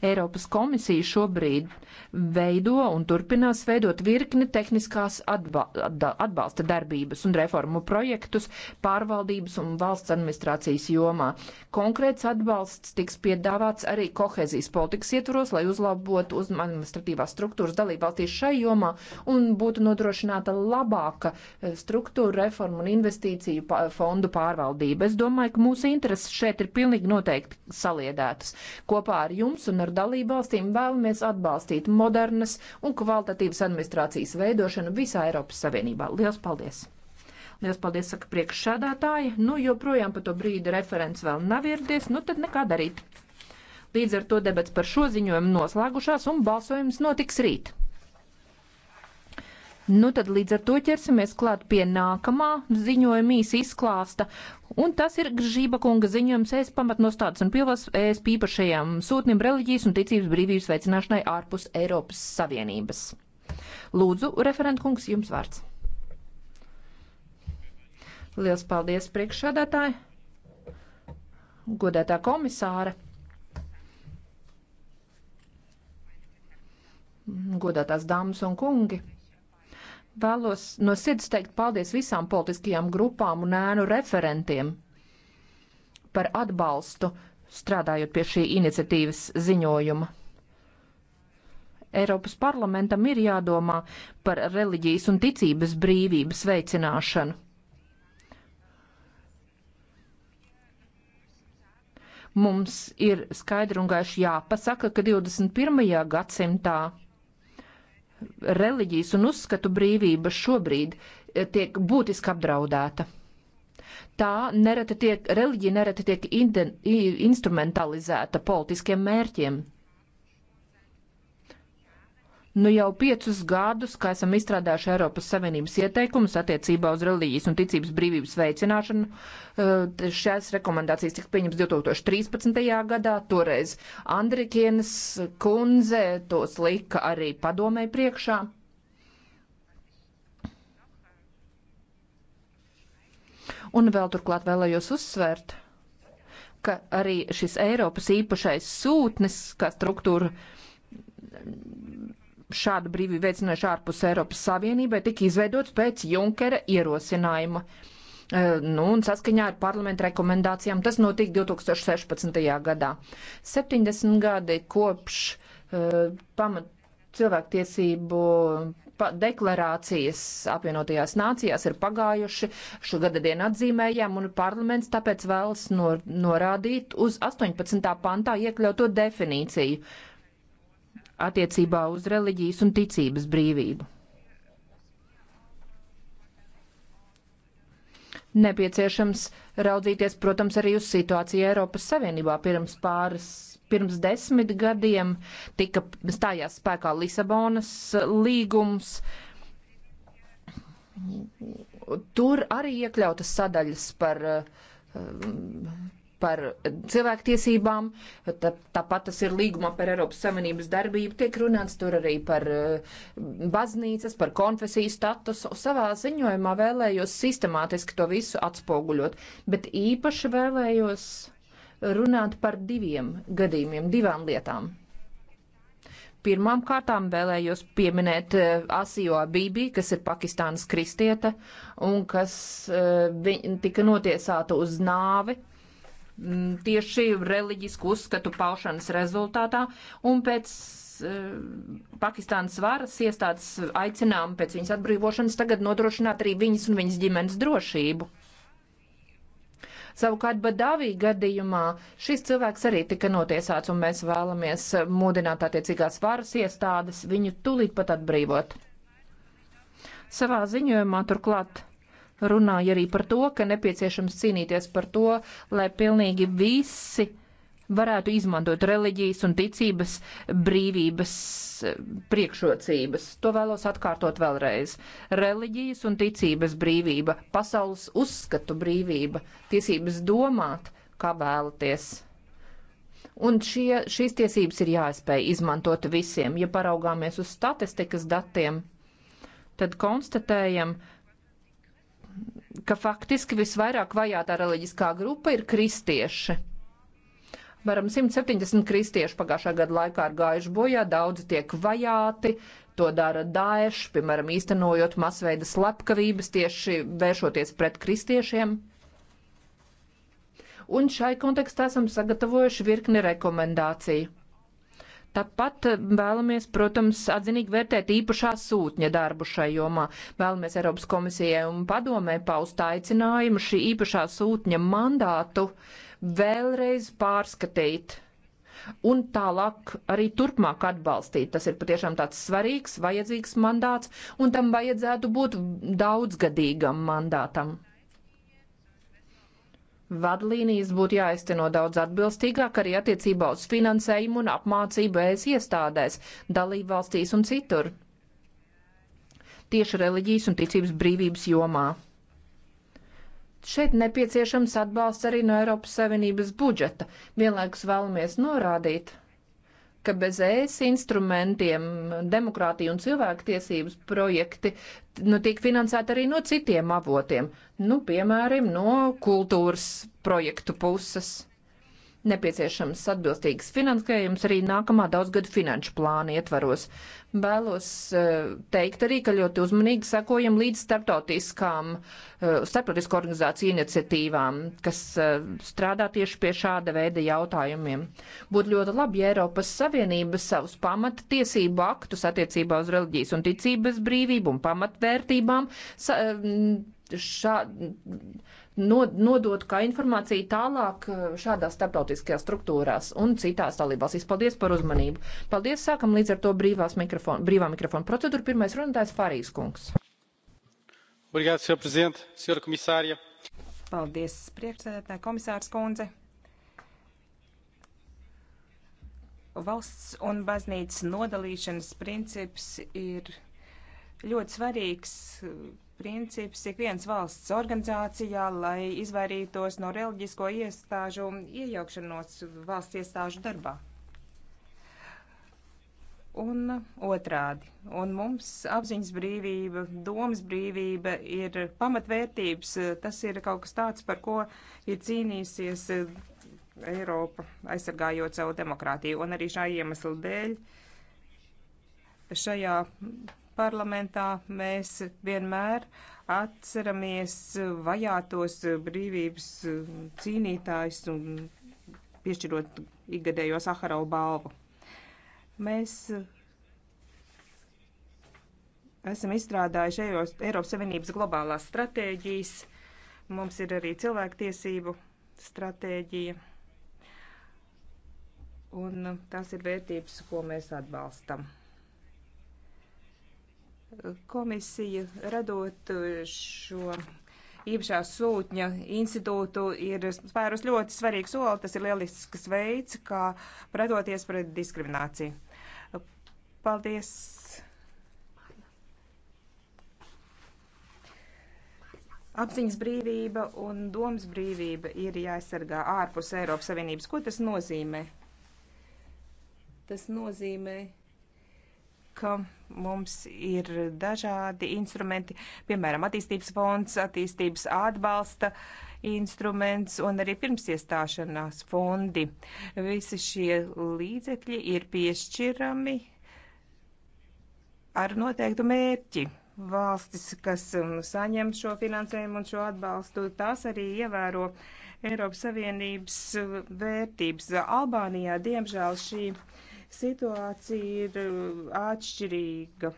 Speaker 9: Eiropas komisija šobrīd veido un turpinās veidot virkni tehniskās atba atbalsta darbības un reformu projektus pārvaldības un valsts administrācijas jomā. Konkrēts atbalsts tiks piedāvāts arī kohezijas politikas ietvaros, lai uzlabotu uzlabot administratīvās struktūras dalībvalstīs šai jomā un būtu nodrošināta labāka e, struktūra reforma un investīciju fondu pārvaldība. Es domāju, ka mūsu intereses šeit ir pilnīgi noteikti saliedētas. Kopā ar jums un ar dalībvalstīm vēlamies atbalstīt modernas un kvalitatīvas administrācijas veidošanu visā Eiropas Savienībā. Lielas paldies! Liels paldies, saka priekšsādātāji. Nu, joprojām pa to brīdi referents vēl nav ieradies, nu tad nekā darīt. Līdz ar to debats par šo ziņojumu noslēgušās un balsojums notiks rīt. Nu tad līdz ar to ķersimies klāt pie nākamā ziņojuma īsa izklāsta, un tas ir Gržība kunga ziņojums ES pamatnostādes un pilvas ES pīpašajām sūtnim reliģijas un ticības brīvības veicināšanai ārpus Eiropas Savienības. Lūdzu, referentkungs, jums vārds. Liels paldies priekšsādātāji, godētā komisāra. godātās dāmas un kungi. Vēlos no sirds teikt paldies visām politiskajām grupām un ēnu referentiem par atbalstu strādājot pie šī iniciatīvas ziņojuma. Eiropas parlamentam ir jādomā par reliģijas un ticības brīvības veicināšanu. Mums ir skaidri un gaiši jāpasaka, ka 21. gadsimtā reliģijas un uzskatu brīvība šobrīd eh, tiek būtiski apdraudēta. Tā nereti tiek, reliģija nereti tiek instrumentalizēta politiskiem mērķiem. Nu jau piecus gadus, kā esam izstrādājuši Eiropas Savienības ieteikumus attiecībā uz reliģijas un ticības brīvības veicināšanu, eh, šās rekomendācijas tika pieņemts 2013. gadā, toreiz Andrikienas kundze tos lika arī padomē priekšā. Un vēl turklāt vēlējos uzsvērt, ka arī šis Eiropas īpašais sūtnis, kā struktūra, šādu brīvību veicinājuši ārpus Eiropas Savienībai, tika izveidots pēc Junkera ierosinājuma. Eh, nu, un saskaņā ar parlamentu rekomendācijām tas notika 2016. gadā. 70 gadi kopš uh, pamat cilvēktiesību deklarācijas apvienotajās nācijās ir pagājuši, šo gada dienu atzīmējām, un parlaments tāpēc vēlas nor norādīt uz 18. pantā iekļauto definīciju. Uh, attiecībā uz reliģijas un ticības brīvību. Nepieciešams raudzīties, protams, arī uz situāciju Eiropas Savienībā pirms pāris. Pirms desmit gadiem tika stājās spēkā Lisabonas līgums, tur arī iekļautas sadaļas par uh, par cilvēktiesībām, tāpat tas ir līgumā par Eiropas Savienības darbību, tiek runāts tur arī par eh, baznīcas, par konfesiju statusu. Savā ziņojumā vēlējos sistemātiski to visu atspoguļot, bet īpaši vēlējos runāt par diviem gadījumiem, divām lietām. Pirmām kārtām vēlējos pieminēt eh, Asijo Bībī, kas ir Pakistānas kristiete un kas eh, viņa tika notiesāta uz nāvi Mm, tieši reliģisku uzskatu paušanas rezultātā un pēc eh, Pakistānas varas iestādes aicinām pēc viņas atbrīvošanas tagad nodrošināt arī viņas un viņas ģimenes drošību. Savukārt Badavī gadījumā šis cilvēks arī tika notiesāts, un mēs vēlamies mudināt attiecīgās varas iestādes viņu tulīt pat atbrīvot. Savā ziņojumā turklāt runāja arī par to, ka nepieciešams cīnīties par to, lai pilnīgi visi varētu izmantot reliģijas un ticības brīvības eh, priekšrocības. To vēlos atkārtot vēlreiz. Reliģijas un ticības brīvība, pasaules uzskatu brīvība, tiesības domāt, kā vēlaties. Un šie, šīs tiesības ir jāspēj izmantot visiem. Ja paraugāmies uz statistikas datiem, tad konstatējam, ka faktiski visvairāk vajātā reliģiskā grupa ir kristieši. Varam 170 kristieši pagājušā gada laikā ir gājuši bojā, daudzi tiek vajāti, to dara Daesh, piemēram, īstenojot masveida slepkavības tieši vēršoties pret kristiešiem. Un šai kontekstā esam sagatavojuši virkni rekomendāciju Tāpat vēlamies, protams, atzinīgi vērtēt īpašā sūtņa darbu šai jomā. Vēlamies Eiropas komisijai un padomē paust aicinājumu šī īpašā sūtņa mandātu vēlreiz pārskatīt un tālāk arī turpmāk atbalstīt. Tas ir patiešām tāds svarīgs, vajadzīgs mandāts, un tam vajadzētu būt daudzgadīgam mandātam. Vadlīnijas būtu jāizteno daudz atbilstīgāk arī attiecībā uz finansējumu un apmācību ES iestādēs, dalībvalstīs un citur. Tieši reliģijas un ticības brīvības jomā. Šeit nepieciešams atbalsts arī no Eiropas Savienības budžeta. Vienlaikus vēlamies norādīt, ka bez ES instrumentiem demokrātija un cilvēktiesības projekti nu, tiek finansēti arī no citiem avotiem, nu, piemēram, no kultūras projektu puses nepieciešams atbilstīgs finansējums arī nākamā daudzgada finanšu plāna ietvaros. Vēlos eh, teikt arī, ka ļoti uzmanīgi sekojam līdz starptautiskām, eh, starptautisko organizāciju iniciatīvām, kas eh, strādā tieši pie šāda veida jautājumiem. Būtu ļoti labi, ja Eiropas Savienība savus pamata tiesību aktus attiecībā uz reliģijas un ticības brīvību un pamatvērtībām sa, šā, nodot kā informāciju tālāk eh, šādās starptautiskajās struktūrās un citās dalībvalstīs. Paldies par uzmanību. Paldies, sākam līdz ar to brīvās mikrofona, brīvā mikrofona procedūru. Pirmais runātājs Farijas kungs.
Speaker 2: Obrigāt, senhor prezident, senhora komisārija.
Speaker 8: Paldies, priekšsēdētāja komisārs kundze. Valsts un baznīcas nodalīšanas princips ir ļoti svarīgs princips ik viens valsts organizācijā, lai izvairītos no reliģisko iestāžu iejaukšanos valsts iestāžu darbā. Un otrādi. Un mums apziņas brīvība, domas brīvība ir pamatvērtības. Tas ir kaut kas tāds, par ko ir cīnīsies Eiropa, aizsargājot savu demokrātiju. Un arī šā iemesla dēļ šajā parlamentā mēs vienmēr atceramies vajātos brīvības cīnītājus un piešķirot ikgadējo Saharau balvu. Mēs esam izstrādājuši Eiropas Savienības globālās stratēģijas, mums ir arī cilvēktiesību stratēģija, un tās ir vērtības, ko mēs atbalstam. Komisija radot šo īpašā sūtņa institūtu ir spērus ļoti svarīgu soli. Tas ir lielisks veids, kā pretoties pret diskrimināciju. Paldies! Apziņas brīvība un domas brīvība ir jāaizsargā ārpus Eiropas Savienības. Ko tas nozīmē? Tas nozīmē, ka mums ir dažādi instrumenti, piemēram, attīstības fonds, attīstības atbalsta instruments un arī pirmsiestāšanās fondi. Visi šie līdzekļi ir piešķirami ar noteiktu mērķi. Valstis, kas um, saņem šo finansējumu un šo atbalstu, tās arī ievēro Eiropas Savienības vērtības. Albānijā, diemžēl, šī Situācija ir um, atšķirīga.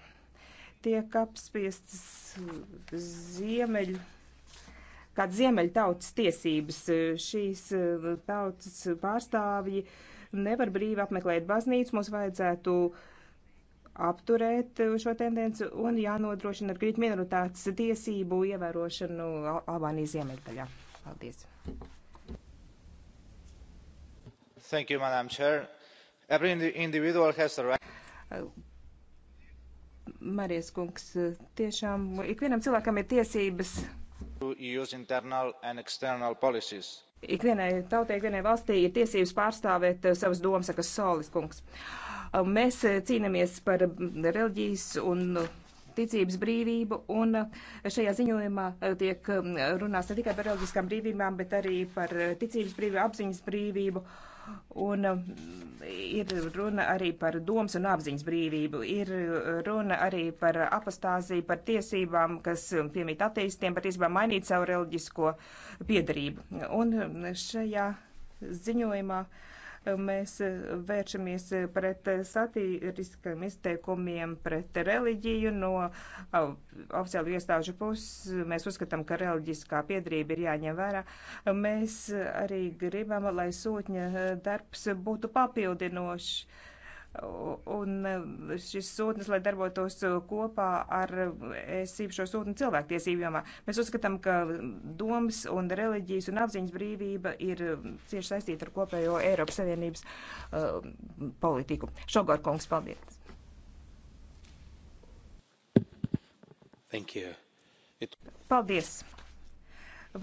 Speaker 8: Tiek apspiestas ziemeļu, uh, kāda ziemeļu tautas tiesības. Šīs uh, tautas pārstāvji nevar brīvi apmeklēt baznīcu. Mums vajadzētu apturēt uh, šo tendenci un jānodrošina ar grīķu minoritātes tiesību ievērošanu Al Albānijas ziemeļdaļā. Paldies!
Speaker 7: Thank you, Madam Chair. Every individual has a right.
Speaker 8: Uh, Marijas kungs, uh, tiešām ikvienam cilvēkam ir tiesības. Ikvienai tautai, ikvienai valstī ir tiesības pārstāvēt uh, savas domas, kas solis kungs. Mēs cīnāmies par mm, reliģijas un ticības brīvību, un šajā ziņojumā tiek um, runās ne tikai par reliģiskām brīvībām, bet arī par ticības brīvību, apziņas brīvību. Uh, Un um, ir runa arī par domas un apziņas brīvību, ir runa arī par apostāziju, par tiesībām, kas piemīt ateistiem, par tiesībām mainīt savu reliģisko piedarību. Un šajā ziņojumā uh, Mēs eh, vēršamies eh, pret eh, satiriskiem izteikumiem, pret reliģiju no oficiālu iestāžu puses. Mēs uzskatām, ka reliģiskā piedrība ir jāņem vērā. Mēs arī gribam, lai sūtņa darbs būtu papildinošs un e, šis sūtnis, lai darbotos e, kopā ar e, esību šo sūtni cilvēktiesību jomā. Mēs uzskatām, ka domas un reliģijas un apziņas brīvība ir cieši saistīta ar kopējo Eiropas Savienības uh, politiku. Šogor kungs, paldies! Thank you. It... Paldies!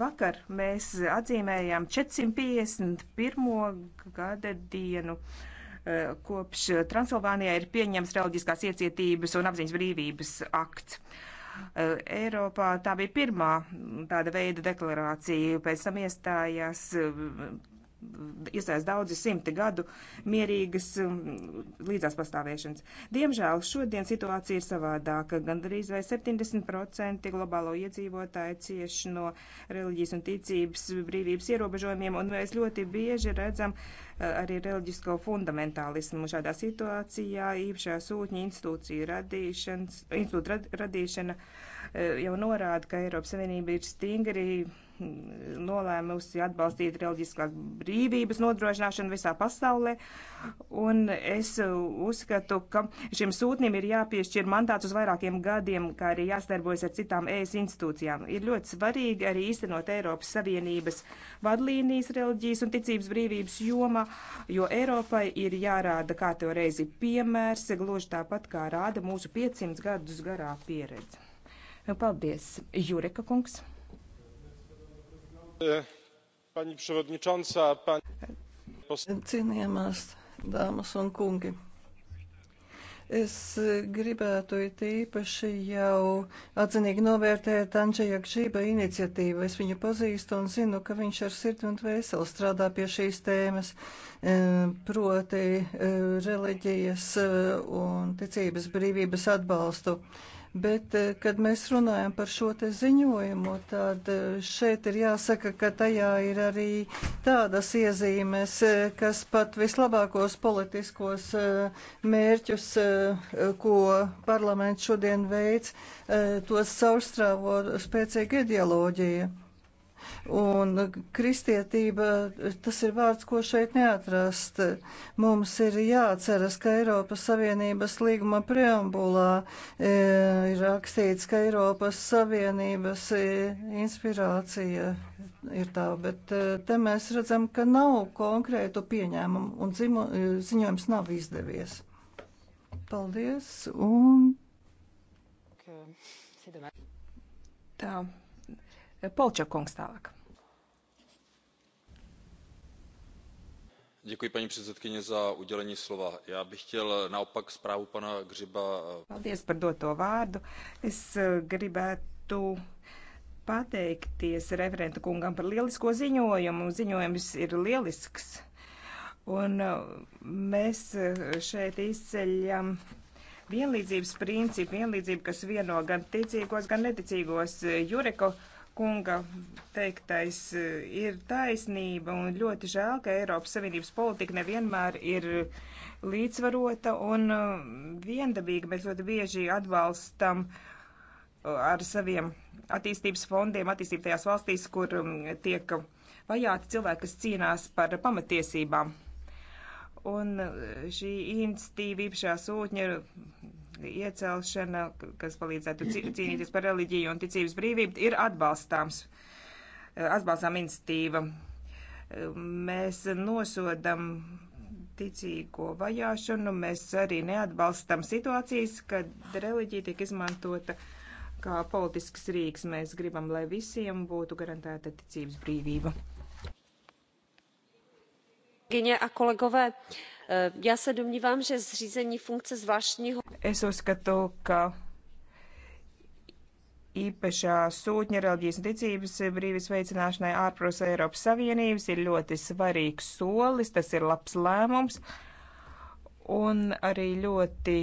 Speaker 8: Vakar mēs atzīmējām 451. gada dienu. Uh, Eh, kopš Transilvānijā ir pieņems reliģiskās iecietības un apziņas brīvības akts. Eh, Eiropā tā bija pirmā tāda veida deklarācija, pēc tam iestājās eh, iesaist daudzi simti gadu mierīgas um, līdzās pastāvēšanas. Diemžēl šodien situācija ir savādāka. Gandarīz vai 70% globālo iedzīvotāju cieši no reliģijas un ticības brīvības ierobežojumiem, un mēs ļoti bieži redzam uh, arī reliģisko fundamentālismu šādā situācijā, īpašā sūtņa institūcija radīšanas, institūta radīšana uh, jau norāda, ka Eiropas Savienība ir stingri nolēmusi atbalstīt reliģiskās brīvības nodrošināšanu visā pasaulē. Un es uzskatu, ka šim sūtnim ir jāpiešķir mandāts uz vairākiem gadiem, kā arī jāstarbojas ar citām ES institūcijām. Ir ļoti svarīgi arī īstenot Eiropas Savienības vadlīnijas reliģijas un ticības brīvības jomā, jo Eiropai ir jārāda kā tev reizi piemērs, gluži tāpat kā rāda mūsu 500 gadus garā pieredze. Nu, paldies,
Speaker 3: Jureka kungs!
Speaker 1: pani przewodnicząca pani
Speaker 3: cienījamās dāmas un kungi! Es gribētu it īpaši jau atzinīgi novērtēt Andžeja Gžiba iniciatīvu. Es viņu pazīstu un zinu, ka viņš ar sirdi un vēseli strādā pie šīs tēmas, eh, proti eh, reliģijas eh, un ticības brīvības atbalstu. Bet, eh, kad mēs runājam par šo te ziņojumu, tad eh, šeit ir jāsaka, ka tajā ir arī tādas iezīmes, eh, kas pat vislabākos politiskos mērķus, ko parlaments šodien veids, tos saurstrāvo spēcīga ideoloģija. Un kristietība, tas ir vārds, ko šeit neatrast. Mums ir jāatceras, ka Eiropas Savienības līguma preambulā e, ir rakstīts, ka Eiropas Savienības e, inspirācija ir tā, bet e, te mēs redzam, ka nav konkrētu pieņēmumu un dzimu, ziņojums nav izdevies. Paldies un.
Speaker 8: Tā, Polčakungs tālāk.
Speaker 6: Děkuji, paní předsedkyně, za udělení slova. Já bych chtěl naopak zprávu pana Gřiba. Eh,
Speaker 8: Paldies par doto vārdu. Es eh, gribētu pateikties referenta kungam par lielisko ziņojumu. Ziņojums ir lielisks. Un eh, mēs šeit izceļam vienlīdzības principu, vienlīdzību, kas vieno gan ticīgos, gan neticīgos. Jureko kunga teiktais eh, ir taisnība un ļoti žēl, ka Eiropas Savienības politika nevienmēr ir līdzvarota un eh, viendabīga. Mēs ļoti bieži atbalstam eh, ar saviem attīstības fondiem attīstību tajās valstīs, kur mm, tiek vajāti cilvēki, kas cīnās par pamatiesībām. Un šī institīva īpašā sūtņa iecelšana, kas palīdzētu cīnīties par reliģiju un ticības brīvību, ir atbalstāms, eh, atbalstām institīva. Mēs nosodam ticīgo vajāšanu, mēs arī neatbalstam situācijas, kad reliģija tiek izmantota kā politisks rīks. Mēs gribam, lai visiem būtu garantēta ticības brīvība. Kolegyně a kolegové, Eh, já se domnívám, že zřízení funkce zvláštního. Es uzskatu, ka īpašā sūtņa reliģijas un ticības brīvis veicināšanai ārpus Eiropas Savienības ir ļoti svarīgs solis, tas ir labs lēmums un arī ļoti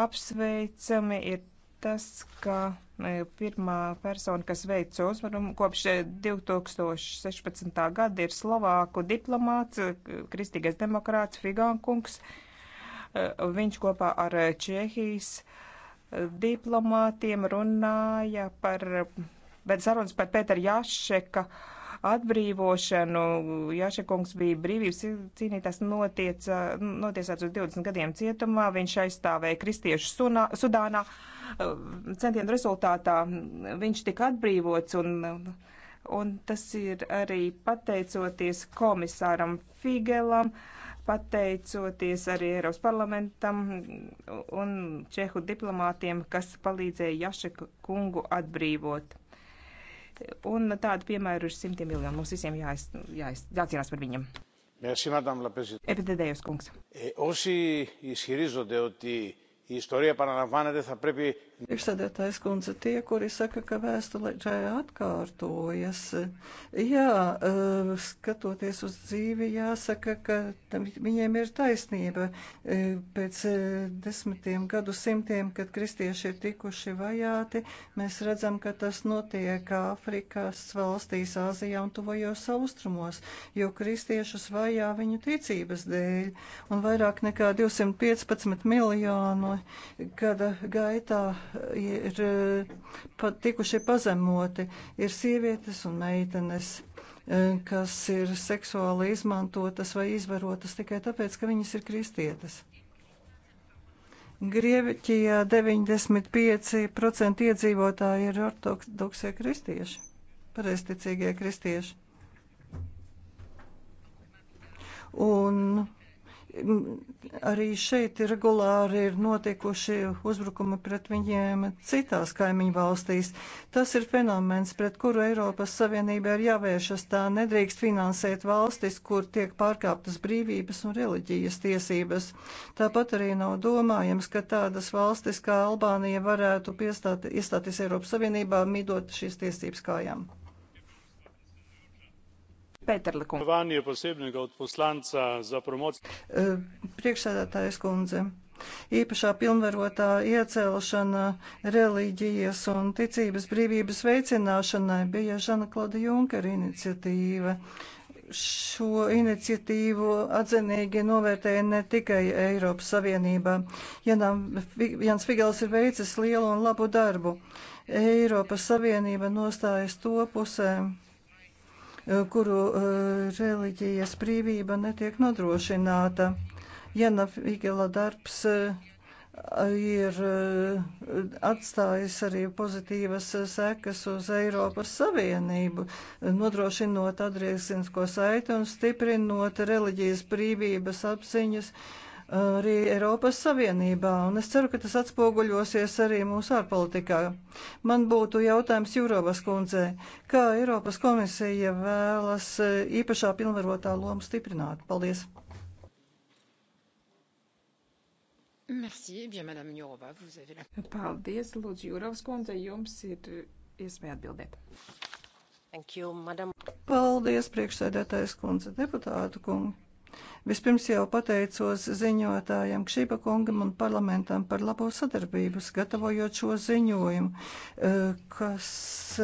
Speaker 8: apsveicami ir tas, ka Pirmā persona, kas veica uzvarumu kopš 2016. Eh, gada, ir Slovāku diplomāts, eh, kristīgais demokrāts Figankungs. Eh, viņš kopā ar Čehijas diplomātiem runāja par, bet sarunas par Pētera Jašeka uh, atbrīvošanu. Jašekungs bija brīvības cīnītājs notiesāts uz 20 gadiem cietumā. Viņš aizstāvēja kristiešu sunā, Sudānā. Centienu rezultātā viņš tika atbrīvots un, un tas ir arī pateicoties komisāram Figelam pateicoties arī Eiropas parlamentam un čehu diplomātiem, kas palīdzēja Jašeku kungu atbrīvot un tādu piemēru ir simtiem miljonu. Mums visiem jāiz, jāiz, jācīnās
Speaker 3: par viņiem. Επιτεδέως, κούγκς.
Speaker 1: Ε, όσοι ισχυρίζονται ότι η ιστορία επαναλαμβάνεται θα πρέπει
Speaker 3: Priekšsēdētājs kundze, tie, kuri saka, ka vēstule džēja atkārtojas, jā, eh, skatoties uz dzīvi, jāsaka, ka viņiem ir taisnība. Eh, pēc eh, desmitiem gadu simtiem, kad kristieši ir tikuši vajāti, mēs redzam, ka tas notiek Āfrikas valstīs, Āzijā un tuvojos austrumos, jo kristiešus vajā viņu ticības dēļ. Un vairāk nekā 215 miljonu gada gaitā ir eh, tikuši pazemoti, ir sievietes un meitenes eh, kas ir seksuāli izmantotas vai izvarotas tikai tāpēc, ka viņas ir kristietes. Grieķijā 95% iedzīvotāji ir ortodoksie kristieši, pareizticīgie kristieši. Un arī šeit regulāri ir notikuši uzbrukumi pret viņiem citās kaimiņu valstīs. Tas ir fenomens, pret kuru Eiropas Savienība ir jāvēršas. Tā nedrīkst finansēt valstis, kur tiek pārkāptas brīvības un reliģijas tiesības. Tāpat arī nav domājams, ka tādas valstis kā Albānija varētu piestāties Eiropas Savienībā, midot šīs tiesības kājām.
Speaker 8: Pēterle kungs. E,
Speaker 3: Priekšsēdētājas kundze īpašā pilnvarotā iecelšana reliģijas un ticības brīvības veicināšanai bija Žana Klauda Junkera iniciatīva. Šo iniciatīvu atzinīgi novērtēja ne tikai Eiropas Savienībā. Jans Figels ir veicis lielu un labu darbu. Eiropas Savienība nostājas to pusē kuru eh, reliģijas brīvība netiek nodrošināta. Jana Figela darbs eh, ir eh, atstājis arī pozitīvas sekas uz Eiropas Savienību, nodrošinot atgriezinsko saiti un stiprinot reliģijas brīvības apziņas arī Eiropas Savienībā, un es ceru, ka tas atspoguļosies arī mūsu ārpolitikā. Man būtu jautājums Jūrovas kundzē, kā Eiropas komisija vēlas e, īpašā pilnvarotā lomu stiprināt? Paldies!
Speaker 8: Merci, bien, Madame Jourova, vous avez la...
Speaker 3: Paldies, Lūdzu, Jūrovas kundze, jums ir
Speaker 8: iespēja atbildēt. Thank you, madam.
Speaker 3: Paldies, priekšsēdētājs kundze, deputātu kungi. Vispirms jau pateicos ziņotājiem Kšīpa kungam un parlamentam par labo sadarbību, gatavojot šo ziņojumu, eh, kas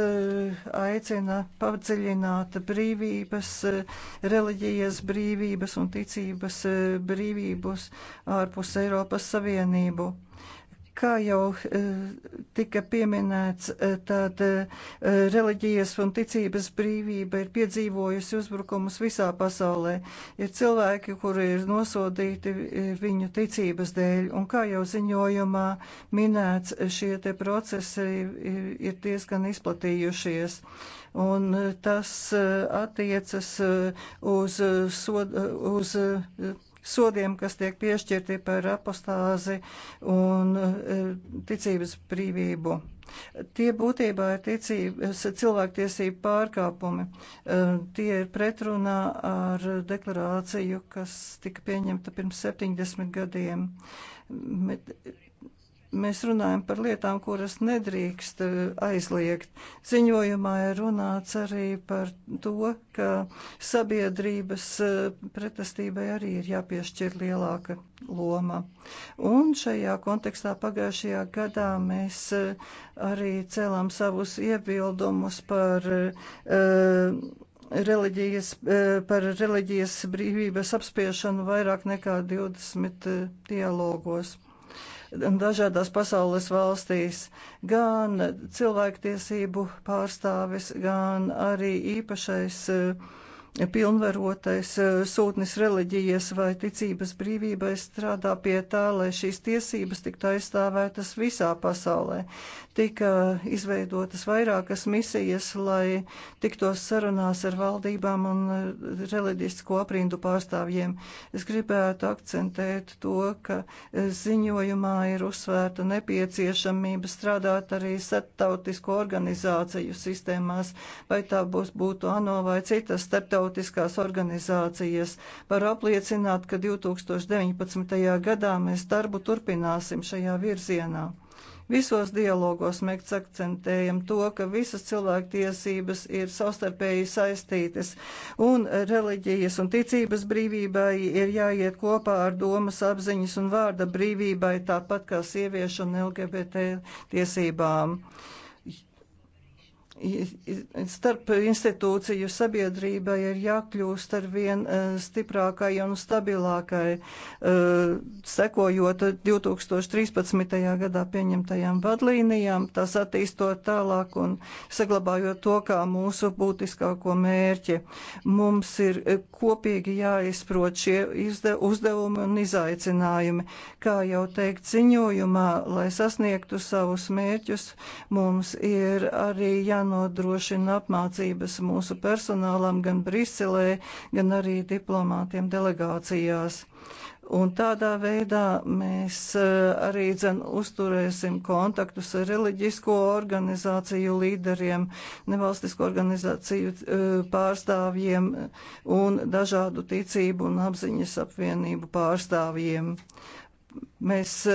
Speaker 3: eh, aicina padziļināt brīvības, eh, reliģijas brīvības un ticības brīvības ārpus Eiropas Savienību. Kā jau e, tika pieminēts, e, tad e, reliģijas un ticības brīvība ir piedzīvojusi uzbrukumus visā pasaulē. Ir cilvēki, kuri ir nosodīti viņu ticības dēļ, un kā jau ziņojumā minēts, šie te procesi ir, ir diezgan izplatījušies un tas attiecas uz, sod, uz sodiem, kas tiek piešķirti par apostāzi un e, ticības brīvību. Tie būtībā ir ticības, cilvēktiesību pārkāpumi. E, tie ir pretrunā ar deklarāciju, kas tika pieņemta pirms 70 gadiem. Bet Mēs runājam par lietām, kuras nedrīkst eh, aizliegt. Ziņojumā ir runāts arī par to, ka sabiedrības eh, pretestībai arī ir jāpiešķir lielāka loma. Un šajā kontekstā pagājušajā gadā mēs eh, arī cēlām savus iebildumus par. Uh, reliģijas, par reliģijas brīvības apspiešanu vairāk nekā 20 dialogos dažādās pasaules valstīs. Gan cilvēktiesību pārstāvis, gan arī īpašais uh, pilnvarotais eh, sūtnis reliģijas vai ticības brīvībai strādā pie tā, lai šīs tiesības tiktu aizstāvētas visā pasaulē. Tika izveidotas vairākas misijas, lai tiktos sarunās ar valdībām un eh, reliģisko aprindu pārstāvjiem. Es gribētu akcentēt to, ka eh, ziņojumā ir uzsvērta nepieciešamība strādāt arī starptautisko organizāciju sistēmās, vai tā būs būtu ANO vai citas starptautiskās starptautiskās organizācijas. Var apliecināt, ka 2019. gadā mēs darbu turpināsim šajā virzienā. Visos dialogos mēs akcentējam to, ka visas cilvēktiesības ir savstarpēji saistītas, un reliģijas un ticības brīvībai ir jāiet kopā ar domas apziņas un vārda brīvībai, tāpat kā sieviešu un LGBT tiesībām. Uh, starp institūciju sabiedrībai ir jākļūst ar vien e, stiprākai un stabilākai, e, sekojot 2013. gadā pieņemtajām vadlīnijām, tās attīstot tālāk un saglabājot to kā mūsu būtiskāko mērķi. Mums ir e, kopīgi jāizprot šie izde, uzdevumi un izaicinājumi. Kā jau teikt ziņojumā, lai sasniegtu savus mērķus, mums ir arī jānodrošina jānodrošina apmācības mūsu personālam gan Briselē, gan arī diplomātiem delegācijās. Un tādā veidā mēs eh, arī dzen uzturēsim kontaktus ar reliģisko organizāciju līderiem, nevalstisko organizāciju eh, pārstāvjiem un dažādu ticību un apziņas apvienību pārstāvjiem. Mēs e,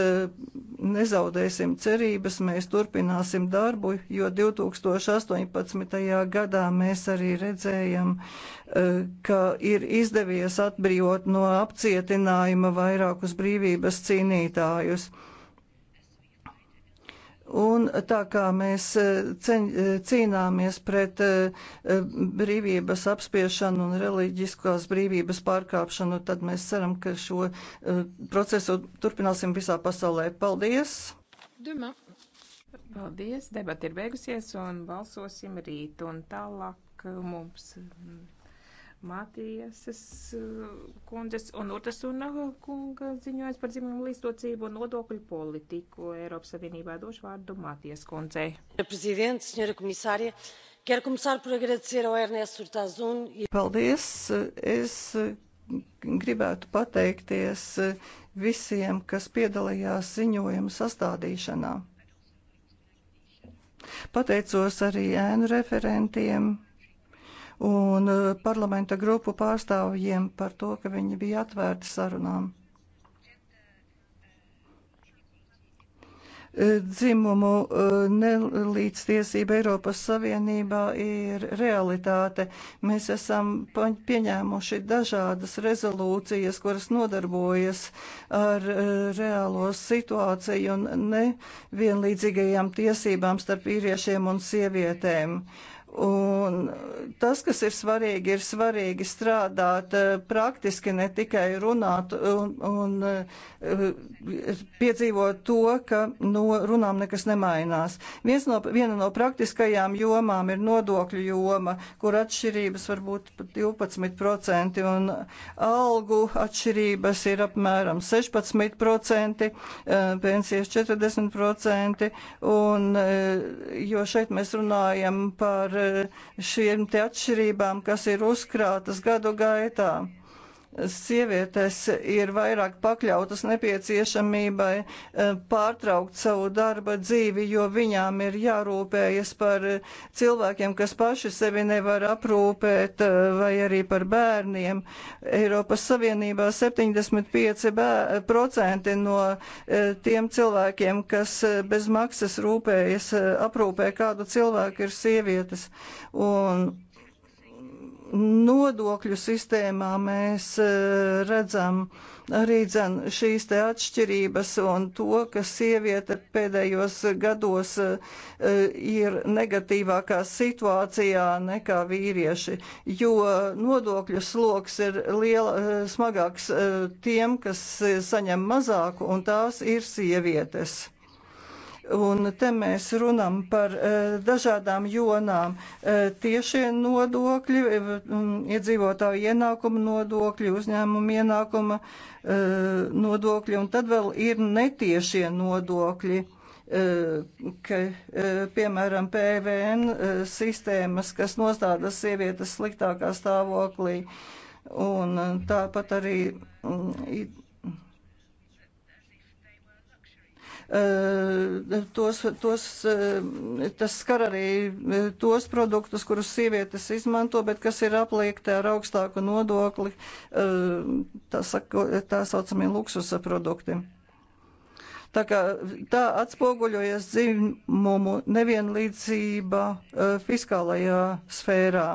Speaker 3: nezaudēsim cerības, mēs turpināsim darbu, jo 2018. gadā mēs arī redzējām, e, ka ir izdevies atbrīvot no apcietinājuma vairākus brīvības cīnītājus. Un tā kā mēs e, ceņ, e, cīnāmies pret e, brīvības apspiešanu un reliģiskās brīvības pārkāpšanu, tad mēs ceram, ka šo procesu turpināsim visā pasaulē. Paldies!
Speaker 8: Duma. Paldies! Debata ir beigusies un balsosim rīt. Un tālāk mums. Matiesas eh, kundzes un Urtasuna eh, kunga ziņojums par dzimumu līstocību un nodokļu politiku Eiropas Savienībā došu vārdu Maties kundzei. E
Speaker 3: Paldies! Es eh, gribētu pateikties visiem, kas piedalījās ziņojuma sastādīšanā. Pateicos arī ēnu referentiem un uh, parlamenta grupu pārstāvjiem par to, ka viņi bija atvērti sarunām. Uh, dzimumu uh, nelīdztiesība Eiropas Savienībā ir realitāte. Mēs esam pieņēmuši dažādas rezolūcijas, kuras nodarbojas ar reālo situāciju un nevienlīdzīgajām tiesībām starp vīriešiem un sievietēm. Uh, Un tas, kas ir svarīgi, ir svarīgi strādāt eh, praktiski, ne tikai runāt un, un eh, piedzīvot to, ka no runām nekas nemainās. Viens no, viena no praktiskajām jomām ir nodokļu joma, kur atšķirības var būt pat 12% un algu atšķirības ir apmēram 16%, eh, pensijas 40%, un, jo šeit mēs runājam par Eh, šīm te atšķirībām, kas ir uzkrātas gadu gaitā sievietes ir vairāk pakļautas nepieciešamībai eh, pārtraukt savu darba dzīvi, jo viņām ir jārūpējas par cilvēkiem, kas paši sevi nevar aprūpēt, eh, vai arī par bērniem. Eiropas Savienībā 75% no eh, tiem cilvēkiem, kas bez maksas rūpējas, aprūpē kādu cilvēku, ir sievietes. Un nodokļu sistēmā mēs e, redzam arī dzen, šīs te atšķirības un to, ka sieviete pēdējos gados e, e, ir negatīvākā situācijā nekā vīrieši, jo nodokļu sloks ir liela, smagāks tiem, kas saņem mazāku, un tās ir sievietes. Un te mēs runam par eh, dažādām jonām eh, - tiešie nodokļi, eh, mm, iedzīvotāju ienākuma nodokļi, uzņēmuma ienākuma nodokļi, un tad vēl ir netiešie nodokļi ka, piemēram, PVN sistēmas, kas nostāda sievietes sliktākā stāvoklī, un tāpat arī mm, Eh, tos, tos, eh, tas skar arī eh, tos produktus, kurus sievietes izmanto, bet kas ir apliekti ar augstāku nodokli, tā, saka, tā saucamie luksusa produkti. Tā, kā, tā atspoguļojas dzimumu nevienlīdzība fiskālajā sfērā.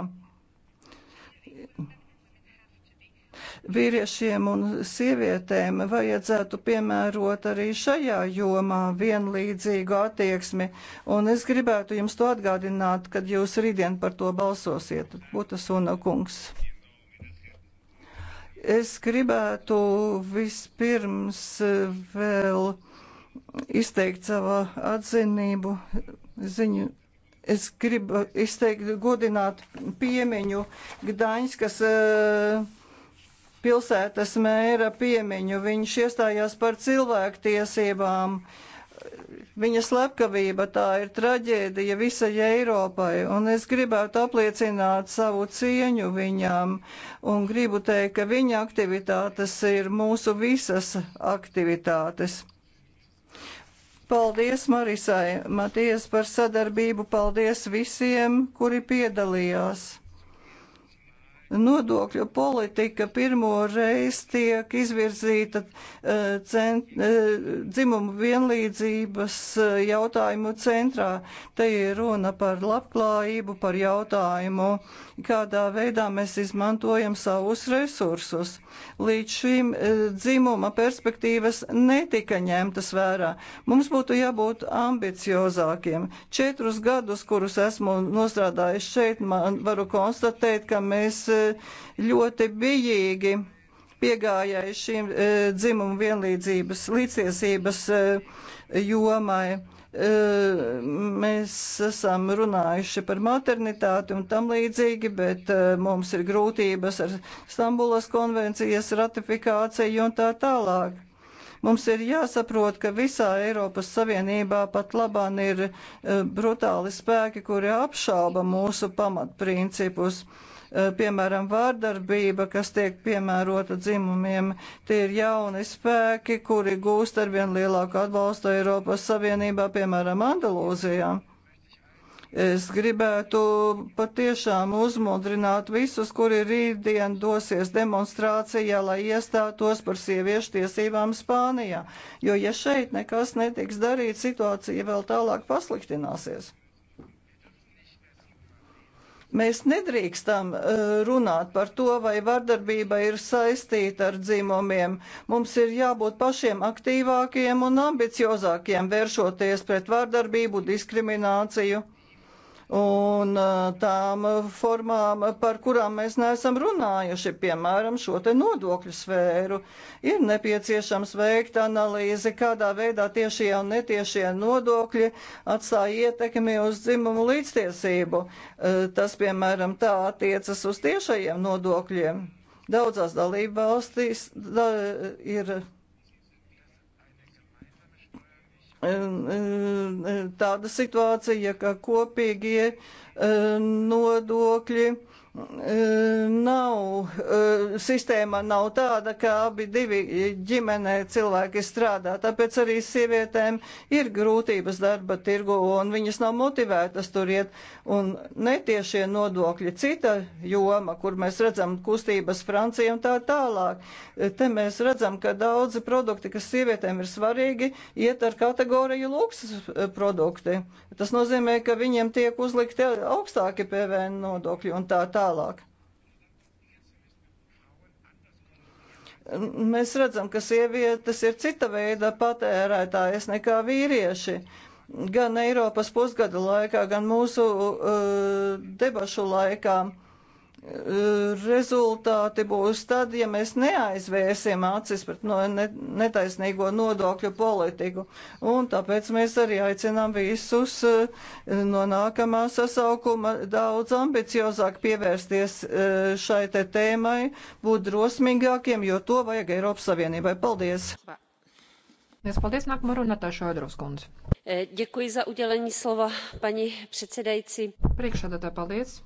Speaker 3: vīriešiem un sievietēm vajadzētu piemērot arī šajā jomā vienlīdzīgu attieksmi. Un es gribētu jums to atgādināt, kad jūs rītdien par to balsosiet. Būtas un kungs. Es gribētu vispirms vēl izteikt savu atzinību ziņu Es gribu izteikt godināt piemiņu Gdaņskas uh, pilsētas mēra piemiņu. Viņš iestājās par cilvēktiesībām. Viņa slepkavība tā ir traģēdija visai Eiropai, un es gribētu apliecināt savu cieņu viņām, un gribu teikt, ka viņa aktivitātes ir mūsu visas aktivitātes. Paldies Marisai, Maties par sadarbību, paldies visiem, kuri piedalījās. Nodokļu politika pirmo reizi tiek izvirzīta eh, cent, eh, dzimumu vienlīdzības eh, jautājumu centrā. Te ir runa par labklājību, par jautājumu, kādā veidā mēs izmantojam savus resursus. Līdz šim dzimuma perspektīvas netika ņemtas vērā. Mums būtu jābūt ambiciozākiem. Četrus gadus, kurus esmu nostrādājis šeit, man varu konstatēt, ka mēs ļoti bijīgi piegājai šīm e, dzimumu vienlīdzības, līdziesības e, jomai. E, mēs esam runājuši par maternitāti un tam līdzīgi, bet mums ir grūtības ar Stambulas konvencijas ratifikāciju un tā tālāk. Mums ir jāsaprot, ka visā Eiropas Savienībā pat labāk ir brutāli spēki, kuri apšauba mūsu pamatprincipus. Eh, piemēram, vārdarbība, kas tiek piemērota dzimumiem, tie ir jauni spēki, kuri gūst arvien lielāku atbalstu Eiropas Savienībā, piemēram, Andalūzijā. Es gribētu patiešām uzmodrināt visus, kuri rītdien dosies demonstrācijā, lai iestātos par sieviešu tiesībām Spānijā, jo ja šeit nekas netiks darīt, situācija vēl tālāk pasliktināsies. Mēs nedrīkstam eh, runāt par to, vai vardarbība ir saistīta ar dzimumiem. Mums ir jābūt pašiem aktīvākiem un ambiciozākiem, vēršoties pret vardarbību, diskrimināciju un tām formām, par kurām mēs neesam runājuši, piemēram, šo te nodokļu sfēru. Ir nepieciešams veikt analīzi, kādā veidā tiešie un netiešie nodokļi atstāja ietekmi uz dzimumu līdztiesību. Tas, piemēram, tā attiecas uz tiešajiem nodokļiem. Daudzās dalību valstīs da, ir tāda situācija, ka kopīgie eh, nodokļi Ehm, nav, ehm, sistēma nav tāda, ka abi divi ģimenē cilvēki strādā, tāpēc arī sievietēm ir grūtības darba tirgu un viņas nav motivētas tur iet. Un netiešie nodokļi cita joma, kur mēs redzam kustības Francija un tā tālāk. Te mēs redzam, ka daudzi produkti, kas sievietēm ir svarīgi, iet ar kategoriju luksus produkti. Tas nozīmē, ka viņiem tiek uzlikti augstāki PVN nodokļi un tā tā tālāk. Mēs redzam, ka sievietes ir cita veida patērētājas nekā vīrieši. Gan Eiropas pusgada laikā, gan mūsu uh, debašu laikā uh, rezultāti būs tad, ja mēs neaizvērsim acis pret no, ne, netaisnīgo nodokļu politiku. Un tāpēc mēs arī aicinām visus eh, no nākamā sasaukuma daudz ambiciozāk pievērsties eh, šai te tēmai, būt drosmīgākiem, jo to vajag Eiropas Savienībai. Paldies!
Speaker 9: Dnes paldies nākamā runātāja Šodros kundze. Eh, děkuji za udělení slova, paní předsedající. Priekšādā tā paldies.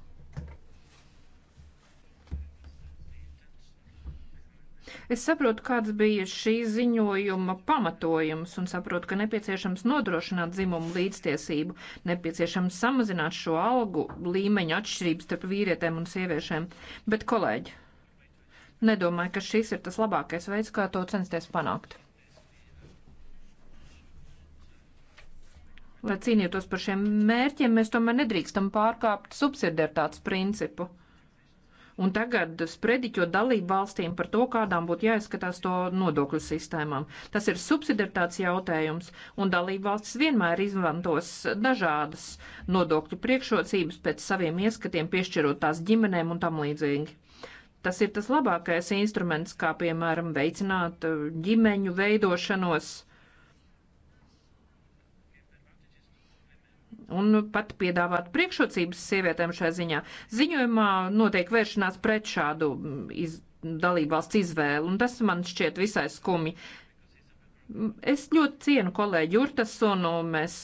Speaker 9: Es saprotu, kāds bija šī ziņojuma pamatojums un saprotu, ka nepieciešams nodrošināt dzimumu līdztiesību, nepieciešams samazināt šo algu līmeņu atšķirības starp vīrietēm un sieviešēm. Bet, kolēģi, nedomāju, ka šis ir tas labākais veids, kā to censties panākt. lai cīnītos par šiem mērķiem, mēs tomēr nedrīkstam pārkāpt subsidiaritātes principu un tagad sprediķot dalību valstīm par to, kādām būtu jāizskatās to nodokļu sistēmām. Tas ir subsidiaritāts jautājums, un dalību valstis vienmēr izmantos dažādas nodokļu priekšrocības pēc saviem ieskatiem, piešķirot tās ģimenēm un tam līdzīgi. Tas ir tas labākais instruments, kā piemēram veicināt ģimeņu veidošanos un pat piedāvāt priekšrocības sievietēm šajā ziņā. Ziņojumā notiek vēršanās pret šādu mm, iz, dalībvalsts izvēlu, un tas man šķiet visai skumji. Es ļoti cienu kolēģi Jurtasunu, mēs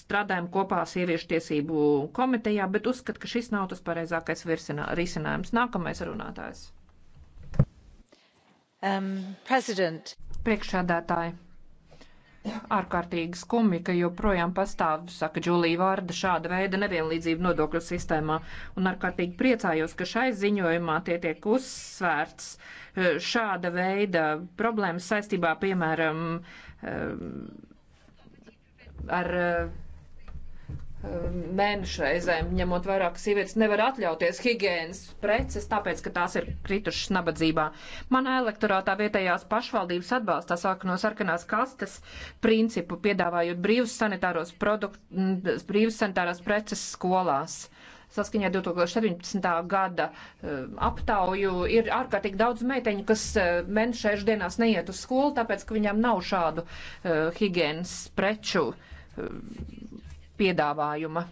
Speaker 9: strādājam kopā sieviešu tiesību komitejā, bet uzskatu, ka šis nav tas pareizākais virsinā, risinājums. Nākamais runātājs. Um, president. Priekšādātāji ārkārtīgi skumji, ka joprojām pastāv, saka Džulija Vārda, šāda veida nevienlīdzība nodokļu sistēmā. Un ārkārtīgi priecājos, ka šai ziņojumā tie tiek uzsvērts e, šāda veida problēmas saistībā, piemēram, e, ar e, mēnešu reizēm, ņemot vairāk, ka sievietes nevar atļauties higiēnas preces, tāpēc, ka tās ir kritušas nabadzībā. Manā elektorātā vietējās pašvaldības atbalstā sāk no sarkanās kastes principu, piedāvājot brīvus sanitāros produktus, brīvus sanitārās preces skolās. Saskaņā 2017. gada e, aptauju ir ārkārtīgi daudz meiteņu, kas e, mēnešēšu dienās neiet uz skolu, tāpēc, ka viņām nav šādu uh, e, higiēnas preču uh, piedāvājuma.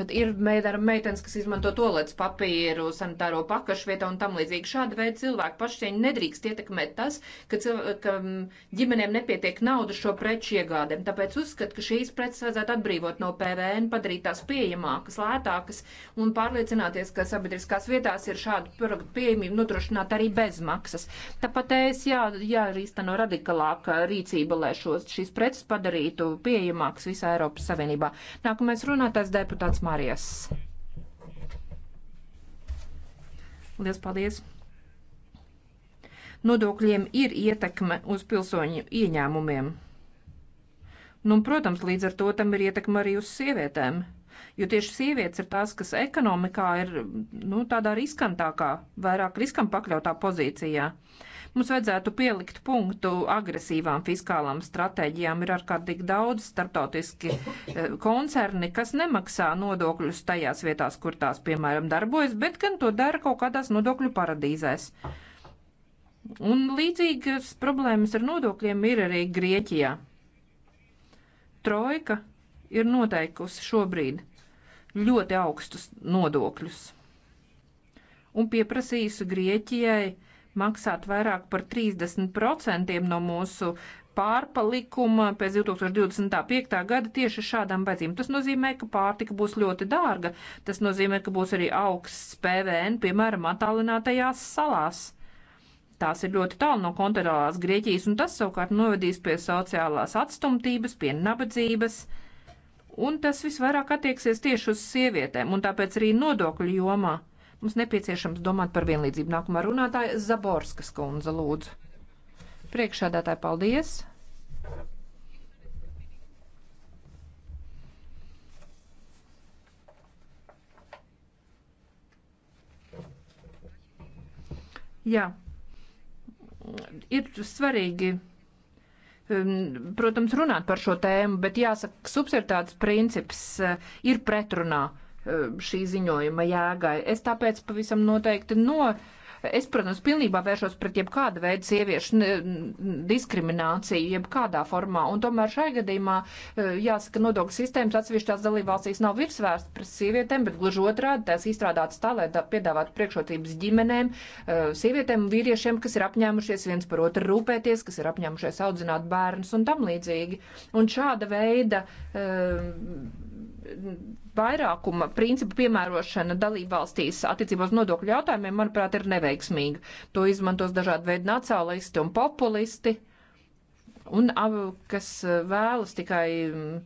Speaker 9: Pat ir mēdara meitenes, kas izmanto tolets papīru, sanitāro pakašu vietā un tam līdzīgi. Šāda veida cilvēku pašcieņu nedrīkst ietekmēt tas, ka, cilv... ka mm, ģimenēm nepietiek naudu šo preču iegādēm. Tāpēc uzskat, ka šīs preces vajadzētu atbrīvot no PVN, padarīt tās pieejamākas, lētākas un pārliecināties, ka sabiedriskās vietās ir šāda produktu pieejamība nodrošināta arī bez maksas. Tāpat es jā, jārīsteno radikālāka rīcība, lai šos, šīs preces padarītu pieejamākas visā Eiropas Savienībā. Nākamais runātājs deputāts Mārķis. Marijas. Lielas paldies! Nodokļiem ir ietekme uz pilsoņu ieņēmumiem. Nu, protams, līdz ar to tam ir ietekme arī uz sievietēm. Jo tieši sievietes ir tās, kas ekonomikā ir nu, tādā riskantākā, vairāk riskam pakļautā pozīcijā. Uh, Mums vajadzētu pielikt punktu agresīvām fiskālām stratēģijām. Ir ārkārtīgi daudz starptautiski eh, koncerni, kas nemaksā nodokļus tajās vietās, kur tās, piemēram, darbojas, bet gan to dara kaut kādās nodokļu paradīzēs. Un līdzīgas problēmas ar nodokļiem ir arī Grieķijā. Trojka ir noteikusi šobrīd ļoti augstus nodokļus un pieprasījusi Grieķijai maksāt vairāk par 30% no mūsu pārpalikuma pēc 2025. gada tieši šādām vajadzībām. Tas nozīmē, ka pārtika būs ļoti dārga. Tas nozīmē, ka būs arī augsts PVN, piemēram, attālinātajās salās. Tās ir ļoti tālu no kontinentālās Grieķijas, un tas savukārt novedīs pie sociālās atstumtības, pie nabadzības. Un tas visvairāk attieksies tieši uz sievietēm, un tāpēc arī nodokļu jomā Mums nepieciešams domāt par vienlīdzību. Nākamā runātāja Zaborskas kundze, lūdzu. Priekšādātāji, paldies! Jā, ir svarīgi um, protams, runāt par šo tēmu, bet jāsaka, ka subsidiaritātes princips uh, ir pretrunā Eh, šī ziņojuma jēgai. Es tāpēc pavisam noteikti no. Es, protams, pilnībā vēršos pret jebkādu veidu sieviešu diskrimināciju, jebkādā formā. Un tomēr šai gadījumā eh, jāsaka, nodokļu sistēmas atsevišķās dalībvalstīs nav virsvērsta pret sievietēm, bet gluži otrādi tās izstrādātas tā, lai piedāvātu priekšrocības ģimenēm, eh, sievietēm un vīriešiem, kas ir apņēmušies viens par otru rūpēties, kas ir apņēmušies audzināt bērnus un tam līdzīgi. Un šāda veida vairākuma principu piemērošana dalībvalstīs attiecībā uz nodokļu jautājumiem, manuprāt, ir neveiksmīga. To izmantos dažādi veidi nacionālisti un populisti, un abi, kas eh, vēlas tikai, mm,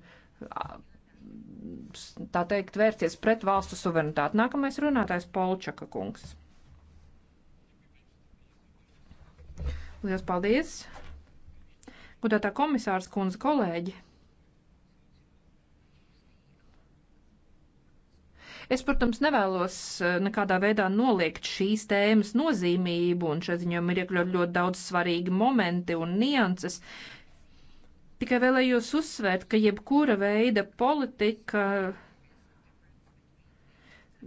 Speaker 9: tā teikt, vērsties pret valstu suverenitāti. Nākamais runātājs Polčaka kungs. Lielas paldies! Gudētā komisārs kundze kolēģi! Es, protams, nevēlos eh, nekādā veidā noliegt šīs tēmas nozīmību, un šeit viņam ir iekļaut ļoti daudz svarīgi momenti un nianses. Tikai vēlējos uzsvērt, ka jebkura veida politika,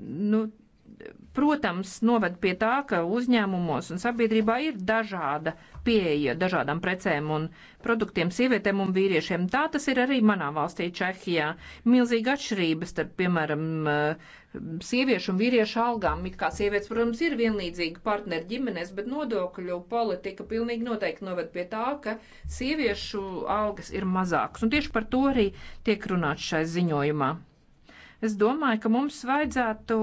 Speaker 9: nu, protams, noved pie tā, ka uzņēmumos un sabiedrībā ir dažāda pieeja dažādām precēm un produktiem sievietēm un vīriešiem. Tā tas ir arī manā valstī, Čehijā. Milzīga atšķirības starp, piemēram, sieviešu un vīriešu algām. It kā sievietes, protams, ir vienlīdzīgi partneri ģimenes, bet nodokļu politika pilnīgi noteikti noved pie tā, ka sieviešu algas ir mazākas. Un tieši par to arī tiek runāts šai ziņojumā. Es domāju, ka mums vajadzētu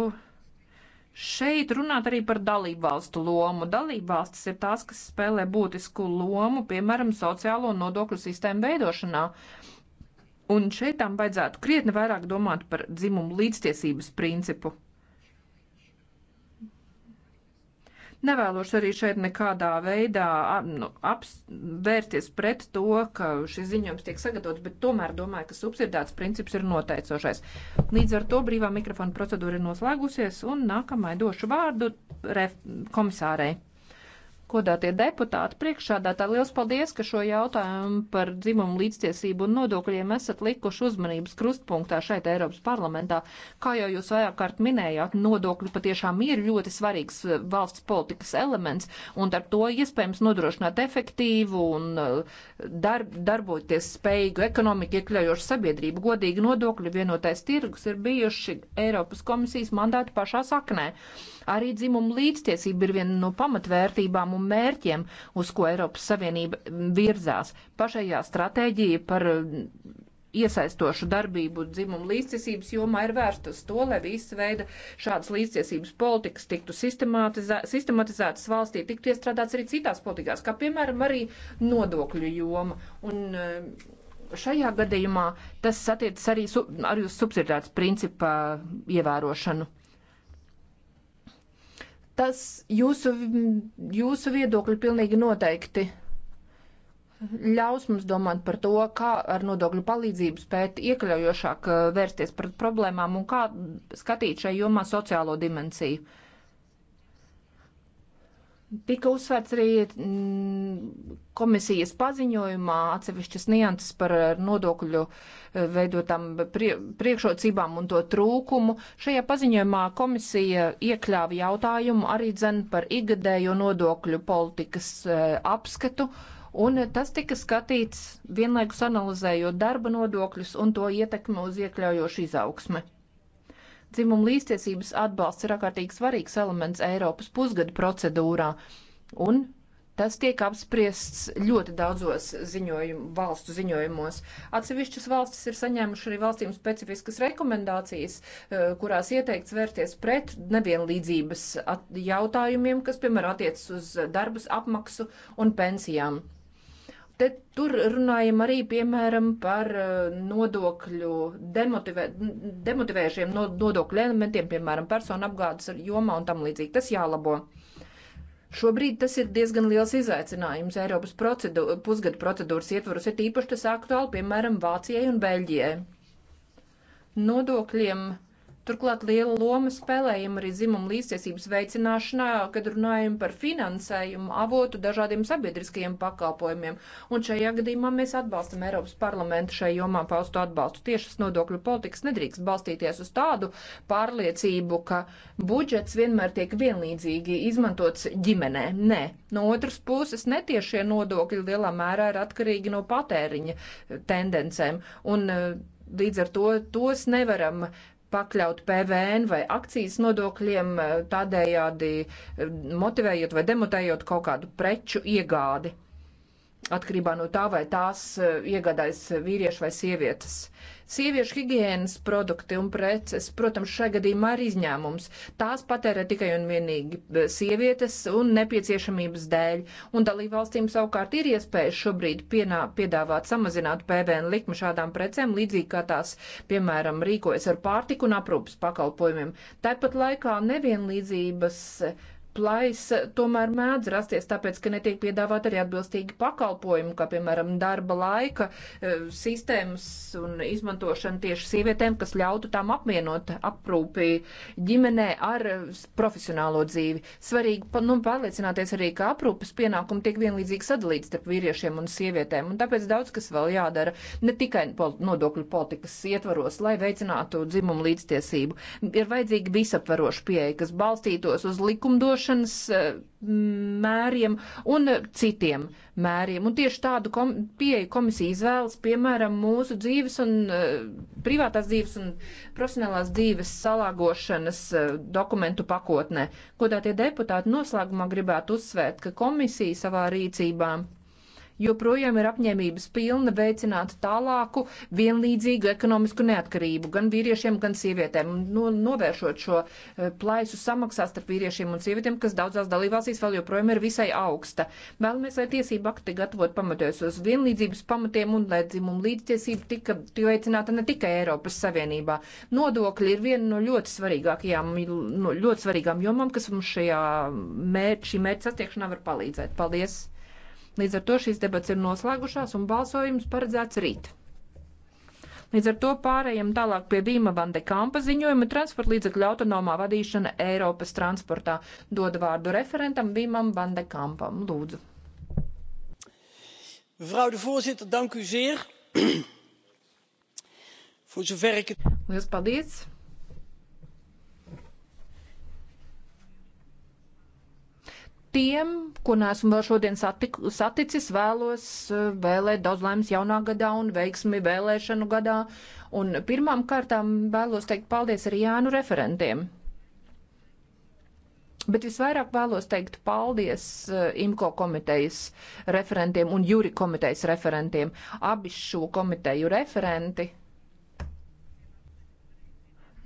Speaker 9: Šeit runāt arī par dalību valstu lomu. Dalību valstis ir tās, kas spēlē būtisku lomu, piemēram, sociālo nodokļu sistēmu veidošanā. Un šeit tam vajadzētu krietni vairāk domāt par dzimumu līdztiesības principu. Nevēlos arī šeit nekādā veidā nu, apvērties pret to, ka šis ziņojums tiek sagatavots, bet tomēr domāju, ka subsidētas princips ir noteicošais. Līdz ar to brīvā mikrofona procedūra ir noslēgusies un nākamai došu vārdu komisārei. Kodātie deputāti, priekšādātā liels paldies, ka šo jautājumu par dzimumu līdztiesību un nodokļiem esat likuši uzmanības krustpunktā šeit Eiropas parlamentā. Kā jau jūs vairāk kārt minējāt, nodokļi patiešām ir ļoti svarīgs eh, valsts politikas elements, un ar to iespējams nodrošināt efektīvu un eh, dar, darboties spējīgu ekonomiku iekļaujošu sabiedrību. Godīgi nodokļi vienotais tirgus ir bijuši Eiropas komisijas mandāti pašā saknē. Arī dzimumu līdztiesība ir viena no pamatvērtībām mērķiem un mērķiem, uz ko Eiropas Savienība virzās. Pašējā stratēģija par iesaistošu darbību dzimumu līdztiesības jomā ir vērsta uz to, lai visa veida šādas līdztiesības politikas tiktu sistematizē, sistematizētas valstī, tiktu iestrādāts arī citās politikās, kā piemēram arī nodokļu joma. Un, Šajā gadījumā tas attiecas arī, arī uz subsidiāts principa ievērošanu. Tas jūsu, jūsu viedokļi pilnīgi noteikti ļaus mums domāt par to, kā ar nodokļu palīdzību spēt iekļaujošāk eh, vērsties pret problēmām un kā skatīt šai jomā sociālo dimensiju. Tika uzsvērts arī mm, komisijas paziņojumā atsevišķas nianses par eh, nodokļu eh, veidotām priekšrocībām un to trūkumu. Šajā paziņojumā komisija iekļāva jautājumu arī dzen par igadējo nodokļu politikas eh, apskatu, un tas tika skatīts vienlaikus analizējot darba nodokļus un to ietekmi uz iekļaujošu izaugsmi. Dzimuma līdztiesības atbalsts ir ārkārtīgi svarīgs elements Eiropas pusgada procedūrā, un Tas tiek apspriests ļoti daudzos ziņojumu, valstu ziņojumos. Atsevišķas valstis ir saņēmuši arī valstīm specifiskas rekomendācijas, eh, kurās ieteikts vērties pret nevienlīdzības jautājumiem, kas, piemēram, attiecas uz darbas apmaksu un pensijām. Te tur runājam arī, piemēram, par eh, nodokļu demotivē, demotivējušiem nodokļu elementiem, piemēram, personu apgādes jomā un tam līdzīgi. Tas jālabo. Šobrīd tas ir diezgan liels izaicinājums Eiropas procedu, pusgadu procedūras ietvaros, ir tīpaši tas aktuāli, piemēram, Vācijai un Beļģijai. Nodokļiem Turklāt liela loma spēlējam arī dzimumu līdztiesības veicināšanā, kad runājam par finansējumu avotu dažādiem sabiedriskajiem pakalpojumiem. Un šajā gadījumā mēs atbalstam Eiropas parlamentu šai jomā paustu atbalstu. Tiešas nodokļu politikas nedrīkst balstīties uz tādu pārliecību, ka budžets vienmēr tiek vienlīdzīgi izmantots ģimenē. Nē. No otras puses, netiešie nodokļi lielā mērā ir atkarīgi no patēriņa tendencēm. Un, eh, Līdz ar to tos nevaram pakļaut PVN vai akcijas nodokļiem, eh, tādējādi eh, motivējot vai demotējot kaut kādu preču iegādi. Atkarībā no tā, vai tās eh, iegādājas vīrieši vai sievietes. Uh, Sieviešu higiēnas produkti un preces, protams, šai gadījumā ir izņēmums. Tās patērē tikai un vienīgi e, sievietes un nepieciešamības dēļ, un dalībvalstīm savukārt ir iespējas šobrīd pienā, piedāvāt samazināt PVN likmi šādām precēm, līdzīgi kā tās, piemēram, rīkojas ar pārtiku un aprūpas pakalpojumiem. Tāpat laikā nevienlīdzības plaisa tomēr mēdz rasties, tāpēc, ka netiek piedāvāt arī atbilstīgi pakalpojumi, kā piemēram darba laika e, sistēmas un izmantošana tieši sievietēm, kas ļautu tām apvienot aprūpī ģimenē ar e, profesionālo dzīvi. Svarīgi nu, pārliecināties arī, ka aprūpes pienākumi tiek vienlīdzīgi sadalīti starp vīriešiem un sievietēm, un tāpēc daudz kas vēl jādara ne tikai nodokļu politikas ietvaros, lai veicinātu dzimumu līdztiesību. Ir vajadzīga visaptvaroša pieeja, kas balstītos uz likumdošanu, likumdošanas eh, mēriem un citiem mēriem. Un tieši tādu kom pieeju komisija izvēlas, piemēram, mūsu dzīves un eh, privātās dzīves un profesionālās dzīves salāgošanas eh, dokumentu pakotnē. Godātie deputāti noslēgumā gribētu uzsvērt, ka komisija savā rīcībā joprojām ir apņēmības pilna veicināt tālāku vienlīdzīgu ekonomisku neatkarību gan vīriešiem, gan sievietēm, no, nu, novēršot šo eh, plaisu samaksās starp vīriešiem un sievietēm, kas daudzās dalībvalstīs vēl joprojām ir visai augsta. Vēlamies, lai tiesība akti gatavot pamatojas uz vienlīdzības pamatiem un lai dzimumu līdztiesība tika veicināta ne tikai Eiropas Savienībā. Nodokļi ir viena no ļoti svarīgākajām, no ļoti svarīgām jomām, kas mums šajā mērķi, šī mērķa sasniegšanā var palīdzēt. Paldies! Līdz ar to šīs debats ir noslēgušās un balsojums paredzēts rīt. Līdz ar to pārējiem tālāk pie Dīma Vande Kampa ziņojuma transporta līdzekļu autonomā vadīšana Eiropas transportā. Dodu vārdu referentam Dīmam Vande Kampam. Lūdzu.
Speaker 3: Mevrouw de voorzitter, dank u zeer. Voor zover ik het. Liels paldies.
Speaker 9: tiem, ko neesmu vēl šodien satik, saticis, vēlos eh, vēlēt daudz laimes jaunā gadā un veiksmi vēlēšanu gadā. Un pirmām kārtām vēlos teikt paldies arī Jānu referentiem. Bet visvairāk vēlos teikt paldies eh, IMCO komitejas referentiem un jūri komitejas referentiem. Abi šo komiteju referenti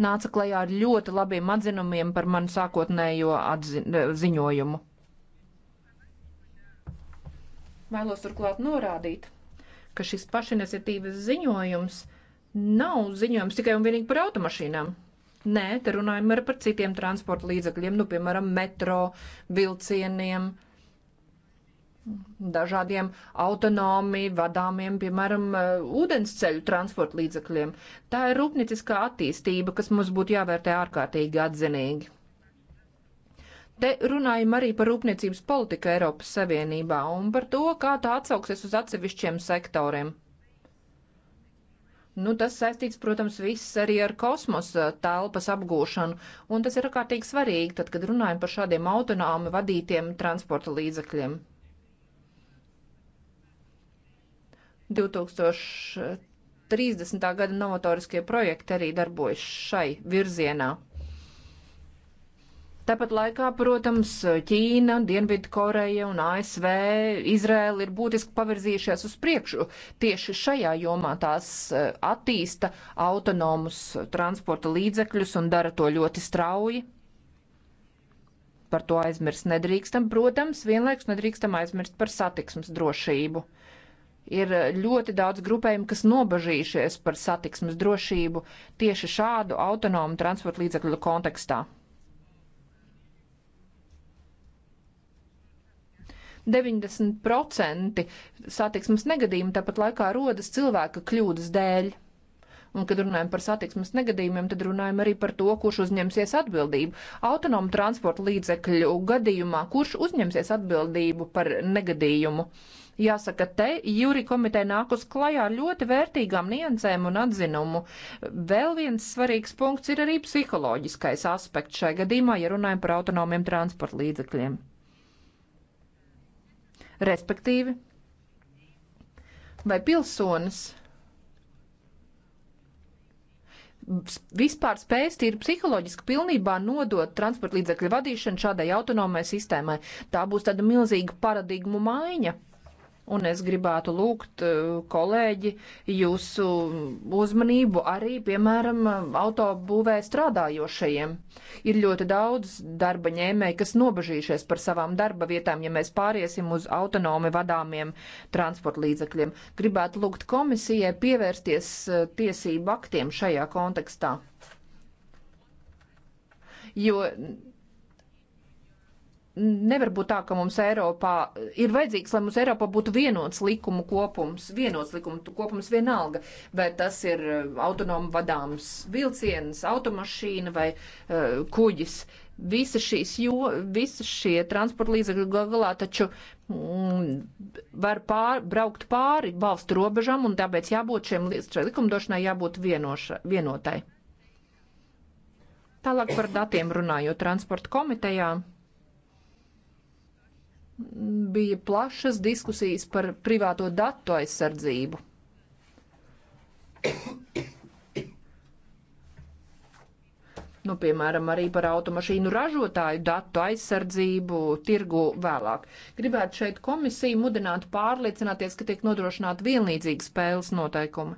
Speaker 9: nāca klajā ar ļoti labiem atzinumiem par manu sākotnējo atzi eh, ziņojumu. Vēlos turklāt norādīt, ka šis pašiniciatīvas ziņojums nav ziņojums tikai un vienīgi par automašīnām. Nē, te runājam arī par citiem transporta līdzakļiem, nu, piemēram, metro, vilcieniem, dažādiem autonomi vadāmiem, piemēram, uh, ūdensceļu transporta līdzakļiem. Tā ir rūpnieciskā attīstība, kas mums būtu jāvērtē ārkārtīgi atzinīgi. Te runājam arī par rūpniecības politiku Eiropas Savienībā un par to, kā tā atsauksies uz atsevišķiem sektoriem. Nu, tas saistīts, protams, viss arī ar kosmosa telpas apgūšanu, un tas ir ārkārtīgi svarīgi, tad, kad runājam par šādiem autonomi vadītiem transporta līdzekļiem. 2030. gada novatoriskie projekti arī darbojas šai virzienā. Tāpat laikā, protams, Ķīna, Dienvidkoreja un ASV, Izrēla ir būtiski pavirzījušās uz priekšu. Tieši šajā jomā tās eh, attīsta autonomus transporta līdzekļus un dara to ļoti strauji. Par to aizmirst nedrīkstam. Protams, vienlaikus nedrīkstam aizmirst par satiksmes drošību. Ir eh, ļoti daudz grupējumu, kas nobažījušies par satiksmes drošību tieši šādu autonomu transporta līdzekļu kontekstā. 90% satiksmes negadījumu tāpat laikā rodas cilvēka kļūdas dēļ. Un, kad runājam par satiksmes negadījumiem, tad runājam arī par to, kurš uzņemsies atbildību. Autonomu transporta līdzekļu gadījumā, kurš uzņemsies atbildību par negadījumu? Jāsaka, te jūri komiteja nāk uz klajā ar ļoti vērtīgām niansēm un atzinumu. Vēl viens svarīgs punkts ir arī psiholoģiskais aspekts šai gadījumā, ja runājam par autonomiem transporta līdzekļiem. Respektīvi, vai pilsonis vispār spējas tīri psiholoģiski pilnībā nodot transporta līdzekļu vadīšanu šādai autonomai sistēmai. Tā būs tāda milzīga paradigmu maiņa un es gribētu lūgt eh, kolēģi jūsu uzmanību arī, piemēram, autobūvē strādājošajiem. Ir ļoti daudz darba ņēmēji, kas nobežījušies par savām darba vietām, ja mēs pāriesim uz autonomi vadāmiem transporta līdzakļiem. Gribētu lūgt komisijai pievērsties eh, tiesību aktiem šajā kontekstā. Jo nevar būt tā, ka mums Eiropā ir vajadzīgs, lai mums Eiropā būtu vienots likumu kopums, vienots likumu kopums vienalga, vai tas ir eh, autonomi vadāms vilciens, automašīna vai uh, kuģis. Visa šīs, jo visi šie transporta līdzekļi galā taču mm, var pār, braukt pāri valstu robežām, un tāpēc jābūt šiem šai likumdošanai jābūt vienoša, vienotai. Tālāk par datiem runājot transporta komitejā bija plašas diskusijas par privāto datu aizsardzību. Nu, piemēram, arī par automašīnu ražotāju datu aizsardzību tirgu vēlāk. Gribētu šeit komisiju mudināt pārliecināties, ka tiek nodrošināta vienlīdzīga spēles noteikuma.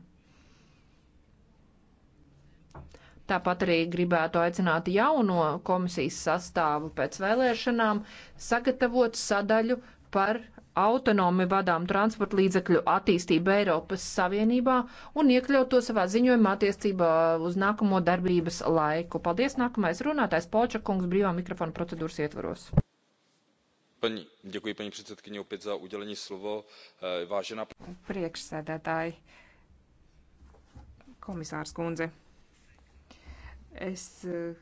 Speaker 9: Tāpat arī gribētu aicināt jauno komisijas sastāvu pēc vēlēšanām sagatavot sadaļu par autonomi vadām transporta līdzekļu attīstību Eiropas Savienībā un iekļaut to savā ziņojumā attiecībā uz nākamo darbības laiku. Paldies, nākamais runātājs Polča kungs brīvā mikrofona procedūras ietvaros.
Speaker 1: Paņi, ďakuji, paņi předsedkyni, opět za udělení slovo. Eh, vážená...
Speaker 8: Priekšsēdētāji, komisārs kundze. Es eh,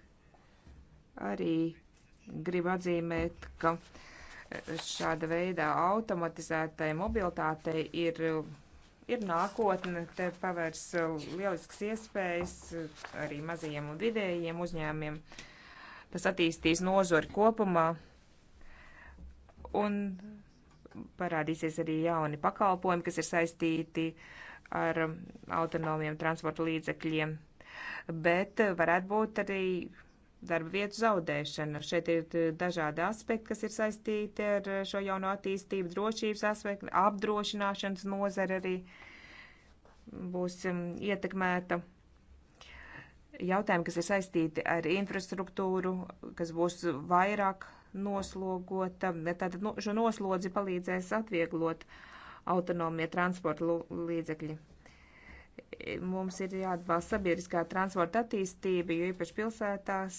Speaker 8: arī gribu atzīmēt, ka eh, šāda veida automatizētai mobilitātei ir, ir nākotne. Te pavērs eh, lielisks iespējas arī mazajiem un vidējiem uzņēmiem. Tas attīstīs nozori kopumā un parādīsies arī jauni pakalpojumi, kas ir saistīti ar autonomiem transporta līdzekļiem bet eh, varētu būt arī darba vietu zaudēšana. Šeit ir eh, dažādi aspekti, kas ir saistīti ar eh, šo jauno attīstību, drošības aspektu, apdrošināšanas nozara arī būs mm, ietekmēta. Jautājumi, kas ir saistīti ar infrastruktūru, kas būs vairāk noslogota, tātad no, nu, šo noslodzi palīdzēs atvieglot autonomie transporta līdzekļi. Mums ir jāatbalsta sabiedriskā transporta attīstība, jo īpaši pilsētās,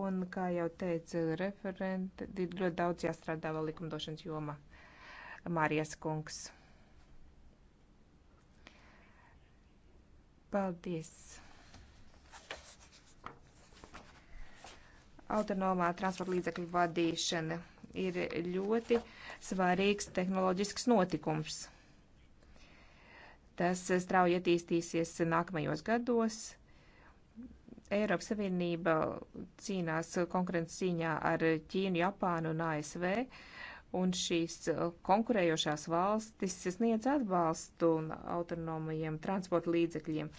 Speaker 8: un, kā jau teica referente, ir ļoti daudz jāstrādā vēl likumdošanas jomā. Mārijas kungs. Paldies! Autonomā transporta līdzekļu vadīšana ir ļoti svarīgs tehnoloģisks notikums. Tas strauji attīstīsies nākamajos gados. Eiropas Savienība cīnās konkurences cīņā ar Ķīnu, Japānu un ASV, un šīs konkurējošās valstis sniedz atbalstu autonomajiem transporta līdzekļiem.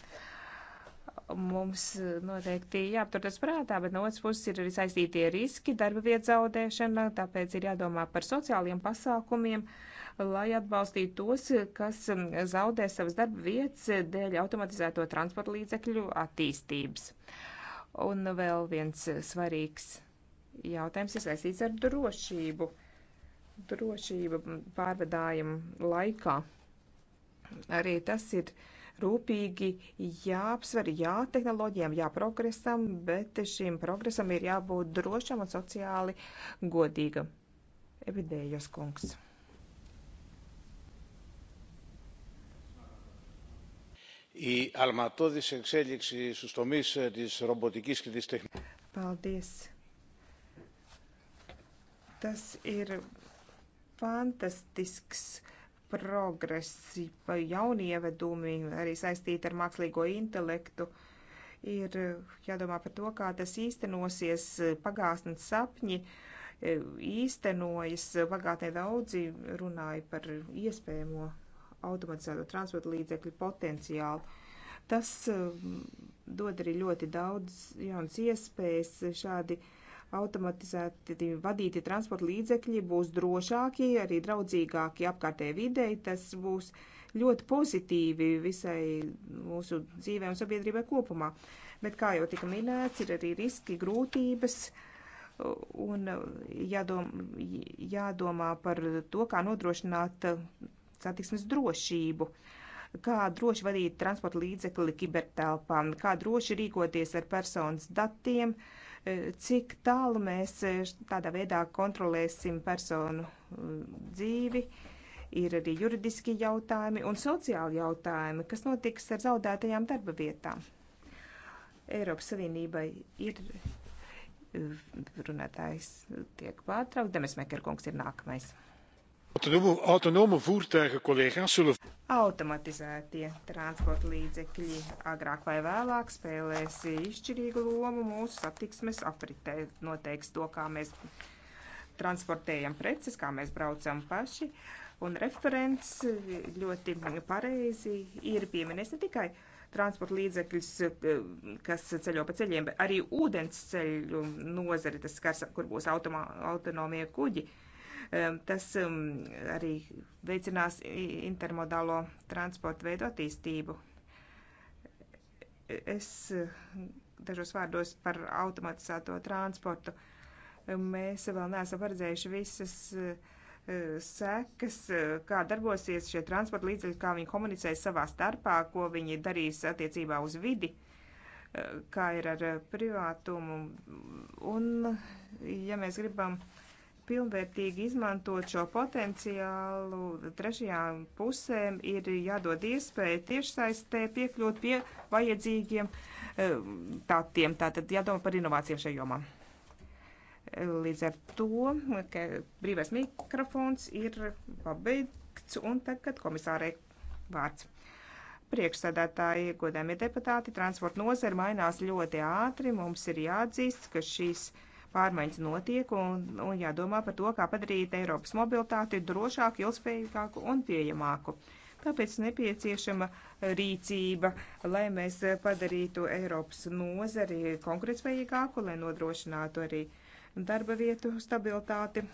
Speaker 8: Mums noteikti jāaptur tas prātā, bet no otras puses ir arī saistītie riski, darba vietas zaudēšana, tāpēc ir jādomā par sociāliem pasākumiem. Uh, lai atbalstītu tos, kas zaudē savas darba vietas dēļ automatizēto transporta līdzekļu attīstības. Un vēl viens svarīgs jautājums ir saistīts ar drošību. Drošība pārvedājuma laikā. Arī tas ir rūpīgi jāapsver, jā, tehnoloģijām, jā, progresam, bet šim progresam ir jābūt drošam un sociāli godīgam. Evidējos kungs.
Speaker 1: η αλματώδης εξέλιξη στους τομείς της ρομποτικής και της τεχνητής.
Speaker 8: Paldies. Tas ir fantastisks progress, jaunievedumi arī saistīti ar mākslīgo intelektu. Ir jādomā par to, kā tas īstenosies pagātnes sapņi e, īstenojas. Pagātnē daudzi runāja par iespējamo automatizēto transporta līdzekļu potenciālu. Tas um, dod arī ļoti daudz jaunas iespējas. Šādi automatizēti vadīti transporta līdzekļi būs drošāki, arī draudzīgāki apkārtējai videi. Tas būs ļoti pozitīvi visai mūsu dzīvē un sabiedrībai kopumā. Bet, kā jau tika minēts, ir arī riski, grūtības un jādom, jādomā par to, kā nodrošināt satiksmes drošību kā droši vadīt transporta līdzekli kibertelpā, kā droši rīkoties ar personas datiem, e, cik tālu mēs e, tādā veidā kontrolēsim personu mm, dzīvi. Ir arī juridiski jautājumi un sociāli jautājumi, kas notiks ar zaudētajām darba vietām. Eiropas Savienībai ir e, runātājs tiek pārtraukts, Demes Mekerkungs ir nākamais.
Speaker 1: Autonome voertuigen, collega's, zullen.
Speaker 8: Automatizētie transporta līdzekļi agrāk vai vēlāk spēlēs izšķirīgu lomu mūsu satiksmes apritē. Noteiks to, kā mēs transportējam preces, kā mēs braucam paši. Un referents ļoti pareizi ir pieminējis ne tikai transporta līdzekļus, kas ceļo pa ceļiem, bet arī ūdens ceļu nozari, tas skars, kur būs automa, autonomie kuģi. Uh, Tas arī veicinās intermodālo transportu veidu attīstību. Es dažos vārdos par automatizēto transportu. Mēs vēl neesam paredzējuši visas sekas, kā darbosies šie transporta līdzekļi, kā viņi komunicēs savā starpā, ko viņi darīs attiecībā uz vidi, kā ir ar privātumu. Un, ja mēs gribam uh, pilnvērtīgi izmantot šo potenciālu, trešajām pusēm ir jādod iespēja tiešsaistē piekļūt pie vajadzīgiem tātiem, eh, tātad jādomā par inovācijām šajā jomā. Līdz ar to, ka brīvais mikrofons ir pabeigts un tagad komisārei vārds priekšsēdētāji, godāmie deputāti, transporta nozara mainās ļoti ātri. Mums ir jāatzīst, ka šīs pārmaiņas notiek un, un jādomā par to, kā padarīt Eiropas mobilitāti drošāku, ilgspējīgāku un pieejamāku. Tāpēc nepieciešama rīcība, lai mēs padarītu Eiropas nozari konkurētspējīgāku, lai nodrošinātu arī darba vietu stabilitāti.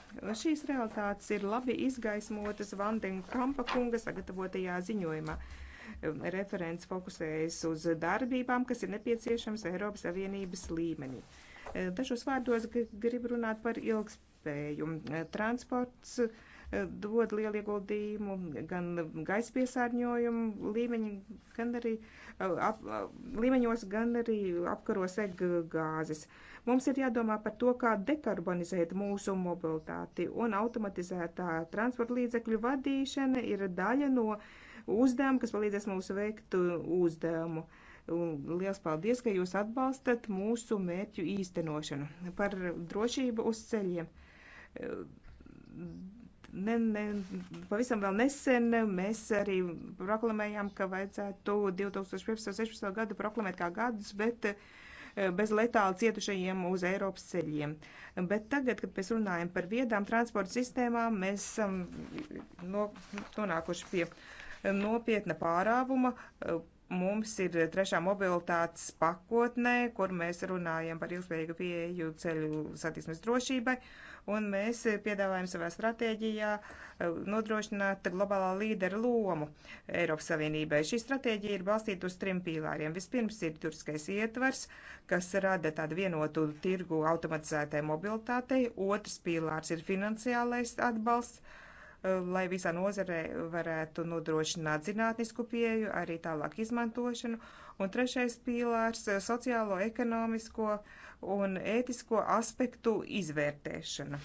Speaker 8: Šīs realitātes ir labi izgaismotas Vandena Kampa kunga sagatavotajā ziņojumā. Referents fokusējas uz darbībām, kas ir nepieciešams Eiropas Savienības līmenī. Dažos vārdos gribu runāt par ilgspēju. Transports eh, dod lielu ieguldījumu gan gaisa piesārņojumu līmeņi, gan arī eh, ap, eh, līmeņos, gan arī apkaros eggāzes. Mums ir jādomā par to, kā dekarbonizēt mūsu mobilitāti, un automatizētā transporta līdzekļu vadīšana ir daļa no uzdevuma, kas palīdzēs mums veikt uzdevumu. Uh, Lielas paldies, ka jūs atbalstat mūsu mērķu īstenošanu par drošību uz ceļiem. Ne, ne, pavisam vēl nesen mēs arī proklamējām, ka vajadzētu 2015. un 2016. gadu proklamēt kā gadus, bet uh, bez letāli cietušajiem uz Eiropas ceļiem. Bet tagad, kad mēs runājam par viedām transporta sistēmām, mēs esam um, no, nonākuši pie nopietna pārāvuma mums ir trešā mobilitātes pakotnē, kur mēs runājam par ilgspējīgu pieeju ceļu satiksmes drošībai, un mēs piedāvājam savā stratēģijā eh, nodrošināt globālā līdera lomu Eiropas Savienībai. Šī stratēģija ir balstīta uz trim pīlāriem. Vispirms ir turskais ietvars, kas rada tādu vienotu tirgu automatizētai mobilitātei. Otrs pīlārs ir finansiālais atbalsts Eh, lai visā nozarē varētu nodrošināt zinātnisku pieju, arī tālāk izmantošanu. Un trešais pīlārs - sociālo, ekonomisko un ētisko aspektu izvērtēšana.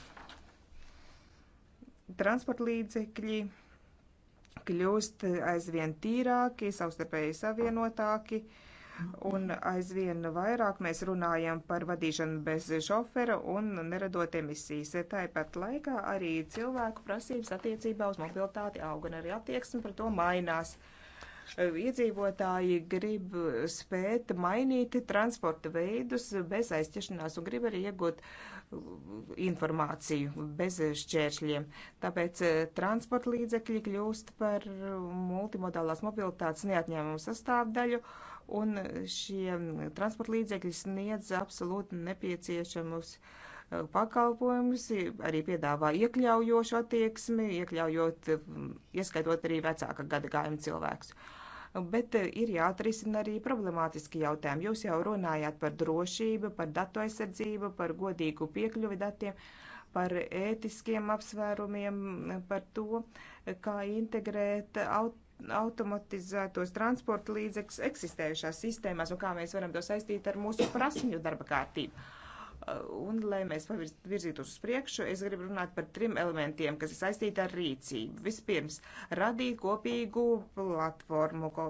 Speaker 8: Transporta līdzekļi kļūst aizvien tīrāki, savstarpēji savienotāki. Uh, un aizvien vairāk mēs runājam par vadīšanu bez šofera un neradot emisijas. Tāpat laikā arī cilvēku prasības attiecībā uz mobilitāti aug un arī attieksme par to mainās. Iedzīvotāji grib spēt mainīt transporta veidus bez aizķeršanās un grib arī iegūt informāciju bez šķēršļiem. Tāpēc eh, transporta līdzekļi kļūst par multimodālās mobilitātes neatņēmumu sastāvdaļu. Uh, un šie transporta līdzekļi sniedz absolūti nepieciešamus uh, pakalpojumus, arī piedāvā iekļaujošu attieksmi, iekļaujot, um, ieskaitot arī vecāka gadagājuma cilvēkus. Bet uh, ir jāatrisina arī problemātiski jautājumi. Jūs jau runājāt par drošību, par datu aizsardzību, par godīgu piekļuvi datiem, par ētiskiem apsvērumiem, par to, kā integrēt auto automatizētos transporta līdzekļus eksistējušās sistēmās un kā mēs varam to saistīt ar mūsu prasmju darba kārtību. Uh, un, lai mēs virzītos uz priekšu, es gribu runāt par trim elementiem, kas ir saistīti ar rīcību. Vispirms, radīt kopīgu platformu ko,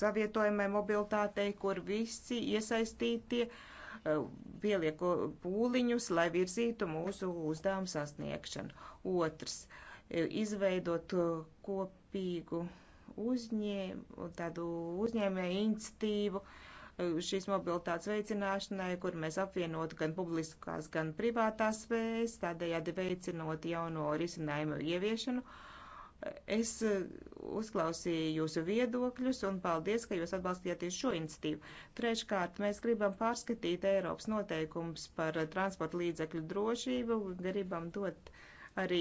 Speaker 8: savietojumai mobilitātei, kur visi iesaistītie uh, pieliek pūliņus, lai virzītu mūsu uzdevumu sasniegšanu. Otrs, uh, izveidot kopīgu uzņēm, tādu uzņēmēju institīvu e, šīs mobilitātes veicināšanai, kur mēs apvienotu gan publiskās, gan privātās spējas, tādējādi veicinot jauno risinājumu ieviešanu. Es e, uzklausīju jūsu viedokļus un paldies, ka jūs atbalstījāt šo iniciatīvu. Treškārt, mēs gribam pārskatīt Eiropas noteikums par transporta līdzekļu drošību, gribam dot uh, arī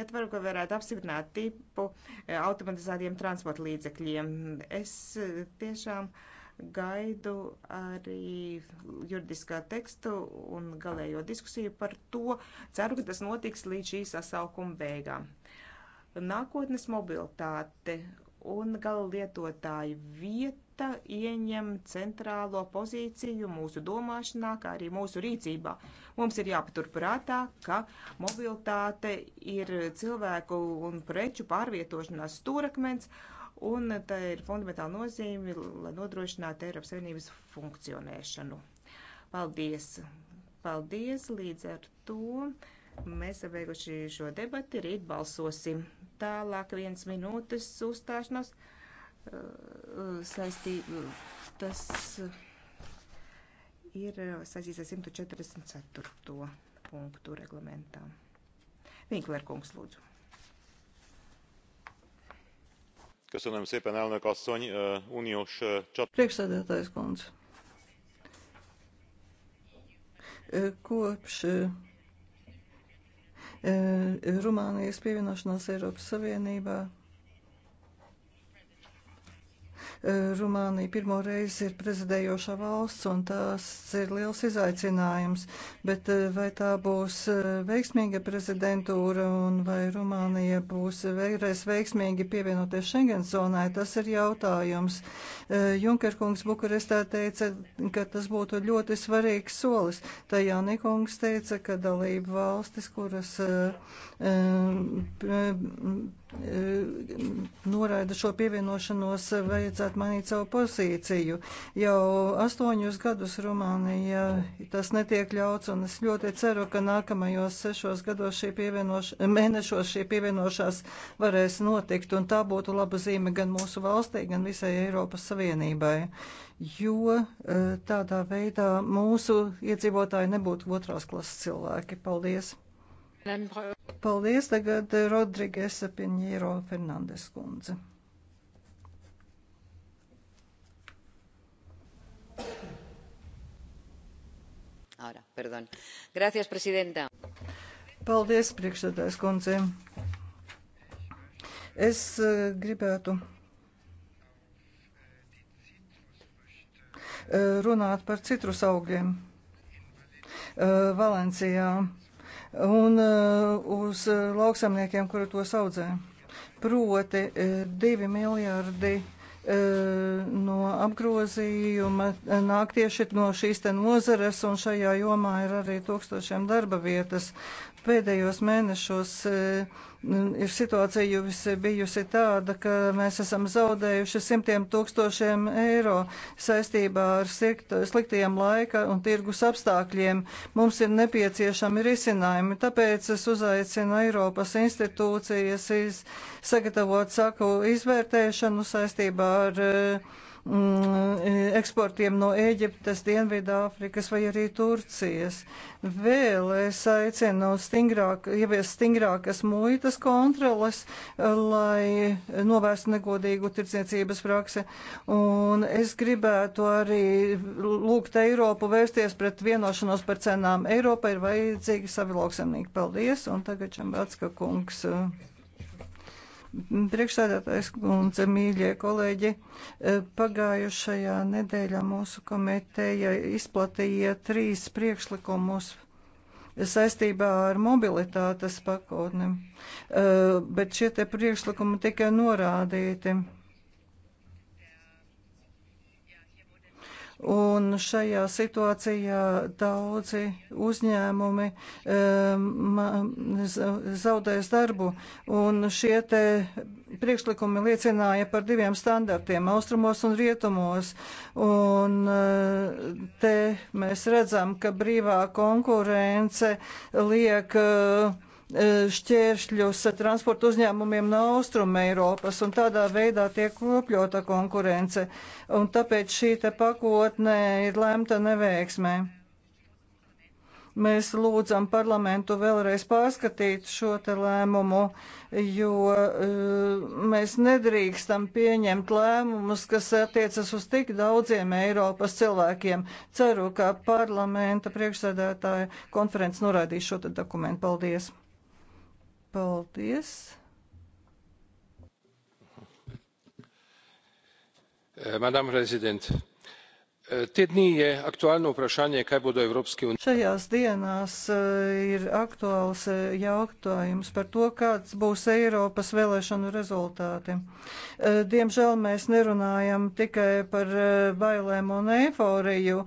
Speaker 8: ietvaru, ko varētu apstiprināt tipu eh, automatizētiem transporta līdzekļiem. Es eh, tiešām gaidu arī juridiskā tekstu un galējo diskusiju par to. Ceru, ka tas notiks līdz šī sasaukuma beigām. Nākotnes mobilitāte un gala lietotāju vieta lieta ieņem centrālo pozīciju mūsu domāšanā, kā arī mūsu rīcībā. Mums ir jāpaturprātā, ka mobilitāte ir cilvēku un preču pārvietošanās stūrakmens, un tā ir fundamentāla nozīme, lai nodrošinātu Eiropas Savienības funkcionēšanu. Paldies! Paldies! Līdz ar to mēs esam beiguši šo debati, rīt balsosim. Tālāk viens minūtes uzstāšanos saistība, tas ir saistīts ar 144. punktu reglamentā. Vinklēr kungs, lūdzu.
Speaker 1: Köszönöm szépen, elnök asszony, uniós csat...
Speaker 3: Priekšsēdētājs kundze. Kopš Rumānijas pievienošanās Eiropas Savienībā Eh, Rumānija pirmo reizi ir prezidējošā valsts, un tās ir liels izaicinājums. Bet eh, vai tā būs eh, veiksmīga prezidentūra, un vai Rumānija būs vēlreiz veiksmīgi pievienoties Schengen zonai, tas ir jautājums. Junkerkungs Bukarestā teica, ka tas būtu ļoti svarīgs solis. Tajā Nikungs teica, ka dalība valstis, kuras Eh, noraida šo pievienošanos, vajadzētu mainīt savu pozīciju. Jau astoņus gadus Rumānija tas netiek ļauts, un es ļoti ceru, ka nākamajos sešos gados šī mēnešos šī pievienošās varēs notikt, un tā būtu laba zīme gan mūsu valstī, gan visai Eiropas Savienībai, jo eh, tādā veidā mūsu iedzīvotāji nebūtu otrās klases cilvēki. Paldies! Paldies, tagad Rodrigesa Piņēro Fernandes kundze.
Speaker 6: Ahora, perdón.
Speaker 5: Gracias, presidenta.
Speaker 3: Paldies, priekšsēdājas kundze. Es eh, gribētu eh, runāt par citrus augļiem eh, Valencijā un uh, uz lauksamniekiem, kuri tos audzē. Proti eh, divi miljardi eh, no apgrozījuma nāk tieši no šīs te nozares, un šajā jomā ir arī tūkstošiem darba vietas. Pēdējos mēnešos e, ir situācija jau bijusi tāda, ka mēs esam zaudējuši simtiem tūkstošiem eiro saistībā ar slikt, sliktiem laika un tirgus apstākļiem. Mums ir nepieciešami risinājumi, tāpēc es uzaicinu Eiropas institūcijas sagatavot saku izvērtēšanu saistībā ar e, Mm, eksportiem no Ēģiptes, Dienvidāfrikas vai arī Turcijas. Vēl es aicinu stingrāk, ievies stingrākas muitas kontroles, eh, lai novērstu negodīgu tirdzniecības praksi. Un es gribētu arī lūgt Eiropu vērsties pret vienošanos par cenām. Eiropa ir vajadzīgi savi lauksemnieki. Paldies! Un tagad Čembatska kungs. Uh, Priekšsēdētājs kundze, mīļie kolēģi, e, pagājušajā nedēļā mūsu komiteja izplatīja trīs priekšlikumus saistībā ar mobilitātes pakotni, e, bet šie te priekšlikumi tika norādīti. Un šajā situācijā daudzi uzņēmumi ehm, zaudēs darbu. Un šie te priekšlikumi liecināja par diviem standartiem - austrumos un rietumos. Un eh, te mēs redzam, ka brīvā konkurence liek eh, E, šķēršļus transporta uzņēmumiem no Austruma Eiropas, un tādā veidā tiek kropļota konkurence, un tāpēc šī te pakotne ir lemta neveiksmē. Mēs lūdzam parlamentu vēlreiz pārskatīt šo te lēmumu, jo e, mēs nedrīkstam pieņemt lēmumus, kas attiecas uz tik daudziem Eiropas cilvēkiem. Ceru, ka parlamenta priekšsēdētāja konferences norādīs šo te dokumentu. Paldies! Paldies!
Speaker 1: Eh, Madam President, E, te dni je aktualno vprašanje, kaj bodo Evropske unije.
Speaker 3: Šajās dienās e, ir aktuāls e, jautājums par to, kāds būs Eiropas vēlēšanu rezultāti. Diemžēl mēs nerunājam tikai par bailēm un eiforiju,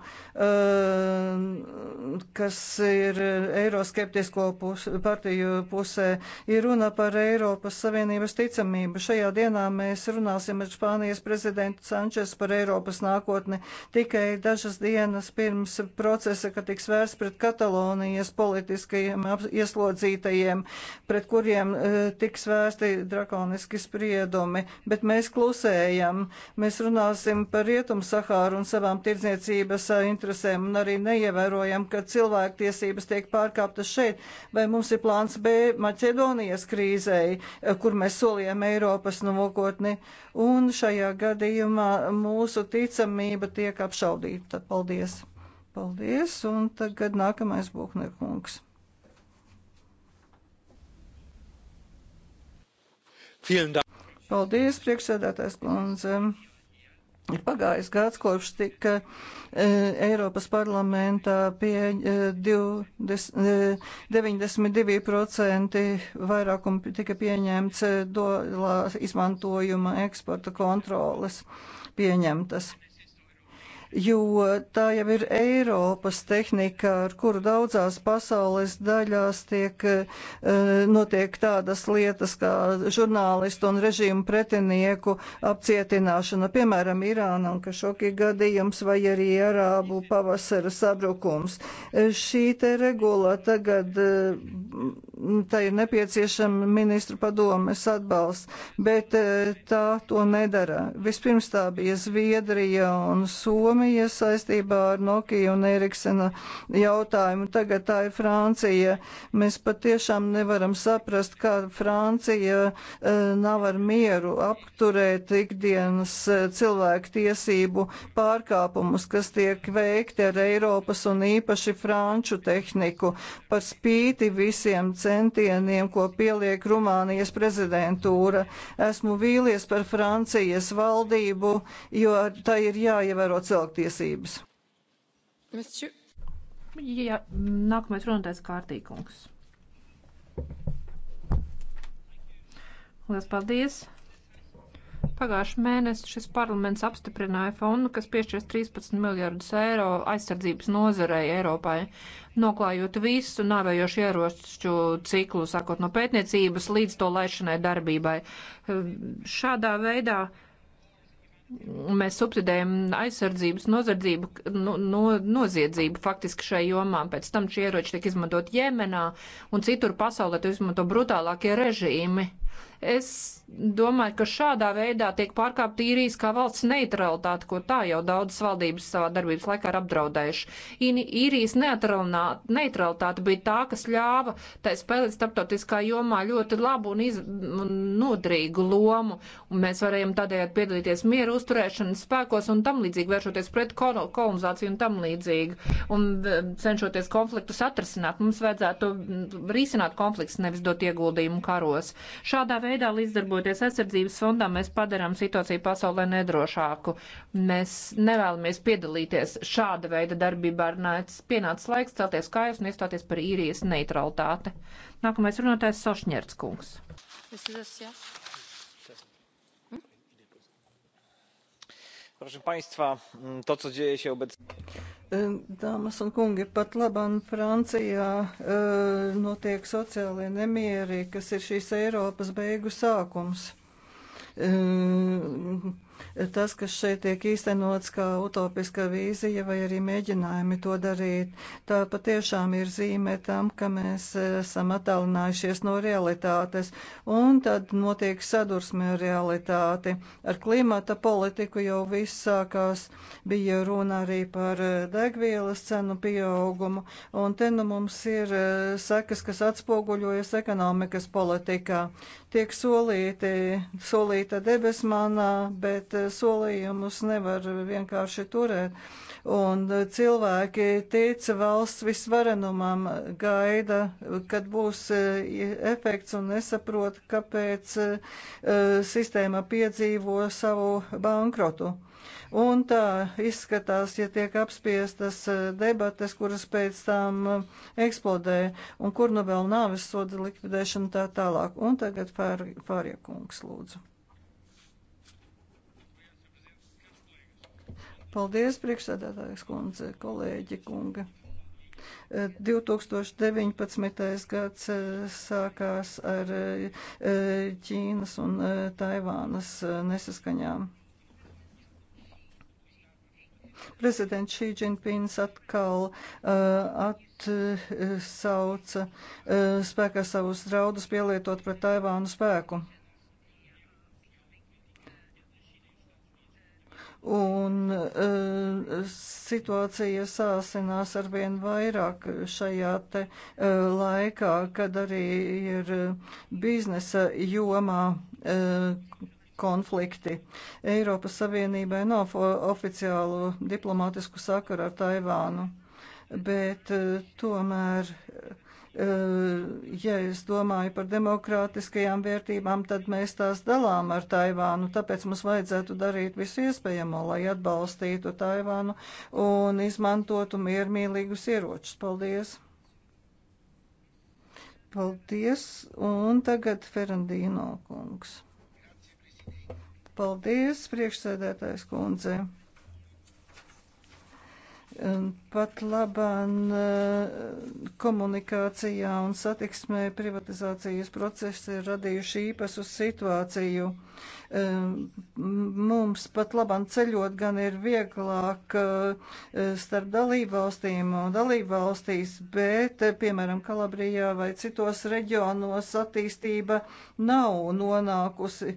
Speaker 3: kas ir eiroskeptisko pus, partiju pusē. Ir runa par Eiropas Savienības ticamību. Šajā dienā mēs runāsim ar Spānijas prezidentu Sančes par Eiropas nākotni. Tik tikai dažas dienas pirms procesa, kad tiks vērsts pret Katalonijas politiskajiem ieslodzītajiem, pret kuriem e, tiks vērsti drakoniski spriedumi. Bet mēs klusējam. Mēs runāsim par Rietumu Sahāru un savām tirdzniecības e, interesēm un arī neievērojam, ka cilvēktiesības tiek pārkāptas šeit. Vai mums ir plāns B Maķedonijas krīzei, e, kur mēs solījām Eiropas novokotni? Un šajā gadījumā mūsu ticamība tiek apšaubīta apšaudīt. Tad paldies! Paldies! Un tagad nākamais Buhnerkungs. Paldies, priekšsēdētājs kundze. Ir pagājis gads, kopš tika e, Eiropas parlamentā pie e, 20, e, 92% vairākumu tika pieņemts e, dolā izmantojuma eksporta kontroles pieņemtas jo tā jau ir Eiropas tehnika, ar kuru daudzās pasaules daļās tiek eh, notiek tādas lietas kā žurnālistu un režīmu pretinieku apcietināšana, piemēram, Irāna un Kašoki gadījums vai arī Arābu pavasara sabrukums. Eh, šī te regula tagad, eh, tai ir nepieciešama ministru padomes atbalsts, bet tā to nedara. Vispirms tā bija Zviedrija un Somija. Somija saistībā ar Nokiju un Eriksena jautājumu. Tagad tā ir Francija. Mēs patiešām nevaram saprast, kā Francija eh, nav ar mieru apturēt ikdienas eh, cilvēku tiesību pārkāpumus, kas tiek veikti ar Eiropas un īpaši Franču tehniku, par spīti visiem centieniem, ko pieliek Rumānijas prezidentūra. Esmu vīlies par Francijas valdību, jo tai ir jāievēro cilvēku cilvēktiesības.
Speaker 9: Jā, nākamais runātājs kārtīkungs. Lielas paldies! Pagājušā mēnesī šis parlaments apstiprināja fondu, kas piešķirs 13 miljardus eiro aizsardzības nozarei Eiropai, noklājot visu nāvējošu ieroču ciklu, sākot no pētniecības līdz to laišanai darbībai. Šādā veidā mēs subsidējam aizsardzības nozardzību, no, nu, no, noziedzību faktiski šai jomā. Pēc tam šie ieroči tiek izmantot Jemenā un citur pasaulē, to izmanto brutālākie režīmi. Es domāju, ka šādā veidā tiek pārkāpta īrijas kā valsts neutralitāte, ko tā jau daudzas valdības savā darbības laikā ir apdraudējuši. Īrijas neutralitāte bija tā, kas ļāva tai spēlēt starptautiskā jomā ļoti labu un, iz, un nodrīgu lomu, un mēs varējām tādējādi piedalīties mieru uzturēšanas spēkos un tam līdzīgi vēršoties pret kolonizāciju un tam līdzīgi, un e, cenšoties konfliktus atrasināt. Mums vajadzētu risināt konflikts, nevis dot ieguldījumu karos. Šā Tādā veidā, līdzdarboties aizsardzības fondam, mēs padarām situāciju pasaulē nedrošāku. Mēs nevēlamies piedalīties šāda veida darbībā, nāc pienācis laiks celties kājas un iestāties par īrijas neutralitāti. Nākamais runātājs Sošņērts kungs.
Speaker 2: Es esmu, jā.
Speaker 3: Proszę Państwa, mm, to co dzieje się obecnie. Dāmas un kungi, pat labam Francijā uh, notiek sociālie nemieri, kas ir šīs Eiropas beigu sākums. Uh, tas, kas šeit tiek īstenots kā utopiska vīzija vai arī mēģinājumi to darīt, tā patiešām ir zīme tam, ka mēs e, esam attālinājušies no realitātes, un tad notiek sadursme ar realitāti. Ar klimata politiku jau viss sākās, bija runa arī par e, degvielas cenu pieaugumu, un te nu mums ir e, sekas, kas atspoguļojas ekonomikas politikā. Tiek solīti, solīta debesmanā, bet bet eh, solījumus nevar vienkārši turēt. Un eh, cilvēki tic valsts visvarenumam, gaida, kad būs eh, efekts un nesaprot, kāpēc sistēma piedzīvo savu bankrotu. Un tā izskatās, ja tiek apspiestas debates, kuras pēc tam eksplodē, un kur nu vēl nāvis soda likvidēšana tā tālāk. Un tagad Fārija kungs lūdzu. Paldies, priekšsēdētājs kundze, kolēģi kunga. 2019. Eh, gads eh, sākās ar eh, Ķīnas un Taivānas nesaskaņām. Prezidents Šī Džinpins atkal uh, atsauca uh, spēkā savus draudus pielietot pret Taivānu spēku. un e, situācija sāsinās arvien vairāk šajā te e, laikā, kad arī ir eh, biznesa jomā e, konflikti. Eiropas Savienībai nav oficiālu diplomātisku sakaru ar Taivānu, bet tomēr Eh, ja es domāju par demokrātiskajām vērtībām, tad mēs tās dalām ar Taivānu, tāpēc mums vajadzētu darīt visu iespējamo, lai atbalstītu Taivānu un izmantotu miermīlīgus ieročus. Paldies! Paldies! Un tagad Ferandīno kungs. Paldies, priekšsēdētājs kundze! Pat labāk eh, komunikācijā un satiksmē privatizācijas procesi ir radījuši īpašu situāciju. Eh, mums pat labāk ceļot gan ir vieglāk eh, starp dalībvalstīm un dalībvalstīs, bet, piemēram, Kalabrijā vai citos reģionos attīstība nav nonākusi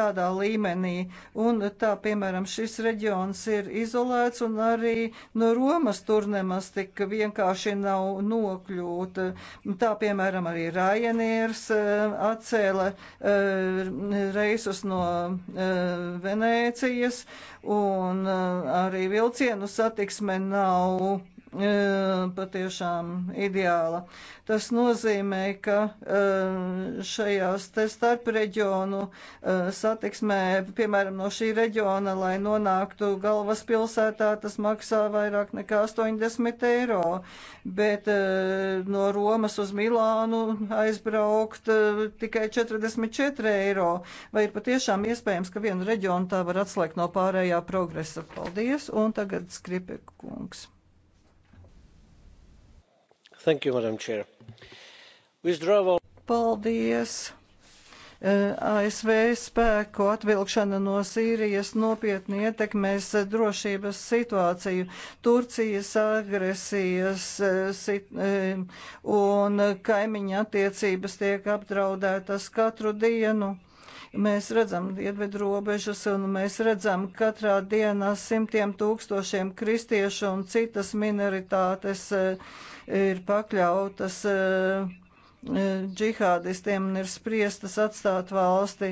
Speaker 3: tādā līmenī. Un tā, piemēram, šis reģions ir izolēts un arī no Romas Romas turnemas tik vienkārši nav nokļūt. Tā, piemēram, arī Ryanieris eh, atcēla eh, reisus no eh, Venēcijas un arī vilcienu satiksme nav E, patiešām ideāla. Tas nozīmē, ka e, šajās te starp reģionu e, satiksmē, piemēram, no šī reģiona, lai nonāktu galvaspilsētā, tas maksā vairāk nekā 80 eiro, bet no Romas uz Milānu aizbraukt tikai 44 eiro. Vai ir patiešām iespējams, ka vienu reģionu tā var atslēgt no pārējā progresa? Paldies, un tagad Skripe kungs madam president withdrawal. paldies! Eh, ASV spēku atvilkšana no Sīrijas nopietni ietekmēs eh, drošības situāciju, Turcijas agresijas eh, sit, un kaimiņa attiecības tiek apdraudētas katru dienu mēs redzam dienvidu robežas un mēs redzam katrā dienā simtiem tūkstošiem kristiešu un citas minoritātes uh, ir pakļautas eh, E, džihādistiem ir spriestas atstāt valsti,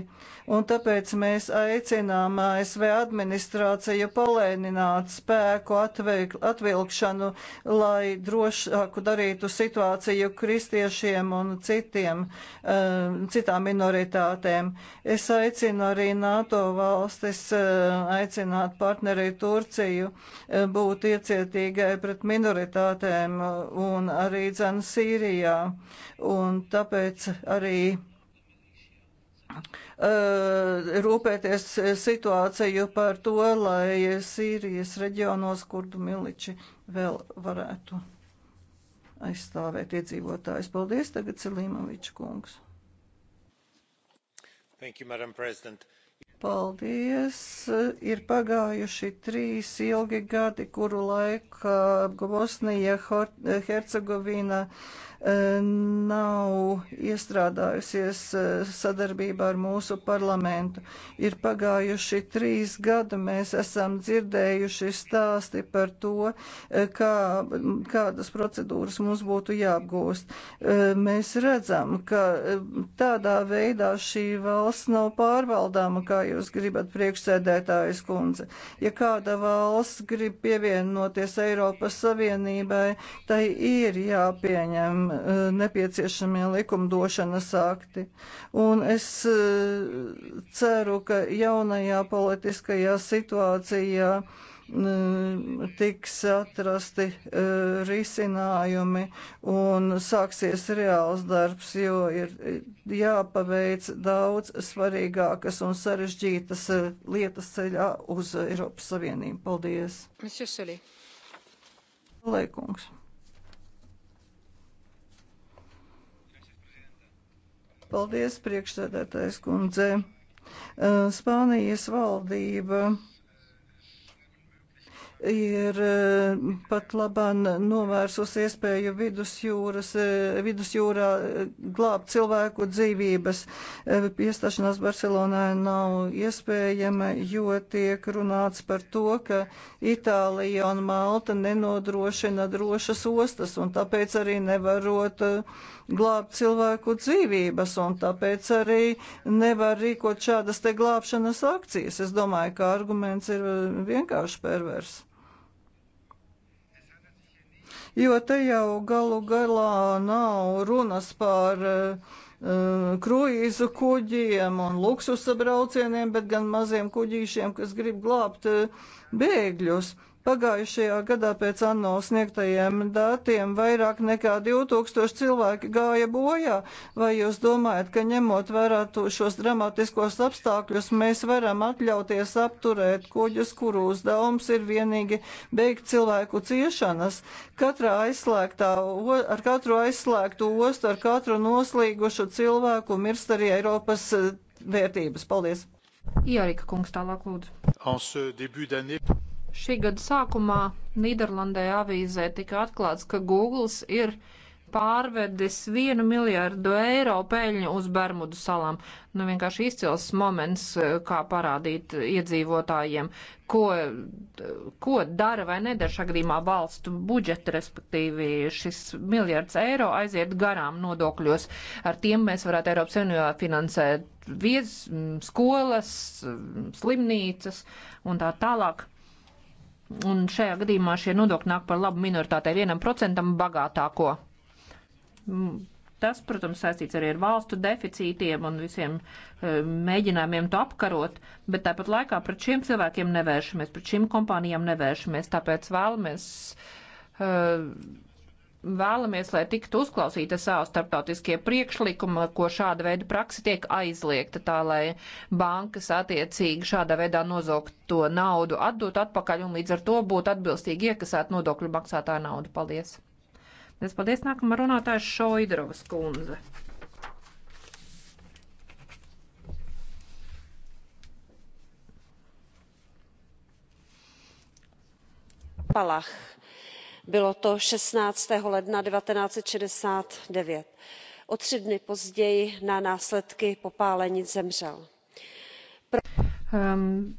Speaker 3: un tāpēc mēs aicinām ASV administrāciju palēnināt spēku atveik, atvilkšanu, lai drošāku darītu situāciju kristiešiem un citiem, e, citām minoritātēm. Es aicinu arī NATO valstis e, aicināt partneri Turciju būt iecietīgai pret minoritātēm un arī dzēnu Sīrijā. Un un tāpēc arī eh, rūpēties situāciju par to, lai Sīrijas reģionos kurdu miliči vēl varētu aizstāvēt iedzīvotājus. Paldies, tagad Cilīmovičs kungs.
Speaker 1: Thank you, Madam President.
Speaker 3: Paldies! Ir pagājuši trīs ilgi gadi, kuru laikā Bosnija, Hercegovina, nav iestrādājusies eh, sadarbībā ar mūsu parlamentu. Ir pagājuši trīs gadi, mēs esam dzirdējuši stāsti par to, eh, kā, kādas procedūras mums būtu jāapgūst. Eh, mēs redzam, ka tādā veidā šī valsts nav pārvaldāma, kā jūs gribat priekšsēdētājas kundze. Ja kāda valsts grib pievienoties Eiropas Savienībai, tai ir jāpieņem pieņem eh, nepieciešamie likumdošanas akti. Un es eh, ceru, ka jaunajā politiskajā situācijā eh, tiks atrasti risinājumi un sāksies reāls darbs, jo ir jāpaveic daudz svarīgākas un sarežģītas lietas ceļā uz Eiropas Savienību. Paldies!
Speaker 9: Paldies,
Speaker 3: Kungs! Paldies, priekšsēdētājs kundze. Spānijas valdība ir eh, pat labam novērsus iespēju vidusjūras, eh, vidusjūrā eh, glābt cilvēku dzīvības. Iestašanās Barcelonā nav iespējama, jo tiek runāts par to, ka Itālija un Malta nenodrošina drošas ostas un tāpēc arī nevarot glābt cilvēku dzīvības un tāpēc arī nevar rīkot šādas te glābšanas akcijas. Es domāju, ka arguments ir vienkārši pervers jo te jau galu galā nav runas par uh, kruīzu kuģiem un luksusa braucieniem, bet gan maziem kuģīšiem, kas grib glābt uh, bēgļus. Uh, Pagājušajā gadā pēc ANO sniegtajiem datiem vairāk nekā 2000 cilvēki gāja bojā. Vai jūs domājat, ka ņemot vērā šos dramatiskos apstākļus, mēs varam atļauties apturēt kuģus, kuru uzdevums ir vienīgi beigt cilvēku ciešanas? Katrā aizslēgtā, ar katru aizslēgtu ostu, ar katru noslīgušu cilvēku mirst arī Eiropas eh, vērtības. Paldies!
Speaker 9: Jārika kungs tālāk
Speaker 1: lūdzu.
Speaker 9: Šī gada sākumā Nīderlandē avīzē tika atklāts, ka Google ir pārvedis vienu miljārdu eiro peļņu uz Bermudu salām. Nu, vienkārši izcils moments, e, kā parādīt iedzīvotājiem, ko, ko dara vai nedara šagrīmā valstu budžeta, respektīvi šis miljards eiro aiziet garām nodokļos. Ar tiem mēs varētu Eiropas Savienībā finansēt viez, skolas, slimnīcas un tā tālāk. Un šajā gadījumā šie nodokļi nāk par labu minoritātei vienam procentam bagātāko. Mm, tas, protams, saistīts arī ar valstu deficītiem un visiem e, mēģinājumiem to apkarot, bet tāpat laikā pret šiem cilvēkiem nevēršamies, pret šīm kompānijām nevēršamies. Tāpēc vēlamies. Uh, e, vēlamies, lai tiktu uzklausīta savu starptautiskie priekšlikumi, ko šāda veida praksa tiek aizliegta, tā lai bankas attiecīgi šādā veidā nozog to naudu, atdot atpakaļ un līdz ar to būtu atbilstīgi iekasēt nodokļu maksātāju naudu. Paldies! Es paldies nākamā runātāja Šoidrovas kundze. palach bylo to. sixteen ledna. one thousand nine hundred and sixty nine o tři dny později na následky popálenin zemřel. Um, ehm,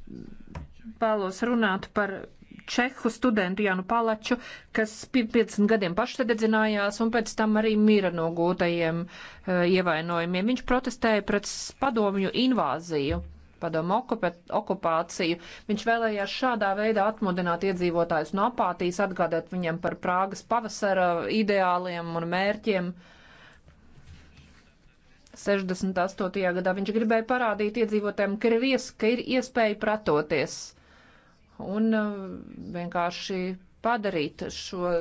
Speaker 9: vēlos runāt par čehu studentu Janu Palaču, kas 15 gadiem pašsadedzinājās un pēc tam arī mira no gūtajiem uh, eh, ievainojumiem. Viņš protestēja pret padomju invāziju padomu okupāciju. Viņš vēlējās šādā veidā atmodināt iedzīvotājus no apātijas, atgādāt viņiem par Prāgas pavasara ideāliem un mērķiem. 68. gadā viņš gribēja parādīt iedzīvotājiem, ka ir, ies, ka ir iespēja pretoties un uh, vienkārši padarīt šo,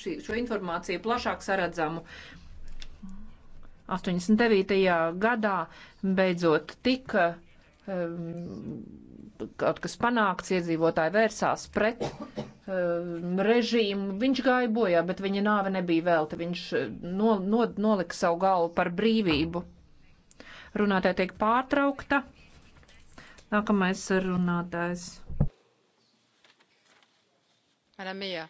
Speaker 9: šī, šo informāciju plašāk saredzamu. 89. gadā beidzot tika Ehm, kaut kas panākts, iedzīvotāji vērsās pret ehm, režīmu. Viņš gāja bojā, bet viņa nāve nebija velta. Viņš eh, no, no, nolika savu galvu par brīvību. Runātāja tiek pārtraukta. Nākamais runātājs. Anamija.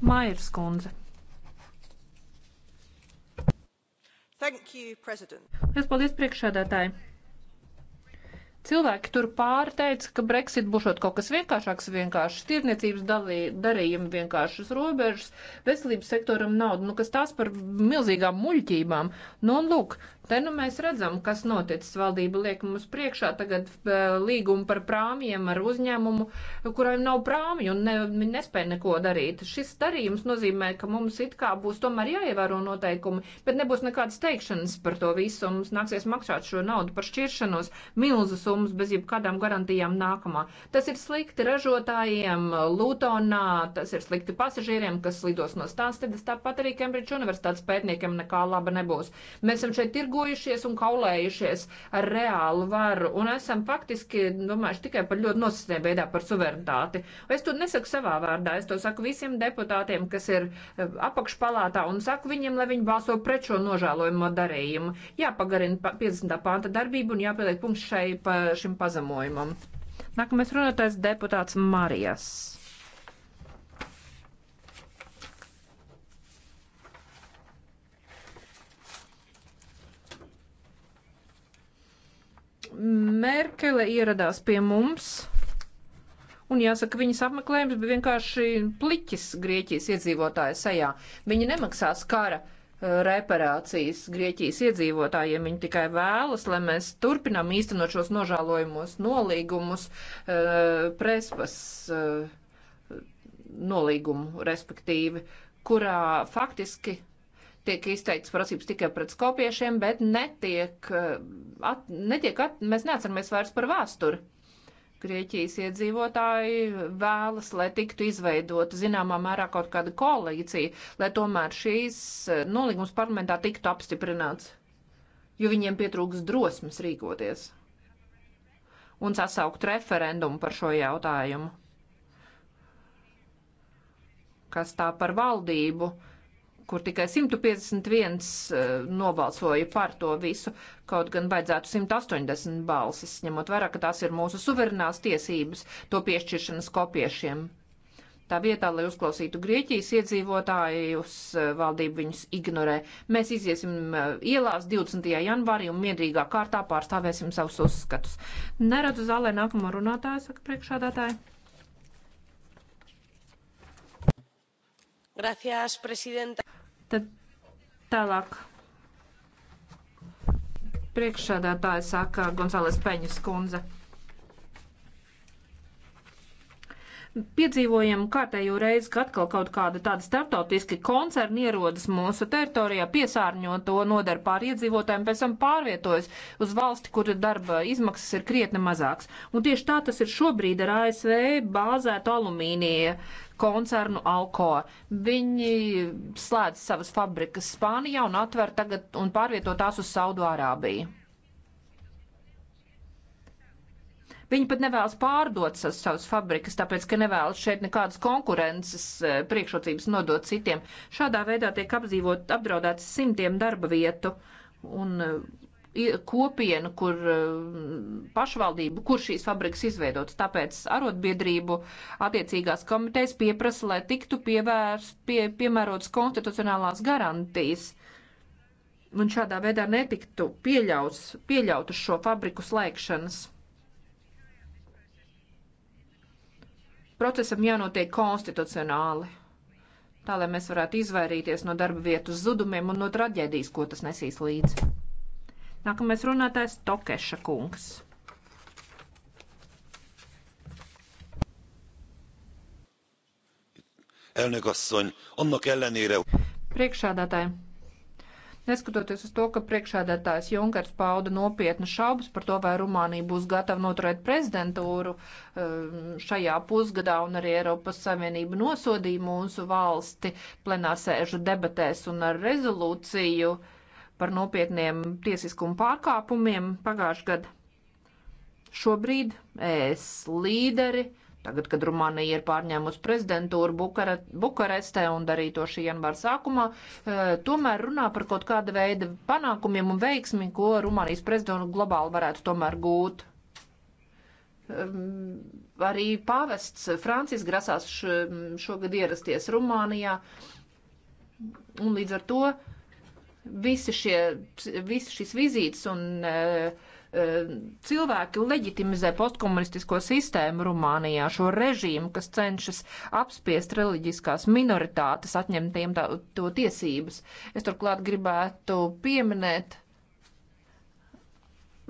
Speaker 9: Mairs kundze.
Speaker 3: Thank you, President.
Speaker 9: Es paldies priekšādātāji. Cilvēki tur pārteica, ka Brexit būšot kaut kas vienkāršāks, vienkāršas tirniecības dalī, darījumi, vienkāršas robežas, veselības sektoram naudu, nu kas tās par milzīgām muļķībām. Nu un lūk, Te nu mēs redzam, kas noticis. Valdība liek mums priekšā tagad e, līgumu par prāmjiem ar uzņēmumu, kuriem nav prāmju un ne, nespēja neko darīt. Šis darījums nozīmē, ka mums it kā būs tomēr jāievēro noteikumi, bet nebūs nekādas teikšanas par to visu. Mums nāksies maksāt šo naudu par šķiršanos milzu summas bez jebkādām garantijām nākamā. Tas ir slikti ražotājiem Lūtonā, tas ir slikti pasažieriem, kas lidos no stāstedes, tāpat arī Kembridžu universitātes pētniekiem nekā laba nebūs. Mēs esam šeit tirgu tirgojušies un kaulējušies ar reālu varu un esam faktiski domājuši tikai par ļoti nosacītiem veidā par suverenitāti. Es to nesaku savā vārdā, es to saku visiem deputātiem, kas ir eh, apakšpalātā un saku viņiem, lai viņi balso pret šo nožēlojamo darījumu. Jāpagarina 50. panta darbību un jāpieliek punkts šai, pa, šim pazemojumam. Nākamais runātājs deputāts Marijas. Merkele ieradās pie mums. Un jāsaka, viņas apmeklējums bija vienkārši pliķis Grieķijas iedzīvotāja sejā. Viņi nemaksās kara eh, reparācijas Grieķijas iedzīvotājiem. Viņi tikai vēlas, lai mēs turpinām īstenot šos nožēlojumos nolīgumus, eh, prespas eh, nolīgumu, respektīvi, kurā faktiski tiek izteikts prasības tikai pret skopiešiem, bet netiek, eh, at, netiek at, mēs neatceramies vairs par vēsturi. Grieķijas iedzīvotāji vēlas, lai tiktu izveidota zināmā mērā kaut kāda koalīcija, lai tomēr šīs eh, nolīgums parlamentā tiktu apstiprināts, jo viņiem pietrūks drosmes rīkoties un sasaukt referendumu par šo jautājumu. Kas tā par valdību? kur tikai 151 eh, nobalsoja par to visu, kaut gan vajadzētu 180 balsis, ņemot vērā, ka tās ir mūsu suverenās tiesības to piešķiršanas kopiešiem. Tā vietā, lai uzklausītu Grieķijas iedzīvotājus, eh, valdība viņus ignorē. Mēs iziesim eh, ielās 20. janvārī un mierīgā kārtā pārstāvēsim savus uzskatus. Neredzu zālē nākamo runātāju, saka priekšādātāji.
Speaker 6: Gracias, presidenta. Tad tālāk.
Speaker 9: Priekšsādātāja saka Gonzales Peņas kundze. piedzīvojam kārtējo reizi, kad atkal kaut kāda tāda starptautiski koncerni ierodas mūsu teritorijā, piesārņo to nodaru pār iedzīvotājiem, pēc tam pārvietojas uz valsti, kur darba izmaksas ir krietni mazāks. Un tieši tā tas ir šobrīd ar ASV bāzēta alumīnija koncernu Alko. Viņi slēdz savas fabrikas Spānijā un atver tagad un pārvieto tās uz Saudārābiju. Viņi pat nevēlas pārdot savas, savas fabrikas, tāpēc, ka nevēlas šeit nekādas konkurences eh, priekšrocības nodot citiem. Šādā veidā tiek apdzīvot, apdraudēts simtiem darba vietu un eh, kopienu, kur eh, pašvaldību, kur šīs fabrikas izveidotas. Tāpēc arotbiedrību attiecīgās komitejas pieprasa, lai tiktu pievērst, pie, piemērotas konstitucionālās garantijas. Un šādā veidā netiktu pieļaus, pieļautu šo fabriku slēgšanas. Procesam jānotiek konstitucionāli, tā lai mēs varētu izvairīties no darba vietas zudumiem un no traģēdijas, ko tas nesīs līdzi. Nākamais runātājs Tokeša kungs.
Speaker 1: Elnök asszony, annak ellenére...
Speaker 9: Priekšādātāji, Neskatoties uz to, ka priekšādātājs Junkers pauda nopietnas šaubas par to, vai Rumānija būs gatava noturēt prezidentūru ehm, šajā pusgadā, un arī Eiropas Savienība nosodīja mūsu valsti plenāsēžu debatēs un ar rezolūciju. Uh, par nopietniem tiesiskumu pārkāpumiem pagājušajā gadā. Šobrīd es līderi, tagad, kad Rumānija ir pārņēmusi prezidentūru Bukare, Bukarestē un darīja to šī janvāra sākumā, eh, tomēr runā par kaut kāda veida panākumiem un veiksmi, ko Rumānijas prezidentu globāli varētu tomēr gūt ehm, arī pāvests Francis grasās šogad ierasties Rumānijā. Un līdz ar to visi šie, visi šīs vizītes un uh, cilvēki leģitimizē postkomunistisko sistēmu Rumānijā, šo režīmu, kas cenšas apspiest reliģiskās minoritātes, atņemt tiem tā, to tiesības. Es turklāt gribētu pieminēt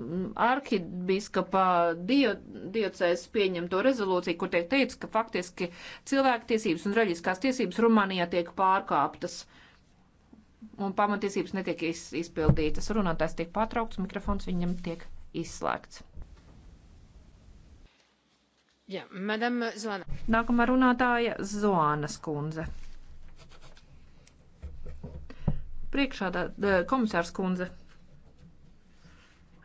Speaker 9: mm, arhibīskapa dio, diocēs pieņemto rezolūciju, kur tiek teicis, ka faktiski cilvēktiesības un reliģiskās tiesības Rumānijā tiek pārkāptas. Uh, un pamatiesības netiek izpildītas. Runātājs tiek pārtraukts, mikrofons viņam tiek izslēgts.
Speaker 2: Jā, madam Zoana.
Speaker 9: Nākamā runātāja Zoanas kundze. Priekšādā eh, komisārs kundze.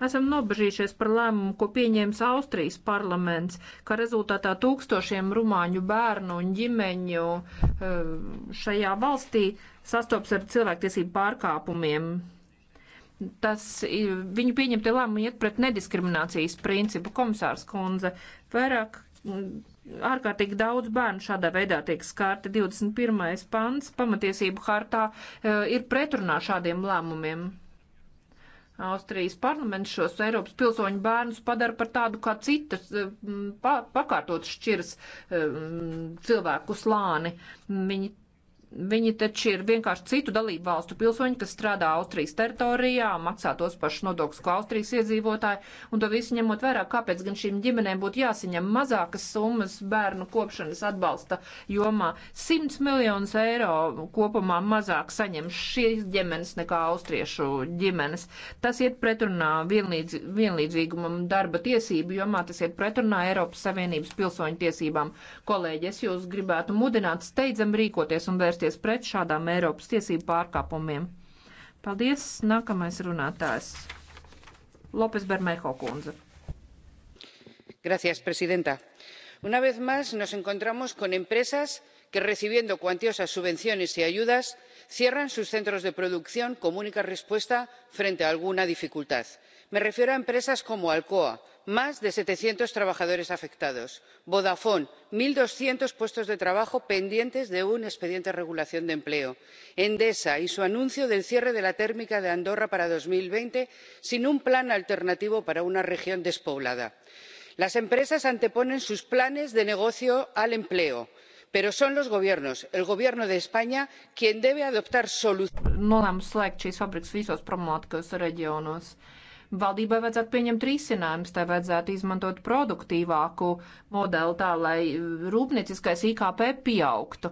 Speaker 9: Esam nobežījušies par lēmumu, ko pieņēmis Austrijas parlaments, ka rezultātā tūkstošiem rumāņu bērnu un ģimeņu eh, šajā valstī sastops ar cilvēktiesību pārkāpumiem. Tas viņu pieņemtie lēmumi iet pret nediskriminācijas principu. Komisārs Kunze vairāk ārkārtīgi daudz bērnu šādā veidā tiek skārti. 21. pants pamatiesību hartā eh, ir pretrunā šādiem lēmumiem. Austrijas parlaments šos Eiropas pilsoņu bērnus padara par tādu kā citas eh, pa, pakārtot šķiras eh, cilvēku slāni. Viņi Viņi taču ir vienkārši citu dalību valstu pilsoņi, kas strādā Austrijas teritorijā, maksā tos pašus nodokļus kā Austrijas iedzīvotāji, un to visu ņemot vērā, kāpēc gan šīm ģimenēm būtu jāsaņem mazākas summas bērnu kopšanas atbalsta jomā. 100 miljonus eiro kopumā mazāk saņem šīs ģimenes nekā austriešu ģimenes. Tas iet pretrunā vienlīdz, vienlīdzīgumam darba tiesību jomā, tas iet pretrunā Eiropas Savienības pilsoņu tiesībām. Kolēģi, es jūs gribētu mudināt steidzam rīkoties un vērsties vērsties pret šādām Eiropas tiesību pārkāpumiem. Paldies! Nākamais runātājs - Lopes Bermejo kundze.
Speaker 8: Gracias, presidenta. Una vez más nos encontramos con empresas que recibiendo cuantiosas subvenciones y ayudas cierran sus centros de producción como única respuesta frente a alguna dificultad. me refiero a empresas como alcoa más de setecientos trabajadores afectados; vodafone uno doscientos puestos de trabajo pendientes de un expediente de regulación de empleo; endesa y su anuncio del cierre de la térmica de andorra para dos mil veinte sin un plan alternativo para una región despoblada. las empresas anteponen sus planes de negocio al empleo pero son los gobiernos el gobierno de españa quien debe adoptar soluciones.
Speaker 9: Nu Valdībai vajadzētu pieņemt risinājumus, tai vajadzētu izmantot produktīvāku modeli tā, lai uh, rūpnieciskais IKP pieaugtu,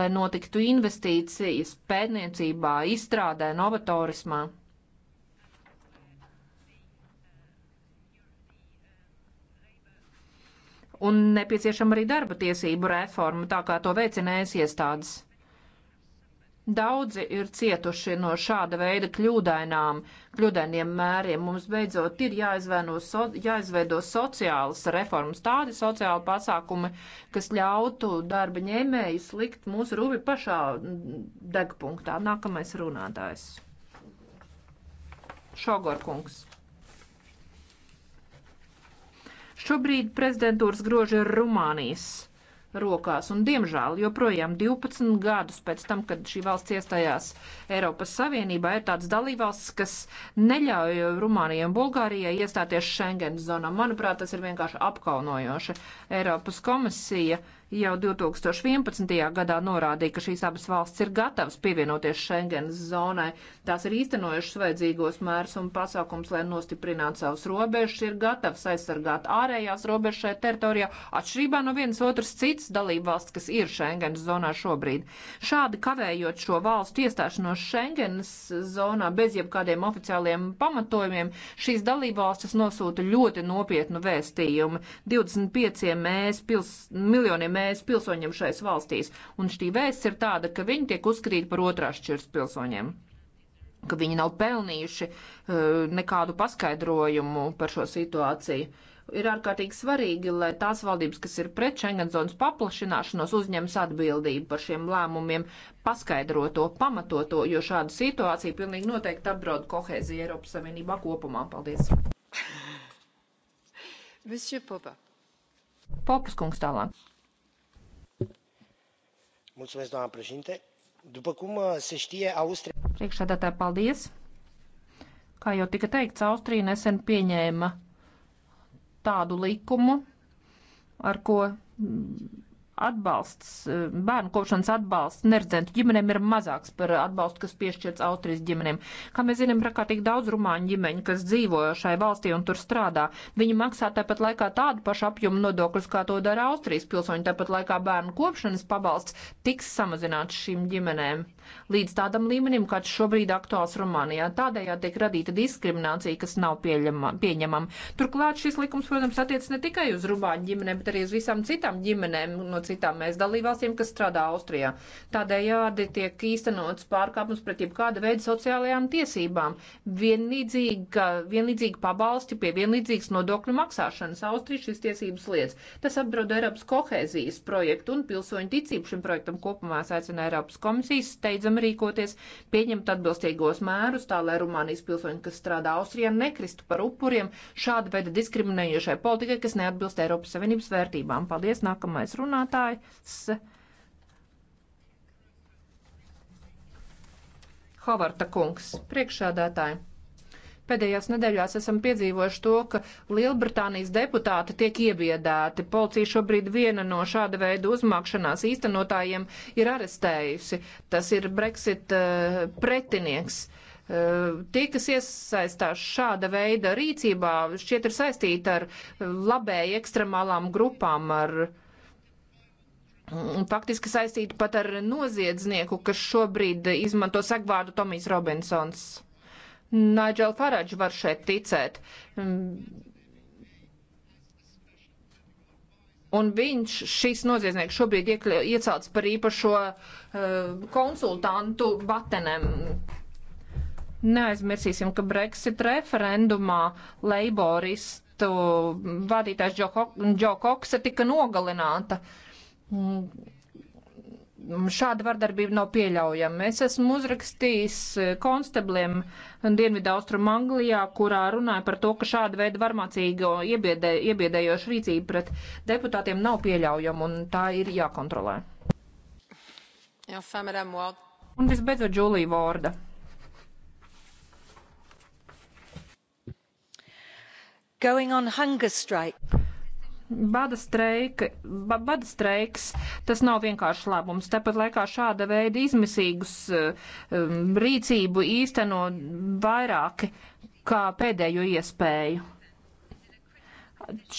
Speaker 9: lai notiktu investīcijas pētniecībā, izstrādē, novatorismā. Un nepieciešama arī darba tiesību reforma, tā kā to veicinējas iestādes. Daudzi ir cietuši no šāda veida kļūdainām, kļūdainiem mēriem. Mums beidzot ir so, jāizveido sociālas reformas, tādi sociāli pasākumi, kas ļautu darba ņēmēju slikt mūsu ruvi pašā degpunktā. Nākamais runātājs. Šogorkungs. Šobrīd prezidentūras groži ir Rumānijas rokās. Un, diemžēl, joprojām 12 gadus pēc tam, kad šī valsts iestājās Eiropas Savienībā, ir tāds dalībvalsts, kas neļauj Rumānijai un Bulgārijai iestāties Schengen zonā. Manuprāt, tas ir vienkārši apkaunojoši. Eiropas komisija uh, jau 2011. gadā norādīja, ka šīs abas valsts ir gatavas pievienoties Schengenas zonai. Tās ir īstenojušas vajadzīgos mērs un pasākums, lai nostiprinātu savus robežus, ir gatavas aizsargāt ārējās robežas šajā teritorijā, atšķirībā no vienas otras citas dalību valsts, kas ir Schengenas zonā šobrīd. Šādi kavējot šo valstu iestāšanos Schengenas zonā bez jebkādiem oficiāliem pamatojumiem, šīs dalību valstis nosūta ļoti nopietnu vēstījumu 25 mēs, pils, miljoniem mēs pilsoņiem šais valstīs. Un šī vēsts ir tāda, ka viņi tiek uzskatīti par otrās šķirs pilsoņiem ka viņi nav pelnījuši eh, nekādu paskaidrojumu par šo situāciju ir ārkārtīgi svarīgi, lai tās valdības, kas ir pret Schengen zonas paplašināšanos, uzņems atbildību par šiem lēmumiem, paskaidro to, pamato to, jo šāda situācija pilnīgi noteikti apdraud kohēziju Eiropas Savienībā kopumā. Paldies! Monsieur Popa. Popas kungs tālāk
Speaker 8: doamnă președintă. După cum uh, se știe, Austrija.
Speaker 9: Priekšsēdētāji, paldies! Kā jau tika teikts, Austrija nesen pieņēma tādu likumu, ar ko atbalsts, eh, bērnu kopšanas atbalsts neredzentu ģimenēm ir mazāks par atbalstu, kas piešķirts autrīs ģimenēm. Kā mēs zinām, rakārtīgi daudz rumāņu ģimeņu, kas dzīvo šai valstī un tur strādā, viņi maksā tāpat laikā tādu pašu apjomu nodokļus, kā to dara Austrijas pilsoņi, tāpat laikā bērnu kopšanas pabalsts tiks samazināts šīm ģimenēm līdz tādam līmenim, kāds šobrīd aktuāls Rumānijā. Tādējādi tiek radīta diskriminācija, kas nav pieņemama. Turklāt šis likums, protams, attiec ne tikai uz Rumāņu ģimenēm, bet arī uz visām citām ģimenēm no citām mēs dalībvalstīm, kas strādā Austrijā. Tādējādi tiek īstenots pārkāpums pret jebkāda veida sociālajām tiesībām. Vienlīdzīga, vienlīdzīga pabalsti pie vienlīdzīgas nodokļu maksāšanas. Austrija šīs tiesības liedz. Tas apdraud Eiropas kohēzijas projektu un pilsoņu ticību šim projektam kopumā. Es aicinu Eiropas komisijas teikt, steidzam rīkoties, pieņemt atbilstīgos mērus, tā lai Rumānijas pilsoņi, kas strādā Austrijā, nekristu par upuriem šāda veida diskriminējošai politikai, kas neatbilst Eiropas Savienības vērtībām. Paldies, nākamais runātājs. Havarta kungs, priekšādātāji. Pēdējās nedēļās esam piedzīvojuši to, ka Lielbritānijas deputāti tiek iebiedēti. Policija šobrīd viena no šāda veida uzmākšanās īstenotājiem ir arestējusi. Tas ir Brexit uh, pretinieks. Uh, tie, kas iesaistās šāda veida rīcībā, šķiet ir saistīti ar eh, labēji ekstremālām grupām, ar mm, faktiski saistīti pat ar noziedznieku, kas šobrīd izmanto segvārdu Tomijs Robinsons. Nigel Farage var šeit ticēt. Mm. Un viņš, šīs noziedznieks, šobrīd iekļa, iecelts par īpašo uh, konsultantu Batenem. Neaizmirsīsim, ka Brexit referendumā leiboristu vadītājs Džo Koksa tika nogalināta. Mm Šāda vardarbība nav pieļaujama. Es esmu uzrakstījis eh, konstabliem Dienvidu Austrum Anglijā, kurā runāja par to, ka šāda veida varmācīgo iebiedē, iebiedējoša rīcība pret deputātiem nav pieļaujama un tā ir jākontrolē. Un visbeidzot, Džulija Vorda. Going on hunger strike. Bada, streika, ba, bada streiks tas nav vienkārši labums. Tāpat laikā šāda veida izmisīgus eh, um, rīcību īsteno vairāki kā pēdējo iespēju.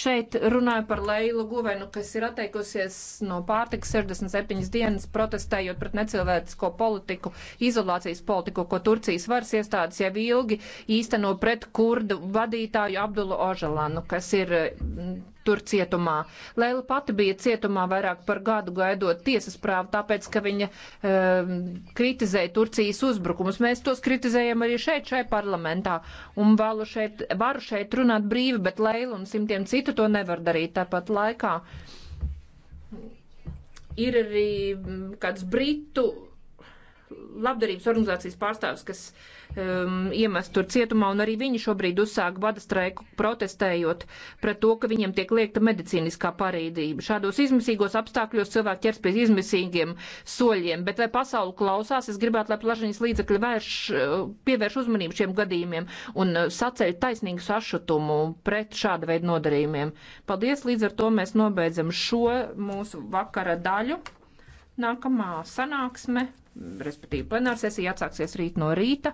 Speaker 9: Šeit runāju par Leilu Guvenu, kas ir atteikusies no pārtikas 67 dienas protestējot pret necilvēcisko politiku, izolācijas politiku, ko Turcijas varas iestādes jau ilgi īsteno pret kurdu vadītāju Abdulu Ožalanu, kas ir tur cietumā. Lēla pati bija cietumā vairāk par gadu gaidot tiesas prāvu, tāpēc, ka viņa um, kritizēja Turcijas uzbrukumus. Mēs tos kritizējam arī šeit, šai parlamentā, un valu šeit, varu šeit runāt brīvi, bet Lēla un simtiem citu to nevar darīt tāpat laikā. Ir arī mm, kāds britu labdarības organizācijas pārstāvis, kas um, iemest tur cietumā, un arī viņi šobrīd uzsāk bada streiku protestējot pret to, ka viņiem tiek liekta medicīniskā parīdība. Šādos izmisīgos apstākļos cilvēki ķers pie izmisīgiem soļiem, bet vai pasauli klausās, es gribētu, lai plašiņas līdzekļi vērš, pievērš uzmanību šiem gadījumiem un uh, saceļ taisnīgu sašutumu pret šāda veida nodarījumiem. Paldies, līdz ar to mēs nobeidzam šo mūsu vakara daļu. Nākamā sanāksme respektīvi plenārsesija atsāksies rīt no rīta.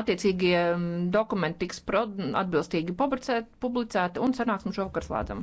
Speaker 9: Attiecīgie mm, dokumenti tiks atbilstīgi publicēti un sanāksim šovakar slēdzam.